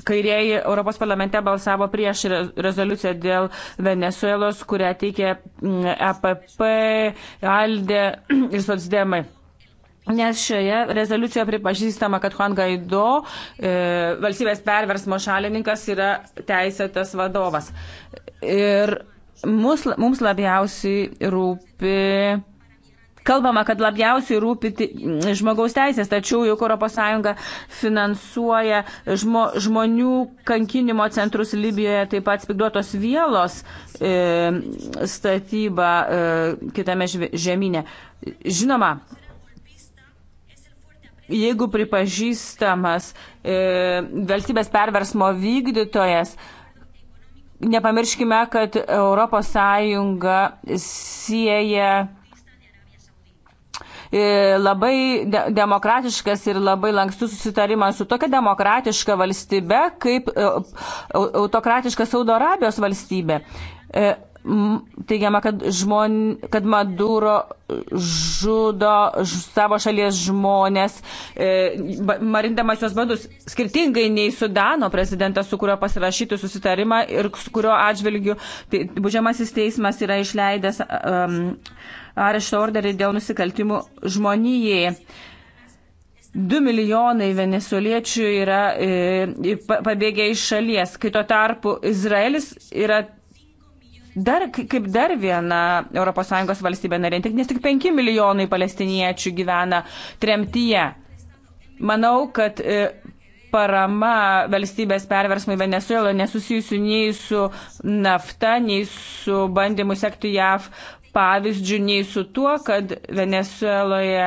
kairieji Europos parlamente balsavo prieš rezoliuciją dėl Venezuelos, kurią teikė mm, EPP, ALDE ir Sotsdemai. Nes šioje rezoliucijoje pripažįstama, kad Juan Gaido, e, valstybės perversmo šalininkas, yra teisėtas vadovas. Ir Mus, mums labiausiai rūpi. Kalbama, kad labiausiai rūpi žmogaus teisės, tačiau juk ES finansuoja žmo, žmonių kankinimo centrus Libijoje, taip pat spigduotos vielos e, statybą e, kitame žemynė. Žinoma, jeigu pripažįstamas e, valstybės perversmo vykdytojas, e, Nepamirškime, kad ES sieja e, labai de demokratiškas ir labai lankstus susitarimas su tokia demokratiška valstybe kaip e, autokratiška Saudo Arabijos valstybė. E, teigiama, kad, žmon, kad Maduro žudo savo šalies žmonės, e, marindamas juos badus, skirtingai nei Sudano prezidentas, su kurio pasirašytų susitarimą ir su kurio atžvilgiu tai, bužiamasis teismas yra išleidęs um, arešto orderį dėl nusikaltimų žmonijai. 2 milijonai venesoliečių yra e, pabėgę iš šalies, kai tuo tarpu Izraelis yra dar, kaip dar viena ES valstybė narė, nes tik 5 milijonai palestiniečių gyvena tremtyje. Manau, kad e, parama valstybės perversmui Venezueloje nesusijusiu nei su nafta, nei su bandymu sekti JAV pavyzdžių, nei su tuo, kad Venezueloje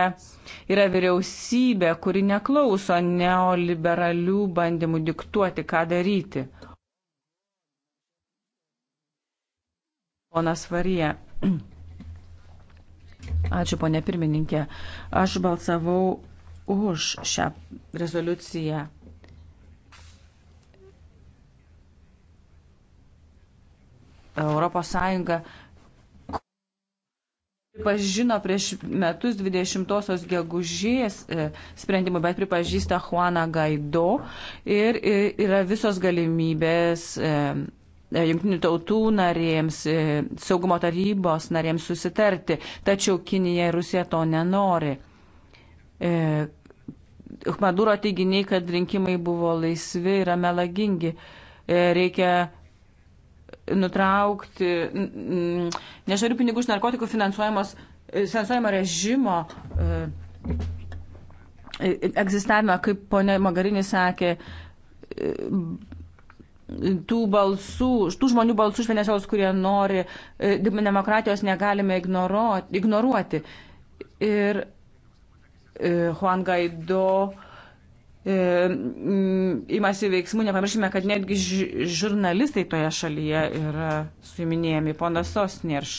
yra vyriausybė, kuri neklauso neoliberalių bandymų diktuoti, ką daryti. Ponas Varija. Ačiū, ponė pirmininkė. Aš balsavau už šią rezoliuciją. Europos Sąjunga pripažino prieš metus 20-osios gegužės e, sprendimų, bet pripažįsta Juaną Gaido ir yra visos galimybės e, E, jungtinių tautų narėms, e, saugumo tarybos narėms susitarti, tačiau Kinija ir Rusija to nenori. E, Maduro teiginiai, kad rinkimai buvo laisvi, yra melagingi. Reikia nutraukti nešarių pinigų iš narkotikų finansuojamo režimo egzistavimą, kaip ponė Magarinis sakė, tų balsų, tų žmonių balsų iš Venezuelos, kurie nori e, demokratijos, negalime ignoruoti. ignoruoti. Ir e, Juan Gaido e, imasi veiksmų, nepamirškime, kad netgi žurnalistai toje šalyje yra suiminėjami. Ponas Sosnirš.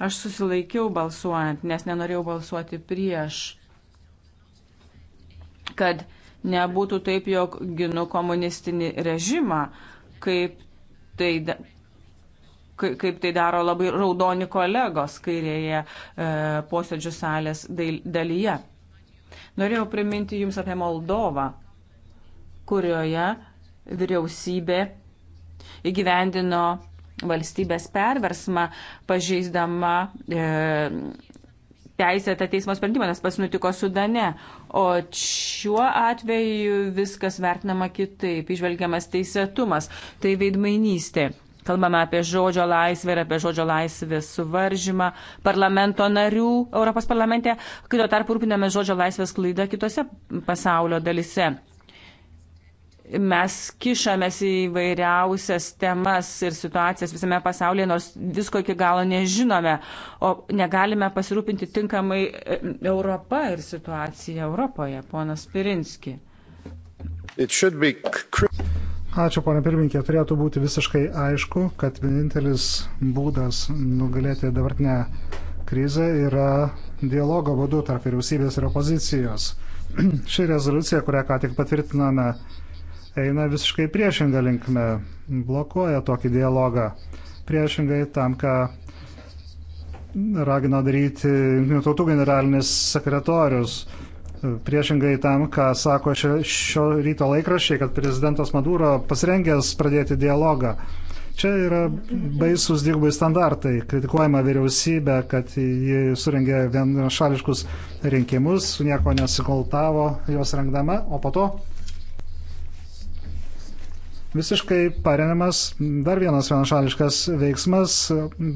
Aš susilaikiau balsuojant, nes nenorėjau balsuoti prieš, kad e, Nebūtų taip, jog ginu komunistinį režimą, kaip tai, kaip tai daro labai raudoni kolegos kairėje e, posėdžių salės dalyje. Norėjau priminti Jums apie Moldovą, kurioje vyriausybė įgyvendino valstybės perversmą, pažeisdama e, teisėtą teismo sprendimą, nes pas nutiko Sudane. O šiuo atveju viskas vertinama kitaip, išvelgiamas teisėtumas, tai veidmainystė. Kalbame apie žodžio laisvę ir apie žodžio laisvės suvaržymą parlamento narių Europos parlamente, kai tuo tarpu rūpiname žodžio laisvės klaidą kitose pasaulio dalise mes kišamės į vairiausias temas ir situacijas visame pasaulyje, nors visko iki galo nežinome, o negalime pasirūpinti tinkamai e, Europą ir situaciją Europoje, ponas Pirinski. Be... Ačiū, ponė pirmininkė, turėtų būti visiškai aišku, kad vienintelis būdas nugalėti dabartinę krizę yra dialogo būdu tarp vyriausybės ir opozicijos. Ši rezoliucija, kurią ką tik patvirtiname, eina visiškai priešingą linkmę, blokuoja tokį dialogą. Priešingai tam, ką ragino daryti Junktinių tautų generalinis sekretorius. Priešingai tam, ką sako šio, šio ryto laikrašiai, kad prezidentas Maduro pasirengęs pradėti dialogą. Čia yra baisus dvigubai standartai. Kritikuojama vyriausybė, kad ji surengė vienšališkus rinkimus, nieko nesikoltavo jos rengdama, o po to visiškai paremiamas dar vienas vienašališkas veiksmas,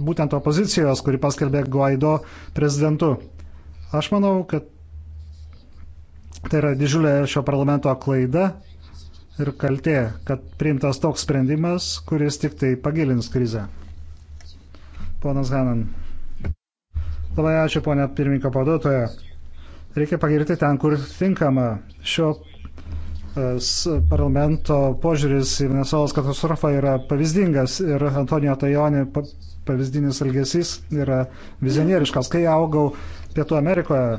būtent opozicijos, kuri paskelbė Guaido prezidentu. Aš manau, kad tai yra didžiulė šio parlamento klaida ir kaltė, kad priimtas toks sprendimas, kuris tik tai pagilins krizę. Ponas Hanan. Labai ačiū, ponė pirmininko paduotoje. Reikia pagirti ten, kur tinkama. Šio parlamento požiūris į Venezuelos katastrofą yra pavyzdingas ir Antonijo Tajoni pavyzdinis elgesys yra vizionieriškas. Kai augau Pietų Amerikoje,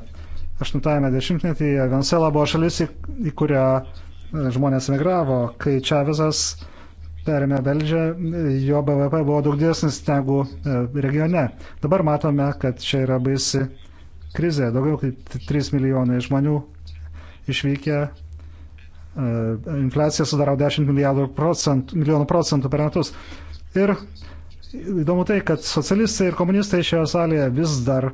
80-ame dešimtmetyje, Venezuela buvo šalis, į, į kurią e, žmonės migravo. Kai Čavizas perėmė valdžią, jo BVP buvo daug didesnis negu e, regione. Dabar matome, kad čia yra baisi krizė. Daugiau kaip 3 milijonai žmonių išvykę E, infliacija sudaro 10 milijardų procentų, milijonų procentų per metus. Ir įdomu tai, kad socialistai ir komunistai šioje salėje vis dar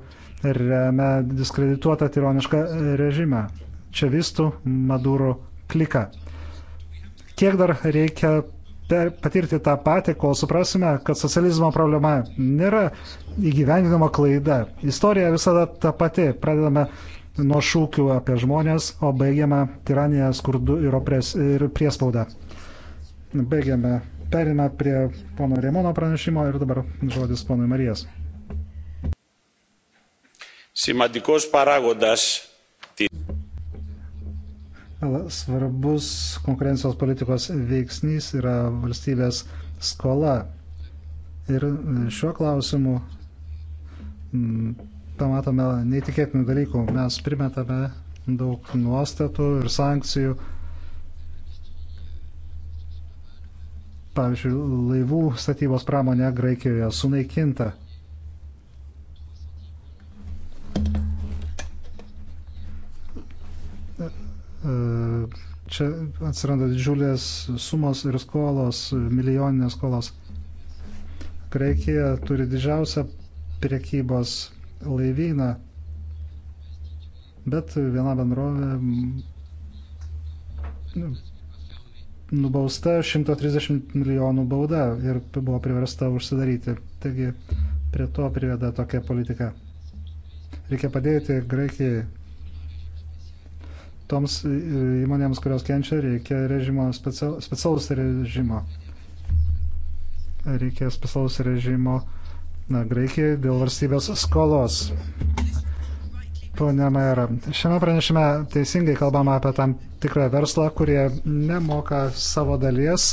remia diskredituotą tironišką režimą. Čia vistų Maduro klika. Kiek dar reikia per, patirti tą patį, kol suprasime, kad socializmo problema nėra įgyvendinama klaida. Istorija visada ta pati. Pradedame nuo šūkių apie žmonės, o baigiame tiraniją, skurdu ir, opres, ir priespaudą. Baigiame, perina prie pono Remono pranešimo ir dabar žodis ponui Marijas. Simatikos paragodas. Svarbus konkurencijos politikos veiksnys yra valstybės skola. Ir šiuo klausimu pamatome neįtikėtinų dalykų. Mes primetame daug nuostatų ir sankcijų. Pavyzdžiui, laivų statybos pramonė Graikijoje sunaikinta. E, čia atsiranda didžiulės sumos ir skolos, milijoninės skolos. Graikija turi didžiausią priekybos laivyną. Bet viena bendrovė nubausta 130 milijonų bauda ir buvo priversta užsidaryti. Taigi prie to priveda tokia politika. Reikia padėti Graikijai. Toms įmonėms, kurios kenčia, reikia režimo, special, specialus režimo. Reikia specialus režimo na, Graikijai dėl valstybės skolos. Pone Maira, šiame pranešime teisingai kalbama apie tam tikrą verslą, kurie nemoka savo dalies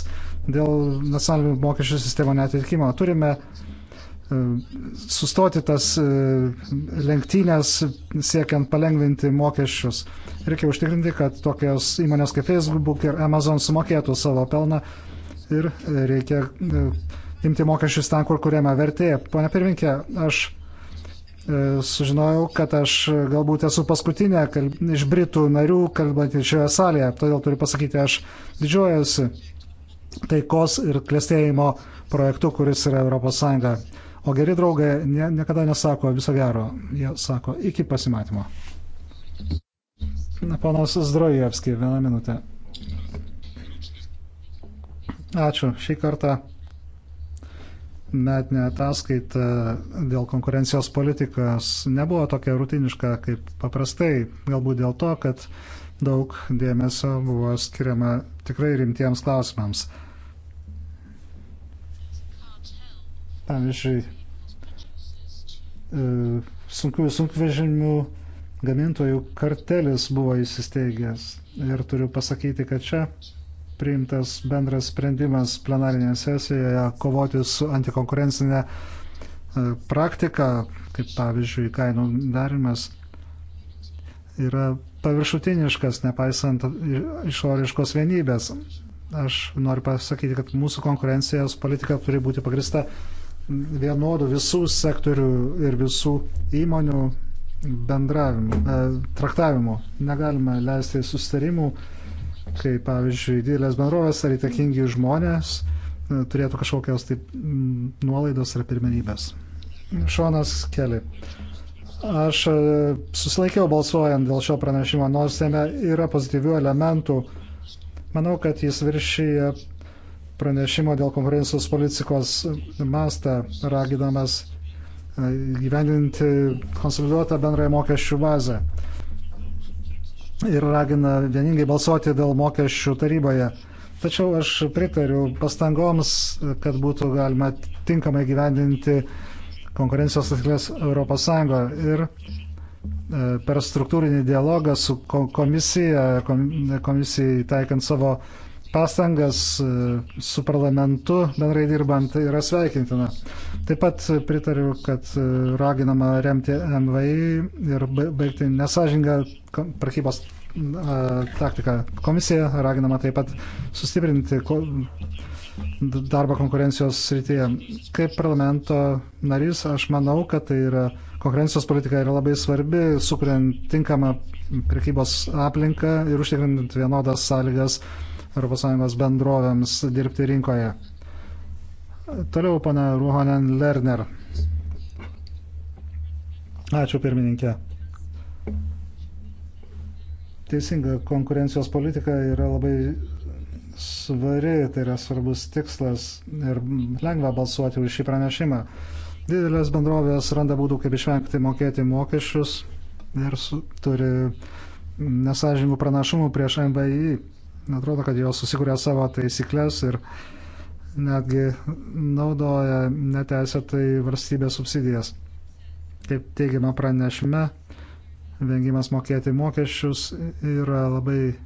dėl nacionalinių mokesčių sistemo netitikimo. Turime e, sustoti tas e, lenktynės siekiant palengvinti mokesčius. Reikia užtikrinti, kad tokios įmonės kaip Facebook ir Amazon sumokėtų savo pelną ir reikia e, imti mokesčius ten, kur kuriame vertė. Pone pirminkė, aš e, sužinojau, kad aš e, galbūt esu paskutinė kalb... iš Britų narių kalbantį šioje salėje, todėl turiu pasakyti, aš didžiuojasi taikos ir klėstėjimo projektu, kuris yra ES. O geri draugai ne, niekada nesako viso gero, jie sako iki pasimatymo. Ponas Zdrojevski, vieną minutę. Ačiū. Šį kartą metinė ataskaita dėl konkurencijos politikos nebuvo tokia rutiniška kaip paprastai. Galbūt dėl to, kad daug dėmesio buvo skiriama tikrai rimtiems klausimams. Pavyzdžiui, e, sunkių sunkvežimių gamintojų kartelis buvo įsisteigęs. Ir turiu pasakyti, kad čia priimtas bendras sprendimas plenarinėje sesijoje kovoti su antikonkurencinė e, praktika, kaip pavyzdžiui kainų darimas, yra paviršutiniškas, nepaisant išoriškos vienybės. Aš noriu pasakyti, kad mūsų konkurencijos politika turi būti pagrista vienodų visų sektorių ir visų įmonių bendravimu, e, traktavimu. Negalime leisti susitarimų kai, pavyzdžiui, didelės bendrovės ar įtakingi žmonės e, turėtų kažkokios taip mm, nuolaidos ar pirmenybės. Šonas Keli. Aš e, susilaikiau balsuojant dėl šio pranešimo, nors jame yra pozityvių elementų. Manau, kad jis viršyje pranešimo dėl konkurencijos politikos mastą, raginamas e, gyveninti konsoliduotą bendrąją mokesčių bazę ir ragina vieningai balsuoti dėl mokesčių taryboje. Tačiau aš pritariu pastangoms, kad būtų galima tinkamai gyvendinti konkurencijos taisyklės Europos Sąjungoje ir e, per struktūrinį dialogą su komisija, komisijai taikant savo pastangas e, su parlamentu bendrai dirbant yra sveikintina. Taip pat pritariu, kad e, raginama remti MVI ir baigti nesažingą prekybos e, taktiką. Komisija raginama taip pat sustiprinti darbą konkurencijos srityje. Kaip parlamento narys, aš manau, kad tai yra konkurencijos politika yra labai svarbi, sukuriant tinkamą prekybos aplinką ir užtikrinant vienodas sąlygas ES bendrovėms dirbti rinkoje. Toliau, pana Ruhonen Lerner. Ačiū, pirmininkė. Teisinga konkurencijos politika yra labai svari, tai yra svarbus tikslas ir lengva balsuoti už šį pranešimą. Didelės bendrovės randa būdų, kaip išvengti mokėti mokesčius ir su, turi nesažingų pranašumų prieš MVI. Atrodo, kad jos susikuria savo taisyklės ir netgi naudoja neteisėtai valstybės subsidijas. Kaip teigiama pranešime, vengimas mokėti mokesčius yra labai e,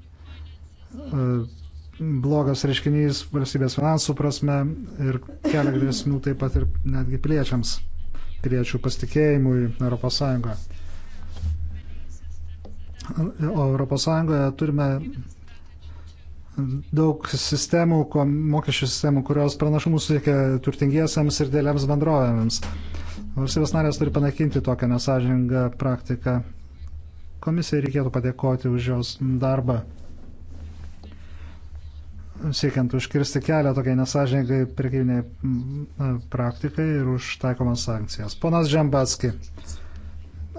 blogas reiškinys valstybės finansų prasme ir kelia grėsmių taip pat ir netgi piliečiams, piliečių pasitikėjimui ES. O ES turime daug sistemų, mokesčių sistemų, kurios pranašumus suteikia turtingiesiams ir dėliams bendrovėms. Valstybės narės turi panakinti tokią nesažingą praktiką. Komisijai reikėtų padėkoti už jos darbą, siekiant užkirsti kelią tokiai nesažiningai prekybiniai praktikai ir už taikomas sankcijas. Ponas Džambatski.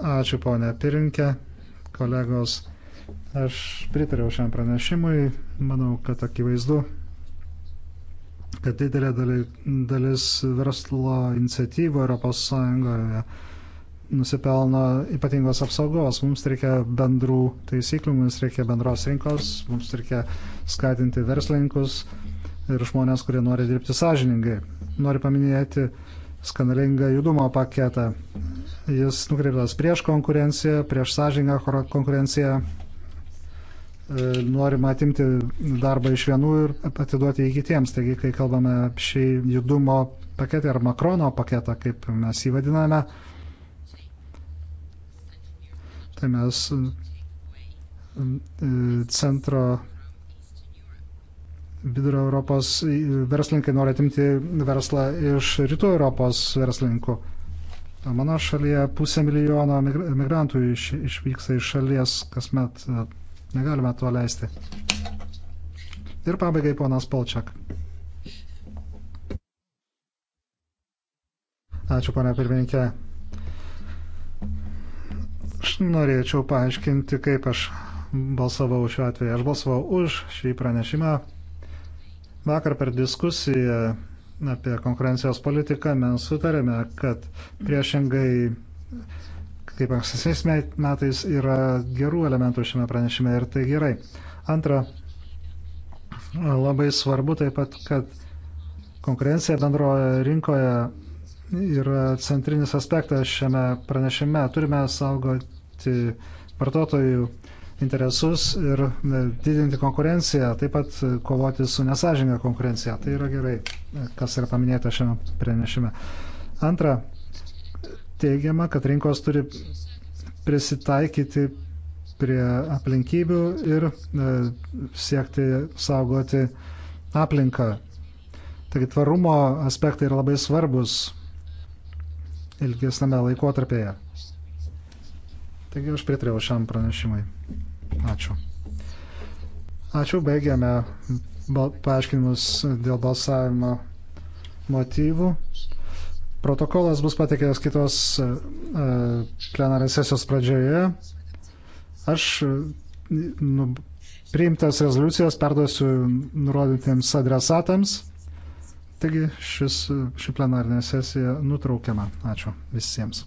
Ačiū, ponė Pirinkė, kolegos. Aš pritariau šiam pranešimui, manau, kad akivaizdu, kad didelė dalis verslo iniciatyvų ES nusipelno ypatingos apsaugos. Mums reikia bendrų taisyklių, mums reikia bendros rinkos, mums reikia skatinti verslininkus ir žmonės, kurie nori dirbti sąžiningai. Noriu paminėti skandalingą judumo paketą. Jis nukreiptas prieš konkurenciją, prieš sąžiningą konkurenciją E, norima atimti darbą iš vienų ir atiduoti jį kitiems. Taigi, kai kalbame apie šį judumo paketą ar Makrono paketą, kaip mes jį vadiname, tai mes e, e, centro vidurio Europos verslininkai nori atimti verslą iš rytų Europos verslininkų. Mano šalyje pusė milijono migrantų iš, išvyksta iš šalies kasmet Negalime to leisti. Ir pabaigai ponas Polčiak. Ačiū, ponia pirmininkė. Aš norėčiau paaiškinti, kaip aš balsavau šiuo atveju. Aš balsavau už šį pranešimą. Vakar per diskusiją apie konkurencijos politiką mes sutarėme, kad priešingai kaip ankstesniais metais, yra gerų elementų šiame pranešime ir tai gerai. Antra, labai svarbu taip pat, kad konkurencija bendroje rinkoje yra centrinis aspektas šiame pranešime. Turime saugoti vartotojų interesus ir e, didinti konkurenciją, taip pat kovoti su nesažinė konkurencija. Tai yra gerai, kas yra paminėta šiame pranešime. Antra, teigiama, kad rinkos turi prisitaikyti prie aplinkybių ir e, siekti saugoti aplinką. Taigi tvarumo aspektai yra labai svarbus ilgesname laikotarpėje. Taigi aš pritariau šiam pranešimui. Ačiū. Ačiū, baigėme paaiškinimus dėl balsavimo motyvų. Protokolas bus patikėtas kitos e, e, plenarės sesijos pradžioje. Aš e, nu, priimtas rezoliucijas perduosiu nurodytiems adresatams. Taigi šis, ši plenarinė sesija nutraukiama. Ačiū visiems.